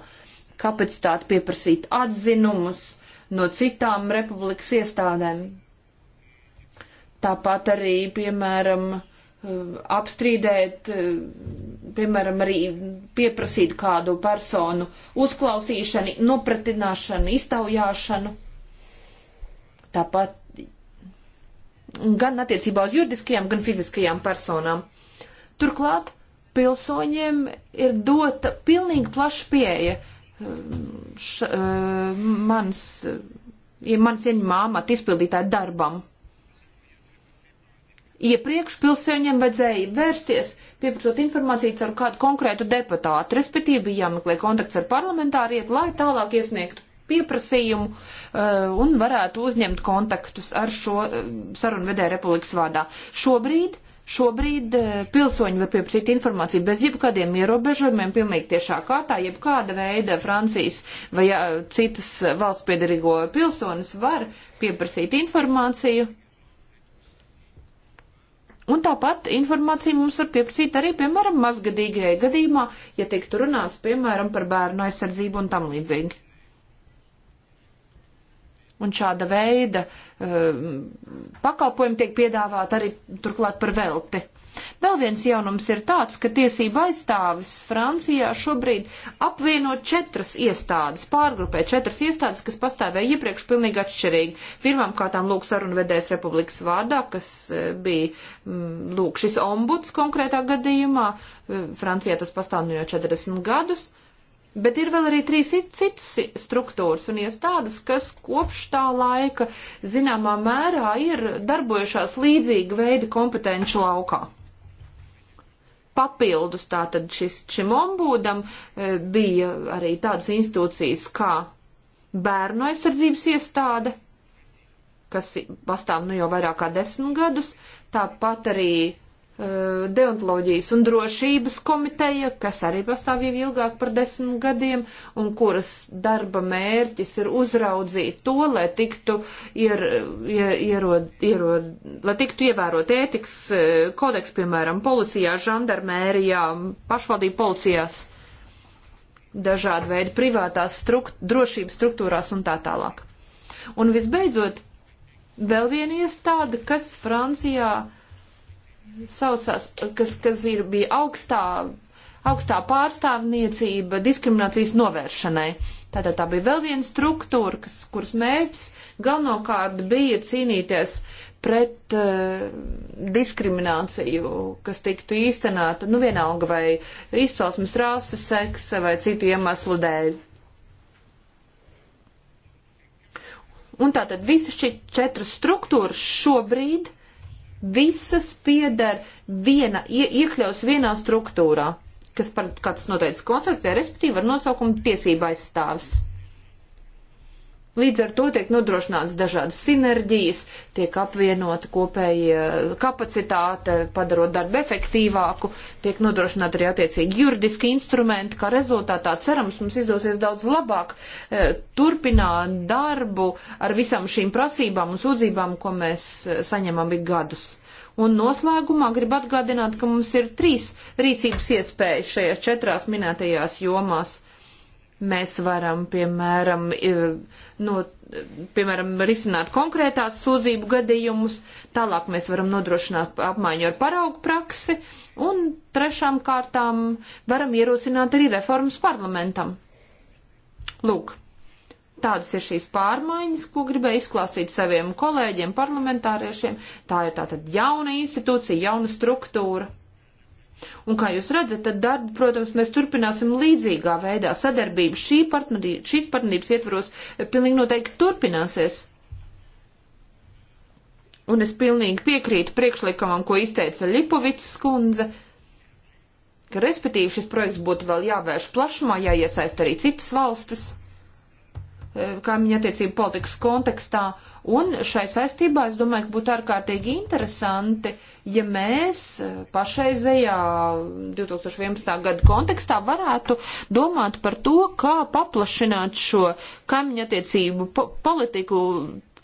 [SPEAKER 1] kapacitāte pieprasīt atzinumus no citām republikas iestādēm Tāpat arī, piemēram, eh, apstrīdēt, eh, piemēram, arī pieprasīt kādu personu uzklausīšanu, nopratināšanu, iztaujāšanu. Tāpat gan attiecībā uz juridiskajām, gan fiziskajām personām. Turklāt pilsoņiem ir dota pilnīgi plaša pieeja eh, š, mans, ja mans ieņemā amata izpildītāja darbam. Iepriekš pilsēņiem vajadzēja vērsties, pieprasot informāciju ar kādu konkrētu deputātu, respektīvi jāmeklē kontakts ar parlamentāriet, lai tālāk iesniegtu pieprasījumu uh, un varētu uzņemt kontaktus ar šo uh, sarunvedē republikas vārdā. Šobrīd Šobrīd eh, pilsoņi var pieprasīt informāciju bez jebkādiem ierobežojumiem, pilnīgi tiešā kārtā, jebkāda veida Francijas vai citas valsts piedarīgo pilsonis var pieprasīt informāciju Un tāpat informāciju mums var pieprasīt arī, piemēram, mazgadīgajai gadījumā, ja tiktu runāts, piemēram, par bērnu aizsardzību un tam līdzīgi. Un šāda veida uh, pakalpojumi tiek piedāvāti arī turklāt par velti. Vēl viens jaunums ir tāds, ka tiesība aizstāvis Francijā šobrīd apvieno četras iestādes, pārgrupē četras iestādes, kas pastāvēja iepriekš pilnīgi atšķirīgi. Pirmām kārtām lūk sarunvedējs Republikas vārdā, kas eh, bija mm, lūk šis ombuds konkrētā gadījumā. Eh, Francijā tas pastāv nu jau 40 gadus. Bet ir vēl arī trīs citas struktūras un iestādes, kas kopš tā laika zināmā mērā ir darbojušās līdzīga veida kompetenci laukā papildus tātad šis, šim ombūdam e, bija arī tādas institūcijas kā bērnu aizsardzības iestāde, kas pastāv nu jau vairāk kā desmit gadus, tāpat arī Eh, deontoloģijas un drošības komiteja, kas arī pastāv jau ilgāk par desmit gadiem, un kuras darba mērķis ir uzraudzīt to, lai tiktu, ier, ier, ierod, ierod, lai tiktu ievērot ētikas eh, kodeks, piemēram, policijā, žandarmērijā, pašvaldību policijās, dažādi veidi privātās strukt, drošības struktūrās un tā tālāk. Un visbeidzot, vēl viena iestāde, kas Francijā saucās, kas, kas ir, bija augstā, augstā pārstāvniecība diskriminācijas novēršanai. Tātad tā bija vēl viena struktūra, kas, kuras mērķis galvenokārt bija cīnīties pret uh, diskrimināciju, kas tiktu īstenāta, nu vienalga vai izcelsmes rāsa, seksa vai citu iemeslu dēļ. Un tātad visas šīs četras struktūras šobrīd visas pieder viena, ie, iekļaus vienā struktūrā, kas par kāds noteikts konstrukcijā, respektīvi ar nosaukumu tiesība aizstāvis. Līdz ar to tiek nodrošināts dažādas sinerģijas, tiek apvienota kopēja kapacitāte, padarot darbu efektīvāku, tiek nodrošināta arī attiecīgi juridiski instrumenti, kā rezultātā cerams mums izdosies daudz labāk e, turpināt darbu ar visām šīm prasībām un sūdzībām, ko mēs e, saņemam ik gadus. Un noslēgumā gribu atgādināt, ka mums ir trīs rīcības iespējas šajās četrās minētajās jomās Mēs varam, piemēram, no, piemēram risināt konkrētās sūdzību gadījumus, tālāk mēs varam nodrošināt apmaiņu ar paraugu praksi, un trešām kārtām varam ierosināt arī reformas parlamentam. Lūk, tādas ir šīs pārmaiņas, ko gribēju izklāstīt saviem kolēģiem, parlamentāriešiem. Tā ir tātad jauna institūcija, jauna struktūra. Un kā jūs redzat, tad darbu, protams, mēs turpināsim līdzīgā veidā. Sadarbība šī partnerī, šīs partnerības ietvaros eh, pilnīgi noteikti turpināsies. Un es pilnīgi piekrītu priekšlikumam, ko izteica Lipovicas kundze, ka respektīvi šis projekts būtu vēl jāvērš plašumā, jāiesaist arī citas valstis kaimiņu attiecību politikas kontekstā. Un šai saistībā es domāju, ka būtu ārkārtīgi interesanti, ja mēs pašreizējā 2011. gada kontekstā varētu domāt par to, kā paplašināt šo kaimiņu attiecību po politiku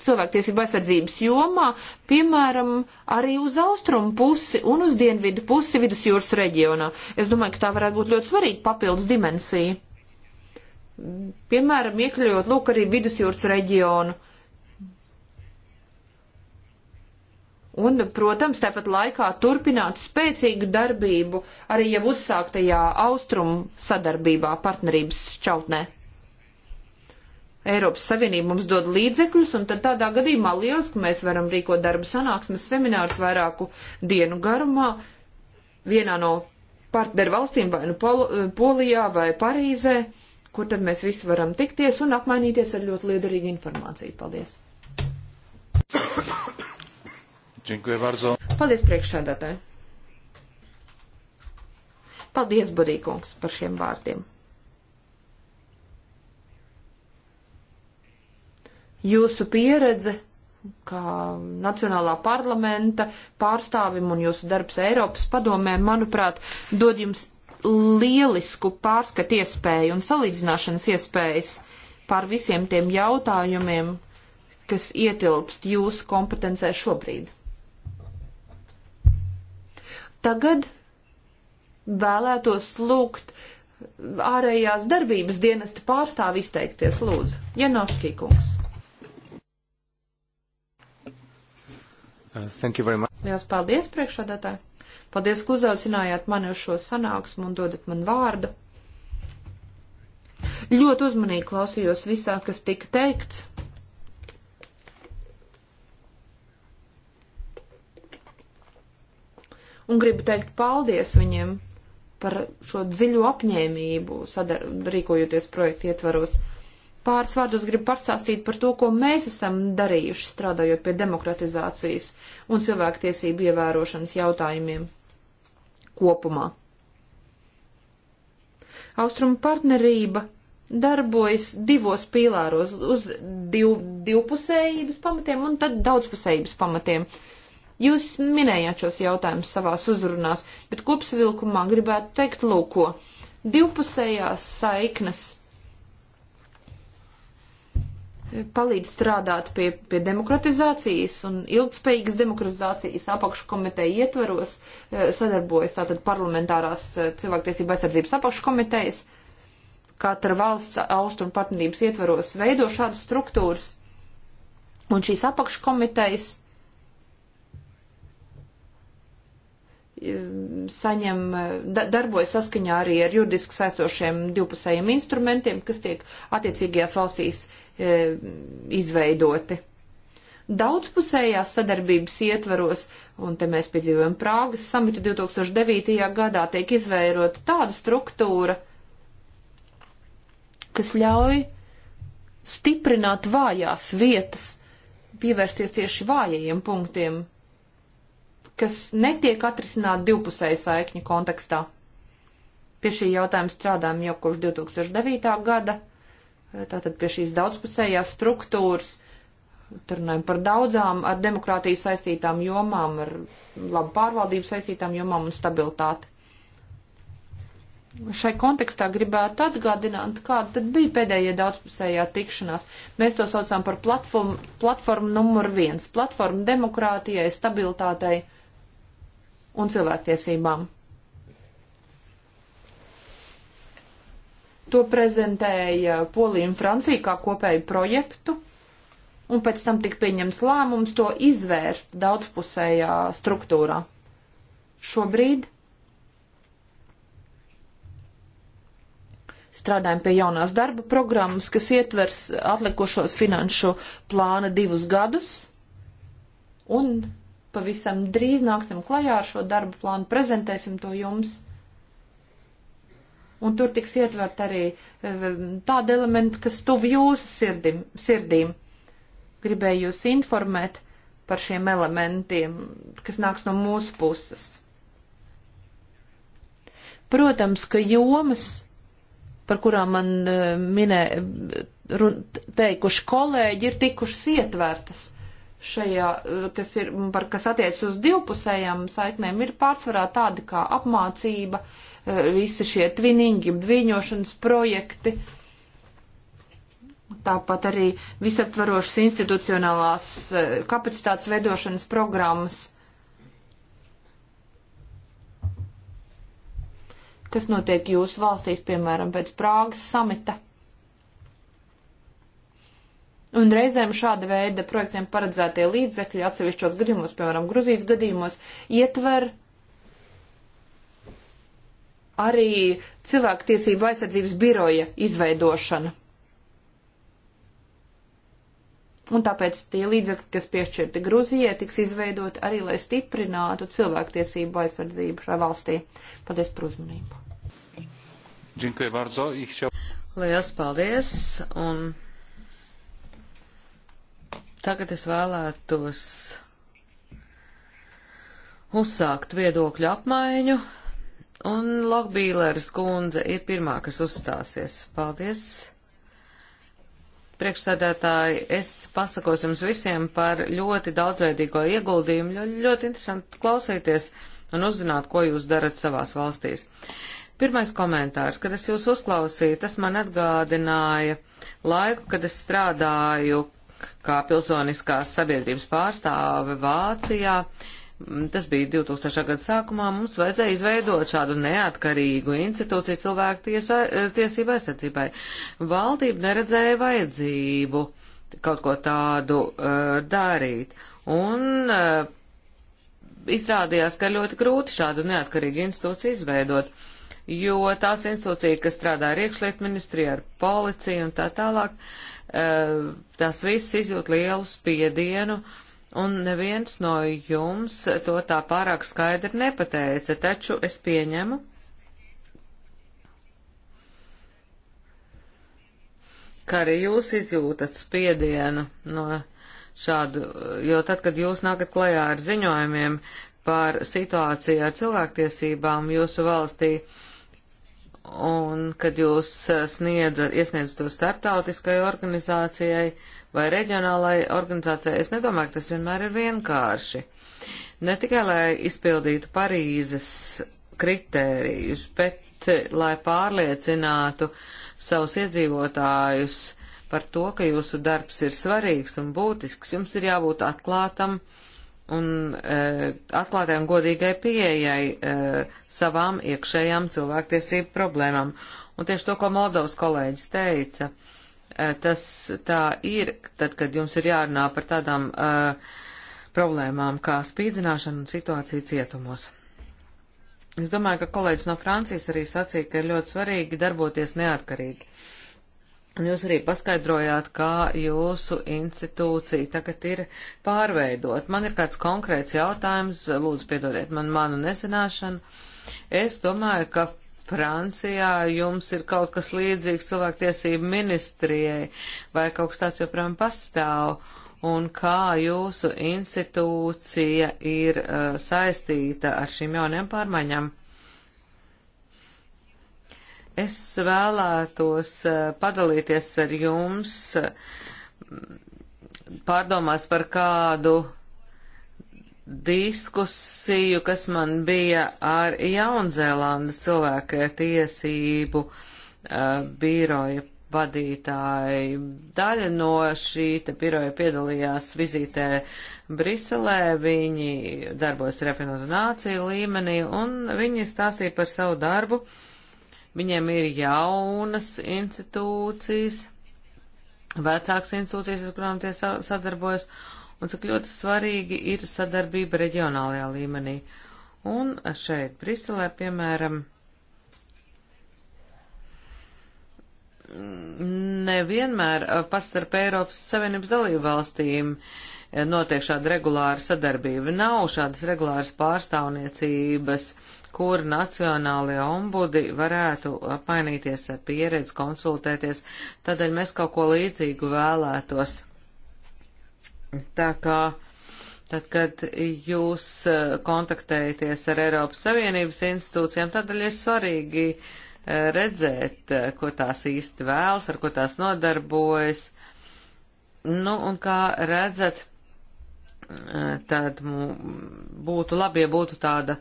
[SPEAKER 1] cilvēktiesību aizsardzības jomā, piemēram, arī uz austrumu pusi un uz dienvidu pusi vidusjūras reģionā. Es domāju, ka tā varētu būt ļoti svarīga papildus dimensija. Piemēram, iekļaujot, lūk, arī vidusjūras reģionu. Un, protams, tāpat laikā turpināt spēcīgu darbību arī jau uzsāktajā austrumu sadarbībā partnerības šķautnē. Eiropas Savienība mums dod līdzekļus, un tad tādā gadījumā lieliski mēs varam rīkot darba sanāksmes seminārus vairāku dienu garumā vienā no partneru valstīm, vai nu Polijā, vai Parīzē kur tad mēs visi varam tikties un apmainīties ar ļoti liederīgu informāciju. Paldies! Paldies priekšsēdētāji! Paldies, Barīkungs, par šiem vārdiem! Jūsu pieredze kā Nacionālā parlamenta pārstāvim un jūsu darbs Eiropas padomē, manuprāt, dod jums lielisku pārskatu iespēju un salīdzināšanas iespējas par visiem tiem jautājumiem, kas ietilpst jūsu kompetencē šobrīd. Tagad vēlētos lūgt ārējās darbības dienesta pārstāvi izteikties, lūdzu. Janoškī kungs.
[SPEAKER 5] Lielas
[SPEAKER 1] paldies priekšādātāji. Paldies, ka uzaicinājāt mani uz šo sanāksmu un dodat man vārdu. Ļoti uzmanīgi klausījos visā, kas tika teikts. Un gribu teikt paldies viņiem par šo dziļo apņēmību, sadar, rīkojoties projektu ietvaros. Pāris vārdus gribu pastāstīt par to, ko mēs esam darījuši strādājot pie demokratizācijas un cilvēktiesību ievērošanas jautājumiem kopumā. Austrumu partnerība darbojas divos pīlāros - uz div, divpusējības pamatiem un tad daudzpusējības pamatiem. Jūs minējāt šos jautājumus savās uzrunās, bet kopsavilkumā gribētu teikt lūko. Divpusējās saiknes palīdz strādāt pie, pie demokratizācijas un ilgspējīgas demokratizācijas apakškomiteja ietveros, eh, sadarbojas tātad parlamentārās eh, cilvēktiesība aizsardzības apakškomitejas. Katra valsts austrumu partnerības ietveros veido šādas struktūras, un šīs apakškomitejas eh, saņem, da, darbojas saskaņā arī ar juridiski saistošiem divpusējiem instrumentiem, kas tiek attiecīgajās valstīs E, izveidoti. Daudzpusējās sadarbības ietvaros, un te mēs piedzīvojam Prāgas samitu 2009. gadā, tiek izveidota tāda struktūra, kas ļauj stiprināt vājās vietas, pievērsties tieši vājajiem punktiem, kas netiek atrisināti divpusēju saikņu kontekstā. Pie šī jautājuma strādājam jau kopš 2009. gada tātad pie šīs daudzpusējās struktūras, tur runājam par daudzām ar demokrātiju saistītām jomām, ar labu pārvaldību saistītām jomām un stabilitāti. Šai kontekstā gribētu atgādināt, kāda tad bija pēdējie daudzpusējā tikšanās. Mēs to saucām par platformu, platformu numur viens - platformu demokrātijai, stabilitātei un cilvēktiesībām. To prezentēja Polija un Francija kā kopēju projektu, un pēc tam tika pieņems lēmums to izvērst daudzpusējā struktūrā. Šobrīd strādājam pie jaunās darba programmas, kas ietvers atlikušos finanšu plāna divus gadus, un pavisam drīz nāksim klajā ar šo darbu plānu, prezentēsim to jums. Un tur tiks ietvert arī eh, tāda elementa, kas tuv jūsu sirdim, sirdīm. Gribēju jūs informēt par šiem elementiem, kas nāks no mūsu puses. Protams, ka jomas, par kurām man eh, minē, run, teikuši kolēģi, ir tikušas ietvertas šajā, eh, kas, ir, par, kas attiec uz divpusējām saiknēm, ir pārsvarā tādi kā apmācība, uh, visi šie tviningi, dviņošanas projekti. Tāpat arī visaptvarošas institucionālās eh, kapacitātes veidošanas programmas, kas notiek jūsu valstīs, piemēram, pēc Prāgas samita. Un reizēm šāda veida projektiem paredzētie līdzekļi atsevišķos gadījumos, piemēram, Gruzijas gadījumos, ietver uh, arī cilvēktiesību aizsardzības biroja izveidošana. Un tāpēc tie līdzekļi, kas piešķirti Gruzijai, tiks izveidoti arī, lai stiprinātu cilvēktiesību aizsardzību šajā valstī. Paldies par uzmanību.
[SPEAKER 2] Lielas paldies! Un tagad es vēlētos uzsākt viedokļu apmaiņu Un Lokbīleres kundze ir pirmā, kas uzstāsies. Paldies! Priekšsēdētāji, es pasakos jums visiem par ļoti daudzveidīgo ieguldījumu, ļoti, ļoti interesanti klausīties un uzzināt, ko jūs darat savās valstīs. Pirmais komentārs, kad es jūs uzklausīju, tas man atgādināja laiku, kad es strādāju kā pilsoniskās sabiedrības pārstāve Vācijā, Tas bija 2000. gada sākumā. Mums vajadzēja izveidot šādu neatkarīgu institūciju cilvēku tiesā, tiesību aizsardzībai. Valdība neredzēja vajadzību kaut ko tādu uh, darīt. Un uh, izrādījās, ka ļoti grūti šādu neatkarīgu institūciju izveidot, jo tās institūcija, kas strādā ar iekšlietu ministriju, ar policiju un tā tālāk, uh, tās viss izjūt lielu spiedienu uh, un neviens no jums to tā pārāk skaidri nepateica, taču es pieņemu, ka arī jūs izjūtat spiedienu no šādu, jo tad, kad jūs nākat klajā ar ziņojumiem par situāciju ar cilvēktiesībām jūsu valstī, un kad jūs sniedzat, iesniedzat to starptautiskai organizācijai, uh, vai reģionālai organizācijai. Es nedomāju, ka tas vienmēr ir vienkārši. Ne tikai, lai izpildītu Parīzes kritērijus, bet lai pārliecinātu savus iedzīvotājus par to, ka jūsu darbs ir svarīgs un būtisks, jums ir jābūt atklātam un e, atklātai un godīgai pieejai e, savām iekšējām cilvēktiesību problēmām. Un tieši to, ko Moldovas kolēģis teica, e, Eh, tas tā ir, tad, kad jums ir jārunā par tādām uh, problēmām kā spīdzināšana un situācija cietumos. Es domāju, ka kolēģis no Francijas arī sacīja, ka ir ļoti svarīgi darboties neatkarīgi. Un jūs arī paskaidrojāt, kā jūsu institūcija tagad ir pārveidot. Man ir kāds konkrēts jautājums, lūdzu piedodiet man manu nezināšanu. Es domāju, ka Francijā jums ir kaut kas līdzīgs cilvēktiesību ministrijai, vai kaut kas tāds joprojām pastāv, un kā jūsu institūcija ir uh, saistīta ar šīm jauniem pārmaiņām? Es vēlētos uh, padalīties ar jums uh, pārdomās par kādu diskusiju, kas man bija ar Jaunzēlandes cilvēku tiesību uh, biroja vadītāji. Daļa no šī te biroja piedalījās vizītē Briselē, viņi darbojas refinētu nāciju līmenī un viņi stāstīja par savu darbu. Viņiem ir jaunas institūcijas, vecākas institūcijas, ar kurām tie sadarbojas. Uh, un cik ļoti svarīgi ir sadarbība reģionālajā līmenī. Un šeit, Briselē, piemēram, nevienmēr eh, pats starp Eiropas Savienības dalību valstīm eh, notiek šāda regulāra sadarbība. Nav šādas regulāras pārstāvniecības, kur nacionālie ombudi varētu apmainīties ar pieredzi, konsultēties. Tādēļ mēs kaut ko līdzīgu vēlētos Tā kā tad, kad jūs e, kontaktējaties ar Eiropas Savienības institūcijām, tādēļ ir svarīgi e, redzēt, e, ko tās īsti vēlas, ar ko tās nodarbojas. Nu, un kā redzat, tad būtu labi, ja būtu tāda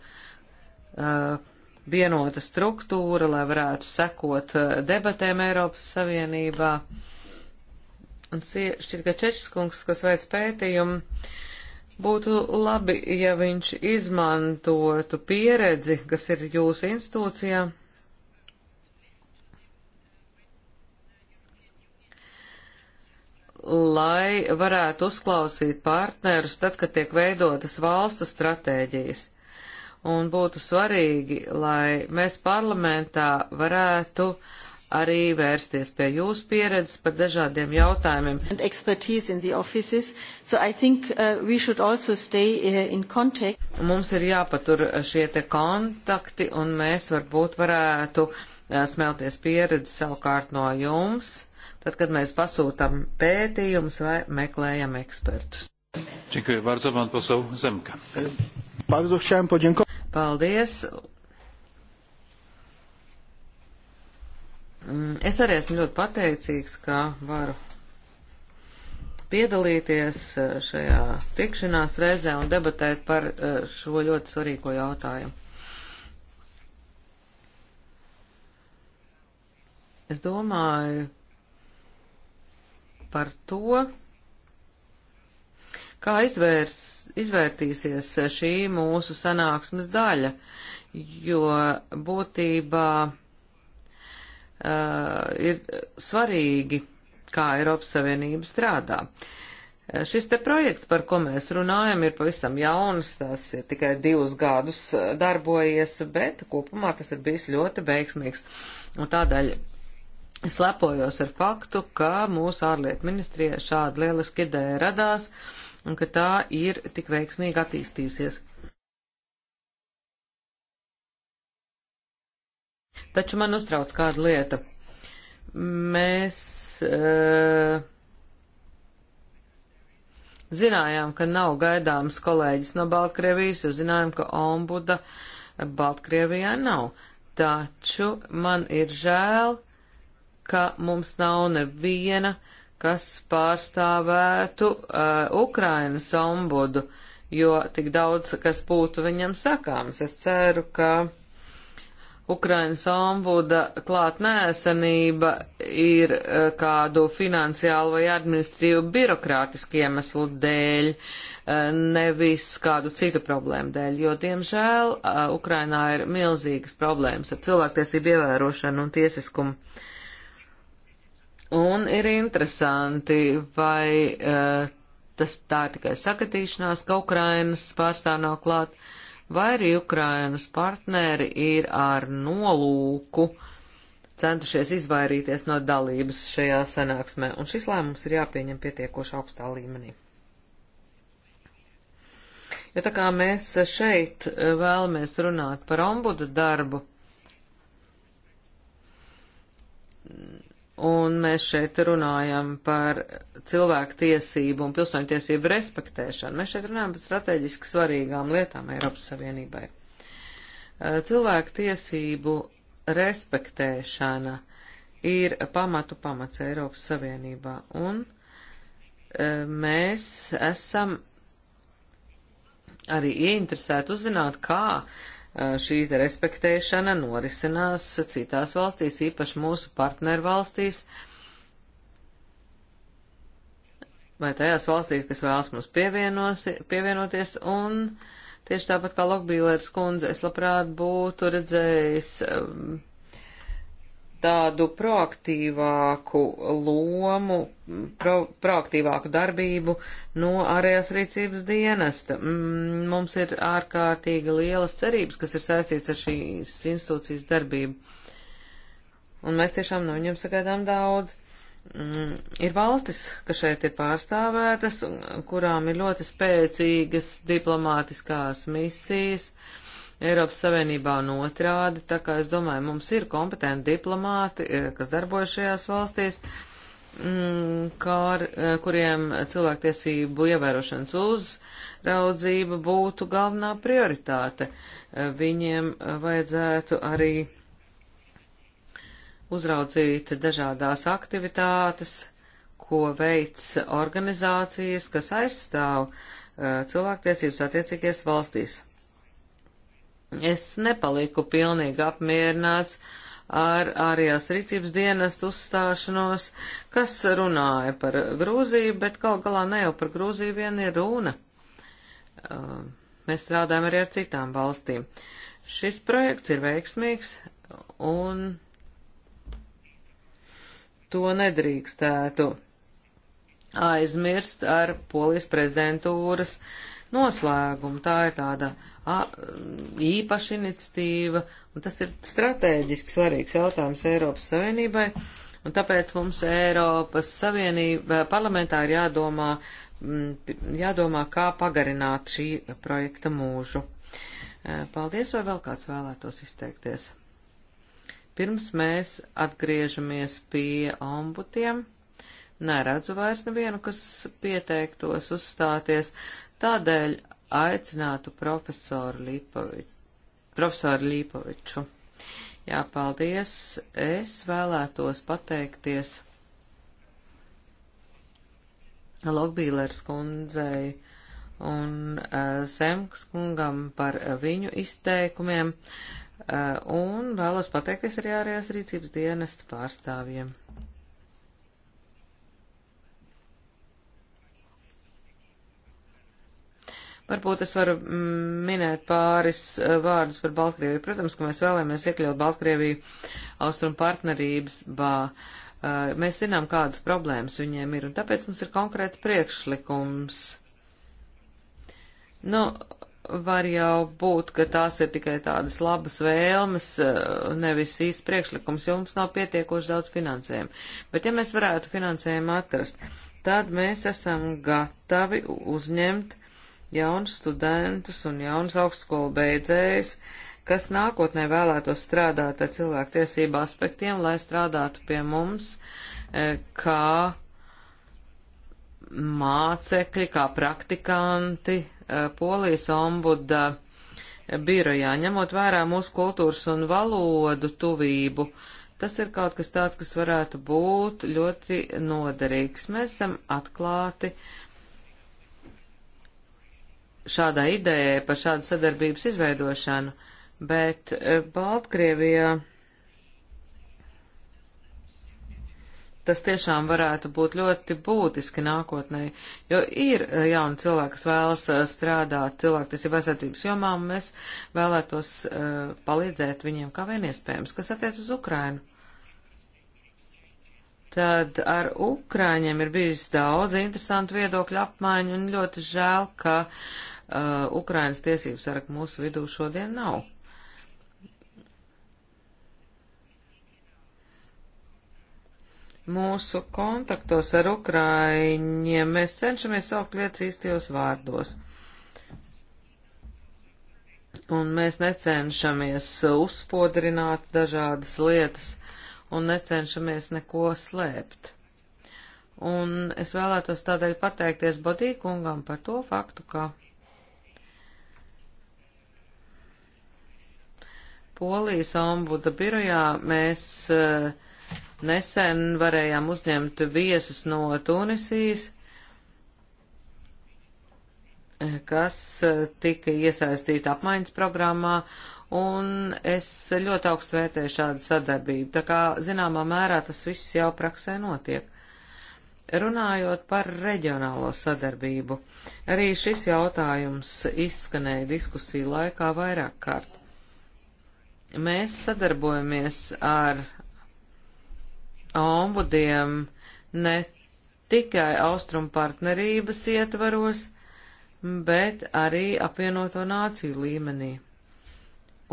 [SPEAKER 2] vienota struktūra, lai varētu sekot debatēm Eiropas Savienībā. Uh, un šķiet, ka Čečiskungs, kas veic pētījumu, būtu labi, ja viņš izmantotu pieredzi, kas ir jūsu institūcijā. lai varētu uzklausīt partnerus tad, kad tiek veidotas valstu stratēģijas. Un būtu svarīgi, lai mēs parlamentā varētu uh, arī vērsties pie jūsu pieredzes par dažādiem jautājumiem. Offices, so think, uh, stay,
[SPEAKER 6] uh,
[SPEAKER 2] Mums ir jāpatur uh, šie te kontakti, un mēs varbūt varētu uh, smelties pieredzi savukārt no jums, tad, kad mēs pasūtam pētījumus vai meklējam ekspertus.
[SPEAKER 4] Dziękuję bardzo, pan poseł Zemka.
[SPEAKER 2] Bardzo chciałem podziękować. Paldies. Mm, es arī esmu ļoti pateicīgs, ka varu piedalīties eh, šajā tikšanās reizē un debatēt par eh, šo ļoti svarīgo jautājumu. Es domāju par to, kā izvērs, izvērtīsies šī mūsu sanāksmes daļa, jo būtībā Uh, ir svarīgi, kā Eiropas Savienība strādā. Uh, šis te projekts, par ko mēs runājam, ir pavisam jauns, tas ir tikai divus gadus uh, darbojies, bet kopumā tas ir bijis ļoti veiksmīgs. Un tādēļ es lepojos ar faktu, ka mūsu ārlietu ministrijai šāda lieliska ideja radās un ka tā ir tik veiksmīgi attīstījusies. Taču man uztrauc kāda lieta. Mēs uh, zinājām, ka nav gaidāms kolēģis no Baltkrievijas, jo zinājām, ka ombuda Baltkrievijā nav. Taču man ir žēl, ka mums nav neviena, kas pārstāvētu uh, Ukrainas ombudu, jo tik daudz, kas būtu viņam sakāms. Es ceru, ka Ukrainas ombuda klātnēsanība ir e, kādu finansiālu vai administrīvu birokrātisku iemeslu dēļ, e, nevis kādu citu problēmu dēļ, jo, diemžēl, e, Ukrainā ir milzīgas problēmas ar cilvēktiesību ievērošanu un tiesiskumu. Un ir interesanti, vai tas tā ir tikai sakatīšanās, ka Ukrainas pārstāv nav klāt. Uh, vai arī Ukrainas partneri ir ar nolūku centušies izvairīties no dalības šajā sanāksmē, un šis lēmums ir jāpieņem pietiekoši augstā līmenī. Jo tā kā mēs šeit eh, vēlamies runāt par ombudu darbu, un mēs šeit runājam par cilvēku tiesību un pilsoņu tiesību respektēšanu. Mēs šeit runājam par strateģiski svarīgām lietām Eiropas Savienībai. Eh, cilvēku tiesību respektēšana ir pamatu pamats Eiropas Savienībā, un eh, mēs esam arī ieinteresēti uzzināt, kā uh, Eh, šīs respektēšana norisinās citās valstīs, īpaši mūsu partneru valstīs, vai tajās valstīs, kas vēlas mums pievienoties, un tieši tāpat kā Lokbīlērs kundze, es labprāt būtu redzējis. Um, tādu proaktīvāku lomu, pro, proaktīvāku darbību no ārējās rīcības dienesta. Mm, mums ir ārkārtīgi lielas cerības, kas ir saistīts ar šīs institūcijas darbību. Un mēs tiešām no viņiem sagaidām daudz. Mm, ir valstis, kas šeit ir pārstāvētas, kurām ir ļoti spēcīgas diplomātiskās misijas, Eiropas Savienībā un otrādi, tā kā es domāju, mums ir kompetenti diplomāti, e, kas darbojas šajās valstīs, mm, kā ar e, kuriem cilvēktiesību ievērošanas uzraudzība būtu galvenā prioritāte. E, viņiem vajadzētu arī uzraudzīt dažādās aktivitātes, ko veic organizācijas, kas aizstāv cilvēktiesības attiecīgajās valstīs es nepaliku pilnīgi apmierināts ar ārējās rīcības dienestu uzstāšanos, kas runāja par Grūziju, bet gal galā ne jau par Grūziju vien ir runa. Uh, mēs strādājam arī ar citām valstīm. Šis projekts ir veiksmīgs un to nedrīkstētu aizmirst ar polijas prezidentūras noslēgumu. Tā ir tāda uh, Mm, īpaša iniciatīva, un tas ir strateģiski svarīgs jautājums Eiropas Savienībai, un tāpēc mums Eiropas Savienība parlamentā ir jādomā, mm, jādomā, kā pagarināt šī projekta mūžu. E, paldies, vai vēl kāds vēlētos izteikties? Pirms mēs atgriežamies pie ombudiem. Neredzu vairs nevienu, kas pieteiktos uzstāties. Tādēļ aicinātu profesoru Līpoviču. Profesoru Līpoviču. Jā, paldies. Es vēlētos pateikties Logbīlers kundzei un uh, eh, Semks kungam par uh, viņu izteikumiem, uh, un vēlos pateikties arī ārējās rīcības dienesta pārstāvjiem. Varbūt es varu mm, minēt pāris eh, vārdus par Baltkrieviju. Protams, ka mēs vēlamies iekļaut Baltkrieviju austrumu partnerības bā. Eh, mēs zinām, kādas problēmas viņiem ir, un tāpēc mums ir konkrēts priekšlikums. Nu, var jau būt, ka tās ir tikai tādas labas vēlmes, eh, nevis īsts priekšlikums, jo mums nav pietiekoši daudz finansējumu. Bet ja mēs varētu finansējumu atrast, tad mēs esam gatavi uzņemt jaunus studentus un jaunus augstskolu beidzējus, kas nākotnē vēlētos strādāt ar cilvēktiesību aspektiem, lai strādātu pie mums e, kā mācekļi, kā praktikanti e, Polijas ombuda birojā, ņemot vērā mūsu kultūras un valodu tuvību. Tas ir kaut kas tāds, kas varētu būt ļoti noderīgs. Mēs esam atklāti uh, šādai idejai par šādu sadarbības izveidošanu, bet e, Baltkrievijā tas tiešām varētu būt ļoti būtiski nākotnē, jo ir e, jauni cilvēki, kas vēlas e, strādāt cilvēktiesību aizsardzības jomā, un mēs vēlētos uh, palīdzēt viņiem kā vien iespējams, kas attiec uz Ukrainu. Tad ar Ukraiņiem ir bijis daudz interesantu viedokļu apmaiņu, un ļoti žēl, ka uh, uh, Ukrainas tiesību sarga mūsu vidū šodien nav. Mūsu kontaktos ar Ukraiņiem mēs cenšamies saukt lietas īstajos vārdos. Un mēs necenšamies uzspodrināt dažādas lietas un necenšamies neko slēpt. Un es vēlētos tādēļ pateikties Bodīkungam par to faktu, ka Polijas ombuda birojā mēs eh, nesen varējām uzņemt viesus no Tunisijas, eh, kas eh, tika iesaistīti apmaiņas programmā, un es ļoti augstu vērtēju šādu sadarbību. Tā kā zināmā mērā tas viss jau praksē notiek. Runājot par reģionālo sadarbību, arī šis jautājums izskanēja diskusiju laikā vairāk kārt Mēs sadarbojamies ar ombudiem ne tikai austrumu partnerības ietvaros, bet arī apvienoto nāciju līmenī.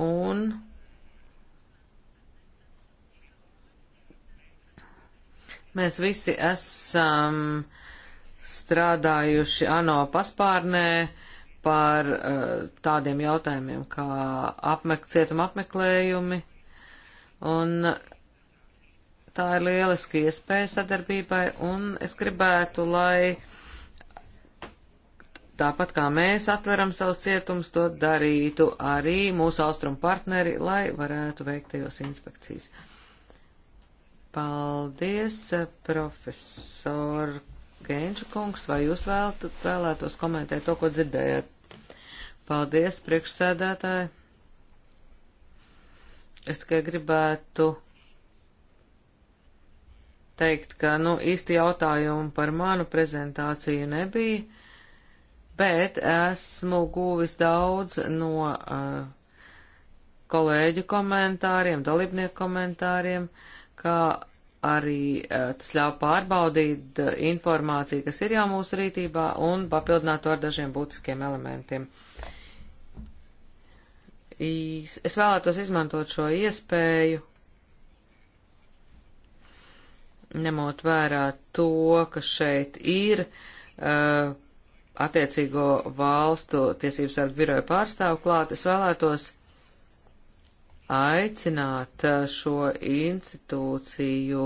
[SPEAKER 2] Un Mēs visi esam strādājuši ANO paspārnē, par eh, tādiem jautājumiem kā apmek, cietuma apmeklējumi, un tā ir lieliski iespēja sadarbībai, un es gribētu, lai tāpat kā mēs atveram savus cietumus, to darītu arī mūsu austrumu partneri, lai varētu veikt tajos inspekcijas. Paldies, eh, profesor Genča kungs, vai jūs vēlat, vēlētos komentēt to, ko dzirdējāt? Paldies, priekšsēdētāji. Es tikai gribētu teikt, ka, nu, īsti jautājumu par manu prezentāciju nebija, bet esmu guvis daudz no uh, kolēģu komentāriem, dalībnieku komentāriem, kā arī eh, tas ļauj pārbaudīt eh, informāciju, kas ir jau mūsu rītībā, un papildināt to ar dažiem būtiskiem elementiem. Es vēlētos izmantot šo iespēju, ņemot vērā to, ka šeit ir uh, attiecīgo valstu tiesības ar biroju pārstāvu klāt, es vēlētos aicināt eh, šo institūciju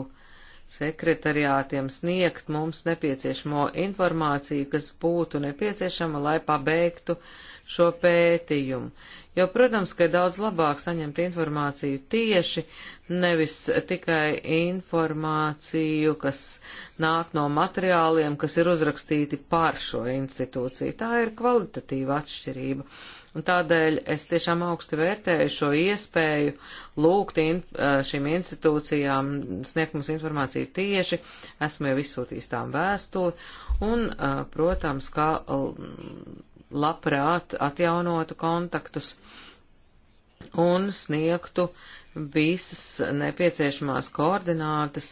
[SPEAKER 2] sekretariātiem sniegt mums nepieciešamo informāciju, kas būtu nepieciešama, lai pabeigtu šo pētījumu. Jo, protams, ka ir daudz labāk saņemt informāciju tieši, nevis tikai informāciju, kas nāk no materiāliem, kas ir uzrakstīti par šo institūciju. Tā ir kvalitatīva atšķirība. Un tādēļ es tiešām augstu vērtēju šo iespēju lūgt in, šīm institūcijām sniegt mums informāciju tieši, esmu jau izsūtījis tām vēstuli, un, protams, kā labprāt atjaunotu kontaktus un sniegtu visas nepieciešamās koordinātas,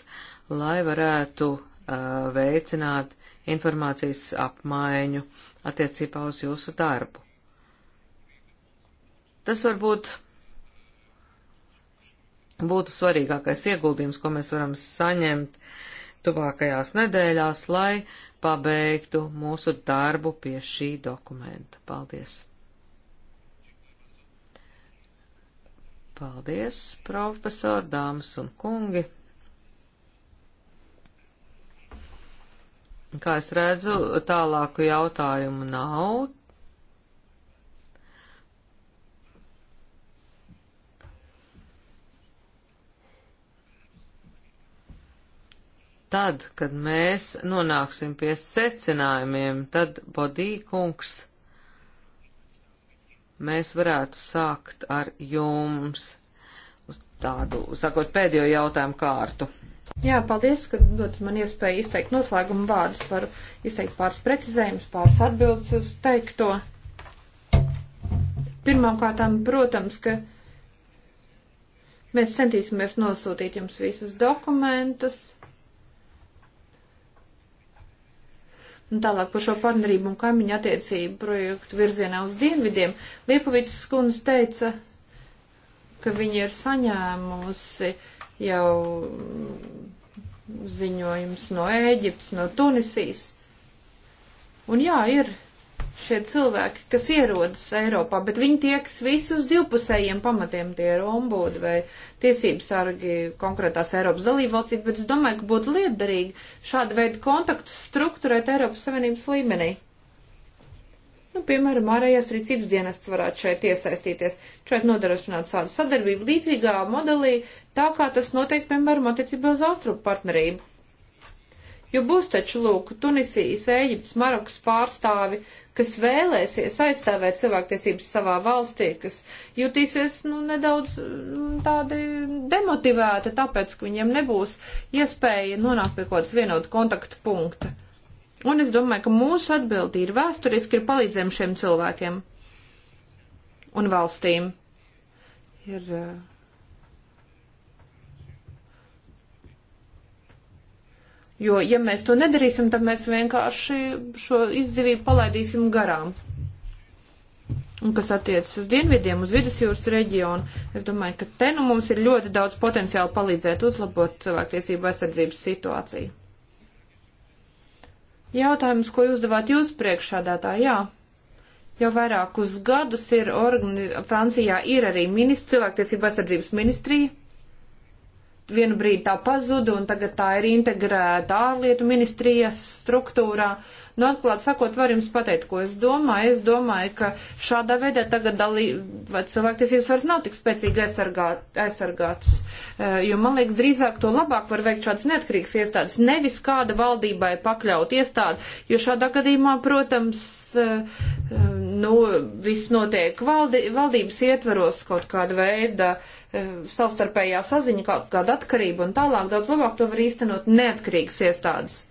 [SPEAKER 2] lai varētu veicināt informācijas apmaiņu attiecībā uz jūsu darbu. Tas varbūt būtu svarīgākais ieguldījums, ko mēs varam saņemt tuvākajās nedēļās, lai pabeigtu mūsu darbu pie šī dokumenta. Paldies! Paldies, profesori, dāmas un kungi! Kā es redzu, tālāku jautājumu nav. tad, kad mēs nonāksim pie secinājumiem, tad bodīkungs mēs varētu sākt ar jums uz tādu, sakot, pēdējo jautājumu kārtu.
[SPEAKER 1] Jā, paldies, ka dot man iespēju izteikt noslēgumu vārdus par izteikt pāris precizējumus, pāris atbildes uz teikto. Pirmām kārtām, protams, ka mēs centīsimies nosūtīt jums visus dokumentus Un nu, tālāk par šo partnerību un kaimiņu attiecību projektu virzienā uz dienvidiem. Liepavītas skundze teica, ka viņa ir saņēmusi jau ziņojums no Ēģiptes, no Tunisijas. Un jā, ir šie cilvēki, kas ierodas Eiropā, bet viņi tieks visi uz divpusējiem pamatiem, tie ir ombudi vai tiesības sargi konkrētās Eiropas dalībvalstī, bet es domāju, ka būtu lietderīgi šādu veidu kontaktus struktūrēt Eiropas Savienības līmenī. Nu, piemēram, ārējās rīcības dienests varētu šeit iesaistīties, šeit nodrošināt šādu sadarbību līdzīgā modelī, tā kā tas notiek, piemēram, attiecībā uz austrumu partnerību. Jo būs taču, lūk, Tunisijas, Ēģiptes, Marokas pārstāvi, kas vēlēsies aizstāvēt cilvēktiesības savā valstī, kas jutīsies nu, nedaudz nu, tādi demotivēti, tāpēc, ka viņiem nebūs iespēja nonākt pie kaut kāds vienotu kontaktu punkta. Un es domāju, ka mūsu atbildi ir vēsturiski ir palīdzējumi šiem cilvēkiem un valstīm. Ir, uh, Jo, ja mēs to nedarīsim, tad mēs vienkārši šo izdevību palaidīsim garām. Un kas attiecas uz dienvidiem, uz vidusjūras reģionu, es domāju, ka te nu mums ir ļoti daudz potenciāli palīdzēt uzlabot cilvēktiesību aizsardzības situāciju. Jautājums, ko uzdevāt jūs priekšādātā, jā. Jau vairākus gadus ir organi... Francijā ir arī ministrs, cilvēktiesība aizsardzības ministrija, vienu brīdi tā pazuda un tagad tā ir integrēta ārlietu ministrijas struktūrā. Uh, Nu, atklāt sakot, var jums pateikt, ko es domāju. Es domāju, ka šādā veidā tagad dalī, vai cilvēktiesības vairs nav tik spēcīgi aizsargā, aizsargāts, e, jo man liekas, drīzāk to labāk var veikt šāds neatkarīgs iestādes, nevis kāda valdībai pakļaut iestādi, jo šādā gadījumā, protams, e, e, nu, viss notiek valdi, valdības ietveros kaut kāda veida savstarpējā saziņa, kaut kāda atkarība un tālāk daudz labāk to var īstenot neatkarīgas iestādes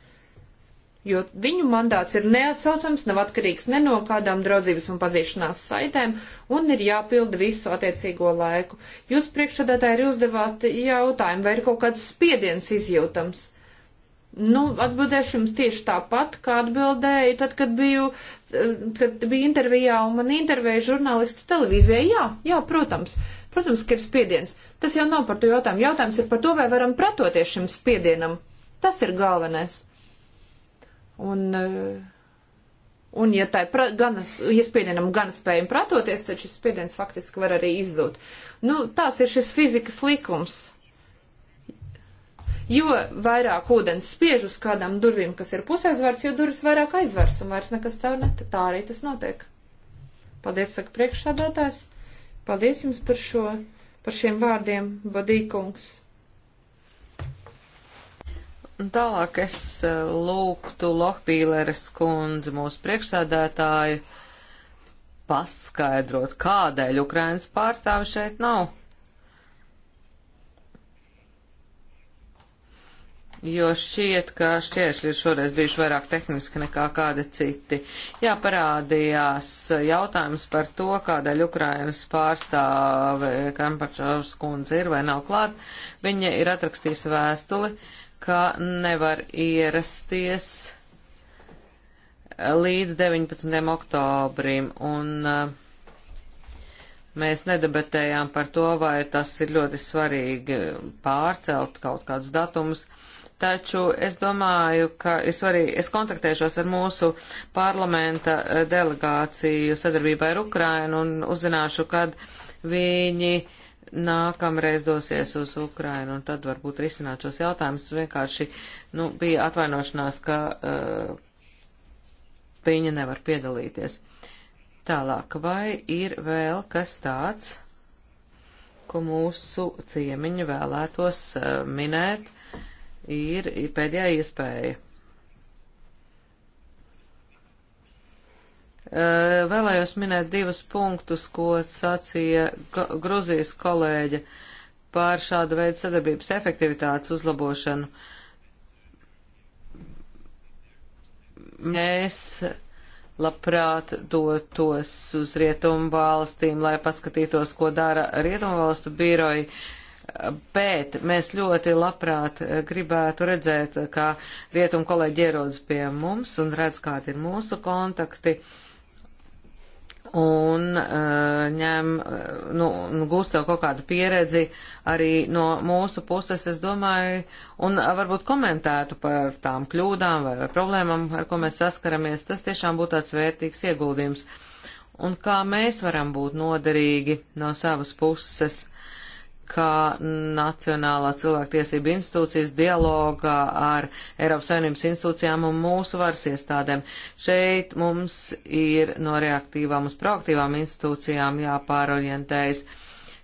[SPEAKER 1] jo viņu mandāts ir neatsaucams, nav atkarīgs ne no kādām draudzības un pazīšanās saitēm un ir jāpilda visu attiecīgo laiku. Jūs priekšsēdētāji ir uzdevāt jautājumu, vai ir kaut kāds spiediens izjūtams? Nu, atbildēšu jums tieši tāpat, kā atbildēju tad, kad biju, kad biju intervijā un man intervēja žurnālists televīzijā. Jā, jā, protams. Protams, ka ir spiediens. Tas jau nav par to jautājumu. Jautājums ir par to, vai varam pretoties šim spiedienam. Tas ir galvenais. Un, eh, un ja tai gan, ja spiedienam gan spējam pratoties, tad šis spiediens faktiski var arī izzūt. Nu, tās ir šis fizikas likums. Jo vairāk ūdens spiež uz kādām durvīm, kas ir pusaizvērts, jo durvis vairāk aizvērs un vairs nekas caur net. Tā arī tas notiek. Paldies, saka priekšsādātājs. Paldies jums par šo, par šiem vārdiem, Badīkungs.
[SPEAKER 2] Tālāk es eh, lūgtu Lohpīleres kundzi mūsu priekšsēdētāju paskaidrot, kādēļ Ukrainas pārstāvi šeit nav. Jo šķiet, ka šķēršļi ir šoreiz bijuši vairāk tehniski nekā kādi citi. Jā, parādījās jautājums par to, kādēļ Ukrainas pārstāve Kampačovs kundze ir vai nav klāt. Viņa ir atrakstījusi vēstuli. Uh, ka nevar ierasties līdz 19. oktobrim, un eh, mēs nedebatējām par to, vai tas ir ļoti svarīgi pārcelt kaut kādus datumus. Taču es domāju, ka ir svarīgi, es kontaktēšos ar mūsu parlamenta eh, delegāciju sadarbībā ar Ukrainu un uzzināšu, kad viņi uh, nākamreiz dosies uz Ukrainu un tad varbūt risināt šos jautājumus. Vienkārši nu, bija atvainošanās, ka uh, viņa nevar piedalīties. Tālāk, vai ir vēl kas tāds, ko mūsu ciemiņi vēlētos uh, minēt, ir pēdējā iespēja? Eh, vēlējos minēt divus punktus, ko sacīja Gruzijas kolēģe par šādu veidu sadarbības efektivitātes uzlabošanu. Mēs labprāt dotos uz rietumu valstīm, lai paskatītos, ko dara rietumu valstu biroji, bet mēs ļoti labprāt gribētu redzēt, kā rietumu kolēģi ierodas pie mums un redz, kādi ir mūsu kontakti. Uh, un uh, ņem, eh, nu, gūst jau kaut kādu pieredzi arī no mūsu puses, es domāju, un eh, varbūt komentētu par tām kļūdām vai, vai problēmām, ar ko mēs saskaramies. Tas tiešām būtu tāds vērtīgs ieguldījums. Un kā mēs varam būt noderīgi no savas puses kā Nacionālās cilvēktiesība institūcijas dialogā ar Eiropas Savienības institūcijām un mūsu varas iestādēm. Šeit mums ir no reaktīvām uz proaktīvām institūcijām jāpārorientējas.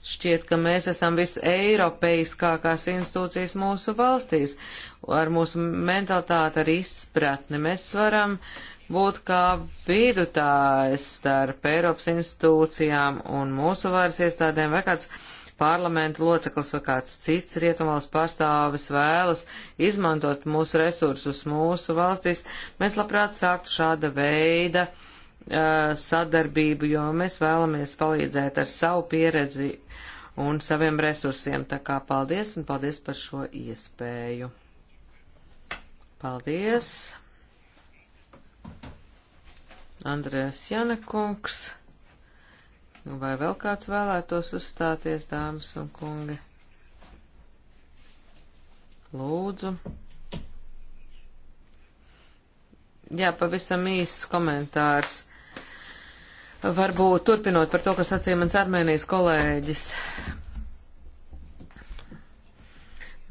[SPEAKER 2] Šķiet, ka mēs esam viseiropeiskākās institūcijas mūsu valstīs. Ar mūsu mentalitāti, ar izpratni mēs varam būt kā vidutājs starp Eiropas institūcijām un mūsu varas iestādēm vai kāds parlamenta loceklis vai kāds cits rietumvalsts pārstāvis vēlas izmantot mūsu resursus mūsu valstīs, mēs labprāt sāktu šāda veida uh, sadarbību, jo mēs vēlamies palīdzēt ar savu pieredzi un saviem resursiem. Tā kā paldies un paldies par šo iespēju. Paldies! Andrēs Janekungs. Nu, vai vēl kāds vēlētos uzstāties, dāmas un kungi? Lūdzu. Jā, pavisam īsts komentārs. Varbūt turpinot par to, kas sacīja mans armēnijas kolēģis.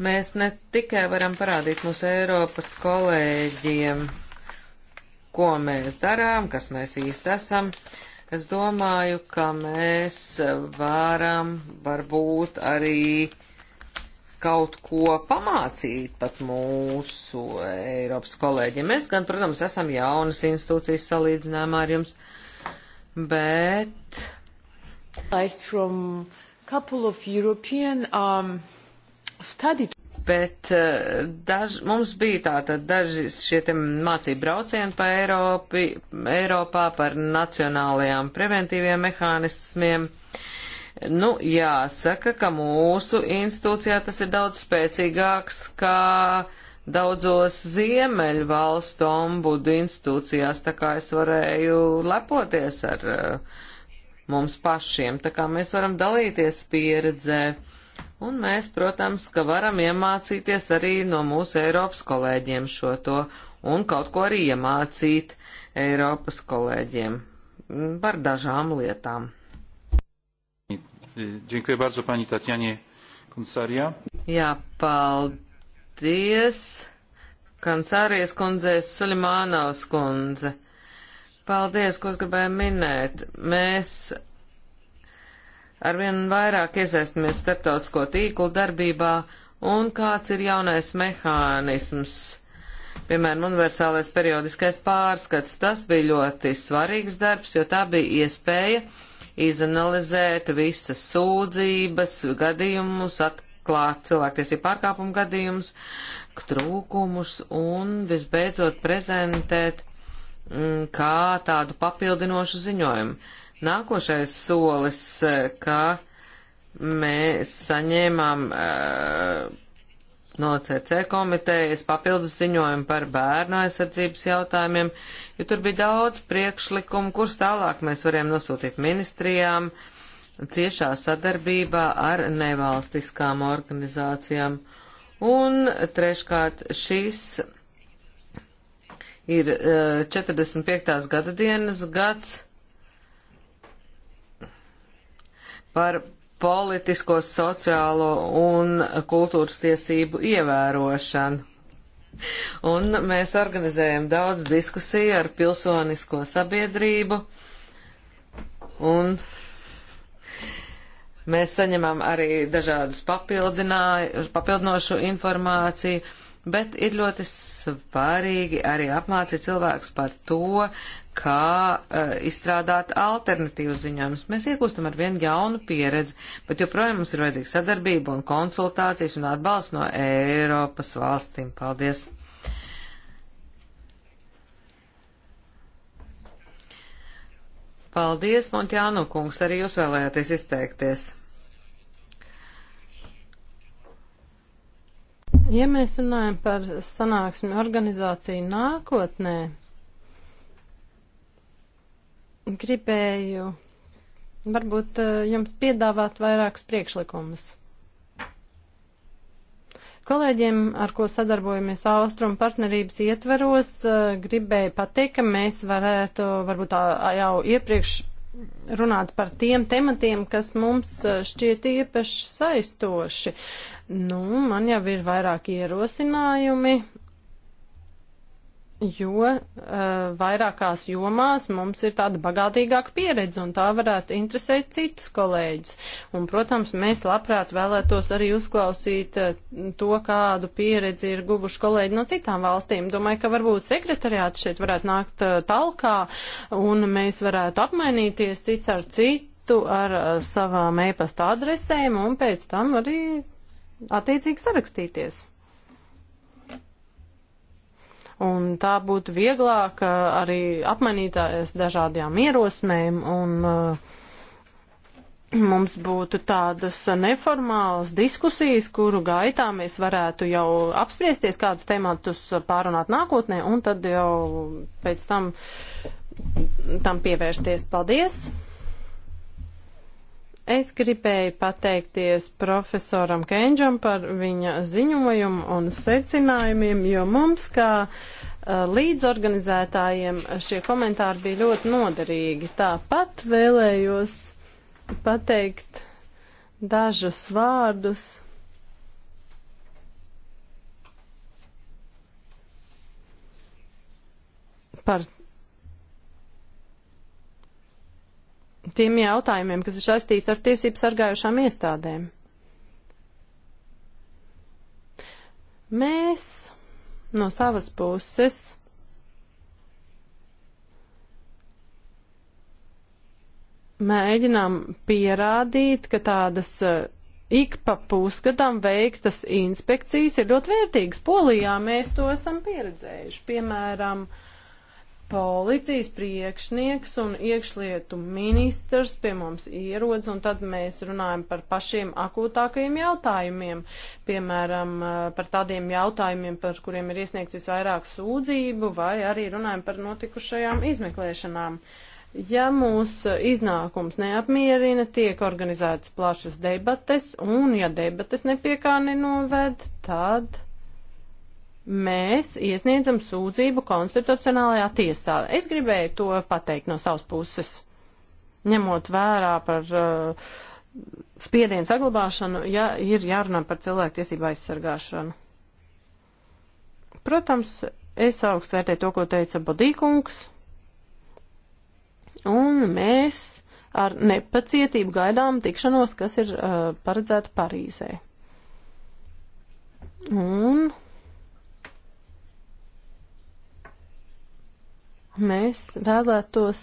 [SPEAKER 2] Mēs ne tikai varam parādīt mūsu Eiropas kolēģiem, ko mēs darām, kas mēs īsti esam, uh, Es domāju, ka mēs varam varbūt arī kaut ko pamācīt pat mūsu Eiropas kolēģiem. Mēs gan, protams, esam jaunas institūcijas salīdzinājumā ar jums, bet. From couple of European um, study bet eh, daž, mums bija tātad daži šie te mācību braucieni pa Eiropi, Eiropā par nacionālajām preventīviem mehānismiem. Nu, jāsaka, ka mūsu institūcijā tas ir daudz spēcīgāks kā daudzos ziemeļu valstu ombudu institūcijās, tā kā es varēju lepoties ar eh, mums pašiem, tā kā mēs varam dalīties pieredzē. Uh, Un mēs, protams, ka varam iemācīties arī no mūsu Eiropas kolēģiem šo to un kaut ko arī iemācīt Eiropas kolēģiem par dažām lietām.
[SPEAKER 4] Dziękuję bardzo pani Tatjanie Konsarijā.
[SPEAKER 2] Jā, paldies. Kancārijas kundze, Sulimānaus kundze. Paldies, ko gribēju minēt. Mēs arvien vairāk iesaistamies starptautisko tīklu darbībā un kāds ir jaunais mehānisms. Piemēram, universālais periodiskais pārskats, tas bija ļoti svarīgs darbs, jo tā bija iespēja izanalizēt visas sūdzības, gadījumus, atklāt cilvēktiesību pārkāpumu gadījumus, trūkumus un visbeidzot prezentēt mm, kā tādu papildinošu ziņojumu. Nākošais solis, eh, kā mēs saņēmām eh, no CC komitejas papildus ziņojumu par bērnu aizsardzības jautājumiem, jo tur bija daudz priekšlikumu, kurus tālāk mēs varējām nosūtīt ministrijām ciešā sadarbībā ar nevalstiskām organizācijām. Un treškārt, šis ir 45. Eh, gada dienas gads par politisko, sociālo un kultūras tiesību ievērošanu. Un mēs organizējam daudz diskusiju ar pilsonisko sabiedrību, un mēs saņemam arī dažādus papildinošu informāciju bet ir ļoti svarīgi arī apmācīt cilvēks par to, kā uh, izstrādāt alternatīvu ziņojumus. Mēs iegūstam ar vienu jaunu pieredzi, bet joprojām mums ir vajadzīga sadarbība un konsultācijas un atbalsts no Eiropas valstīm. Paldies! Paldies, Montjānu kungs, arī jūs vēlējāties izteikties.
[SPEAKER 3] Ja mēs runājam par sanāksmi organizāciju nākotnē, gribēju varbūt eh, jums piedāvāt vairākus priekšlikumus. Kolēģiem, ar ko sadarbojamies Austrum partnerības ietveros, eh, gribēju pateikt, ka mēs varētu varbūt jau iepriekš runāt par tiem tematiem, kas mums eh, šķiet īpaši saistoši. Nu, man jau ir vairāk ierosinājumi, jo uh, vairākās jomās mums ir tāda bagātīgāka pieredze, un tā varētu interesēt citus kolēģus. Un, protams, mēs labprāt vēlētos arī uzklausīt uh, to, kādu pieredzi ir guvuši kolēģi no citām valstīm. Domāju, ka varbūt sekretariāts šeit varētu nākt uh, talkā, un mēs varētu apmainīties cits ar citu ar savām e-pasta adresēm, un pēc tam arī attiecīgi sarakstīties. Un tā būtu vieglāk arī apmainītājas dažādajām ierosmēm un uh, mums būtu tādas neformālas diskusijas, kuru gaitā mēs varētu jau apspriesties, kādus tēmātus pārunāt nākotnē, un tad jau pēc tam tam pievērsties. Paldies! Es gribēju pateikties profesoram Kenģam par viņa ziņojumu un secinājumiem, jo mums, kā līdzorganizētājiem, šie komentāri bija ļoti noderīgi. Tāpat vēlējos pateikt dažus vārdus par tiem jautājumiem, kas ir saistīti ar tiesību sargājušām iestādēm. Mēs no savas puses mēģinām pierādīt, ka tādas uh, ik pa pusgadam veiktas inspekcijas ir ļoti vērtīgas. Polijā mēs to esam pieredzējuši. Piemēram, uh, policijas priekšnieks un iekšlietu ministrs pie mums ierodas, un tad mēs runājam par pašiem akūtākajiem jautājumiem, piemēram, par tādiem jautājumiem, par kuriem ir iesniegts visvairāk sūdzību, vai arī runājam par notikušajām izmeklēšanām. Ja mūs iznākums neapmierina, tiek organizētas plašas debates, un ja debates nepiekā nenoved, tad mēs iesniedzam sūdzību konstitucionālajā tiesā. Es gribēju to pateikt no savas puses, ņemot vērā par uh, spiedienu saglabāšanu, ja ir jārunā par cilvēku tiesību aizsargāšanu. Protams, es augstu vērtēju to, ko teica Bodīkungs, un mēs ar nepacietību gaidām tikšanos, kas ir uh, paredzēta Parīzē. Un Mēs vēlētos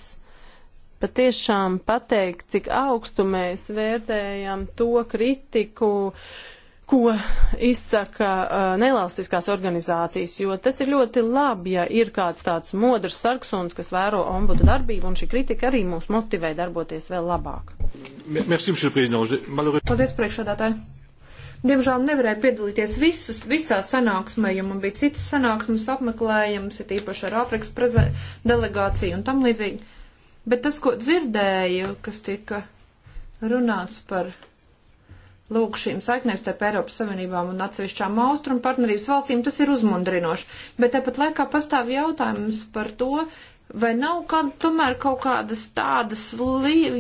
[SPEAKER 3] patiešām pateikt, cik augstu mēs vērtējam to kritiku, ko izsaka uh, nelāstiskās organizācijas, jo tas ir ļoti labi, ja ir kāds tāds modrs sarksuns, kas vēro ombudu darbību, un šī kritika arī mūs motivē darboties vēl labāk.
[SPEAKER 4] Merci, Paldies,
[SPEAKER 3] priekšādātāji! Diemžēl nevarēju piedalīties
[SPEAKER 1] visus, visā sanāksmē, jo man bija citas sanāksmes apmeklējums, ir īpaši ar Āfrikas preze, delegāciju un tam līdzīgi. Bet tas, ko dzirdēju, kas tika runāts par lūk šīm saiknēm starp Eiropas Savienībām un atsevišķām austrumu partnerības valstīm, tas ir uzmundrinoši. Bet tāpat laikā pastāv jautājums par to, Vai nav kād, tomēr kaut kādas tādas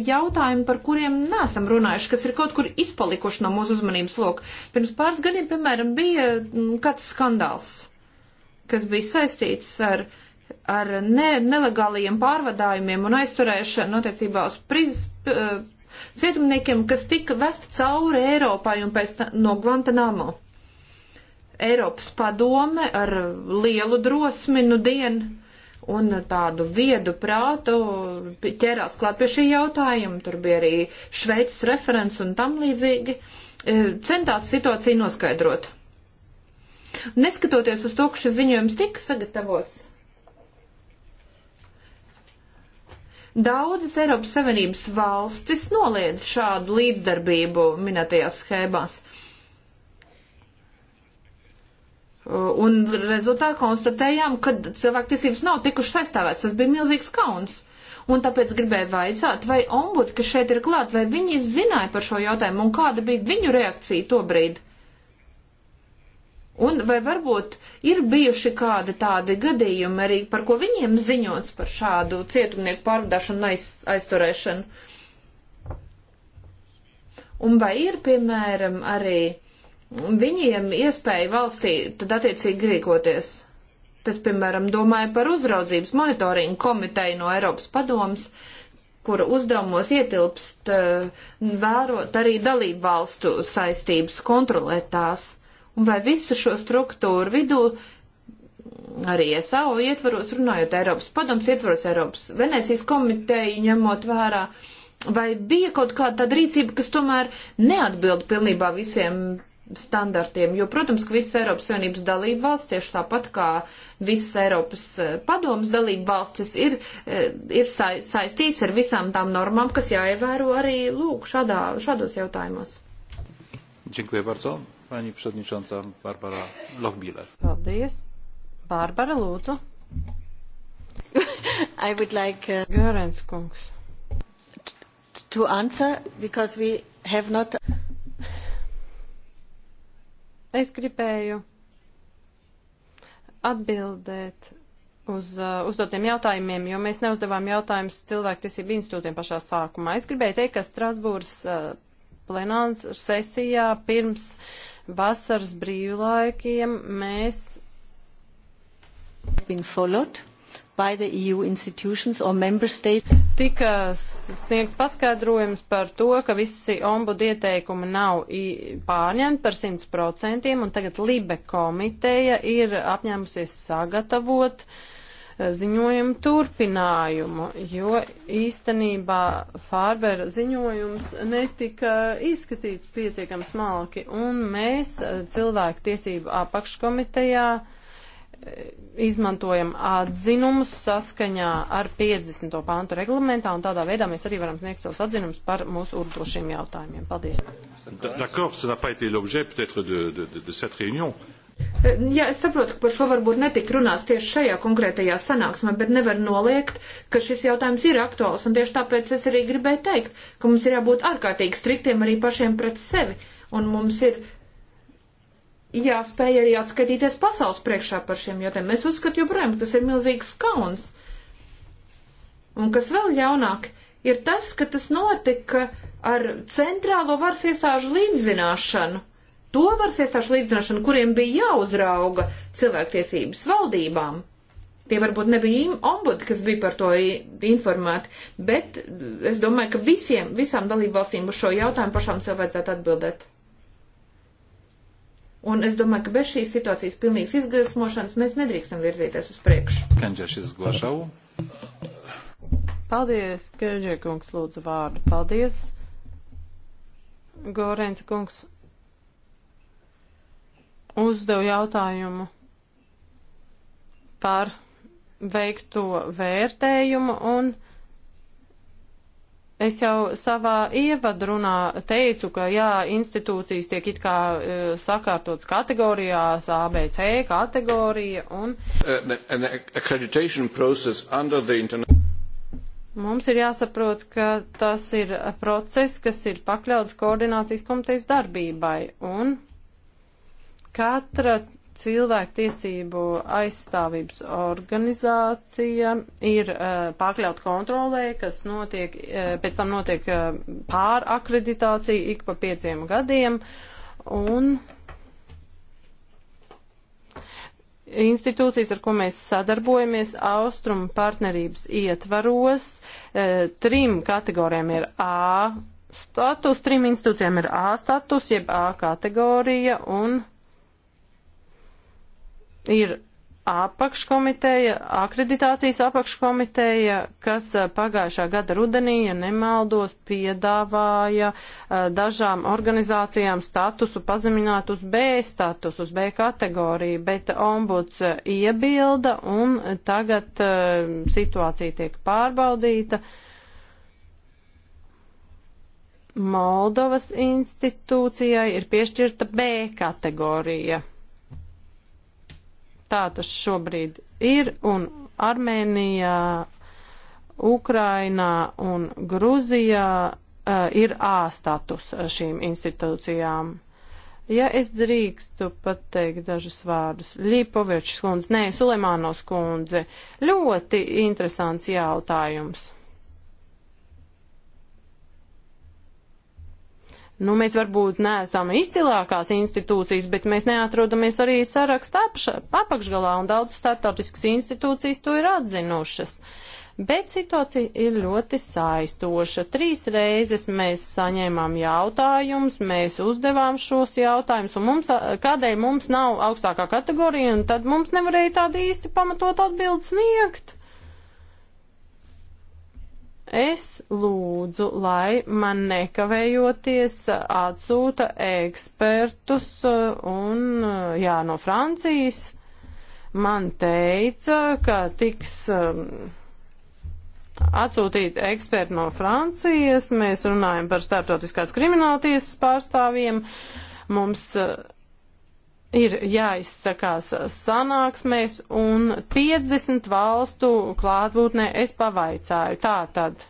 [SPEAKER 1] jautājumi, par kuriem nesam runājuši, kas ir kaut kur izpalikuši no mūsu uzmanības loka? Pirms pāris gadiem, piemēram, bija mm, kāds skandāls, kas bija saistīts ar, ar ne, nelegālajiem pārvadājumiem un aizturēšanu attiecībā uz priz, eh, cietumniekiem, kas tika vesti cauri Eiropai un pēc tam no Guantanamo. Eiropas padome ar lielu drosmi nu dienu un tādu viedu prātu ķērās klāt pie šī jautājuma. Tur bija arī Šveices referents un tam līdzīgi. E, centās situāciju noskaidrot. Neskatoties uz to, ka šis ziņojums tika sagatavots, daudzas Eiropas Savienības valstis noliedz šādu līdzdarbību minētajās schēmās. Uh, un rezultātā konstatējām, ka cilvēktiesības nav tikušas aizstāvētas. Tas bija milzīgs kauns. Un tāpēc gribēju vaicāt, vai ombudi, kas šeit ir klāt, vai viņi zināja par šo jautājumu un kāda bija viņu reakcija tobrīd? Un vai varbūt ir bijuši kādi tādi gadījumi arī, par ko viņiem ziņots par šādu cietumnieku pārvadāšanu un aiz, aizturēšanu? Un vai ir, piemēram, arī viņiem iespēja valstī tad attiecīgi rīkoties. Tas, piemēram, domāja par uzraudzības monitoringu komiteju no Eiropas padomas, kura uzdevumos ietilpst eh, vērot arī dalību valstu saistības, kontrolēt tās. Un vai visu šo struktūru vidū arī SAO ietvaros, runājot Eiropas padoms, ietvaros Eiropas Venecijas komiteju, ņemot vērā, vai bija kaut kāda tāda rīcība, kas tomēr neatbild pilnībā visiem standartiem, jo, protams, ka visas Eiropas Savienības dalība valsts, tieši tāpat kā visas Eiropas eh, padomas dalība valstis, ir, eh, ir sa saistīts ar visām tām normām, kas jāievēro arī, lūk, šādā, šādos jautājumos.
[SPEAKER 4] Dziękuję bardzo. Pani przewodnicząca Barbara Lochbiller.
[SPEAKER 1] Paldies. Barbara, lūdzu.
[SPEAKER 6] I would like uh, Görens kungs. to answer
[SPEAKER 3] because we have not Es gribēju atbildēt uz uh, uzdotiem jautājumiem, jo mēs neuzdevām jautājumus cilvēktiesību institūtiem pašā sākumā. Es gribēju teikt, ka Strasbūras uh, plenāns sesijā pirms vasaras brīvlaikiem mēs. Been followed by the EU institutions or member states. Tika sniegts paskaidrojums par to, ka visi ombudu ieteikumi nav pārņemti par 100%, un tagad Libe komiteja ir apņēmusies sagatavot eh, ziņojumu turpinājumu, jo īstenībā Fārbera ziņojums netika izskatīts pietiekami smalki, un mēs eh, cilvēku tiesību apakškomitejā uh, izmantojam atzinumus saskaņā ar 50. pāntu reglamentā, un tādā veidā mēs arī varam sniegt savus atzinumus par mūsu urdošiem jautājumiem. Paldies.
[SPEAKER 1] E, jā, es saprotu, ka par šo varbūt netika runāts tieši šajā konkrētajā sanāksmē, bet nevar noliegt, ka šis jautājums ir aktuāls, un tieši tāpēc es arī gribēju teikt, ka mums ir jābūt ārkārtīgi striktiem arī pašiem pret sevi, un mums ir jāspēj arī atskaitīties pasaules priekšā par šiem jautājumiem. Es uzskatu joprojām, ka tas ir milzīgs kauns. Un kas vēl jaunāk, ir tas, ka tas notika ar centrālo varas iestāžu līdzzināšanu. To varas iestāžu līdzzināšanu, kuriem bija jāuzrauga cilvēktiesības valdībām. Tie varbūt nebija ombudi, kas bija par to informēti, bet es domāju, ka visiem, visām dalībvalstīm uz šo jautājumu pašām sev vajadzētu atbildēt. Un es domāju, ka bez šīs situācijas pilnīgas izgaismošanas mēs nedrīkstam virzīties uz priekšu.
[SPEAKER 4] Kanģešis Gošau.
[SPEAKER 3] Paldies, Keģie kungs, lūdzu vārdu. Paldies, Gorens kungs. Uzdev jautājumu par veikto vērtējumu un Es jau savā ievadrunā teicu, ka jā, institūcijas tiek it kā e, sakārtotas kategorijās, ABC kategorija un.
[SPEAKER 5] Uh,
[SPEAKER 3] Mums ir jāsaprot, ka tas ir process, kas ir pakļauts koordinācijas komitejas darbībai un katra cilvēktiesību aizstāvības organizācija ir uh, pakļaut kontrolē, kas notiek, uh, pēc tam notiek uh, pārakreditācija ik pa pieciem gadiem, un institūcijas, ar ko mēs sadarbojamies austrumu partnerības ietvaros, uh, trim kategorijām ir A status, trim institūcijām ir A status, jeb A kategorija, un ir apakškomiteja, akreditācijas apakškomiteja, kas pagājušā gada rudenī, ja nemaldos, piedāvāja dažām organizācijām statusu pazemināt uz B statusu, uz B kategoriju, bet ombuds iebilda un tagad situācija tiek pārbaudīta. Moldovas institūcijai ir piešķirta B kategorija. Tā tas šobrīd ir, un Armēnijā, Ukrainā un Gruzijā uh, ir A status šīm institūcijām. Ja es drīkstu pateikt dažus vārdus, Līpoviečs kundze, nē, Sulemānos kundze, ļoti interesants jautājums. Nu, mēs varbūt neesam izcilākās institūcijas, bet mēs neatrodamies arī sarakstā apakšgalā, un daudz startautiskas institūcijas to ir atzinušas. Bet situācija ir ļoti saistoša. Trīs reizes mēs saņēmām jautājumus, mēs uzdevām šos jautājumus, un mums, kādēļ mums nav augstākā kategorija, un tad mums nevarēja tādu īsti pamatot atbildes sniegt. Es lūdzu, lai man nekavējoties atsūta ekspertus uh, un, uh, jā, no Francijas man teica, ka tiks um, atsūtīt eksperti no Francijas. Mēs runājam par starptautiskās krimināltiesas pārstāvjiem. Mums uh, ir jāizsakās sanāksmēs, un 50 valstu klātbūtnē es pavaicāju. Tā tad.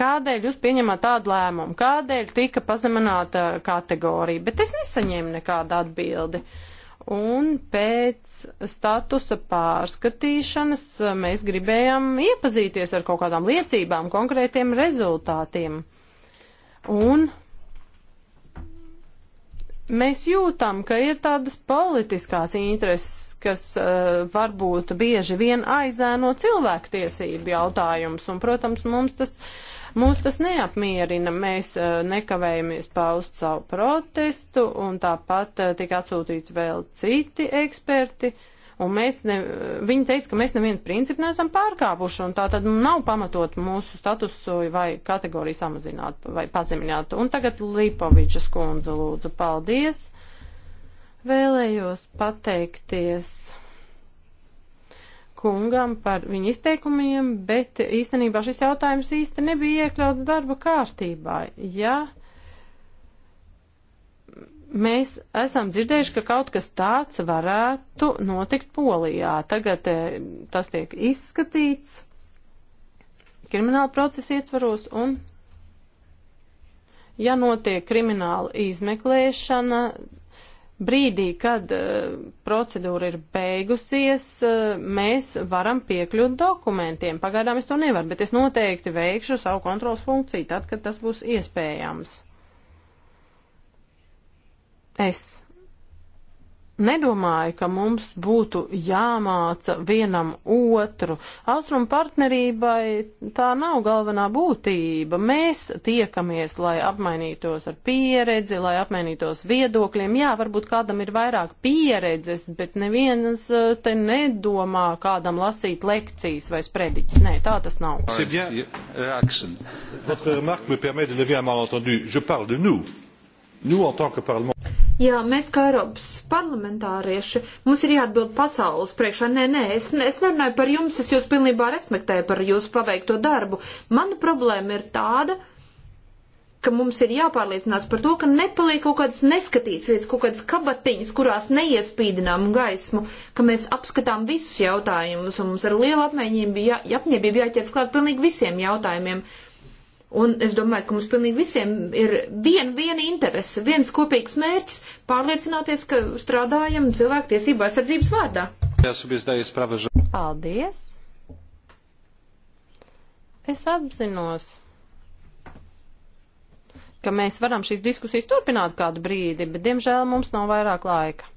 [SPEAKER 3] Kādēļ jūs pieņemat tādu lēmumu? Kādēļ tika pazemināta kategorija? Bet es nesaņēmu nekādu atbildi. Un pēc statusa pārskatīšanas mēs gribējām iepazīties ar kaut kādām liecībām, konkrētiem rezultātiem. Un Mēs jūtam, ka ir tādas politiskās intereses, kas uh, varbūt bieži vien aizēno cilvēktiesību jautājumus, un, protams, mums tas, mums tas neapmierina. Mēs uh, nekavējamies paust savu protestu, un tāpat uh, tika atsūtīti vēl citi eksperti. Uh, un mēs ne, viņi teica, ka mēs nevienu principu neesam pārkāpuši, un tā tad nav pamatot mūsu statusu vai kategoriju samazināt vai pazemināt. Un tagad Lipovičas kundze lūdzu, paldies. Vēlējos pateikties kungam par viņa izteikumiem, bet īstenībā šis jautājums īsti nebija iekļauts darba kārtībā. Ja Mēs esam dzirdējuši, ka kaut kas tāds varētu notikt Polijā. Tagad eh, tas tiek izskatīts krimināla procesa ietvaros un, ja notiek krimināla izmeklēšana, brīdī, kad uh, procedūra ir beigusies, uh, mēs varam piekļūt dokumentiem. Pagaidām es to nevaru, bet es noteikti veikšu savu kontrols funkciju tad, kad tas būs iespējams. Es nedomāju, ka mums būtu jāmāca vienam otru. Austrumu partnerībai tā nav galvenā būtība. Mēs tiekamies, lai apmainītos ar pieredzi, lai apmainītos viedokļiem. Jā, varbūt kādam ir vairāk pieredzes, bet neviens eh, te nedomā kādam lasīt lekcijas vai sprediķus. Nē, tā tas nav.
[SPEAKER 4] Euh, Votre remarque me permet de lever un malentendu. Je parle de nous. Nous, en tant que parlement.
[SPEAKER 3] Jā, mēs kā Eiropas
[SPEAKER 1] parlamentārieši, mums ir jāatbild pasaules priekšā. Nē, nē, es, es nerunāju par jums, es jūs pilnībā respektēju par jūsu paveikto darbu. Mana problēma ir tāda, ka mums ir jāpārliecinās par to, ka nepaliek kaut kādas neskatītas lietas, kaut kādas kabatiņas, kurās neiespīdinām gaismu, ka mēs apskatām visus jautājumus, un mums ar lielu apmēņiem bija jā, apņēmību jāķers klāt pilnīgi visiem jautājumiem, Un es domāju, ka mums pilnīgi visiem ir viena vien interese, viens kopīgs mērķis - pārliecināties, ka strādājam cilvēku tiesību aizsardzības vārdā. Paldies!
[SPEAKER 3] Es apzinos, ka mēs varam šīs diskusijas turpināt kādu brīdi, bet diemžēl mums nav vairāk laika.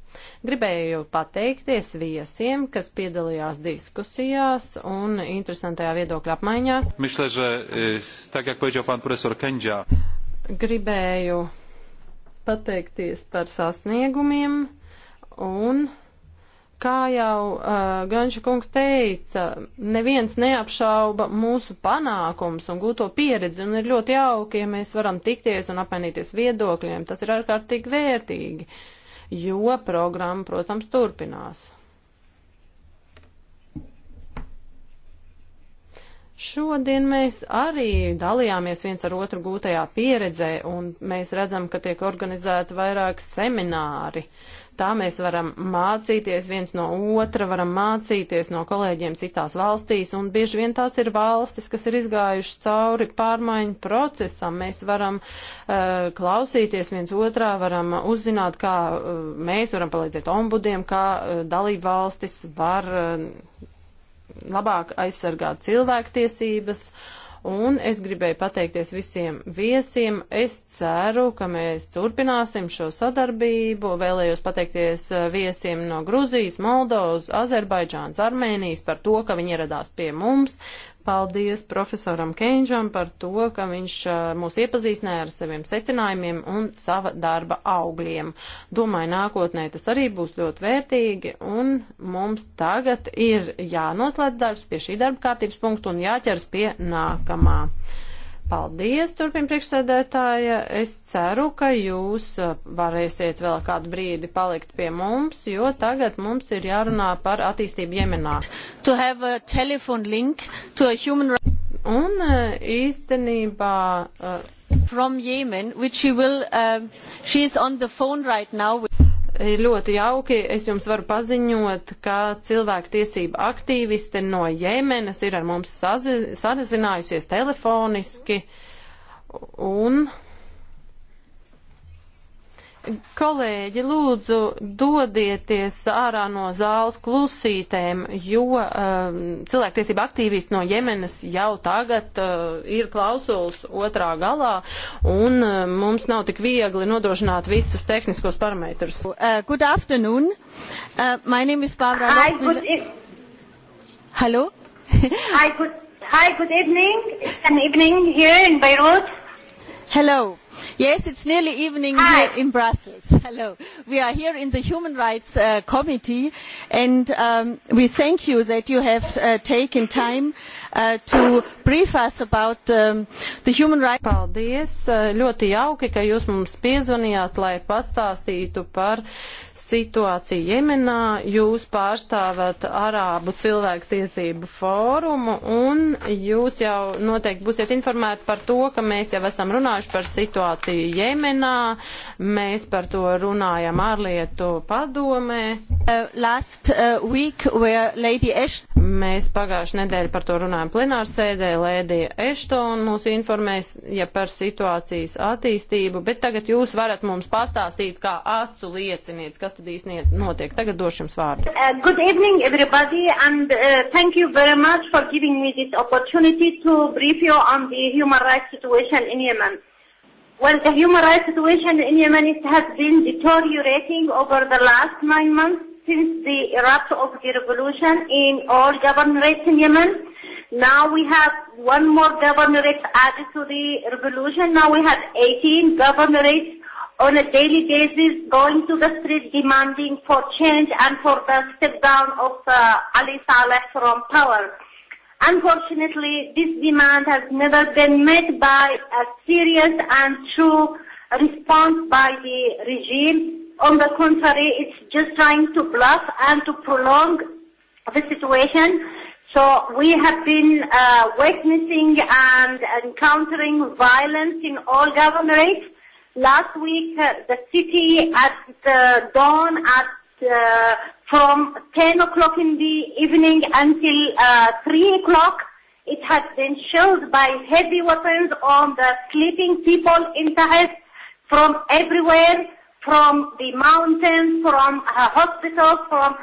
[SPEAKER 3] Gribēju pateikties viesiem, kas piedalījās diskusijās un interesantajā viedokļa apmaiņā.
[SPEAKER 4] Myślę, że, tak jak powiedział pan profesor Kendžā.
[SPEAKER 3] Gribēju pateikties par sasniegumiem un kā jau uh, Ganša kungs teica, neviens neapšauba mūsu panākums un gūto pieredzi, un ir ļoti jauki, ja mēs varam tikties un apmainīties viedokļiem. Tas ir ārkārtīgi vērtīgi. Uh, jo programma, protams, turpinās. Šodien mēs arī dalījāmies viens ar otru gūtajā pieredzē, un mēs redzam, ka tiek organizēti vairāk semināri. Tā mēs varam mācīties viens no otra, varam mācīties no kolēģiem citās valstīs, un bieži vien tās ir valstis, kas ir izgājušas cauri pārmaiņu procesam. Mēs varam uh, klausīties viens otrā, varam uzzināt, kā uh, mēs varam palīdzēt ombudiem, kā uh, dalība valstis var. Uh, labāk aizsargāt cilvēktiesības. Un es gribēju pateikties visiem viesiem. Es ceru, ka mēs turpināsim šo sadarbību. Vēlējos pateikties eh, viesiem no Gruzijas, Moldovas, Azerbaidžānas, Armēnijas par to, ka viņi ieradās pie mums. Paldies profesoram Keinžam par to, ka viņš mūs iepazīstināja ar saviem secinājumiem un sava darba augļiem. Domāju, nākotnē tas arī būs ļoti vērtīgi un mums tagad ir jānoslēdz darbs pie šī darba kārtības punktu un jāķers pie nākamā. Paldies, turpin priekšsēdētāja. Es ceru, ka jūs uh, varēsiet vēl kādu brīdi palikt pie mums, jo tagad mums ir jārunā par attīstību Jemenā. Human... Un uh, īstenībā. Uh, From Yemen, which she will, um, uh, she is on the phone right now. With ir ļoti jauki. Es jums varu paziņot, ka cilvēktiesība aktīviste no Jemenas ir ar mums sazinājusies telefoniski un Kolēģi, lūdzu, dodieties ārā no zāles klusītēm, jo um, cilvēktiesība aktīvisti no Jemenas jau tagad uh, ir klausulas otrā galā, un uh, mums nav tik viegli nodrošināt visus tehniskos parametrus. Uh, good afternoon. Uh, my name is Barbara. Hi, good e- Hello.
[SPEAKER 6] hi, good, hi, good evening. It's an evening here in Beirut. Hello. Yes, it's nearly evening Hi. here in Brussels. Hello. We are here in the Human Rights uh, Committee, and um, we thank you that you have uh, taken
[SPEAKER 3] time uh, Uh, to brief us about um, the human rights. Paldies! Uh, ļoti jauki, ka jūs mums piezvanījāt, lai pastāstītu par situāciju Jemenā. Jūs pārstāvat Arābu cilvēktiesību fórumu un jūs jau noteikti būsiet informēti par to, ka mēs jau esam runājuši par situāciju Jemenā. Mēs par to runājam ārlietu padomē. Uh, last, uh, week, where Lady Ashton... Mēs pagājuši nedēļu par to runājam runājam plenārsēdē, Lēdija Eštona mūs informēs ja par situācijas attīstību, bet tagad jūs varat mums pastāstīt kā acu lieciniec, kas tad īstenībā
[SPEAKER 7] notiek. Tagad došu jums vārdu. Uh, good evening everybody and uh, thank you very much for giving me this opportunity to brief you on the human rights situation in Yemen. Well, the human rights situation in Yemen it has been deteriorating over the last nine months since the erupt of the revolution in all governorates in Yemen. Now we have one more governorate added to the revolution. Now we have 18 governorates on a daily basis going to the street demanding for change and for the step down of uh, Ali Saleh from power. Unfortunately, this demand has never been met by a serious and true response by the regime. On the contrary, it's just trying to bluff and to prolong the situation So we have been uh, witnessing and encountering violence in all governorates. Last week, uh, the city at uh, dawn at uh, from 10 o'clock in the evening until uh, 3 o'clock, it has been shelled by heavy weapons on the sleeping people in Tahiz from everywhere, from the mountains, from uh, hospitals, from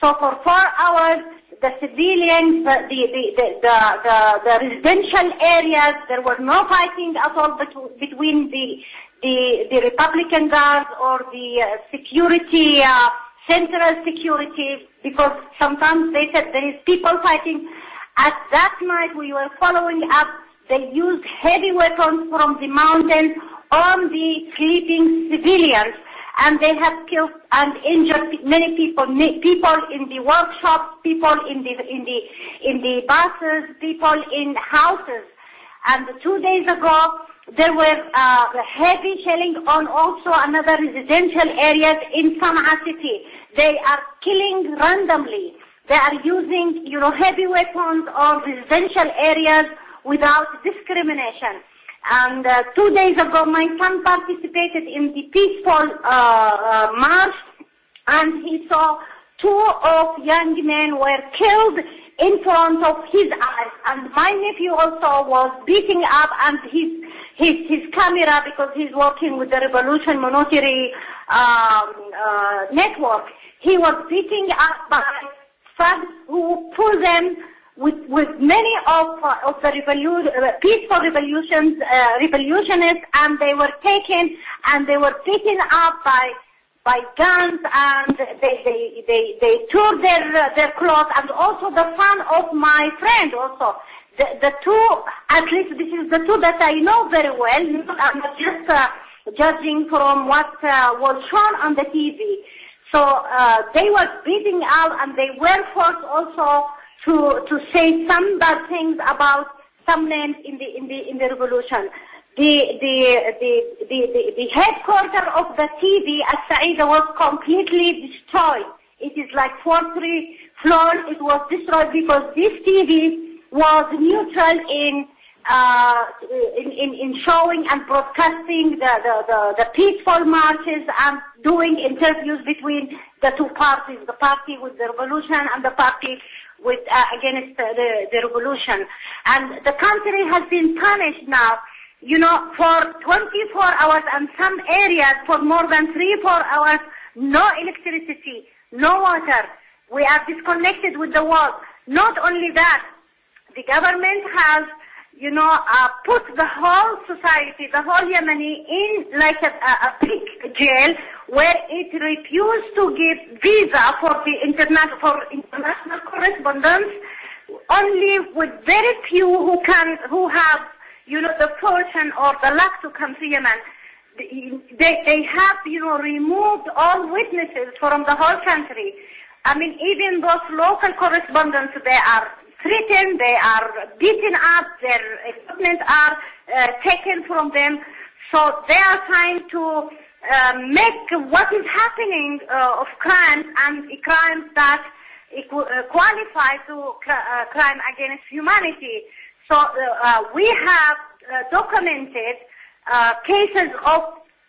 [SPEAKER 7] so for four hours the civilians, the, the, the, the, the, the residential areas, there were no fighting at all between the, the, the Republican Guard or the uh, security, uh, central security, because sometimes they said there is people fighting. At that night we were following up, they used heavy weapons from the mountains on the sleeping civilians and they have killed and injured many people, people in the workshops, people in the, in the, in the buses, people in houses. And two days ago, there were uh, heavy shelling on also another residential areas in Sana'a city. They are killing randomly. They are using, you know, heavy weapons on residential areas without discrimination. And uh, two days ago, my son participated in the peaceful uh, uh, march, and he saw two of young men were killed in front of his eyes. And my nephew also was beating up, and his his his camera because he's working with the Revolution Monetary um, uh, Network. He was beating up by thugs who pull them with, with many of, uh, of the revolu- uh, peaceful revolutions, uh, revolutionists, and they were taken and they were beaten up by by guns, and they they they, they tore their uh, their clothes, and also the son of my friend also. The, the two, at least this is the two that I know very well. I'm not just uh, judging from what uh, was shown on the TV. So uh, they were beating out, and they were forced also to to say some bad things about some names in the in the in the revolution. The the the the, the, the headquarter of the TV at Saida was completely destroyed. It is like four three floor. It was destroyed because this TV was neutral in uh, in, in, in showing and broadcasting the, the, the, the peaceful marches and doing interviews between the two parties, the party with the revolution and the party with uh, against uh, the, the revolution. And the country has been punished now, you know, for 24 hours and some areas for more than three, four hours, no electricity, no water. We are disconnected with the world. Not only that, the government has, you know, uh, put the whole society, the whole Yemeni in like a, a, a big jail where it refused to give visa for the interna- for international correspondents only with very few who can who have you know the fortune or the luck to come to Yemen. They they have you know removed all witnesses from the whole country. I mean even those local correspondents they are threatened, they are beaten up, their equipment are uh, taken from them. So they are trying to uh, make what is happening uh, of crimes and crimes that equal, uh, qualify to cr uh, crime against humanity. So uh, uh, we have uh, documented uh, cases of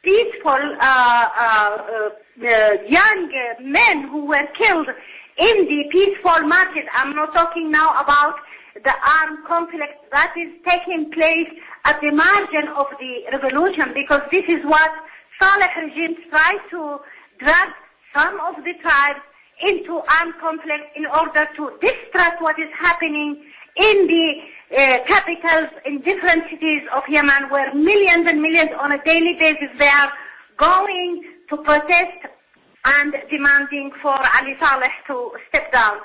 [SPEAKER 7] peaceful uh, uh, uh, young men who were killed in the peaceful market. I'm not talking now about the armed conflict that is taking place at the margin of the revolution because this is what uh, Saleh regime tried to drag some of the tribes into armed conflict in order to distract what is happening in the uh, capitals in different cities of Yemen where millions and millions on a daily basis they are going to protest and demanding for Ali Saleh to step down.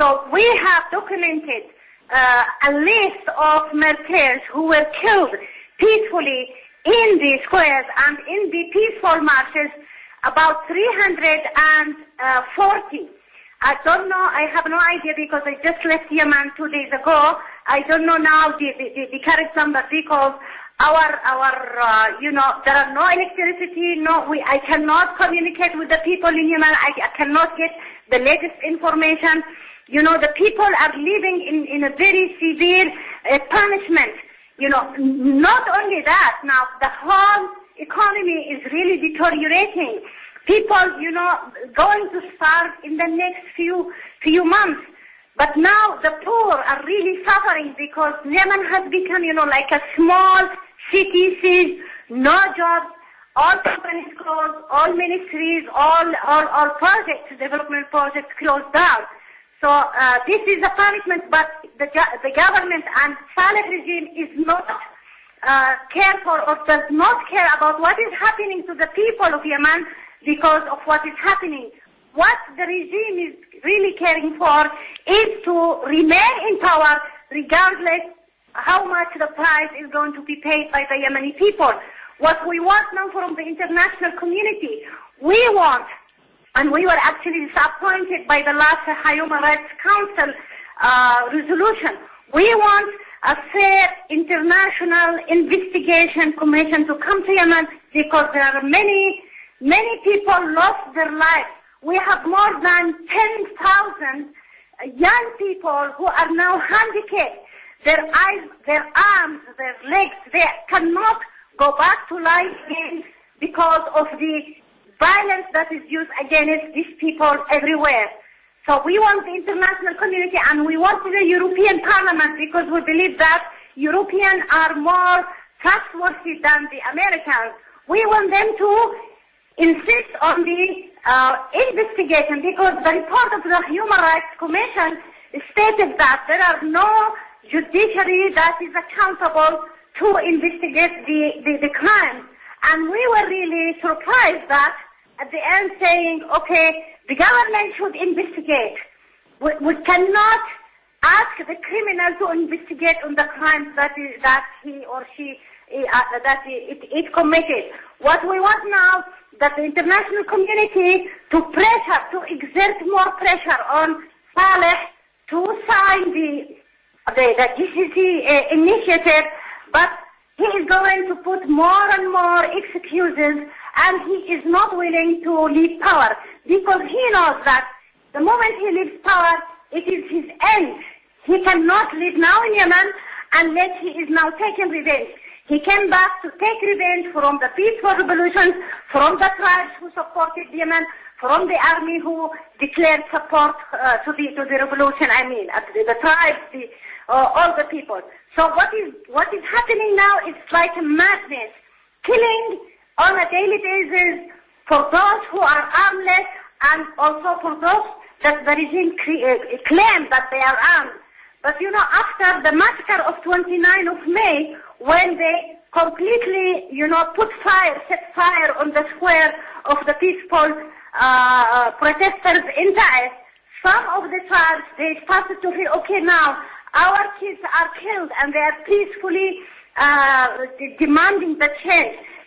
[SPEAKER 7] So we have documented uh, a list of Merkers who were killed peacefully in the squares and in the peaceful marches, about 340. I don't know, I have no idea because I just left Yemen two days ago. I don't know now the, the, the correct number because our, our, uh, you know, there are no electricity, no, we, I cannot communicate with the people in Yemen. I, I cannot get the latest information. You know, the people are living in, in a very severe uh, punishment you know, not only that, now the whole economy is really deteriorating. People, you know, going to starve in the next few few months. But now the poor are really suffering because Yemen has become, you know, like a small city, city no jobs, all companies closed, all ministries, all, all, all projects, development projects closed down. So uh, this is a punishment, but the, the government and Saleh regime is not uh, careful or does not care about what is happening to the people of Yemen because of what is happening. What the regime is really caring for is to remain in power regardless how much the price is going to be paid by the Yemeni people. What we want now from the international community, we want And we were actually disappointed by the last Human Rights Council uh, resolution. We want a fair international investigation commission to come to Yemen because there are many, many people lost their lives. We have more than 10,000 young people who are now handicapped. Their eyes, their arms, their legs, they cannot go back to life again because of the violence that is used against these people everywhere. So we want the international community and we want the European Parliament because we believe that Europeans are more trustworthy than the Americans. We want them to insist on the uh, investigation because the report of the Human Rights Commission stated that there are no judiciary that is accountable to investigate the, the, the crime. And we were really surprised that at the end saying, okay, the government should investigate. We, we cannot ask the criminal to investigate on the crimes that, is, that he or she uh, that it, it committed. What we want now that the international community to pressure, to exert more pressure on Saleh to sign the the, the GCC uh, initiative, but he is going to put more and more excuses and he is not willing to leave power because he knows that the moment he leaves power, it is his end. He cannot live now in Yemen unless he is now taking revenge. He came back to take revenge from the peaceful revolutions, from the tribes who supported Yemen, from the army who declared support uh, to, the, to the revolution, I mean, uh, the, the tribes, the, uh, all the people. So what is, what is happening now is like a madness, killing on a daily basis for those who are armless and also for those that the regime cre- uh, claimed that they are armed. But you know, after the massacre of 29 of May, when they completely, you know, put fire, set fire on the square of the peaceful uh, protesters in Daesh, some of the tribes, they started to feel, okay, now our kids are killed and they are peacefully uh, demanding the change.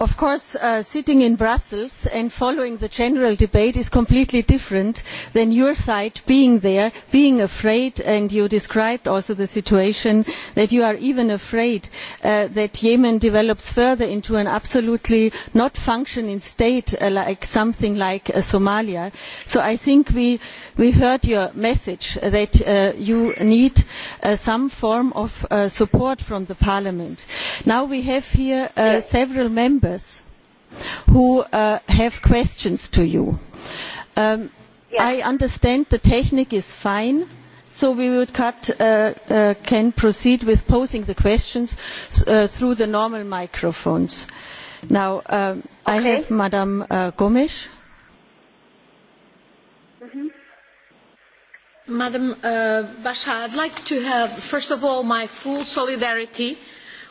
[SPEAKER 6] of course uh, sitting in brussels and following the general debate is completely different than your side being there being afraid and you described also the situation that you are even afraid uh, that yemen develops further into an absolutely not functioning state uh, like something like uh, somalia so i think we we heard your message that uh, you need uh, some form of support from parliament now we have here several members members who uh, have questions to you. Um, yes. I understand the technique is fine, so we would cut, uh, uh, can proceed with posing the questions uh, through the normal microphones. Now, um, okay. I have Madame uh, Gomes.
[SPEAKER 8] Mm-hmm. Madam uh, Basha, I'd like to have, first of all, my full solidarity uh,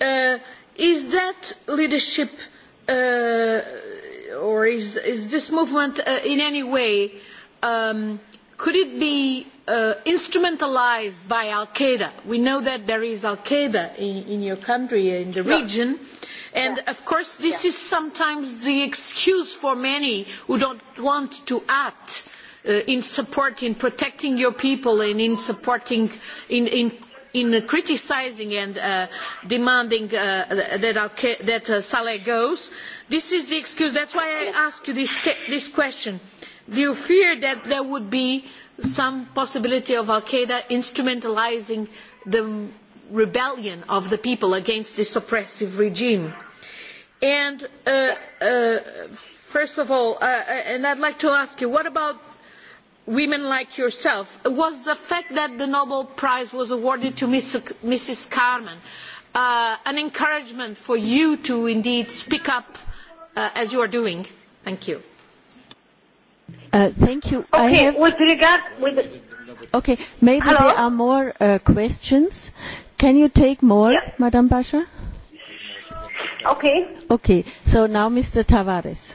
[SPEAKER 8] Uh, is that leadership uh, or is, is this movement uh, in any way, um, could it be uh, instrumentalized by Al-Qaeda? We know that there is Al-Qaeda in, in your country, in the yeah. region. And yeah. of course, this yeah. is sometimes the excuse for many who don't want to act uh, in support, in protecting your people and in supporting, in, in in uh, criticizing and uh, demanding uh, that, Al- that uh, Saleh goes. This is the excuse. That's why I ask you this, this question. Do you fear that there would be some possibility of Al-Qaeda instrumentalizing the rebellion of the people against this oppressive regime? And uh, uh, first of all, uh, uh and I'd like to ask you, what about women like yourself was the fact that the Nobel Prize was awarded to Ms. Mrs. Carmen uh, an encouragement for you to indeed speak up uh, as you are doing? Thank you.
[SPEAKER 6] Uh, thank you. Okay, I have... with regard... With... Okay, maybe Hello? there are more uh, questions. Can you take more, yeah. Madam Basha? Okay. Okay, so now Mr. Tavares.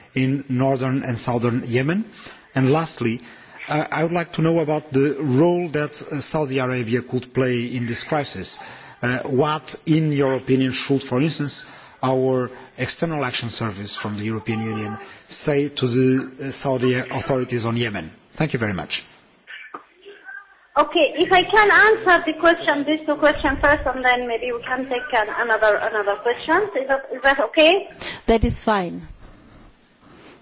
[SPEAKER 9] in northern and southern Yemen? And lastly, uh, I would like to know about the role that uh, Saudi Arabia could play in this crisis. Uh, what, in your opinion, should, for instance, our external action service from the European Union say to the uh, Saudi authorities on Yemen? Thank you very much.
[SPEAKER 7] Okay, if I can answer the question, these two questions first, and then maybe we can take an, another another question. Is that, is that okay? That is fine.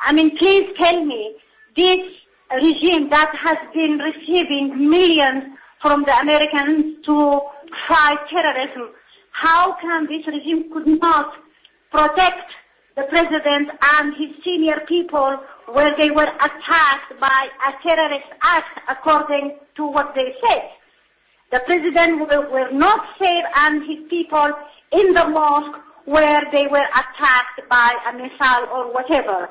[SPEAKER 7] I mean, please tell me, this regime that has been receiving millions from the Americans to fight terrorism, how can this regime could not protect the president and his senior people where they were attacked by a terrorist act according to what they said? The president were, were not safe and his people in the mosque where they were attacked by a missile or whatever.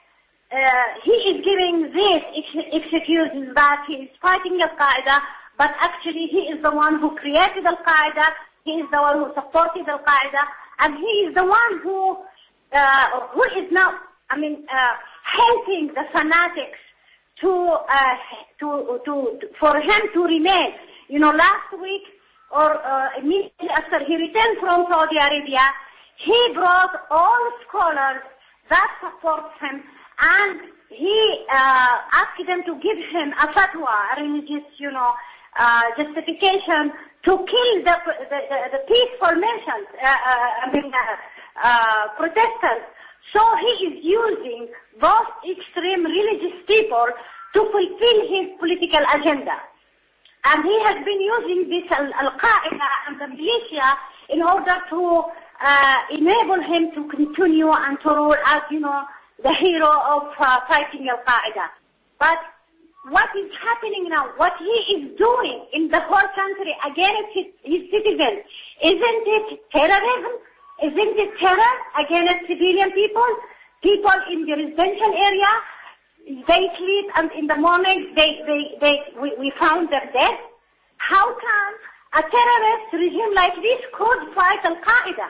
[SPEAKER 7] uh, he is giving this ex execution that he is fighting Al-Qaeda, but actually he is the one who created Al-Qaeda, he is the one who supported Al-Qaeda, and he is the one who, uh, who is now, I mean, uh, helping the fanatics to, uh, to, to, to, for him to remain. You know, last week, or uh, immediately after he returned from Saudi Arabia, he brought all scholars that support him and he uh, asked them to give him a fatwa, a religious, you know, uh, justification to kill the the, the, the peaceful nations, uh, uh, I mean, uh, uh, protesters. So he is using both extreme religious people to fulfill his political agenda. And he has been using this al-Qaeda and the militia in order to uh, enable him to continue and to rule as, you know, the hero of uh, fighting Al-Qaeda. But what is happening now, what he is doing in the whole country against his, his citizens, isn't it terrorism? Isn't it terror against civilian people? People in the residential area, they sleep and in the morning they, they, they, we, we found them dead. How come a terrorist regime like this could fight Al-Qaeda?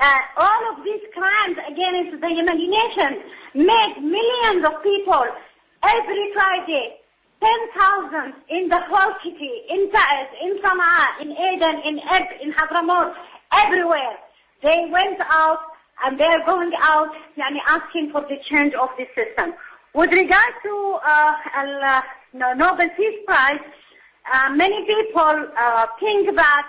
[SPEAKER 7] Uh, all of these crimes against the human nation make millions of people every Friday, 10,000 in the whole city, in Taiz, in Sana'a, in Aden, in Eb, in Hadramaut, everywhere. They went out and they are going out yani, asking for the change of the system. With regard to uh, the uh, Nobel Peace Prize, uh, many people uh, think that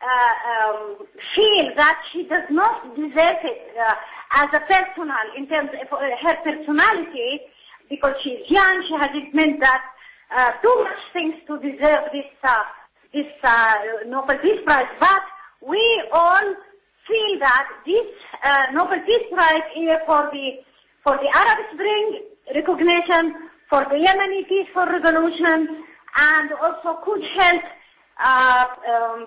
[SPEAKER 7] uh, um, feel that she does not deserve it uh, as a personal, in terms of her personality, because she's young, she hasn't meant that uh, too much things to deserve this, uh, this uh, Nobel Peace Prize, but we all feel that this uh, Nobel Peace Prize is for the, for the Arab Spring recognition, for the Yemeni peaceful resolution, and also could help uh, um,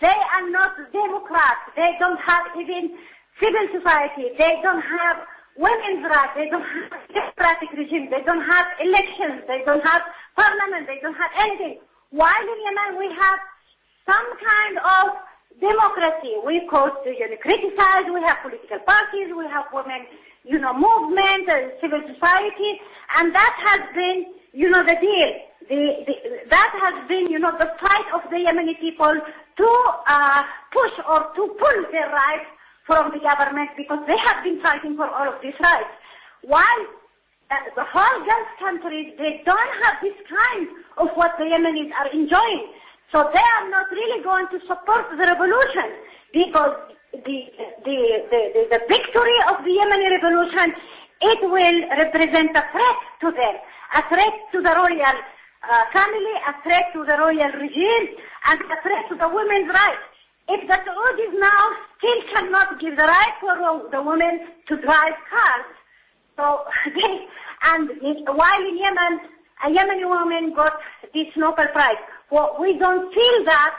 [SPEAKER 7] They are not democrats. They don't have even civil society. They don't have women's rights. They don't have democratic regime. They don't have elections. They don't have parliament. They don't have anything. While in Yemen we have some kind of democracy. We cause to you know, criticize. We have political parties. We have women, you know, movement, uh, civil society, and that has been, you know, the deal. The, the, that has been, you know, the fight of the Yemeni people to uh, push or to pull their rights from the government because they have been fighting for all of these rights. While uh, the whole Gulf countries, they don't have this kind of what the Yemenis are enjoying. So they are not really going to support the revolution because the, the, the, the, the victory of the Yemeni revolution, it will represent a threat to them, a threat to the royal uh, family, a threat to the royal regime, and the threat to the women's rights. If the Saudis now still cannot give the right for the women to drive cars, so they, and while in Yemen, a Yemeni woman got this Nobel Prize. Well, we don't feel that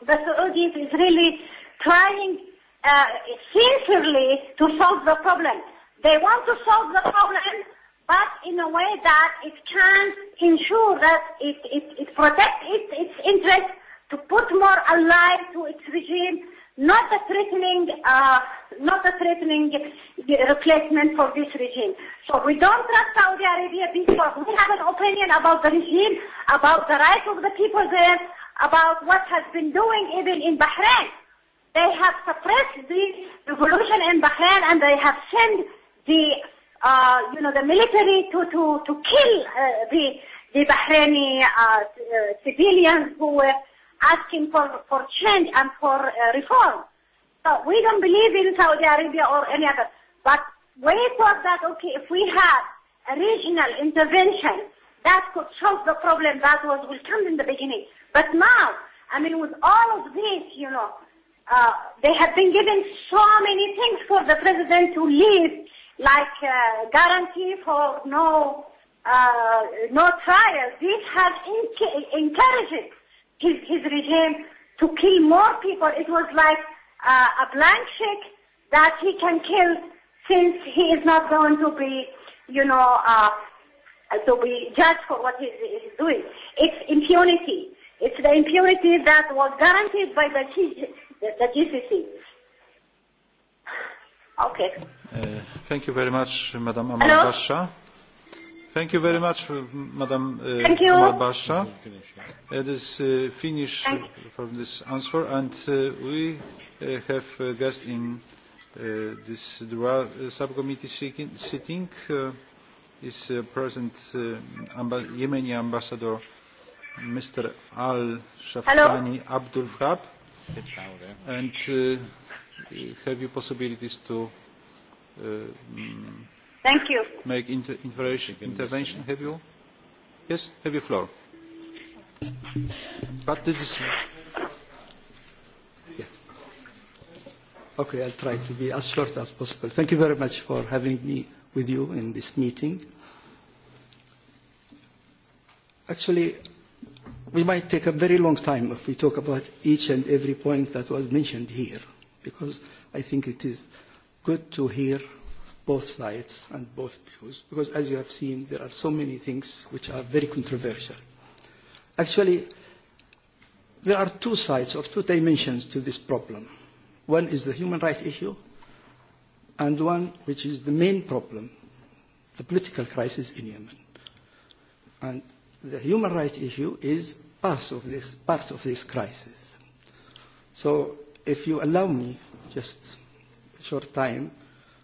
[SPEAKER 7] the Saudis is really trying uh, sincerely to solve the problem. They want to solve the problem, but in a way that it can ensure that it, it, it protects its, its interests to put more allies to its regime, not a threatening, uh, not a threatening replacement for this regime. So we don't trust Saudi Arabia because we have an opinion about the regime, about the rights of the people there, about what has been doing even in Bahrain. They have suppressed the revolution in Bahrain and they have sent the, uh, you know, the military to, to, to kill uh, the, the Bahraini uh, uh, civilians who were asking for, for change and for uh, reform. So we don't believe in Saudi Arabia or any other. But we thought that, okay, if we had a regional intervention that could solve the problem that was welcomed in the beginning. But now, I mean, with all of this, you know, uh, they have been given so many things for the president to leave, like uh, guarantee for no uh, no trial. This has enc- encouraged his, his regime to kill more people. It was like uh, a blank check that he can kill since he is not going to be, you know, uh, to be judged for what he's, he's doing. It's impunity. It's the impunity that was guaranteed by the, G- the, the GCC.
[SPEAKER 10] Okay.
[SPEAKER 4] Uh, thank you very much, Madam Amal Basha. Thank you very much, Madam uh, Thank you. Basha. It is uh, finished Thank from this answer, and uh, we uh, have a guest in uh, this dual subcommittee sitting. Uh, is uh, present uh, amb Yemeni ambassador, Mr. Al Shafani Abdul Wahab. And uh, have you possibilities to uh, mm, Thank you. Make inter intervention. intervention. Have you?
[SPEAKER 10] Yes, have your floor. But this is. Yeah. Okay, I'll try to be as short as possible. Thank you very much for having me with you in this meeting. Actually, we might take a very long time if we talk about each and every point that was mentioned here, because I think it is good to hear both sides and both views, because as you have seen, there are so many things which are very controversial. Actually, there are two sides or two dimensions to this problem. One is the human rights issue, and one which is the main problem, the political crisis in Yemen. And the human rights issue is part of this, part of this crisis. So if you allow me just a short time,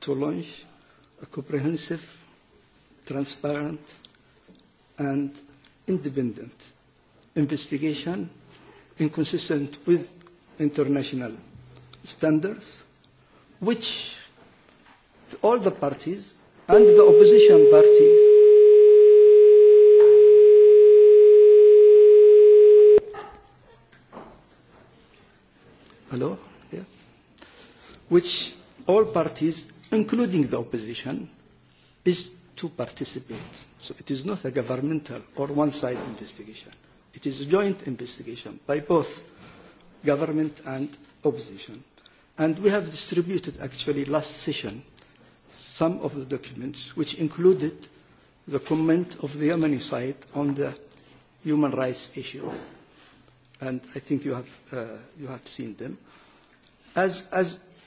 [SPEAKER 10] to launch a comprehensive, transparent, and independent investigation inconsistent with international standards, which all the parties and the opposition party Hello? Yeah. Which all parties including the opposition, is to participate. So it is not a governmental or one-side investigation. It is a joint investigation by both government and opposition. And we have distributed, actually, last session, some of the documents which included the comment of the Yemeni side on the human rights issue. And I think you have, uh, you have seen them. As, as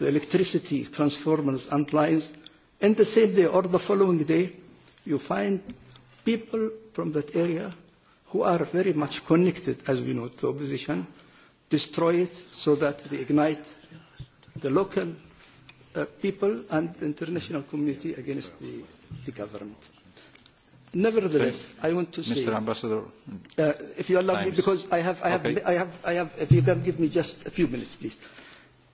[SPEAKER 10] the electricity transformers and lines, and the same day or the following day, you find people from that area who are very much connected, as we know, to opposition, destroy it so that they ignite the local uh, people and the international community against the, the government. Nevertheless, Thank I want to Mr. say, Mr. Uh, Ambassador, uh, if you allow times. me, because I have, I have, okay. I have, I have, if you can give me just a few minutes, please. Uh,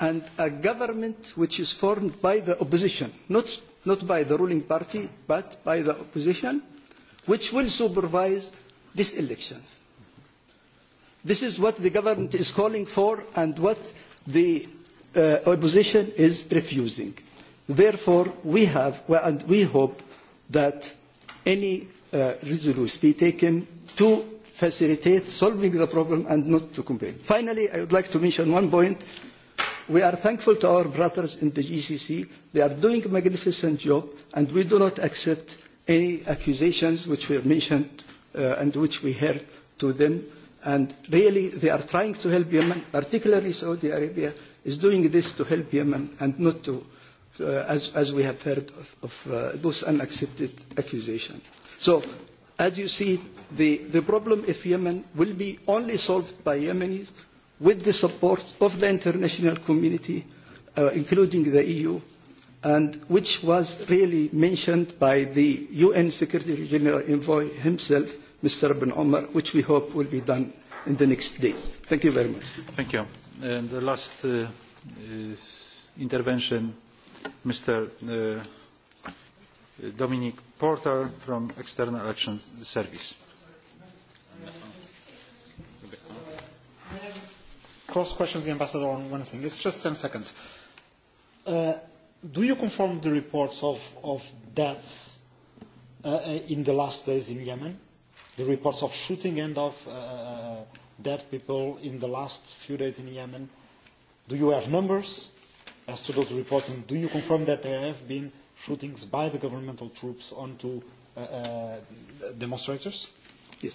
[SPEAKER 10] and a government which is formed by the opposition, not, not by the ruling party, but by the opposition, which will supervise these elections. This is what the government is calling for and what the uh, opposition is refusing. Therefore, we have, well, and we hope that any uh, resolution be taken to facilitate solving the problem and not to complain. Finally, I would like to mention one point We are thankful to our brothers in the GCC. They are doing a magnificent job, and we do not accept any accusations which were mentioned uh, and which we heard to them. And really, they are trying to help Yemen, particularly Saudi Arabia is doing this to help Yemen and not to, uh, as, as we have heard of, of uh, those unaccepted accusations. So, as you see, the, the problem of Yemen will be only solved by Yemenis with the support of the international community, uh, including the EU, and which was really mentioned by the UN Secretary General Envoy himself, Mr. Ibn Omar, which we hope will be done in the next days. Thank you very much. Thank you.
[SPEAKER 4] And the last uh, uh intervention, Mr. Uh, Dominic Porter from External Action Service.
[SPEAKER 9] cross-question the ambassador on one thing. It's just 10 seconds. Uh, do you confirm the reports of, of deaths uh, uh, in the last days in Yemen? The reports of shooting and of uh, uh, dead people in the last few days in Yemen? Do you have numbers as to those reports? And do you confirm that there have been shootings by the governmental
[SPEAKER 10] troops onto uh, uh, demonstrators? Yes.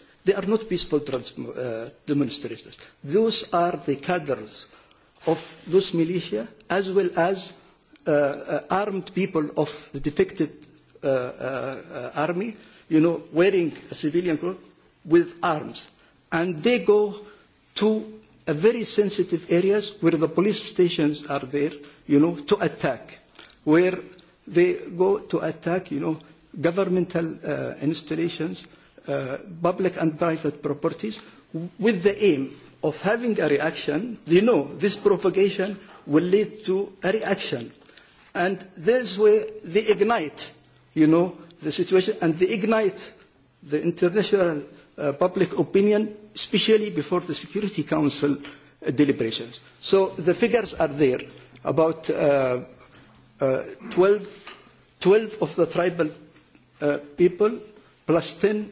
[SPEAKER 10] They are not peaceful trans uh, demonstrators. Those are the cadres of those militia as well as uh, uh, armed people of the defected uh, uh, uh army, you know, wearing a civilian clothes with arms. And they go to a very sensitive areas where the police stations are there, you know, to attack, where they go to attack, you know, governmental uh, installations, uh, uh, public and private properties with the aim of having a reaction. They know this propagation will lead to a reaction. And this way they ignite, you know, the situation and they ignite the international uh, public opinion, especially before the Security Council uh, deliberations. So the figures are there about uh, uh, 12, 12 of the tribal uh, people plus 10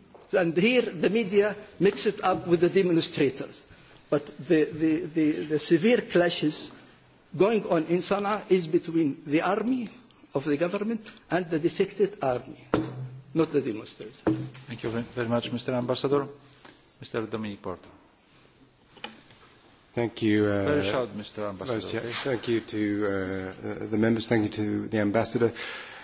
[SPEAKER 10] And here the media mix it up with the demonstrators. But the, the, the, the severe clashes going on in Sana'a is between the army of the government and the defected army, not the demonstrators.
[SPEAKER 4] Thank you very much, Mr. Ambassador. Mr. Dominic Porter.
[SPEAKER 5] Thank you. Uh, very short, Mr. Ambassador. Vice Chair. Thank you to uh, uh, the members. Thank you to the Ambassador. Uh,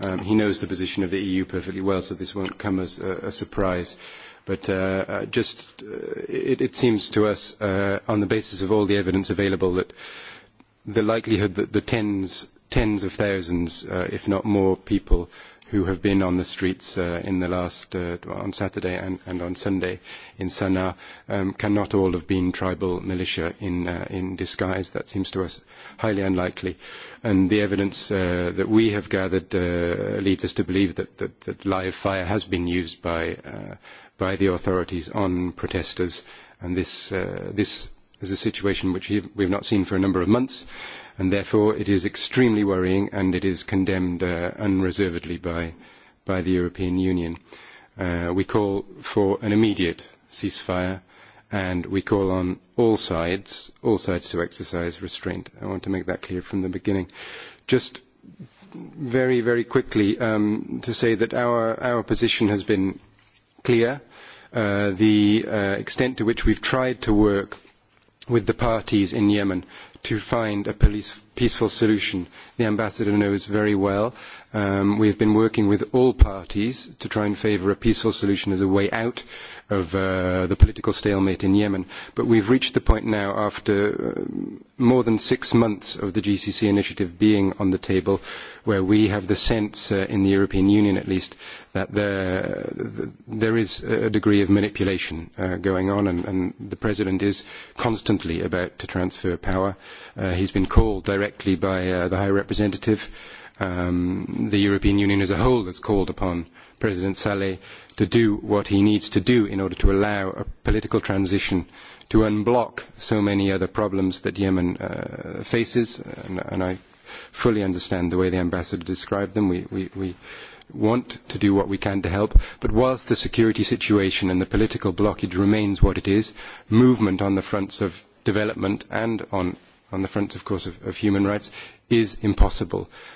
[SPEAKER 5] Um, he knows the position of the EU perfectly well, so this won't come as a, a surprise. But uh, uh, just uh, it, it seems to us, uh, on the basis of all the evidence available, that the likelihood that the tens, tens of thousands, uh, if not more, people who have been on the streets uh, in the last uh, on Saturday and, and on Sunday in Sana'a um, cannot all have been tribal militia in uh, in disguise. That seems to us highly unlikely, and the evidence uh, that we have gathered uh, leads us to believe that, that that live fire has been used by uh, by the authorities on protesters, and this uh, this is a situation which we've not seen for a number of months. Uh, and therefore it is extremely worrying and it is condemned uh, unreservedly by, by the European Union. Uh, we call for an immediate ceasefire and we call on all sides, all sides to exercise restraint. I want to make that clear from the beginning. Just very, very quickly um, to say that our, our position has been clear. Uh, the uh, extent to which we've tried to work with the parties in Yemen to find a police, peaceful solution. The ambassador knows very well. Um, we've been working with all parties to try and favour a peaceful solution as a way out. Uh, of uh, the political stalemate in Yemen. But we've reached the point now, after uh, more than six months of the GCC initiative being on the table, where we have the sense, uh, in the European Union at least, that there, there is a degree of manipulation uh, going on, and, and the President is constantly about to transfer power. Uh, he's been called directly by uh, the High Representative. Um, the European Union as a whole has called upon President Saleh to do what he needs to do in order to allow a political transition to unblock so many other problems that Yemen uh, faces. And, and I fully understand the way the ambassador described them. We, we, we want to do what we can to help. But whilst the security situation and the political blockage remains what it is, movement on the fronts of development and on, on the fronts, of course, of, of human rights is impossible. Uh,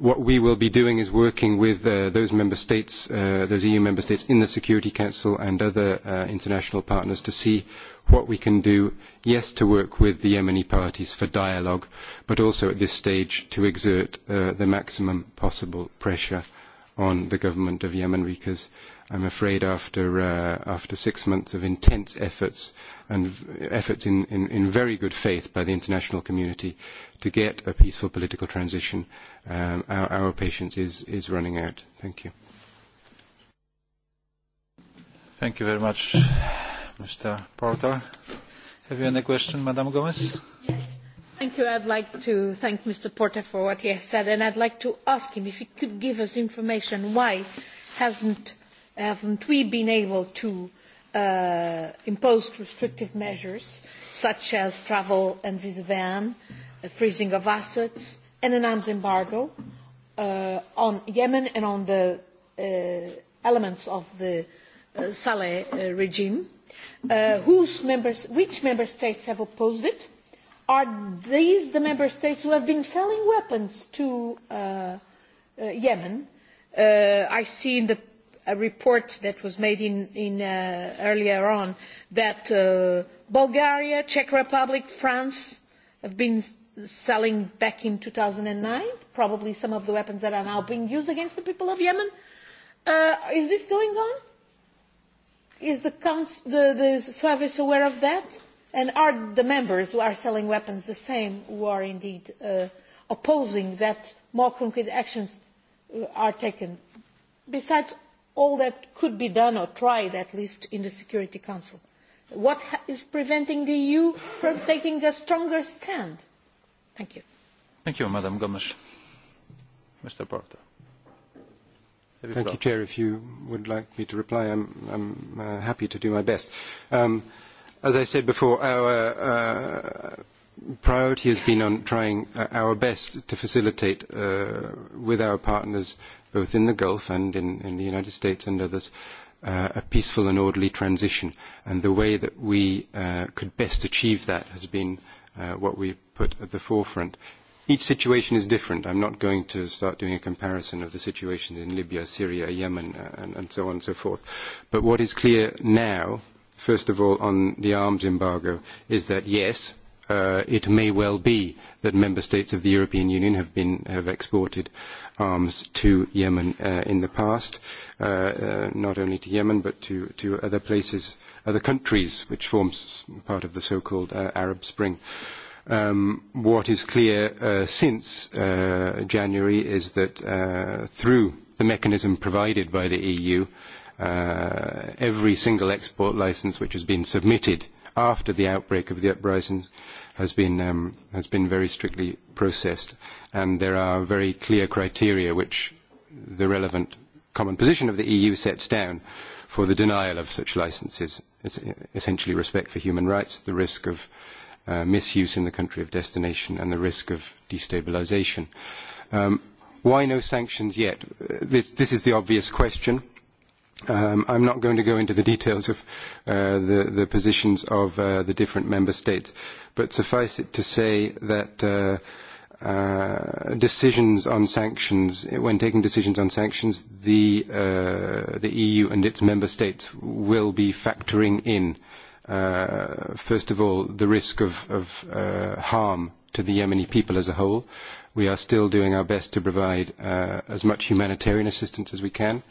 [SPEAKER 5] What we will be doing is working with uh, those member states, uh, those EU member states in the Security Council and other uh, international partners to see what we can do, yes, to work with the Yemeni parties for dialogue, but also at this stage to exert uh, the maximum possible pressure on the government of Yemen because I'm afraid after, uh, after six months of intense efforts and efforts in, in, in very good faith by the international community, to get a peaceful political transition, um, our, our patience is, is running out. Thank you.
[SPEAKER 4] Thank you very much, Mr. Porter. Have you any question, Madam Gomez? Yes.
[SPEAKER 8] Thank you. I'd like to thank Mr. Porter for what he has said, and I'd like to ask him if he could give us information why hasn't, haven't we been able to uh, impose restrictive measures such as travel and visa ban uh, a freezing of assets, and an arms embargo uh, on Yemen and on the uh, elements of the uh, Saleh uh, regime. Uh, whose members, which member states have opposed it? Are these the member states who have been selling weapons to uh, uh, Yemen? Uh, I see in the a report that was made in, in, uh, earlier on that uh, Bulgaria, Czech Republic, France have been selling back in 2009, probably some of the weapons that are now being used against the people of Yemen. Uh, is this going on? Is the, council, the, the service aware of that? And are the members who are selling weapons the same who are indeed uh, opposing that more concrete actions uh, are taken, besides all that could be done or tried, at least in the Security Council? What ha- is preventing the EU from taking a stronger stand? Thank you.
[SPEAKER 4] Thank you, Madam Gomes. Mr. Porter. Thank floor. you,
[SPEAKER 5] Chair. If you would like me to reply, I'm, I'm uh, happy to do my best. Um, as I said before, our uh, priority has been on trying uh, our best to facilitate uh, with our partners, both in the Gulf and in, in the United States and others, uh, a peaceful and orderly transition. And the way that we uh, could best achieve that has been uh, uh, what we put at the forefront. Each situation is different. I'm not going to start doing a comparison of the situations in Libya, Syria, Yemen, uh, and, and so on and so forth. But what is clear now, first of all, on the arms embargo, is that yes, uh, it may well be that member states of the European Union have been have exported arms to Yemen uh, in the past, uh, uh, not only to Yemen but to to other places uh, the countries, which forms part of the so-called uh, Arab Spring. Um, what is clear uh, since uh, January is that uh, through the mechanism provided by the EU, uh, every single export license which has been submitted after the outbreak of the uprisings has been um, has been very strictly processed, and there are very clear criteria which the relevant common position of the EU sets down. Uh, for the denial of such licenses. It's essentially respect for human rights, the risk of uh, misuse in the country of destination, and the risk of destabilization. Um, why no sanctions yet? Uh, this, this is the obvious question. Um, I'm not going to go into the details of uh, the, the positions of uh, the different member states, but suffice it to say that uh, uh, decisions on sanctions, when taking decisions on sanctions, the, uh, the EU and its member states will be factoring in, uh, first of all, the risk of, of uh, harm to the Yemeni people as a whole. We are still doing our best to provide uh, as much humanitarian assistance as we can. Uh,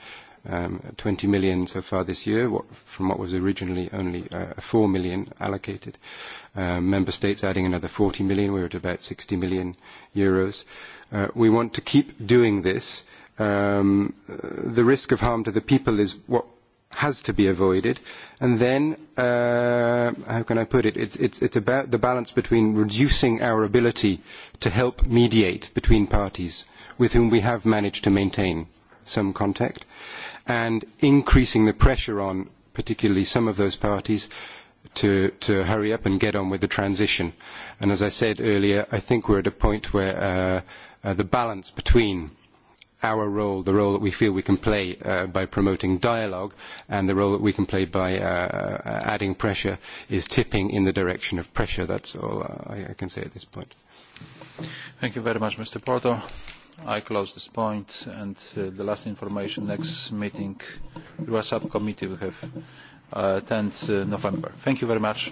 [SPEAKER 5] um, 20 million so far this year, what, from what was originally only uh, 4 million allocated. Uh, member states adding another 40 million. We're at about 60 million euros. Uh, we want to keep doing this. Um, the risk of harm to the people is what has to be avoided. And then, uh, how can I put it? It's, it's, it's about the balance between reducing our ability to help mediate between parties with whom we have managed to maintain some contact and increasing the pressure on particularly some of those parties to, to hurry up and get on with the transition. And as I said earlier, I think we're at a point where uh, uh, the balance between our role, the role that we feel we can play uh, by promoting dialogue, and the role that we can play by uh, uh adding pressure is tipping in the direction of pressure. That's all I, I can say at this point.
[SPEAKER 4] Thank you very much, Mr. Porto. I close this point and uh, the last information next meeting through a subcommittee we have uh, 10th uh, November. Thank you very much.